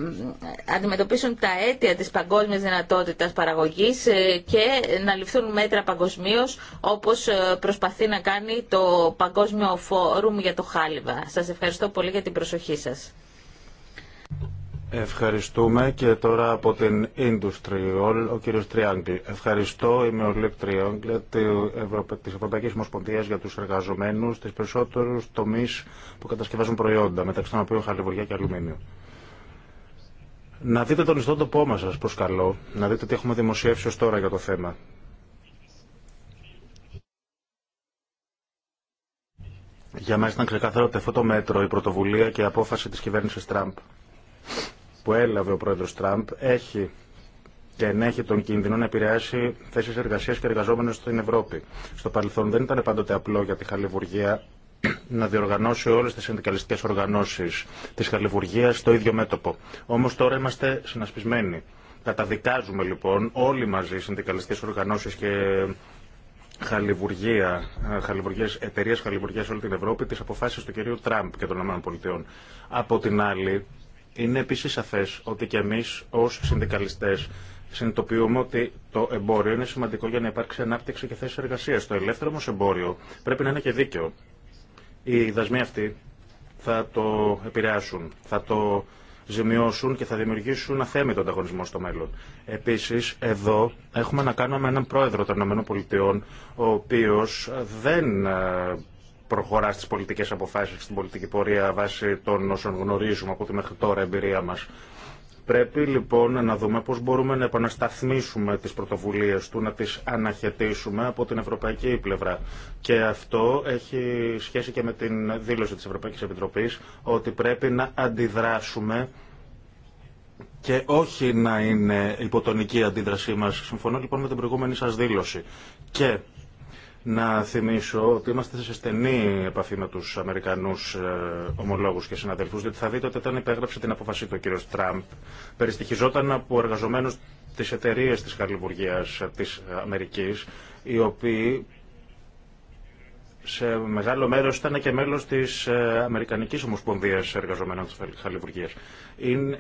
αντιμετωπίσουν τα αίτια της παγκόσμιας δυνατότητας παραγωγής και να ληφθούν μέτρα παγκοσμίω όπως προσπαθεί να κάνει το Παγκόσμιο Φόρουμ για το Χάλιβα. Σας ευχαριστώ πολύ για την προσοχή Ευχαριστούμε και τώρα από την Industry All, ο κύριος Τριάγκλη. Ευχαριστώ, είμαι ο Λεπ Τριάγκλη της Ευρωπαϊκής Ομοσπονδίας για τους εργαζομένους, τις περισσότερου τομείς που κατασκευάζουν προϊόντα, μεταξύ των οποίων χαλιβουργία και αλουμίνιο. Να δείτε τον ιστότοπό μα σας προσκαλώ, να δείτε τι έχουμε δημοσιεύσει ως τώρα για το θέμα. Για μένα ήταν ξεκάθαρο ότι αυτό το μέτρο, η πρωτοβουλία και η απόφαση της κυβέρνησης Τραμπ που έλαβε ο πρόεδρος Τραμπ έχει και ενέχει τον κίνδυνο να επηρεάσει θέσεις εργασίας και εργαζόμενων στην Ευρώπη. Στο παρελθόν δεν ήταν πάντοτε απλό για τη χαλιβουργία να διοργανώσει όλε τι συνδικαλιστικέ οργανώσει τη χαλιβουργία στο ίδιο μέτωπο. Όμω τώρα είμαστε συνασπισμένοι. Καταδικάζουμε λοιπόν όλοι μαζί οι συνδικαλιστικέ οργανώσει και χαλιβουργία, ε, χαλιβουργίες, εταιρείες χαλιβουργίας σε όλη την Ευρώπη τις αποφάσεις του κυρίου Τραμπ και των ΗΠΑ. Από την άλλη, είναι επίσης σαφές ότι και εμείς ως συνδικαλιστές συνειδητοποιούμε ότι το εμπόριο είναι σημαντικό για να υπάρξει ανάπτυξη και θέση εργασία. Το ελεύθερο όμω εμπόριο πρέπει να είναι και δίκαιο. Οι δασμοί αυτοί θα το επηρεάσουν, θα το ζημιώσουν και θα δημιουργήσουν αθέμητο ανταγωνισμό στο μέλλον. Επίση, εδώ έχουμε να κάνουμε έναν πρόεδρο των ΗΠΑ, ο οποίο δεν ε, προχωρά στι πολιτικέ αποφάσει, στην πολιτική πορεία βάσει των όσων γνωρίζουμε από τη μέχρι τώρα εμπειρία μα. Πρέπει λοιπόν να δούμε πώς μπορούμε να επανασταθμίσουμε τις πρωτοβουλίες του, να τις αναχαιτήσουμε από την ευρωπαϊκή πλευρά. Και αυτό έχει σχέση και με την δήλωση της Ευρωπαϊκής Επιτροπής ότι πρέπει να αντιδράσουμε και όχι να είναι υποτονική αντίδρασή μας. Συμφωνώ λοιπόν με την προηγούμενη σας δήλωση. Και να θυμίσω ότι είμαστε σε στενή επαφή με τους Αμερικανούς ε, ομολόγους και συναδελφούς, διότι θα δείτε ότι όταν υπέγραψε την αποφασή του ο κύριος Τραμπ, περιστοιχιζόταν από εργαζομένους της εταιρείας της Χαλιβουργίας ε, της Αμερικής, οι οποίοι σε μεγάλο μέρο ήταν και μέλο τη ε, Αμερικανική Ομοσπονδία Εργαζομένων τη Χαλιβουργία.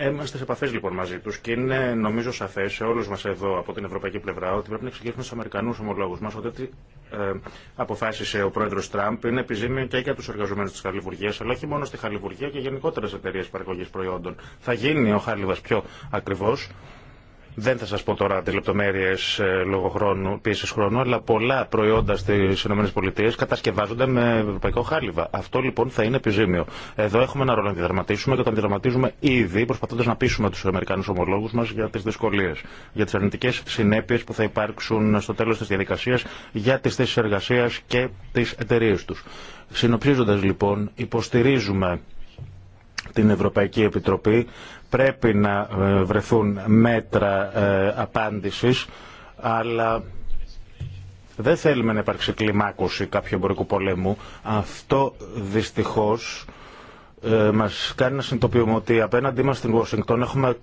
Είμαστε σε επαφέ λοιπόν μαζί του και είναι νομίζω σαφέ σε όλου μα εδώ από την ευρωπαϊκή πλευρά ότι πρέπει να εξηγήσουμε στου Αμερικανού ομολόγου μα ότι ε, αποφάσισε ο πρόεδρο Τραμπ είναι επιζήμιο και για του εργαζομένου τη Χαλιβουργία, αλλά όχι μόνο στη Χαλιβουργία και γενικότερα σε εταιρείε παραγωγή προϊόντων. Θα γίνει ο Χάλιβα πιο ακριβώ δεν θα σα πω τώρα τι λεπτομέρειες ε, λόγω χρόνου, πίεσης χρόνου, αλλά πολλά προϊόντα στις ΗΠΑ κατασκευάζονται με ευρωπαϊκό χάλιβα. Αυτό λοιπόν θα είναι επιζήμιο. Εδώ έχουμε ένα ρόλο να αντιδραματίσουμε και το αντιδραματίζουμε ήδη προσπαθώντα να πείσουμε του Αμερικανούς ομολόγου μα για τι δυσκολίε, για τι αρνητικέ συνέπειες που θα υπάρξουν στο τέλο τη διαδικασία για τις θέσει εργασία και τι εταιρείε του. Συνοψίζοντα, λοιπόν, υποστηρίζουμε την Ευρωπαϊκή Επιτροπή πρέπει να ε, βρεθούν μέτρα ε, απάντησης, αλλά δεν θέλουμε να υπάρξει κλιμάκωση κάποιου εμπορικού πολέμου. Αυτό δυστυχώς ε, μας κάνει να συνειδητοποιούμε ότι απέναντί μας στην Ουάσιγκτον έχουμε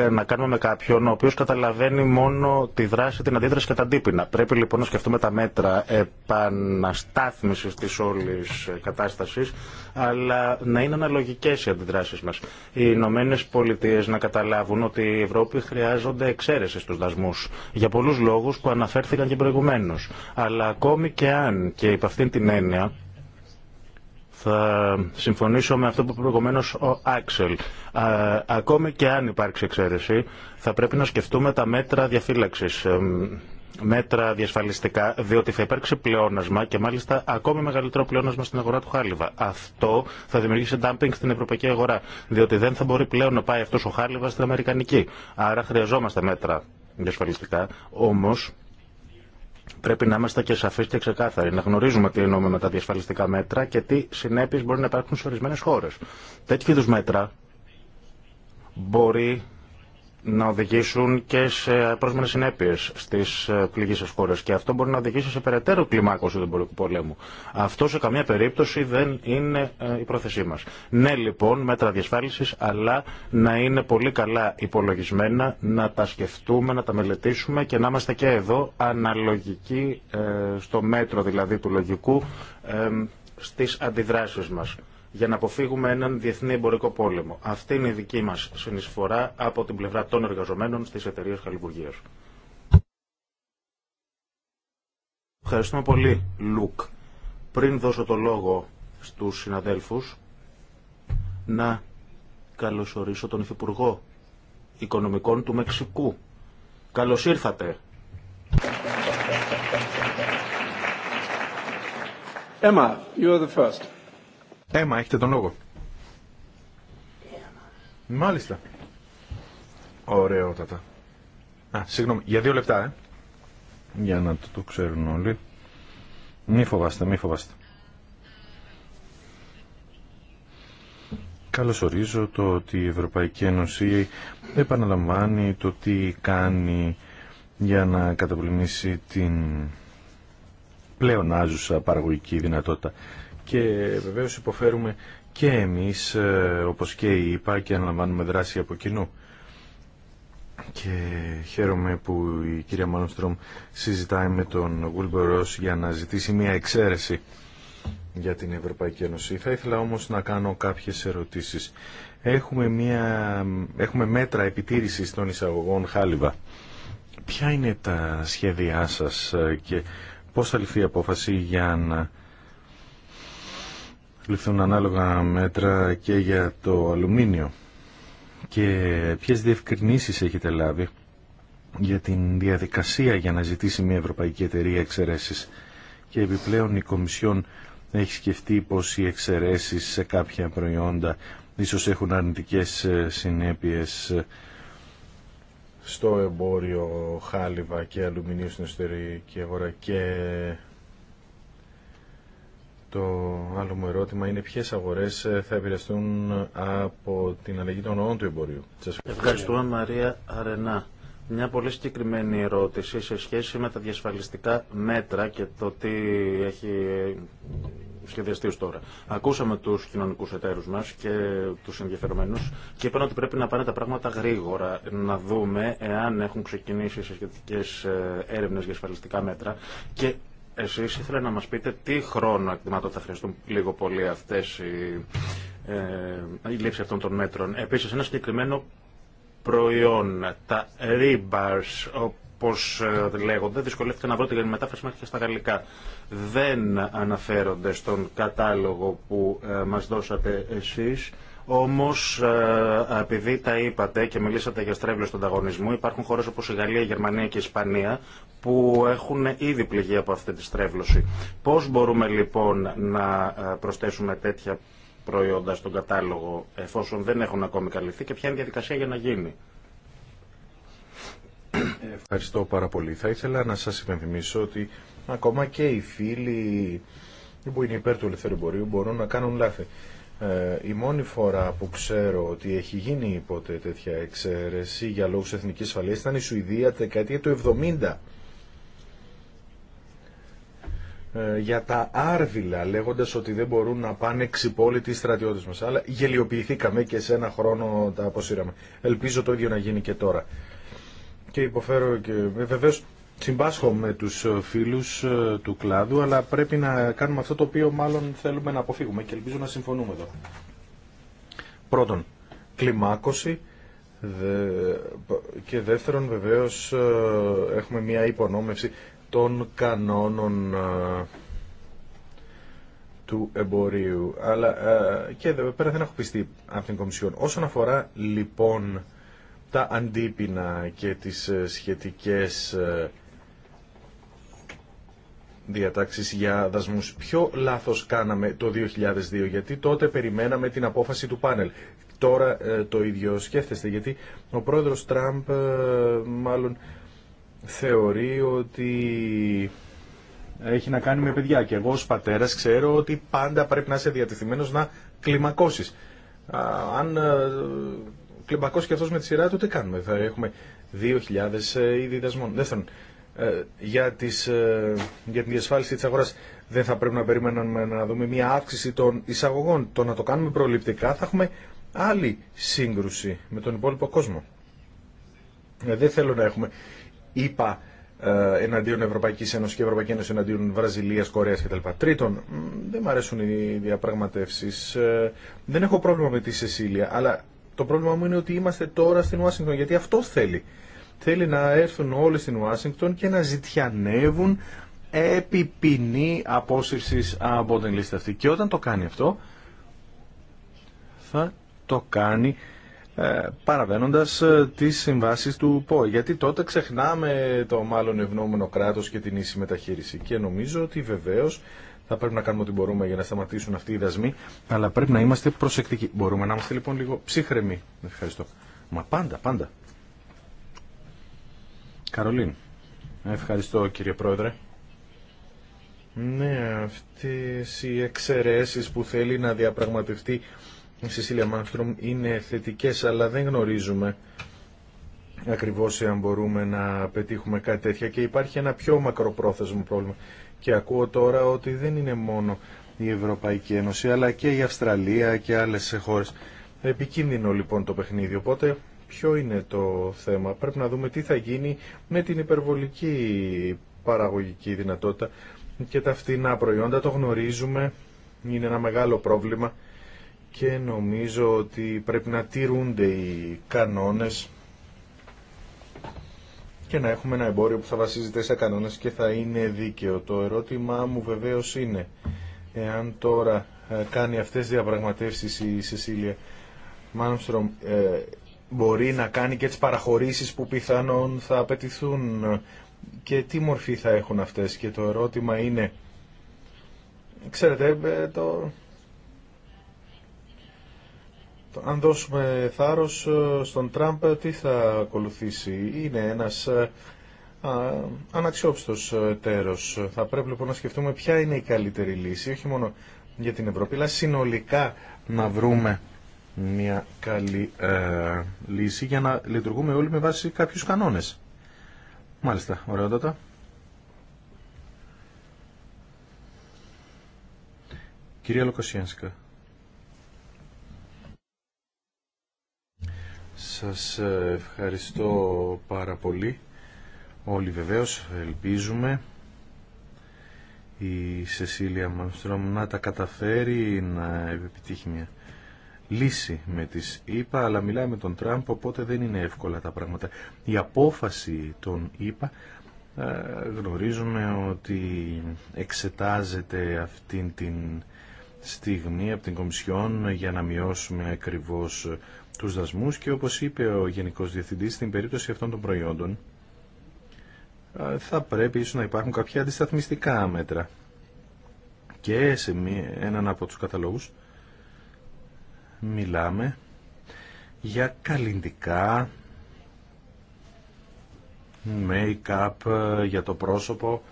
να κάνουμε με κάποιον ο οποίο καταλαβαίνει μόνο τη δράση, την αντίδραση και τα αντίπεινα. Πρέπει λοιπόν να σκεφτούμε τα μέτρα επαναστάθμιση τη όλη ε, κατάσταση, αλλά να είναι αναλογικέ οι αντιδράσει μα. Οι Ηνωμένε Πολιτείε να καταλάβουν ότι η Ευρώπη χρειάζονται εξαίρεση στου δασμού. Για πολλού λόγου που αναφέρθηκαν και προηγουμένω. Αλλά ακόμη και αν και υπ' αυτήν την έννοια θα συμφωνήσω με αυτό που είπε προηγουμένω ο Άξελ. Ακόμη και αν υπάρξει εξαίρεση, θα πρέπει να σκεφτούμε τα μέτρα διαφύλαξη μέτρα διασφαλιστικά, διότι θα υπάρξει πλεόνασμα και μάλιστα ακόμη μεγαλύτερο πλεόνασμα στην αγορά του χάλιβα. Αυτό θα δημιουργήσει dumping στην ευρωπαϊκή αγορά, διότι δεν θα μπορεί πλέον να πάει αυτό ο χάλιβα στην αμερικανική. Άρα χρειαζόμαστε μέτρα διασφαλιστικά. Όμω Πρέπει να είμαστε και σαφεί και ξεκάθαροι, να γνωρίζουμε τι εννοούμε με τα διασφαλιστικά μέτρα και τι συνέπειε μπορεί να υπάρχουν σε ορισμένε χώρε. Τέτοιου είδου μέτρα μπορεί να οδηγήσουν και σε πρόσμενε συνέπειε στι ε, πληγήσει χώρε. Και αυτό μπορεί να οδηγήσει σε περαιτέρω κλιμάκωση του εμπορικού πολέμου. Αυτό σε καμία περίπτωση δεν είναι ε, η πρόθεσή μα. Ναι, λοιπόν, μέτρα διασφάλιση, αλλά να είναι πολύ καλά υπολογισμένα, να τα σκεφτούμε, να τα μελετήσουμε και να είμαστε και εδώ αναλογικοί ε, στο μέτρο δηλαδή του λογικού στις αντιδράσεις μας για να αποφύγουμε έναν διεθνή εμπορικό πόλεμο. Αυτή είναι η δική μας συνεισφορά από την πλευρά των εργαζομένων στις εταιρείες Χαλιμπουργίας. Ευχαριστούμε πολύ, Λουκ. Πριν δώσω το λόγο στους συναδέλφους, να καλωσορίσω τον Υφυπουργό Οικονομικών του Μεξικού. Καλώς ήρθατε. Emma, you are the first. Έμα, έχετε τον λόγο. Μάλιστα. Ωραιότατα. Α, συγγνώμη, για δύο λεπτά, ε. Για να το, το ξέρουν όλοι. Μη φοβάστε, μη φοβάστε. Καλώς ορίζω το ότι η Ευρωπαϊκή Ένωση επαναλαμβάνει το τι κάνει για να καταπολεμήσει την πλεονάζουσα παραγωγική δυνατότητα και βεβαίως υποφέρουμε και εμείς ε, όπως και η ΕΠΑ και αναλαμβάνουμε δράση από κοινού. Και χαίρομαι που η κυρία Μάνστρομ συζητάει με τον Γουλμπερ για να ζητήσει μια εξαίρεση για την Ευρωπαϊκή Ένωση. Θα ήθελα όμως να κάνω κάποιες ερωτήσεις. Έχουμε, μια... Έχουμε μέτρα επιτήρησης των εισαγωγών χάλιβα. Ποια είναι τα σχέδιά σας ε, και πώς θα λυθεί η απόφαση για να ληφθούν ανάλογα μέτρα και για το αλουμίνιο και ποιες διευκρινήσεις έχετε λάβει για την διαδικασία για να ζητήσει μια ευρωπαϊκή εταιρεία εξαιρέσεις και επιπλέον η Κομισιόν έχει σκεφτεί πως οι εξαιρέσεις σε κάποια προϊόντα ίσως έχουν αρνητικές ε, συνέπειες ε, στο εμπόριο χάλιβα και αλουμινίου στην εσωτερική αγορά και το άλλο μου ερώτημα είναι ποιε αγορέ ε, θα επηρεαστούν από την αλλαγή των ονών του εμπορίου. Ευχαριστούμε Μαρία Αρενά. Μια πολύ συγκεκριμένη ερώτηση σε σχέση με τα διασφαλιστικά μέτρα και το τι έχει σχεδιαστεί ως τώρα. Ακούσαμε τους κοινωνικούς εταίρους μας και τους ενδιαφερομένους και είπαν ότι πρέπει να πάνε τα πράγματα γρήγορα, να δούμε εάν έχουν ξεκινήσει σε σχετικές ε, έρευνες για ασφαλιστικά μέτρα και εσείς ήθελα να μας πείτε τι χρόνο ότι θα χρειαστούν λίγο πολύ αυτές οι, ε, λήψη αυτών των μέτρων. Επίσης ένα συγκεκριμένο προϊόν, τα rebars, όπως ε, λέγονται, δυσκολεύτηκα να βρω την μετάφραση μέχρι και στα γαλλικά. Δεν αναφέρονται στον κατάλογο που ε, μας δώσατε εσείς Όμω, ε, επειδή τα είπατε και μιλήσατε για στρέβλωση του ανταγωνισμού, υπάρχουν χώρε όπω η Γαλλία, η Γερμανία και η Ισπανία που έχουν ήδη πληγεί από αυτή τη στρέβλωση. Πώ μπορούμε λοιπόν να ε, προσθέσουμε τέτοια προϊόντα στον κατάλογο εφόσον δεν έχουν ακόμη καλυφθεί και ποια είναι η διαδικασία για να γίνει. Ευχαριστώ πάρα πολύ. Θα ήθελα να σας υπενθυμίσω ότι ακόμα και οι φίλοι που είναι υπέρ του ελευθερου μπορούν να κάνουν λάθη. Ε, η μόνη φορά που ξέρω ότι έχει γίνει ποτέ τέτοια εξαίρεση για λόγους εθνικής ασφαλείας ήταν η Σουηδία δεκαετία του 70 ε, για τα άρβιλα λέγοντας ότι δεν μπορούν να πάνε ξυπόλοιτοι οι στρατιώτες μας αλλά γελιοποιηθήκαμε και σε ένα χρόνο τα αποσύραμε ελπίζω το ίδιο να γίνει και τώρα και υποφέρω και ε, βεβαίως Συμπάσχω με τους ε, φίλους ε, του κλάδου, αλλά πρέπει να κάνουμε αυτό το οποίο μάλλον θέλουμε να αποφύγουμε και ελπίζω να συμφωνούμε εδώ. Πρώτον, κλιμάκωση και δεύτερον βεβαίως ε, έχουμε μια υπονόμευση των κανόνων του εμπορίου. Αλλά και πέρα δεν έχω πιστεί από την Κομισιόν. Όσον αφορά λοιπόν τα αντίπεινα και τις σχετικές διατάξεις για δασμούς. Ποιο λάθος κάναμε το 2002, γιατί τότε περιμέναμε την απόφαση του πάνελ. Τώρα ε, το ίδιο σκέφτεστε, γιατί ο πρόεδρος Τραμπ ε, μάλλον θεωρεί ότι έχει να κάνει με παιδιά. Και εγώ ως πατέρας ξέρω ότι πάντα πρέπει να είσαι διατηρημένο να κλιμακώσεις. αν ε, κλιμακώσει και αυτός με τη σειρά του, τι κάνουμε. Θα έχουμε 2.000 ήδη ε, δασμών. Δεύτερον, ε, για, τις, ε, για την διασφάλιση της αγοράς δεν θα πρέπει να περιμένουμε να δούμε μια αύξηση των εισαγωγών. Το να το κάνουμε προληπτικά θα έχουμε άλλη σύγκρουση με τον υπόλοιπο κόσμο. Ε, δεν θέλω να έχουμε είπα εναντίον Ευρωπαϊκή Ένωσης και Ευρωπαϊκή Ένωση εναντίον Βραζιλία, Κορέα κτλ. Τρίτον, δεν μου αρέσουν οι διαπραγματεύσει. Δεν έχω πρόβλημα με τη Σεσίλια, αλλά το πρόβλημα μου είναι ότι είμαστε τώρα στην Ουάσιγκτον γιατί αυτό θέλει θέλει να έρθουν όλοι στην Ουάσιγκτον και να ζητιανεύουν επί ποινή απόσυρσης από την λίστα αυτή. Και όταν το κάνει αυτό, θα το κάνει ε, παραβαίνοντας ε, τις συμβάσεις του ΠΟΕ. Γιατί τότε ξεχνάμε το μάλλον ευνόμενο κράτος και την ίση μεταχείριση. Και νομίζω ότι βεβαίως θα πρέπει να κάνουμε ό,τι μπορούμε για να σταματήσουν αυτοί οι δασμοί, αλλά πρέπει να είμαστε προσεκτικοί. Μπορούμε να είμαστε λοιπόν λίγο ψύχρεμοι. Ευχαριστώ. Μα πάντα, πάντα. Καρολίν. Ευχαριστώ κύριε Πρόεδρε. Ναι, αυτές οι εξαιρεσει που θέλει να διαπραγματευτεί η Σισίλια Μάνστρομ είναι θετικές, αλλά δεν γνωρίζουμε ακριβώς αν μπορούμε να πετύχουμε κάτι τέτοια και υπάρχει ένα πιο μακροπρόθεσμο πρόβλημα. Και ακούω τώρα ότι δεν είναι μόνο η Ευρωπαϊκή Ένωση, αλλά και η Αυστραλία και άλλες χώρες. Επικίνδυνο λοιπόν το παιχνίδι, οπότε Ποιο είναι το θέμα. Πρέπει να δούμε τι θα γίνει με την υπερβολική παραγωγική δυνατότητα και τα φθηνά προϊόντα. Το γνωρίζουμε, είναι ένα μεγάλο πρόβλημα και νομίζω ότι πρέπει να τηρούνται οι κανόνες και να έχουμε ένα εμπόριο που θα βασίζεται σε κανόνες και θα είναι δίκαιο. Το ερώτημά μου βεβαίως είναι εάν τώρα ε, κάνει αυτές τις διαπραγματεύσεις η Σεσίλια Μάνστρομ ε, μπορεί να κάνει και τις παραχωρήσεις που πιθανόν θα απαιτηθούν και τι μορφή θα έχουν αυτές και το ερώτημα είναι ξέρετε ε, το, το αν δώσουμε θάρρος ε, στον Τραμπ ε, τι θα ακολουθήσει είναι ένας αναξιόπιστος τέρος θα πρέπει λοιπόν να σκεφτούμε ποια είναι η καλύτερη λύση όχι μόνο για την Ευρώπη αλλά συνολικά να βρούμε μια καλή ε, λύση για να λειτουργούμε όλοι με βάση κάποιους κανόνες. Μάλιστα, ωραιότατα. Κυρία Λοκοσιένσκα. Σας ε, ευχαριστώ πάρα πολύ. Όλοι βεβαίως ελπίζουμε η Σεσίλια Μανστρομ να τα καταφέρει να επιτύχει μια λύση με τις ΗΠΑ, αλλά μιλάει με τον Τραμπ, οπότε δεν είναι εύκολα τα πράγματα. Η απόφαση των ΗΠΑ ε, γνωρίζουμε ότι εξετάζεται αυτήν την στιγμή από την Κομισιόν για να μειώσουμε ακριβώς τους δασμούς και όπως είπε ο Γενικός Διευθυντής στην περίπτωση αυτών των προϊόντων ε, θα πρέπει ίσως να υπάρχουν κάποια αντισταθμιστικά μέτρα και σε έναν από τους καταλόγους μιλάμε για καλλιντικά make-up ε, για το πρόσωπο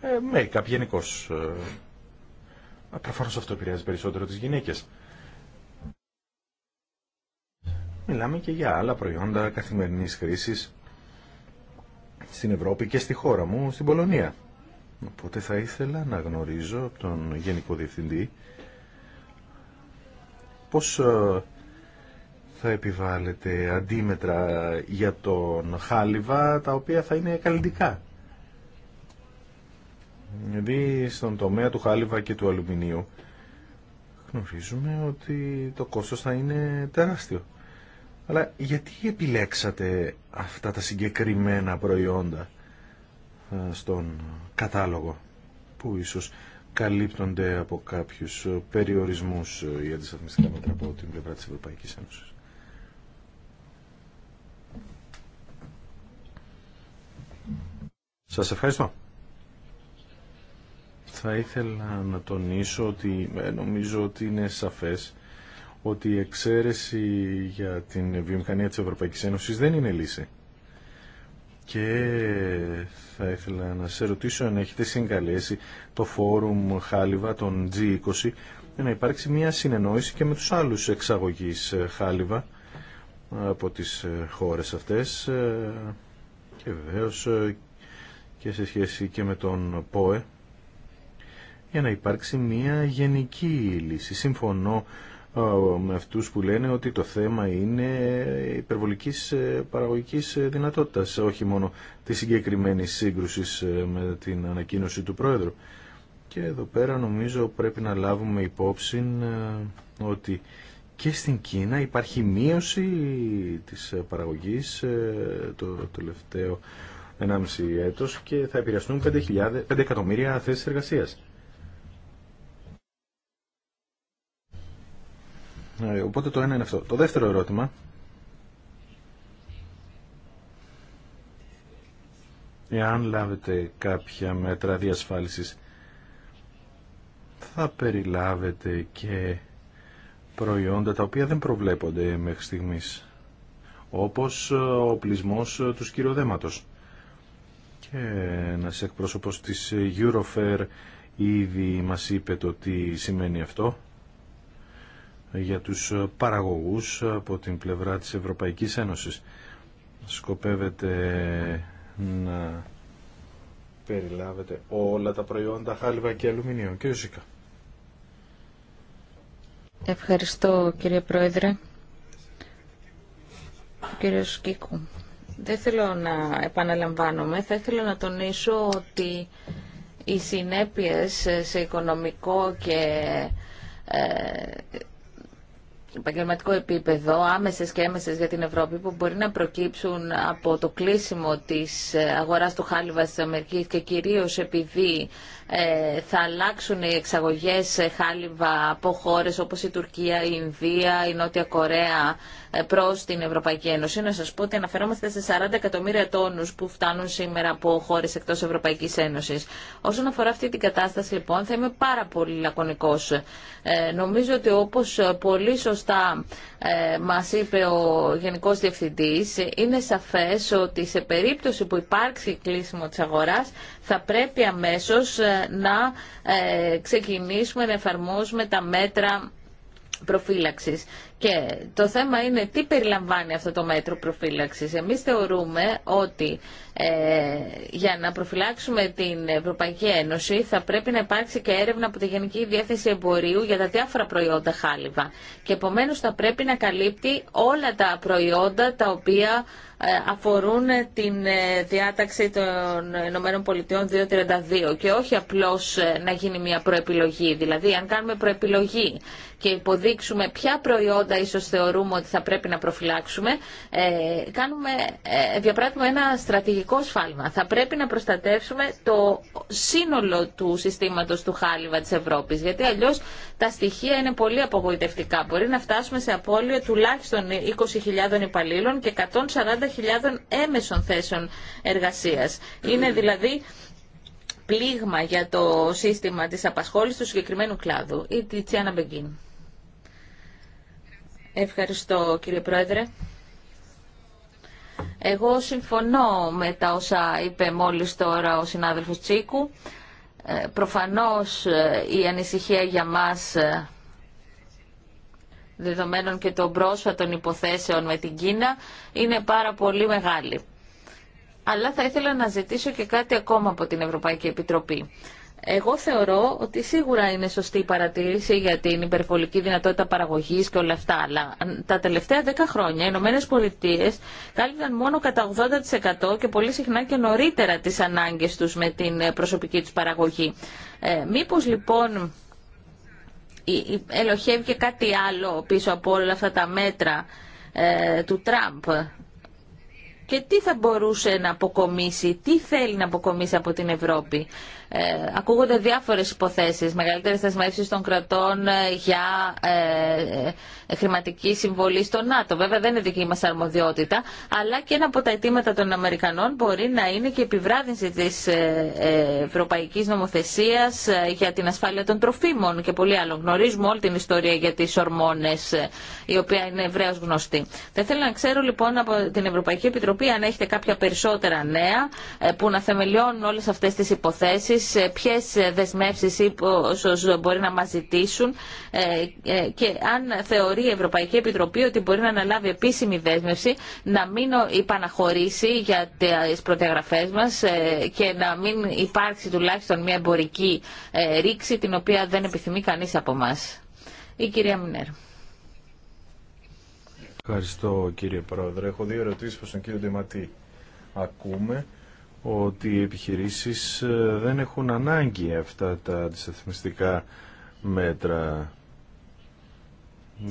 ε, make-up γενικώ. Ε, προφανώς αυτό επηρεάζει περισσότερο τις γυναίκες. Μιλάμε και για άλλα προϊόντα καθημερινής χρήσης στην Ευρώπη και στη χώρα μου, στην Πολωνία. Οπότε θα ήθελα να γνωρίζω από τον Γενικό Διευθυντή πώς ε, θα επιβάλλετε αντίμετρα για τον χάλιβα τα οποία θα είναι καλλιτικά. Γιατί στον τομέα του χάλιβα και του αλουμινίου γνωρίζουμε ότι το κόστος θα είναι τεράστιο. Αλλά γιατί επιλέξατε αυτά τα συγκεκριμένα προϊόντα. Ε, στον κατάλογο που ίσως καλύπτονται από κάποιους περιορισμούς ε, ή αντισταθμιστικά μέτρα από την πλευρά της Ευρωπαϊκής Ένωσης. Σας ευχαριστώ. Θα ήθελα να τονίσω ότι ε, νομίζω ότι είναι σαφές ότι για εξαίρεση για την βιομηχανία της Ευρωπαϊκής Ένωσης δεν είναι λύση και θα ήθελα να σε ρωτήσω αν έχετε συγκαλέσει το φόρουμ Χάλιβα των G20 για να υπάρξει μια συνεννόηση και με τους άλλους εξαγωγείς ε, Χάλιβα από τις ε, χώρες αυτές ε, και βεβαίω, και σε σχέση και με τον ΠΟΕ για να υπάρξει μια γενική λύση. Συμφωνώ με αυτούς που λένε ότι το θέμα είναι υπερβολικής ε, παραγωγικής ε, δυνατότητας, όχι μόνο τη συγκεκριμένη σύγκρουση ε, με την ανακοίνωση του Πρόεδρου. Και εδώ πέρα νομίζω πρέπει να λάβουμε υπόψη ότι και στην Κίνα υπάρχει μείωση της παραγωγής το τελευταίο 1,5 έτος και θα επηρεαστούν 5, 5 εκατομμύρια θέσεις εργασίας. Ε, οπότε το ένα είναι αυτό. Το δεύτερο ερώτημα εάν λάβετε κάποια μέτρα διασφάλισης θα περιλάβετε και προϊόντα τα οποία δεν προβλέπονται μέχρι στιγμής όπως ε, ο τους ε, του σκυροδέματος και ένας εκπρόσωπος της Eurofair ήδη μας είπε το τι σημαίνει αυτό για τους ε, παραγωγούς ε, από την πλευρά της Ευρωπαϊκής Ένωσης. Σκοπεύετε να περιλάβετε όλα τα προϊόντα χάλιβα και αλουμινίου. Κύριε Σίκα. Ευχαριστώ κύριε Πρόεδρε. Κύριε Σκίκου. Δεν θέλω να επαναλαμβάνομαι. Θα ήθελα να τονίσω ότι οι συνέπειες ε, σε οικονομικό και επαγγελματικό επίπεδο, άμεσες και έμεσες για την Ευρώπη, που μπορεί να προκύψουν από το κλείσιμο της αγοράς του χάλιβας της Αμερικής και κυρίως επειδή ε, θα αλλάξουν οι εξαγωγές ε, χάλιβα από χώρες όπως η Τουρκία, η Ινδία, η Νότια Κορέα ε, προς την Ευρωπαϊκή Ένωση. Να σας πω ότι αναφερόμαστε σε 40 εκατομμύρια τόνους που φτάνουν σήμερα από χώρες εκτός Ευρωπαϊκής Ένωσης. Όσον αφορά αυτή την κατάσταση λοιπόν θα είμαι πάρα πολύ λακωνικός. νομίζω ότι όπως πολύ σωστά ε, μας είπε ο Γενικός Διευθυντής είναι σαφές ότι σε περίπτωση που υπάρξει κλείσιμο της αγοράς θα πρέπει αμέσως να ε, ξεκινήσουμε να εφαρμόζουμε τα μέτρα προφύλαξης. Και το θέμα είναι τι περιλαμβάνει αυτό το μέτρο προφύλαξης. Εμείς θεωρούμε ότι ε, για να προφυλάξουμε την Ευρωπαϊκή Ένωση θα πρέπει να υπάρξει και έρευνα από τη Γενική Διεύθυνση Εμπορίου για τα διάφορα προϊόντα χάλιβα. Και επομένως θα πρέπει να καλύπτει όλα τα προϊόντα τα οποία ε, αφορούν την ε, διάταξη των ΗΠΑ 232 και όχι απλώς ε, να γίνει μια προεπιλογή. Δηλαδή, αν κάνουμε προεπιλογή και υποδείξουμε ποια προϊόντα ίσως θεωρούμε ότι θα πρέπει να προφυλάξουμε, κάνουμε, διαπράττουμε ένα στρατηγικό σφάλμα. Θα πρέπει να προστατεύσουμε το σύνολο του συστήματος του χάλιβα της Ευρώπης, γιατί αλλιώς τα στοιχεία είναι πολύ απογοητευτικά. Μπορεί να φτάσουμε σε απώλεια τουλάχιστον 20.000 υπαλλήλων και 140 έμεσων θέσεων εργασίας. Είναι δηλαδή πλήγμα για το σύστημα της απασχόλησης του συγκεκριμένου κλάδου. Η Τιτσιάνα Μπεγκίν. Ευχαριστώ κύριε Πρόεδρε. Εγώ συμφωνώ με τα όσα είπε μόλις τώρα ο συνάδελφος Τσίκου. Ε, προφανώς ε, η ανησυχία για μας ε, δεδομένων και των πρόσφατων υποθέσεων με την Κίνα είναι πάρα πολύ μεγάλη. Αλλά θα ήθελα να ζητήσω και κάτι ακόμα από την Ευρωπαϊκή Επιτροπή. Εγώ θεωρώ ότι σίγουρα είναι σωστή η παρατήρηση για την υπερβολική δυνατότητα παραγωγή και όλα αυτά. Αλλά τα τελευταία 10 χρόνια οι Ηνωμένε Πολιτείε κάλυπταν μόνο κατά 80% και πολύ συχνά και νωρίτερα τι ανάγκε του με την προσωπική του παραγωγή. Ε, Μήπω λοιπόν ελοχεύει και κάτι άλλο πίσω από όλα αυτά τα μέτρα ε, του Τραμπ. Και τι θα μπορούσε να αποκομίσει, τι θέλει να αποκομίσει από την Ευρώπη. Ε, ακούγονται διάφορες υποθέσεις, μεγαλύτερες θεσμεύσεις των κρατών ε, για ε, χρηματική συμβολή στο ΝΑΤΟ. Βέβαια δεν είναι δική μας αρμοδιότητα, αλλά και ένα από τα αιτήματα των Αμερικανών μπορεί να είναι και επιβράδυνση της ευρωπαϊκής νομοθεσίας για την ασφάλεια των τροφίμων και πολύ άλλο. Γνωρίζουμε όλη την ιστορία για τις ορμόνες, η οποία είναι ευρέω γνωστή. Θα ήθελα να ξέρω λοιπόν από την Ευρωπαϊκή Επιτροπή αν έχετε κάποια περισσότερα νέα που να θεμελιώνουν όλες αυτές τις υποθέσεις επίσης ε, ποιες δεσμεύσεις ή μπορεί να μας ζητήσουν ε, ε, και αν θεωρεί η Ευρωπαϊκή Επιτροπή ότι μπορεί να αναλάβει επίσημη δέσμευση να μην υπαναχωρήσει για τις προτεγραφές μας και να μην υπάρξει τουλάχιστον μια εμπορική ρήξη την οποία δεν επιθυμεί κανείς από εμά. Η κυρία Μινέρ. Ευχαριστώ κύριε Πρόεδρε. Έχω δύο ερωτήσεις προς τον κύριο Ντεματή. Ακούμε ότι οι επιχειρήσεις ε, δεν έχουν ανάγκη αυτά τα αντισταθμιστικά μέτρα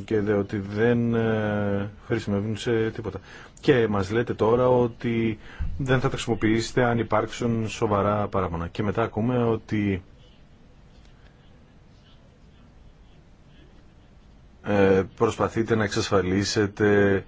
και δε ότι δεν ε, χρησιμεύουν σε τίποτα. Και μας λέτε τώρα ότι δεν θα τα χρησιμοποιήσετε αν υπάρξουν σοβαρά παράπονα. Και μετά ακούμε ότι ε, προσπαθείτε να εξασφαλίσετε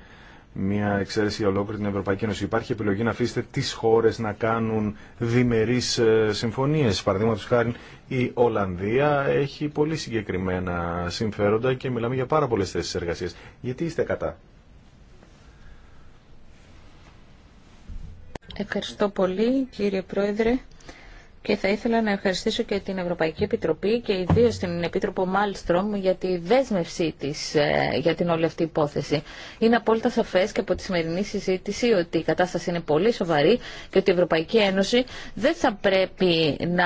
μια εξαίρεση για ολόκληρη την Ευρωπαϊκή Ένωση. Υπάρχει επιλογή να αφήσετε τι χώρε να κάνουν διμερεί ε, συμφωνίε. Παραδείγματο χάρη η Ολλανδία έχει πολύ συγκεκριμένα συμφέροντα και μιλάμε για πάρα πολλέ θέσει εργασία. Γιατί είστε κατά. Ευχαριστώ πολύ κύριε Πρόεδρε. Και θα ήθελα να ευχαριστήσω και την Ευρωπαϊκή Επιτροπή και ιδίως την Επίτροπο Μάλστρομ για τη δέσμευσή της ε, για την όλη αυτή υπόθεση. Είναι απόλυτα σαφέ και από τη σημερινή συζήτηση ότι η κατάσταση είναι πολύ σοβαρή και ότι η Ευρωπαϊκή Ένωση δεν θα πρέπει να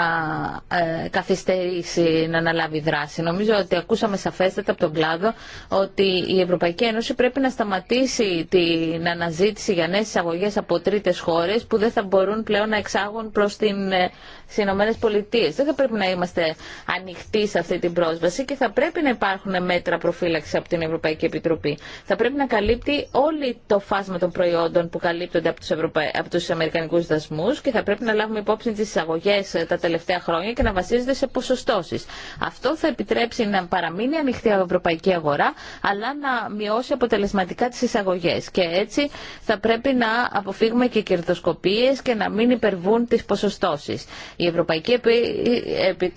ε, καθυστερήσει να αναλάβει δράση. Νομίζω ότι ακούσαμε σαφέστατα από τον κλάδο ότι η Ευρωπαϊκή Ένωση πρέπει να σταματήσει την αναζήτηση για νέες εισαγωγές από τρίτες χώρες που δεν θα μπορούν πλέον να εξάγουν προς την ε, στι Ηνωμένε Πολιτείε. Δεν θα πρέπει να είμαστε ανοιχτοί σε αυτή την πρόσβαση και θα πρέπει να υπάρχουν μέτρα προφύλαξη από την Ευρωπαϊκή Επιτροπή. Θα πρέπει να καλύπτει όλη το φάσμα των προϊόντων που καλύπτονται από του Ευρωπα... Αμερικανικού δασμού και θα πρέπει να λάβουμε υπόψη τι εισαγωγέ ε, τα τελευταία χρόνια και να βασίζονται σε ποσοστώσει. Αυτό θα επιτρέψει να παραμείνει ανοιχτή η ευρωπαϊκή αγορά, αλλά να μειώσει αποτελεσματικά τι εισαγωγέ. Και έτσι θα πρέπει να αποφύγουμε και κερδοσκοπίε και να μην υπερβούν τι ποσοστώσει. Η Ευρωπαϊκή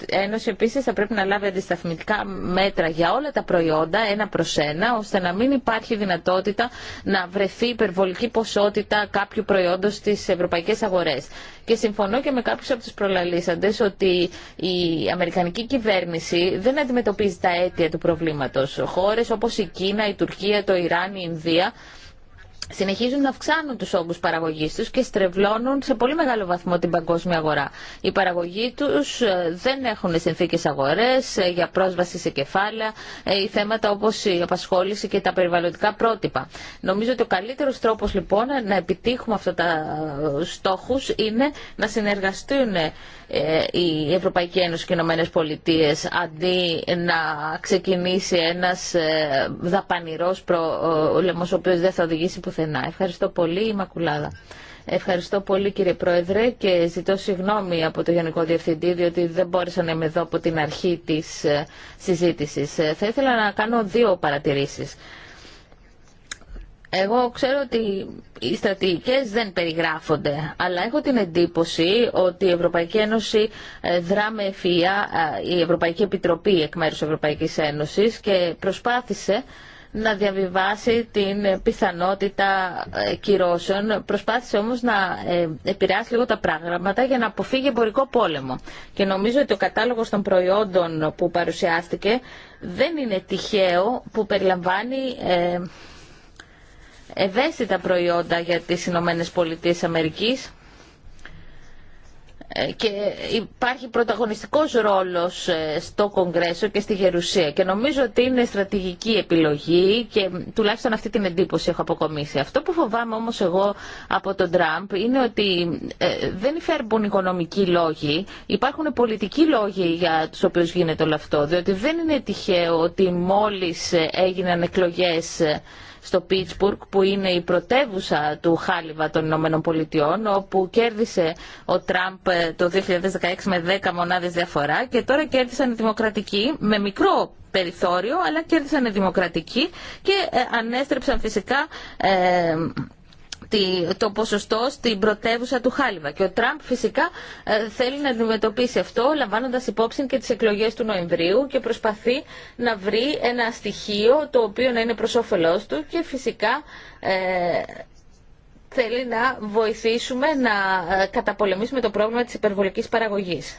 Ένωση επίσης θα πρέπει να λάβει αντισταθμιτικά μέτρα για όλα τα προϊόντα ένα προς ένα, ώστε να μην υπάρχει δυνατότητα να βρεθεί υπερβολική ποσότητα κάποιου προϊόντος στις ευρωπαϊκές αγορές. Και συμφωνώ και με κάποιους από τους προλαλήσαντες ότι η Αμερικανική κυβέρνηση δεν αντιμετωπίζει τα αίτια του προβλήματος. Χώρες όπως η Κίνα, η Τουρκία, το Ιράν, η Ινδία συνεχίζουν να αυξάνουν τους όγκους παραγωγής τους και στρεβλώνουν σε πολύ μεγάλο βαθμό την παγκόσμια αγορά. Οι παραγωγοί τους ε, δεν έχουν συνθήκες αγορές ε, για πρόσβαση σε κεφάλαια ε, ή θέματα όπως η απασχόληση και τα περιβαλλοντικά πρότυπα. Νομίζω ότι ο καλύτερος τρόπος λοιπόν να επιτύχουμε αυτά τα στόχους είναι να συνεργαστούν ε, η Ευρωπαϊκή Ένωση και οι Πολιτείε αντί να ξεκινήσει ένας ε, δαπανηρός πρόλεμος ο οποίο δεν θα οδηγήσει πουθενά. Ευχαριστώ πολύ η Μακουλάδα. Ευχαριστώ πολύ κύριε Πρόεδρε και ζητώ συγγνώμη από το Γενικό Διευθυντή διότι δεν μπόρεσα να είμαι εδώ από την αρχή της ε, συζήτησης. Θα ήθελα να κάνω δύο παρατηρήσεις. Εγώ ξέρω ότι οι στρατηγικές δεν περιγράφονται, αλλά έχω την εντύπωση ότι η Ευρωπαϊκή Ένωση ε, δρά με ευφυΐα, ε, η Ευρωπαϊκή Επιτροπή εκ μέρους Ευρωπαϊκής Ένωσης και προσπάθησε να διαβιβάσει την πιθανότητα ε, κυρώσεων. Προσπάθησε όμως να επηρεάσει λίγο τα πράγματα για να αποφύγει εμπορικό πόλεμο. Και νομίζω ότι ο κατάλογος των προϊόντων που παρουσιάστηκε δεν είναι τυχαίο που περιλαμβάνει ευαίσθητα προϊόντα για τις Ηνωμένε Πολιτείες Αμερικής ε, και υπάρχει πρωταγωνιστικός ρόλος ε, στο Κογκρέσο και στη Γερουσία και νομίζω ότι είναι στρατηγική επιλογή και τουλάχιστον αυτή την εντύπωση έχω αποκομίσει. Αυτό που φοβάμαι όμως εγώ από τον Τραμπ είναι ότι ε, δεν υφέρουν οικονομικοί λόγοι, υπάρχουν πολιτικοί λόγοι για τους οποίους γίνεται όλο αυτό, διότι δεν είναι τυχαίο ότι μόλις έγιναν εκλογές στο Πίτσπουργκ που είναι η πρωτεύουσα του Χάλιβα των Ηνωμένων Πολιτειών όπου κέρδισε ο Τραμπ ε, το 2016 με 10 μονάδες διαφορά και τώρα κέρδισαν οι δημοκρατικοί με μικρό περιθώριο αλλά κέρδισαν οι δημοκρατικοί και ε, ανέστρεψαν φυσικά ε, το ποσοστό στην πρωτεύουσα του Χάλιβα. Και ο Τραμπ φυσικά ε, θέλει να αντιμετωπίσει αυτό λαμβάνοντα υπόψη και τι εκλογές του Νοεμβρίου και προσπαθεί να βρει ένα στοιχείο το οποίο να είναι προ όφελό του και φυσικά ε, θέλει να βοηθήσουμε να ε, καταπολεμήσουμε το πρόβλημα της υπερβολικής παραγωγής.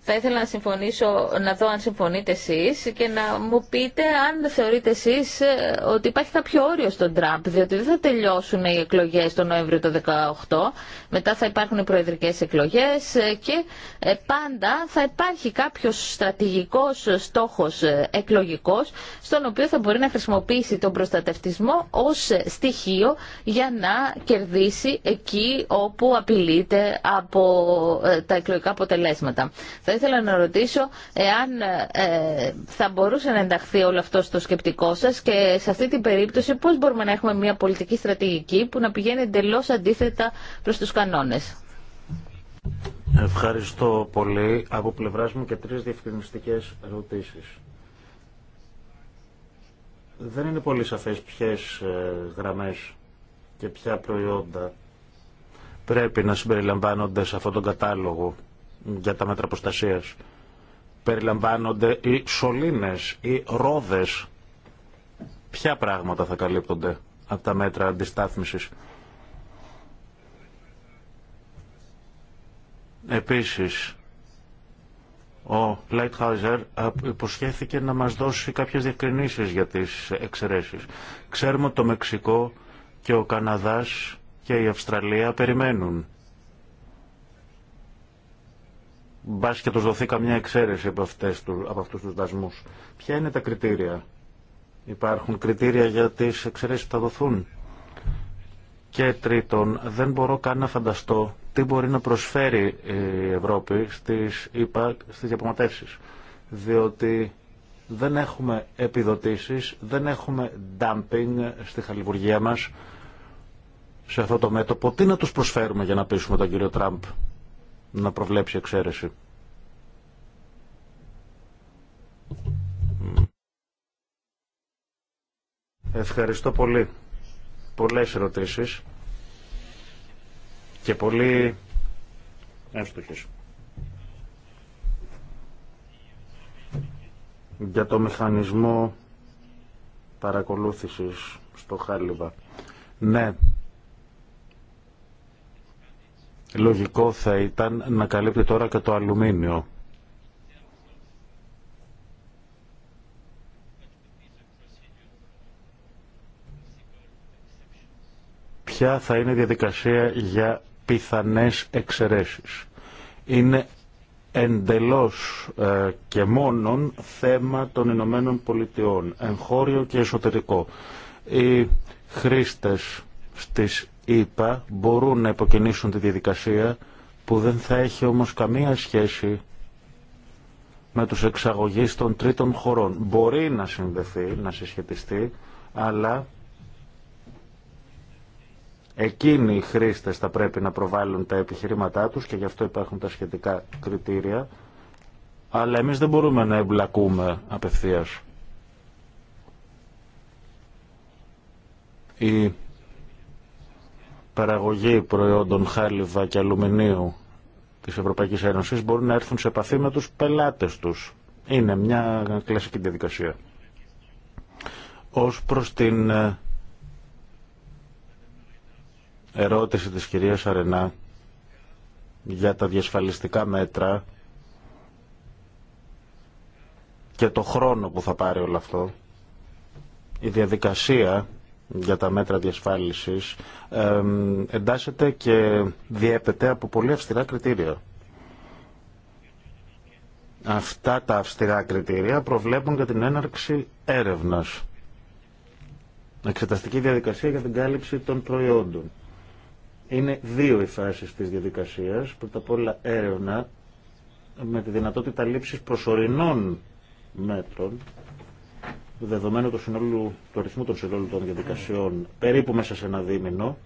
Θα ήθελα να συμφωνήσω, να δω αν συμφωνείτε εσείς και να μου πείτε αν θεωρείτε εσείς ε, ότι υπάρχει κάποιο όριο στον Τραμπ, διότι δεν θα τελειώσουν οι εκλογές τον Νοέμβριο το 2018, μετά θα υπάρχουν οι προεδρικές εκλογές ε, και ε, πάντα θα υπάρχει κάποιος στρατηγικός στόχος εκλογικός, στον οποίο θα μπορεί να χρησιμοποιήσει τον προστατευτισμό ως στοιχείο για να κερδίσει εκεί όπου απειλείται από τα εκλογικά αποτελέσματα. Θα ήθελα να ρωτήσω εάν ε, θα μπορούσε να ενταχθεί όλο αυτό στο σκεπτικό σα και σε αυτή την περίπτωση πώς μπορούμε να έχουμε μια πολιτική στρατηγική που να πηγαίνει εντελώ αντίθετα προς τους κανόνες. Ευχαριστώ πολύ. Από πλευρά μου και τρεις διευκρινιστικές ερωτήσει. Δεν είναι πολύ σαφέ ποιε γραμμέ και ποια προϊόντα πρέπει να συμπεριλαμβάνονται σε αυτόν τον κατάλογο για τα μέτρα προστασία. Περιλαμβάνονται οι σωλήνες, οι ρόδες. Ποια πράγματα θα καλύπτονται από τα μέτρα αντιστάθμισης. Επίσης, ο Λάιτχάουζερ υποσχέθηκε να μας δώσει κάποιες διευκρινήσεις για τις εξαιρέσεις. Ξέρουμε ότι το Μεξικό και ο Καναδάς και η Αυστραλία περιμένουν μπα και του δοθεί καμιά εξαίρεση από, από αυτού του δασμού. Ποια είναι τα κριτήρια, Υπάρχουν κριτήρια για τι εξαιρέσει που θα δοθούν. Και τρίτον, δεν μπορώ καν να φανταστώ τι μπορεί να προσφέρει η Ευρώπη στις, ΗΠΑ στις διαπραγματεύσεις. Διότι δεν έχουμε επιδοτήσεις, δεν έχουμε dumping στη χαλιβουργία μας σε αυτό το μέτωπο. Τι να τους προσφέρουμε για να πείσουμε τον κύριο Τραμπ να προβλέψει εξαίρεση. Ευχαριστώ πολύ. Πολλές ερωτήσεις και πολύ εύστοχες. Για το μηχανισμό παρακολούθησης στο Χάλιβα. Ναι, Λογικό θα ήταν να καλύπτει τώρα και το αλουμίνιο. Ποια θα είναι η διαδικασία για πιθανές εξαιρέσεις. Είναι εντελώς ε, και μόνον θέμα των Ηνωμένων Πολιτειών, εγχώριο και εσωτερικό. Οι χρήστες στις είπα μπορούν να υποκινήσουν τη διαδικασία που δεν θα έχει όμως καμία σχέση με τους εξαγωγείς των τρίτων χωρών. Μπορεί να συνδεθεί, να συσχετιστεί, αλλά εκείνοι οι χρήστες θα πρέπει να προβάλλουν τα επιχειρήματά τους και γι' αυτό υπάρχουν τα σχετικά κριτήρια, αλλά εμείς δεν μπορούμε να εμπλακούμε απευθείας παραγωγή προϊόντων χάλιβα και αλουμινίου της Ευρωπαϊκής Ένωσης μπορούν να έρθουν σε επαφή με τους πελάτες τους. Είναι μια κλασική διαδικασία. Ως προς την ε, ερώτηση της κυρίας Αρενά για τα διασφαλιστικά μέτρα και το χρόνο που θα πάρει όλο αυτό, η διαδικασία για τα μέτρα διασφάλισης εντάσσεται και διέπεται από πολύ αυστηρά κριτήρια. Αυτά τα αυστηρά κριτήρια προβλέπουν για την έναρξη έρευνας. Εξεταστική διαδικασία για την κάλυψη των προϊόντων. Είναι δύο οι φάσεις της διαδικασίας. Πρώτα απ' όλα έρευνα με τη δυνατότητα λήψης προσωρινών μέτρων δεδομένου του, συνόλου, του αριθμού των συνόλου των διαδικασιών περίπου μέσα σε ένα δίμηνο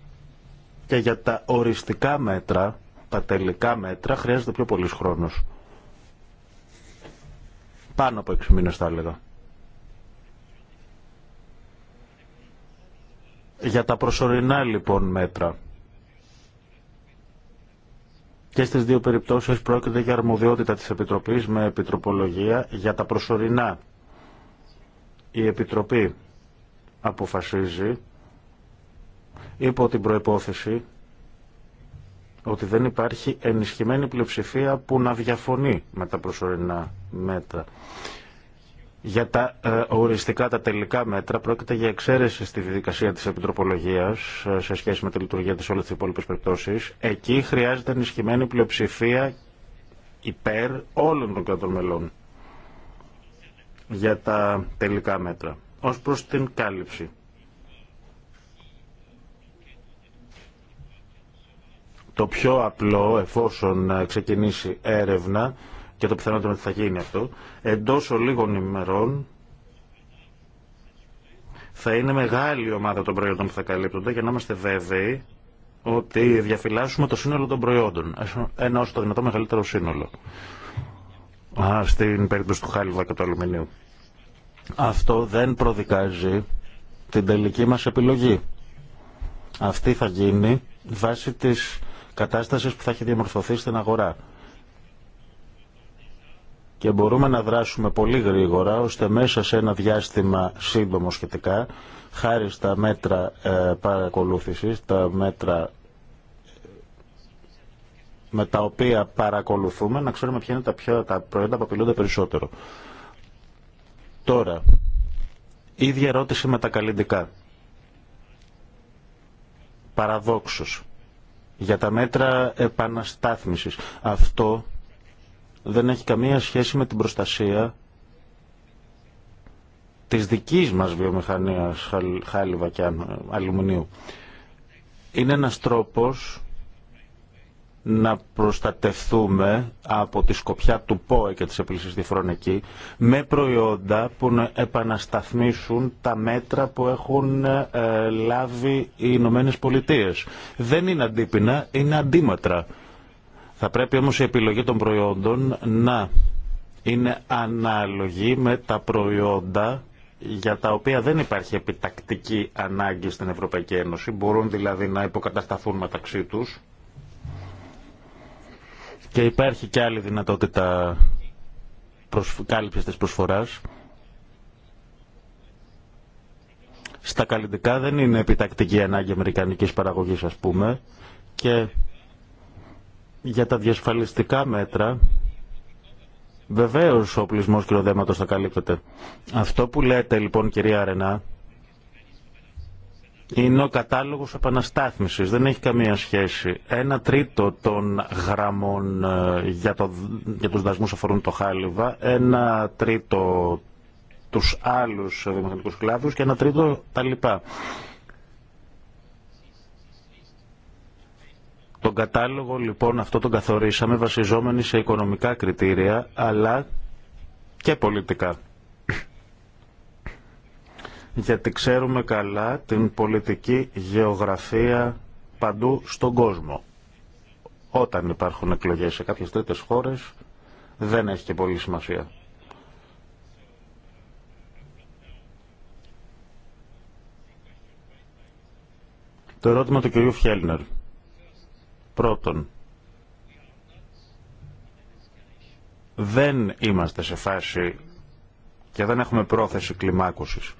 και για τα οριστικά μέτρα, τα τελικά μέτρα, χρειάζεται πιο πολύς χρόνος. Πάνω από 6 μήνες θα έλεγα. Για τα προσωρινά λοιπόν μέτρα. Και στις δύο περιπτώσεις πρόκειται για αρμοδιότητα της Επιτροπής με επιτροπολογία για τα προσωρινά η Επιτροπή αποφασίζει υπό την προϋπόθεση ότι δεν υπάρχει ενισχυμένη πλειοψηφία που να διαφωνεί με τα προσωρινά μέτρα. Για τα ε, οριστικά, τα τελικά μέτρα πρόκειται για εξαίρεση στη διαδικασία της επιτροπολογίας ε, σε σχέση με τη λειτουργία της όλες τις υπόλοιπες περιπτώσεις. Εκεί χρειάζεται ενισχυμένη πλειοψηφία υπέρ όλων των κρατών μελών για τα τελικά μέτρα. Ως προς την κάλυψη. Το πιο απλό, εφόσον ξεκινήσει έρευνα, και το πιθανότερο ότι θα γίνει αυτό, εντός ολίγων ημερών θα είναι μεγάλη ομάδα των προϊόντων που θα καλύπτονται για να είμαστε βέβαιοι ότι διαφυλάσσουμε το σύνολο των προϊόντων, ενώ το δυνατό μεγαλύτερο σύνολο στην περίπτωση του χάλιβα και του αλουμινίου. Αυτό δεν προδικάζει την τελική μας επιλογή. Αυτή θα γίνει βάσει της κατάστασης που θα έχει διαμορφωθεί στην αγορά. Και μπορούμε να δράσουμε πολύ γρήγορα, ώστε μέσα σε ένα διάστημα σύντομο σχετικά, χάρη στα μέτρα ε, παρακολούθησης, τα μέτρα με τα οποία παρακολουθούμε, να ξέρουμε ποια είναι τα, πιο, τα προϊόντα που απειλούνται περισσότερο. Τώρα, η ίδια ερώτηση με τα καλλιντικά. Παραδόξως. Για τα μέτρα επαναστάθμισης. Αυτό δεν έχει καμία σχέση με την προστασία της δικής μας βιομηχανίας χάλιβα και αλουμινίου. Είναι ένας τρόπος να προστατευθούμε από τη σκοπιά του ΠΟΕ και της επίλυσης διαφορών εκεί με προϊόντα που να επανασταθμίσουν τα μέτρα που έχουν ε, λάβει οι Ηνωμένε Πολιτείε. Δεν είναι αντίπεινα, είναι αντίμετρα. Θα πρέπει όμως η επιλογή των προϊόντων να είναι ανάλογη με τα προϊόντα για τα οποία δεν υπάρχει επιτακτική ανάγκη στην Ευρωπαϊκή Ένωση, μπορούν δηλαδή να υποκατασταθούν μεταξύ τους και υπάρχει και άλλη δυνατότητα κάλυψης της προσφοράς. Στα καλλιτικά δεν είναι επιτακτική ανάγκη αμερικανικής παραγωγής ας πούμε και για τα διασφαλιστικά μέτρα βεβαίως ο πλεισμός κυροδέματος θα καλύπτεται. Αυτό που λέτε λοιπόν κυρία Αρενά είναι ο κατάλογος επαναστάθμισης. Δεν έχει καμία σχέση. Ένα τρίτο των γραμμών ε, για, το, για τους δασμούς αφορούν το χάλιβα, ένα τρίτο τους άλλους δημοκρατικού κλάδους και ένα τρίτο τα λοιπά. Τον κατάλογο λοιπόν αυτό τον καθορίσαμε βασιζόμενοι σε οικονομικά κριτήρια αλλά και πολιτικά γιατί ξέρουμε καλά την πολιτική γεωγραφία παντού στον κόσμο. Όταν υπάρχουν εκλογές σε κάποιες τρίτες χώρες δεν έχει και πολύ σημασία. Το ερώτημα του κυρίου Φιέλνερ. Πρώτον, δεν είμαστε σε φάση και δεν έχουμε πρόθεση κλιμάκωσης.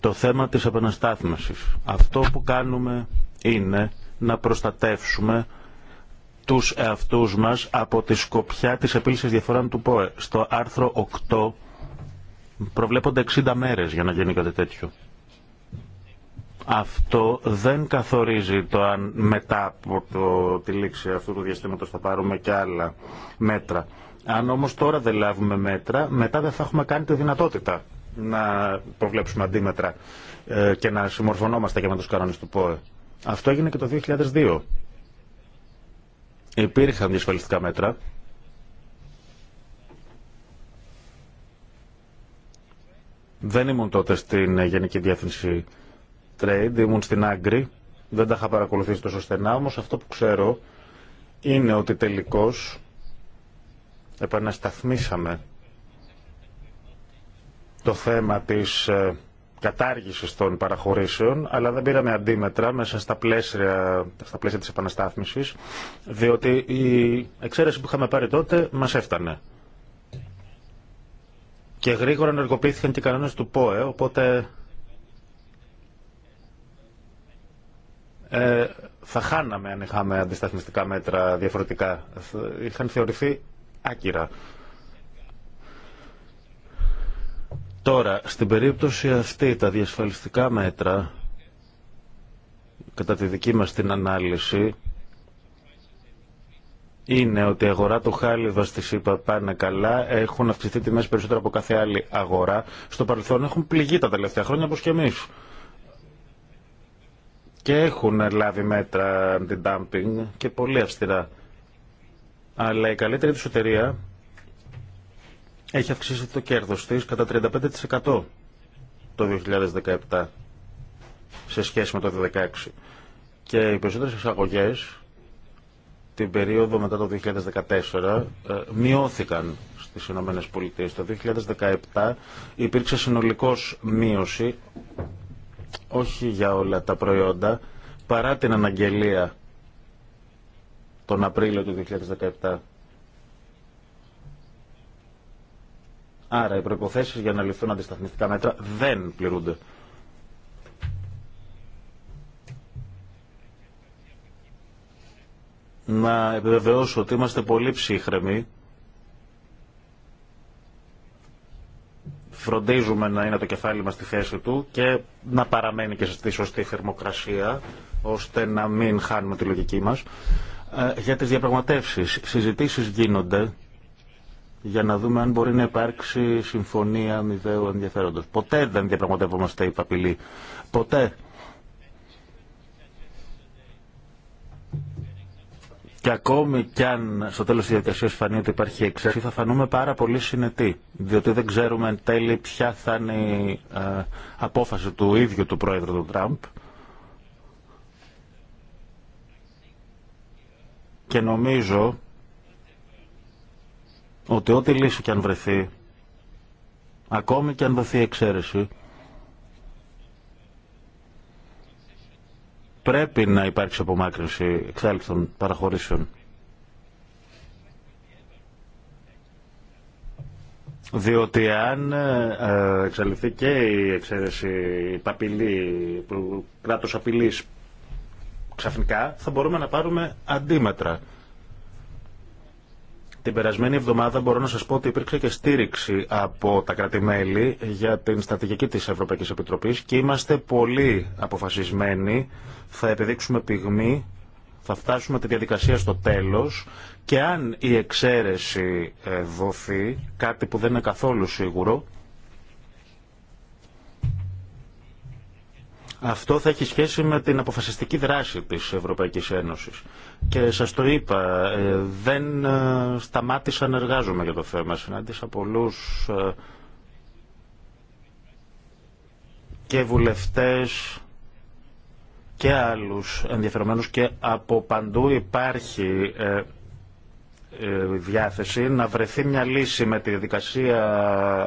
Το θέμα της επαναστάθμισης. Αυτό που κάνουμε είναι να προστατεύσουμε τους εαυτούς μας από τη σκοπιά της επίλυσης διαφορά του ΠΟΕ. Στο άρθρο 8 προβλέπονται 60 μέρες για να γίνει κάτι τέτοιο. Αυτό δεν καθορίζει το αν μετά από το, τη λήξη αυτού του διαστήματος θα πάρουμε και άλλα μέτρα. Αν όμω τώρα δεν λάβουμε μέτρα, μετά δεν θα έχουμε κάνει τη δυνατότητα να προβλέψουμε αντίμετρα ε, και να συμμορφωνόμαστε και με τους κανόνες του ΠΟΕ. Αυτό έγινε και το 2002. Υπήρχαν διασφαλιστικά μέτρα. Δεν ήμουν τότε στην Γενική Διεύθυνση Trade, ήμουν στην Άγκρη. Δεν τα είχα παρακολουθήσει τόσο στενά, όμως αυτό που ξέρω είναι ότι τελικώς επανασταθμίσαμε το θέμα της ε, κατάργησης των παραχωρήσεων, αλλά δεν πήραμε αντίμετρα μέσα στα πλαίσια, στα πλαίσια της επαναστάθμισης, διότι η εξαίρεση που είχαμε πάρει τότε μας έφτανε. Και γρήγορα ενεργοποιήθηκαν και οι κανόνες του ΠΟΕ, οπότε ε, θα χάναμε αν είχαμε αντισταθμιστικά μέτρα διαφορετικά. Είχαν θεωρηθεί άκυρα. Τώρα, στην περίπτωση αυτή, τα διασφαλιστικά μέτρα, κατά τη δική μας την ανάλυση, είναι ότι η αγορά του χάλιβα στη ΣΥΠΑ πάνε καλά, έχουν αυξηθεί τιμές περισσότερο από κάθε άλλη αγορά. Στο παρελθόν έχουν πληγεί τα τελευταία χρόνια, όπως και εμείς. Και έχουν λάβει μέτρα αντι-dumping και πολύ αυστηρά αλλά η καλύτερη της εταιρεία έχει αυξήσει το κέρδος της κατά 35% το 2017 σε σχέση με το 2016. Και οι περισσότερες εξαγωγές την περίοδο μετά το 2014 ε, μειώθηκαν στις Ηνωμένες Πολιτείες. Το 2017 υπήρξε συνολικός μείωση, όχι για όλα τα προϊόντα, παρά την αναγγελία τον Απρίλιο του 2017. Άρα οι προϋποθέσεις για να ληφθούν αντισταθμιστικά μέτρα δεν πληρούνται. Να επιβεβαιώσω ότι είμαστε πολύ ψύχρεμοι. Φροντίζουμε να είναι το κεφάλι μας στη θέση του και να παραμένει και στη σωστή θερμοκρασία, ώστε να μην χάνουμε τη λογική μας. Ε, για τις διαπραγματεύσεις. Συζητήσεις γίνονται για να δούμε αν μπορεί να υπάρξει συμφωνία μηδέου ενδιαφέροντος. Ποτέ δεν διαπραγματεύομαστε η Ποτέ. Και ακόμη κι αν στο τέλος της διαδικασίας φανεί ότι υπάρχει εξαρτή, θα φανούμε πάρα πολύ συνετοί. Διότι δεν ξέρουμε εν τέλει ποια θα είναι η ε, απόφαση του ίδιου του πρόεδρου του Τραμπ. Και νομίζω ότι ό,τι λύση και αν βρεθεί, ακόμη και αν δοθεί εξαίρεση, πρέπει να υπάρξει απομάκρυνση εξάλληψη των παραχωρήσεων. Διότι αν ε, ε, εξαλειφθεί και η εξαίρεση, η παπειλή, κράτος απειλής ξαφνικά θα μπορούμε να πάρουμε αντίμετρα. Την περασμένη εβδομάδα μπορώ να σας πω ότι υπήρξε και στήριξη από τα κρατημέλη για την στρατηγική της Ευρωπαϊκής Επιτροπής και είμαστε πολύ αποφασισμένοι, θα επιδείξουμε πυγμή, θα φτάσουμε τη διαδικασία στο τέλος και αν η εξαίρεση ε, δοθεί, κάτι που δεν είναι καθόλου σίγουρο, Αυτό θα έχει σχέση με την αποφασιστική δράση της Ευρωπαϊκής Ένωσης. Και σας το είπα, ε, δεν ε, σταμάτησα να εργάζομαι για το θέμα. Συνάντησα πολλούς ε, και βουλευτές και άλλους ενδιαφερομένους και από παντού υπάρχει διάθεση να βρεθεί μια λύση με τη διαδικασία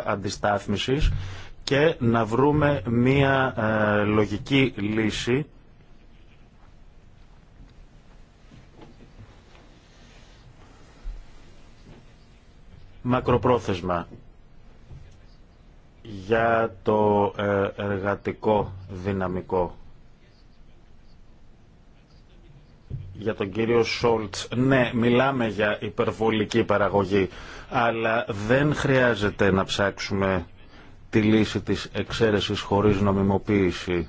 αντιστάθμισης και να βρούμε μία ε, λογική λύση μακροπρόθεσμα για το ε, εργατικό δυναμικό. για τον κύριο Σόλτ. Ναι, μιλάμε για υπερβολική παραγωγή, αλλά δεν χρειάζεται να ψάξουμε τη λύση της εξαίρεσης χωρίς νομιμοποίηση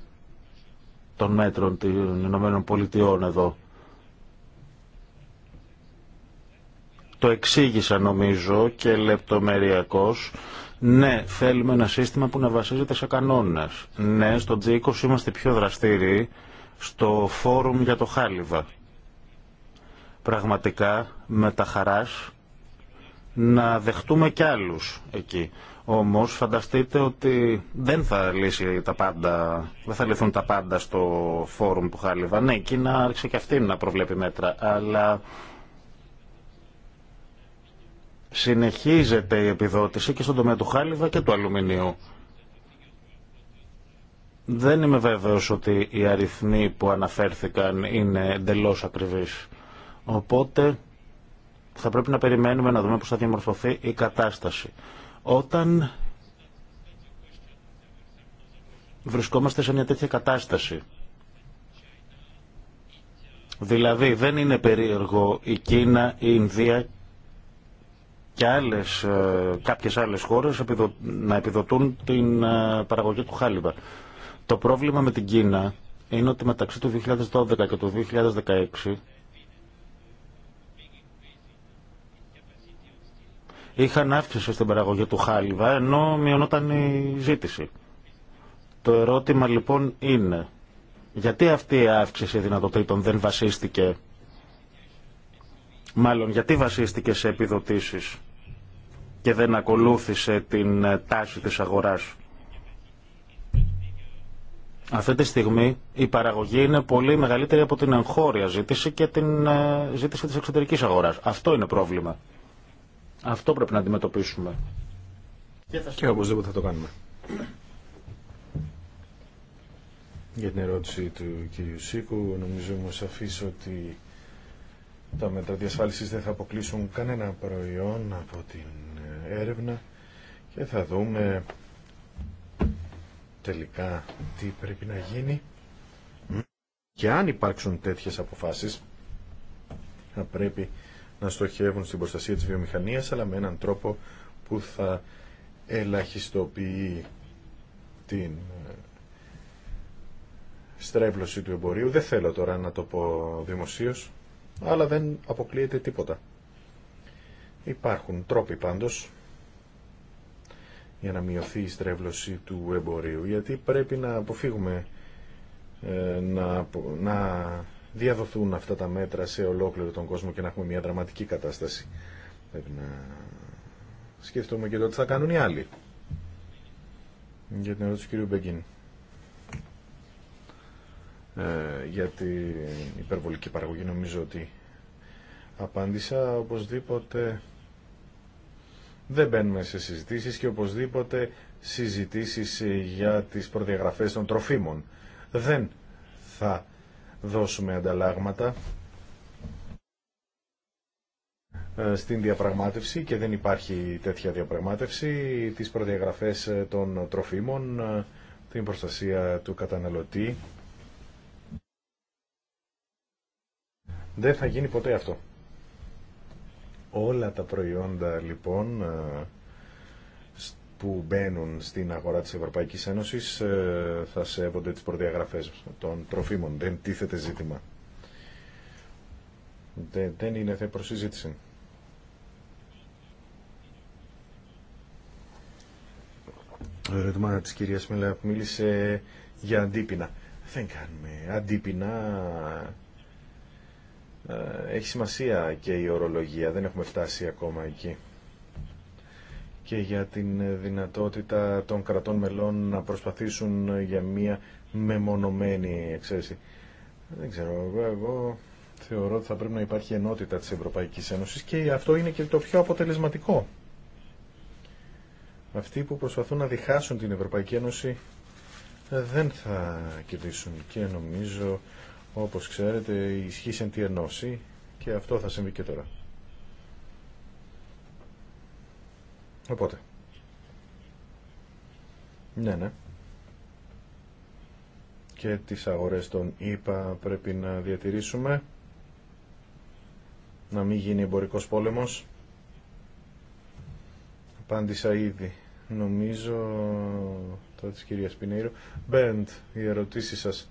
των μέτρων των Ηνωμένων Πολιτειών εδώ. Το εξήγησα νομίζω και λεπτομεριακώς. Ναι, θέλουμε ένα σύστημα που να βασίζεται σε κανόνες. Ναι, στο G20 είμαστε πιο δραστήριοι στο φόρουμ για το Χάλιβα. Πραγματικά με τα χαράς να δεχτούμε κι άλλους εκεί. Όμως φανταστείτε ότι δεν θα λύσει τα πάντα, δεν θα λυθούν τα πάντα στο φόρουμ του Χάλιβα. Ναι, η Κίνα άρχισε και αυτή να προβλέπει μέτρα, αλλά συνεχίζεται η επιδότηση και στον τομέα του Χάλιβα και του αλουμινίου. Δεν είμαι βέβαιος ότι οι αριθμοί που αναφέρθηκαν είναι εντελώ ακριβείς. Οπότε θα πρέπει να περιμένουμε να δούμε πώς θα διαμορφωθεί η κατάσταση. Όταν βρισκόμαστε σε μια τέτοια κατάσταση, δηλαδή δεν είναι περίεργο η Κίνα, η Ινδία και άλλες, ε, κάποιες άλλες χώρες να επιδοτούν την ε, παραγωγή του χάλιβα. Το πρόβλημα με την Κίνα είναι ότι μεταξύ του 2012 και του 2016 είχαν αύξηση στην παραγωγή του χάλιβα ενώ μειωνόταν η ζήτηση. Το ερώτημα λοιπόν είναι γιατί αυτή η αύξηση δυνατοτήτων δεν βασίστηκε μάλλον γιατί βασίστηκε σε επιδοτήσεις και δεν ακολούθησε την ε, τάση της αγοράς. Αυτή τη στιγμή η παραγωγή είναι πολύ μεγαλύτερη από την εγχώρια ζήτηση και την ε, ζήτηση της εξωτερικής αγοράς. Αυτό είναι πρόβλημα. Αυτό πρέπει να αντιμετωπίσουμε. Και οπωσδήποτε θα το κάνουμε. Για την ερώτηση του κ. Σίκου, νομίζω μου σαφής ότι τα μέτρα διασφάλισης δεν θα αποκλείσουν κανένα προϊόν από την έρευνα και θα δούμε τελικά τι πρέπει να γίνει και αν υπάρξουν τέτοιες αποφάσεις θα πρέπει να στοχεύουν στην προστασία της βιομηχανίας, αλλά με έναν τρόπο που θα ελαχιστοποιεί την ε, στρέβλωση του εμπορίου. Δεν θέλω τώρα να το πω δημοσίως, αλλά δεν αποκλείεται τίποτα. Υπάρχουν τρόποι πάντως για να μειωθεί η στρέβλωση του εμπορίου, γιατί πρέπει να αποφύγουμε ε, να, να διαδοθούν αυτά τα μέτρα σε ολόκληρο τον κόσμο και να έχουμε μια δραματική κατάσταση. Πρέπει να σκεφτούμε και το τι θα κάνουν οι άλλοι. Για την ερώτηση του κ. Μπεγκίν. Ε, για την υπερβολική παραγωγή νομίζω ότι απάντησα οπωσδήποτε δεν μπαίνουμε σε συζητήσεις και οπωσδήποτε συζητήσεις για τις προδιαγραφές των τροφίμων. Δεν θα δώσουμε ανταλλάγματα ε, στην διαπραγμάτευση και δεν υπάρχει τέτοια διαπραγμάτευση, τις προδιαγραφές ε, των τροφίμων, ε, την προστασία του καταναλωτή. Δεν θα γίνει ποτέ αυτό. Όλα τα προϊόντα λοιπόν που μπαίνουν στην αγορά της Ευρωπαϊκής Ένωσης ε, θα σέβονται τις προδιαγραφές των τροφίμων. Δεν τίθεται ζήτημα. Δεν, δεν είναι θέμα προσυζήτηση. Το ερώτημα της κυρίας Μελέα που μίλησε για αντίπεινα. Δεν κάνουμε αντίπεινα. Ε, έχει σημασία και η ορολογία. Δεν έχουμε φτάσει ακόμα εκεί και για την δυνατότητα των κρατών μελών να προσπαθήσουν για μια μεμονωμένη εξαίρεση. Δεν ξέρω, εγώ, εγώ θεωρώ ότι θα πρέπει να υπάρχει ενότητα της Ευρωπαϊκής Ένωσης και αυτό είναι και το πιο αποτελεσματικό. Αυτοί που προσπαθούν να διχάσουν την Ευρωπαϊκή Ένωση δεν θα κερδίσουν και νομίζω όπως ξέρετε ισχύσαν τη ενώση και αυτό θα συμβεί και τώρα. Οπότε. Ναι, ναι. Και τις αγορές των ΙΠΑ πρέπει να διατηρήσουμε. Να μην γίνει εμπορικός πόλεμος. Απάντησα ήδη. Νομίζω τώρα της κυρίας Πινέιρο. Μπέντ, οι ερωτήσεις σας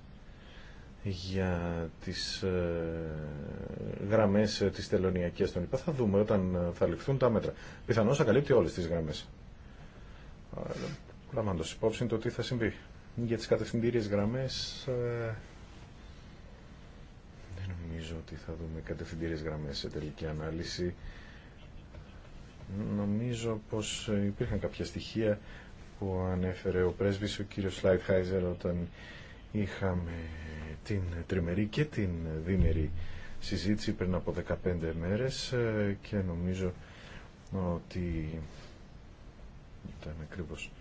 για τις ε, γραμμές ε, της τελωνιακής των ΙΠΑ. Θα δούμε όταν ε, θα ληφθούν τα μέτρα. Πιθανώς θα καλύπτει όλες τις γραμμές. Λαμβάνοντας υπόψη το τι θα συμβεί. Για τις κατευθυντήριες γραμμές δεν νομίζω ότι θα δούμε κατευθυντήριες γραμμές σε τελική ανάλυση. Νομίζω πως υπήρχαν κάποια στοιχεία που ανέφερε ο πρέσβης ο κύριος Σλάιτχάιζερ όταν είχαμε την τριμερή και την διμερή συζήτηση πριν από 15 μέρες ε, και νομίζω ότι ήταν ακριβώς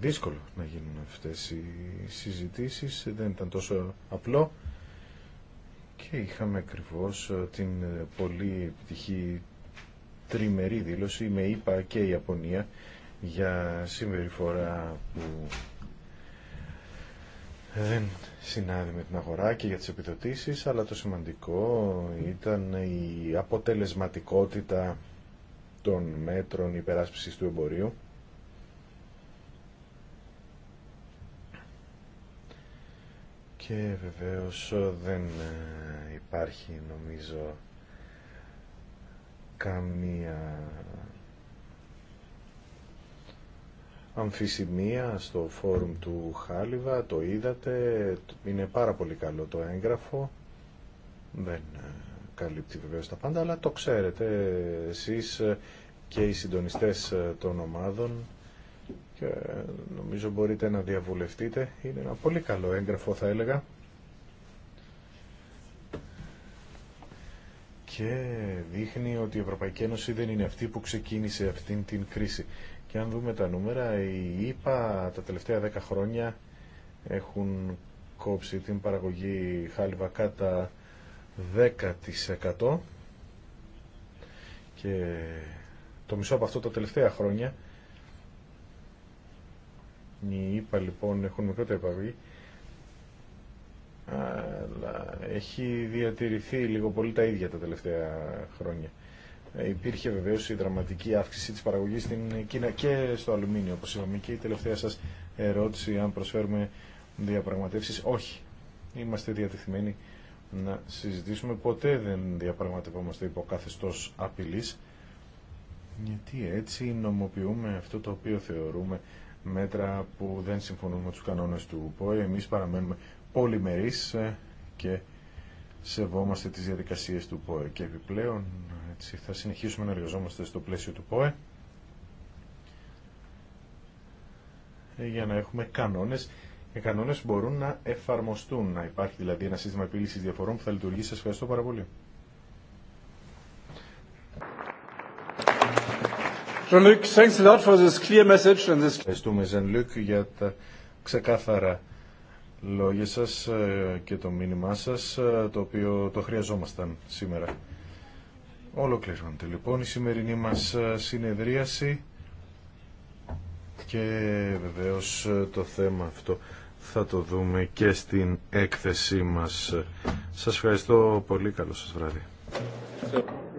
δύσκολο να γίνουν αυτές οι συζητήσεις, δεν ήταν τόσο απλό και είχαμε ακριβώς ε, την πολύ επιτυχή τριμερή δήλωση με είπα και Ιαπωνία για συμπεριφορά που δεν συνάδει με την αγορά και για τις επιδοτήσεις, αλλά το σημαντικό ήταν η αποτελεσματικότητα των μέτρων υπεράσπισης του εμπορίου. Και βεβαίως δεν ε, υπάρχει νομίζω καμία αμφισημία στο φόρουμ του Χάλιβα, το είδατε, είναι πάρα πολύ καλό το έγγραφο, δεν ε, καλύπτει βεβαίως τα πάντα, αλλά το ξέρετε εσείς και οι συντονιστές ε, των ομάδων και ε, νομίζω μπορείτε να διαβουλευτείτε. Είναι ένα πολύ καλό έγγραφο θα έλεγα. και δείχνει ότι η Ευρωπαϊκή Ένωση δεν είναι αυτή που ξεκίνησε αυτήν την κρίση. Και αν δούμε τα νούμερα, η ΕΠΑ τα τελευταία 10 χρόνια έχουν κόψει την παραγωγή χάλιβα κατά 10% και το μισό από αυτό τα τελευταία χρόνια οι ΕΠΑ λοιπόν έχουν μικρότερη παραγωγή αλλά έχει διατηρηθεί λίγο πολύ τα ίδια τα τελευταία χρόνια. Ε, υπήρχε βεβαίω η δραματική αύξηση της παραγωγής στην Κίνα και στο αλουμίνιο, όπω είπαμε. Και η τελευταία σας ερώτηση, αν προσφέρουμε διαπραγματεύσεις. Όχι. Είμαστε διατεθειμένοι να συζητήσουμε. Ποτέ δεν διαπραγματευόμαστε υπό καθεστώς απειλής. Γιατί έτσι νομοποιούμε αυτό το οποίο θεωρούμε μέτρα που δεν συμφωνούν με τους κανόνες του ΠΟΕ. Εμείς παραμένουμε πολυμερείς ε, και σεβόμαστε τις διαδικασίες του ΠΟΕ και επιπλέον έτσι, θα συνεχίσουμε να εργαζόμαστε στο πλαίσιο του ΠΟΕ ε, για να έχουμε κανόνες οι κανόνες μπορούν να εφαρμοστούν να υπάρχει δηλαδή ένα σύστημα επίλυσης διαφορών που θα λειτουργήσει. Σας ευχαριστώ πάρα πολύ. Ευχαριστούμε Ζανλουκ για τα ξεκάθαρα λόγια σας ε, και το μήνυμά σας, ε, το οποίο το χρειαζόμασταν σήμερα. Ολοκληρώνεται λοιπόν η σημερινή μας ε, συνεδρίαση και βεβαίως το θέμα αυτό θα το δούμε και στην έκθεσή μας. Σας ευχαριστώ πολύ. Καλό σας βράδυ.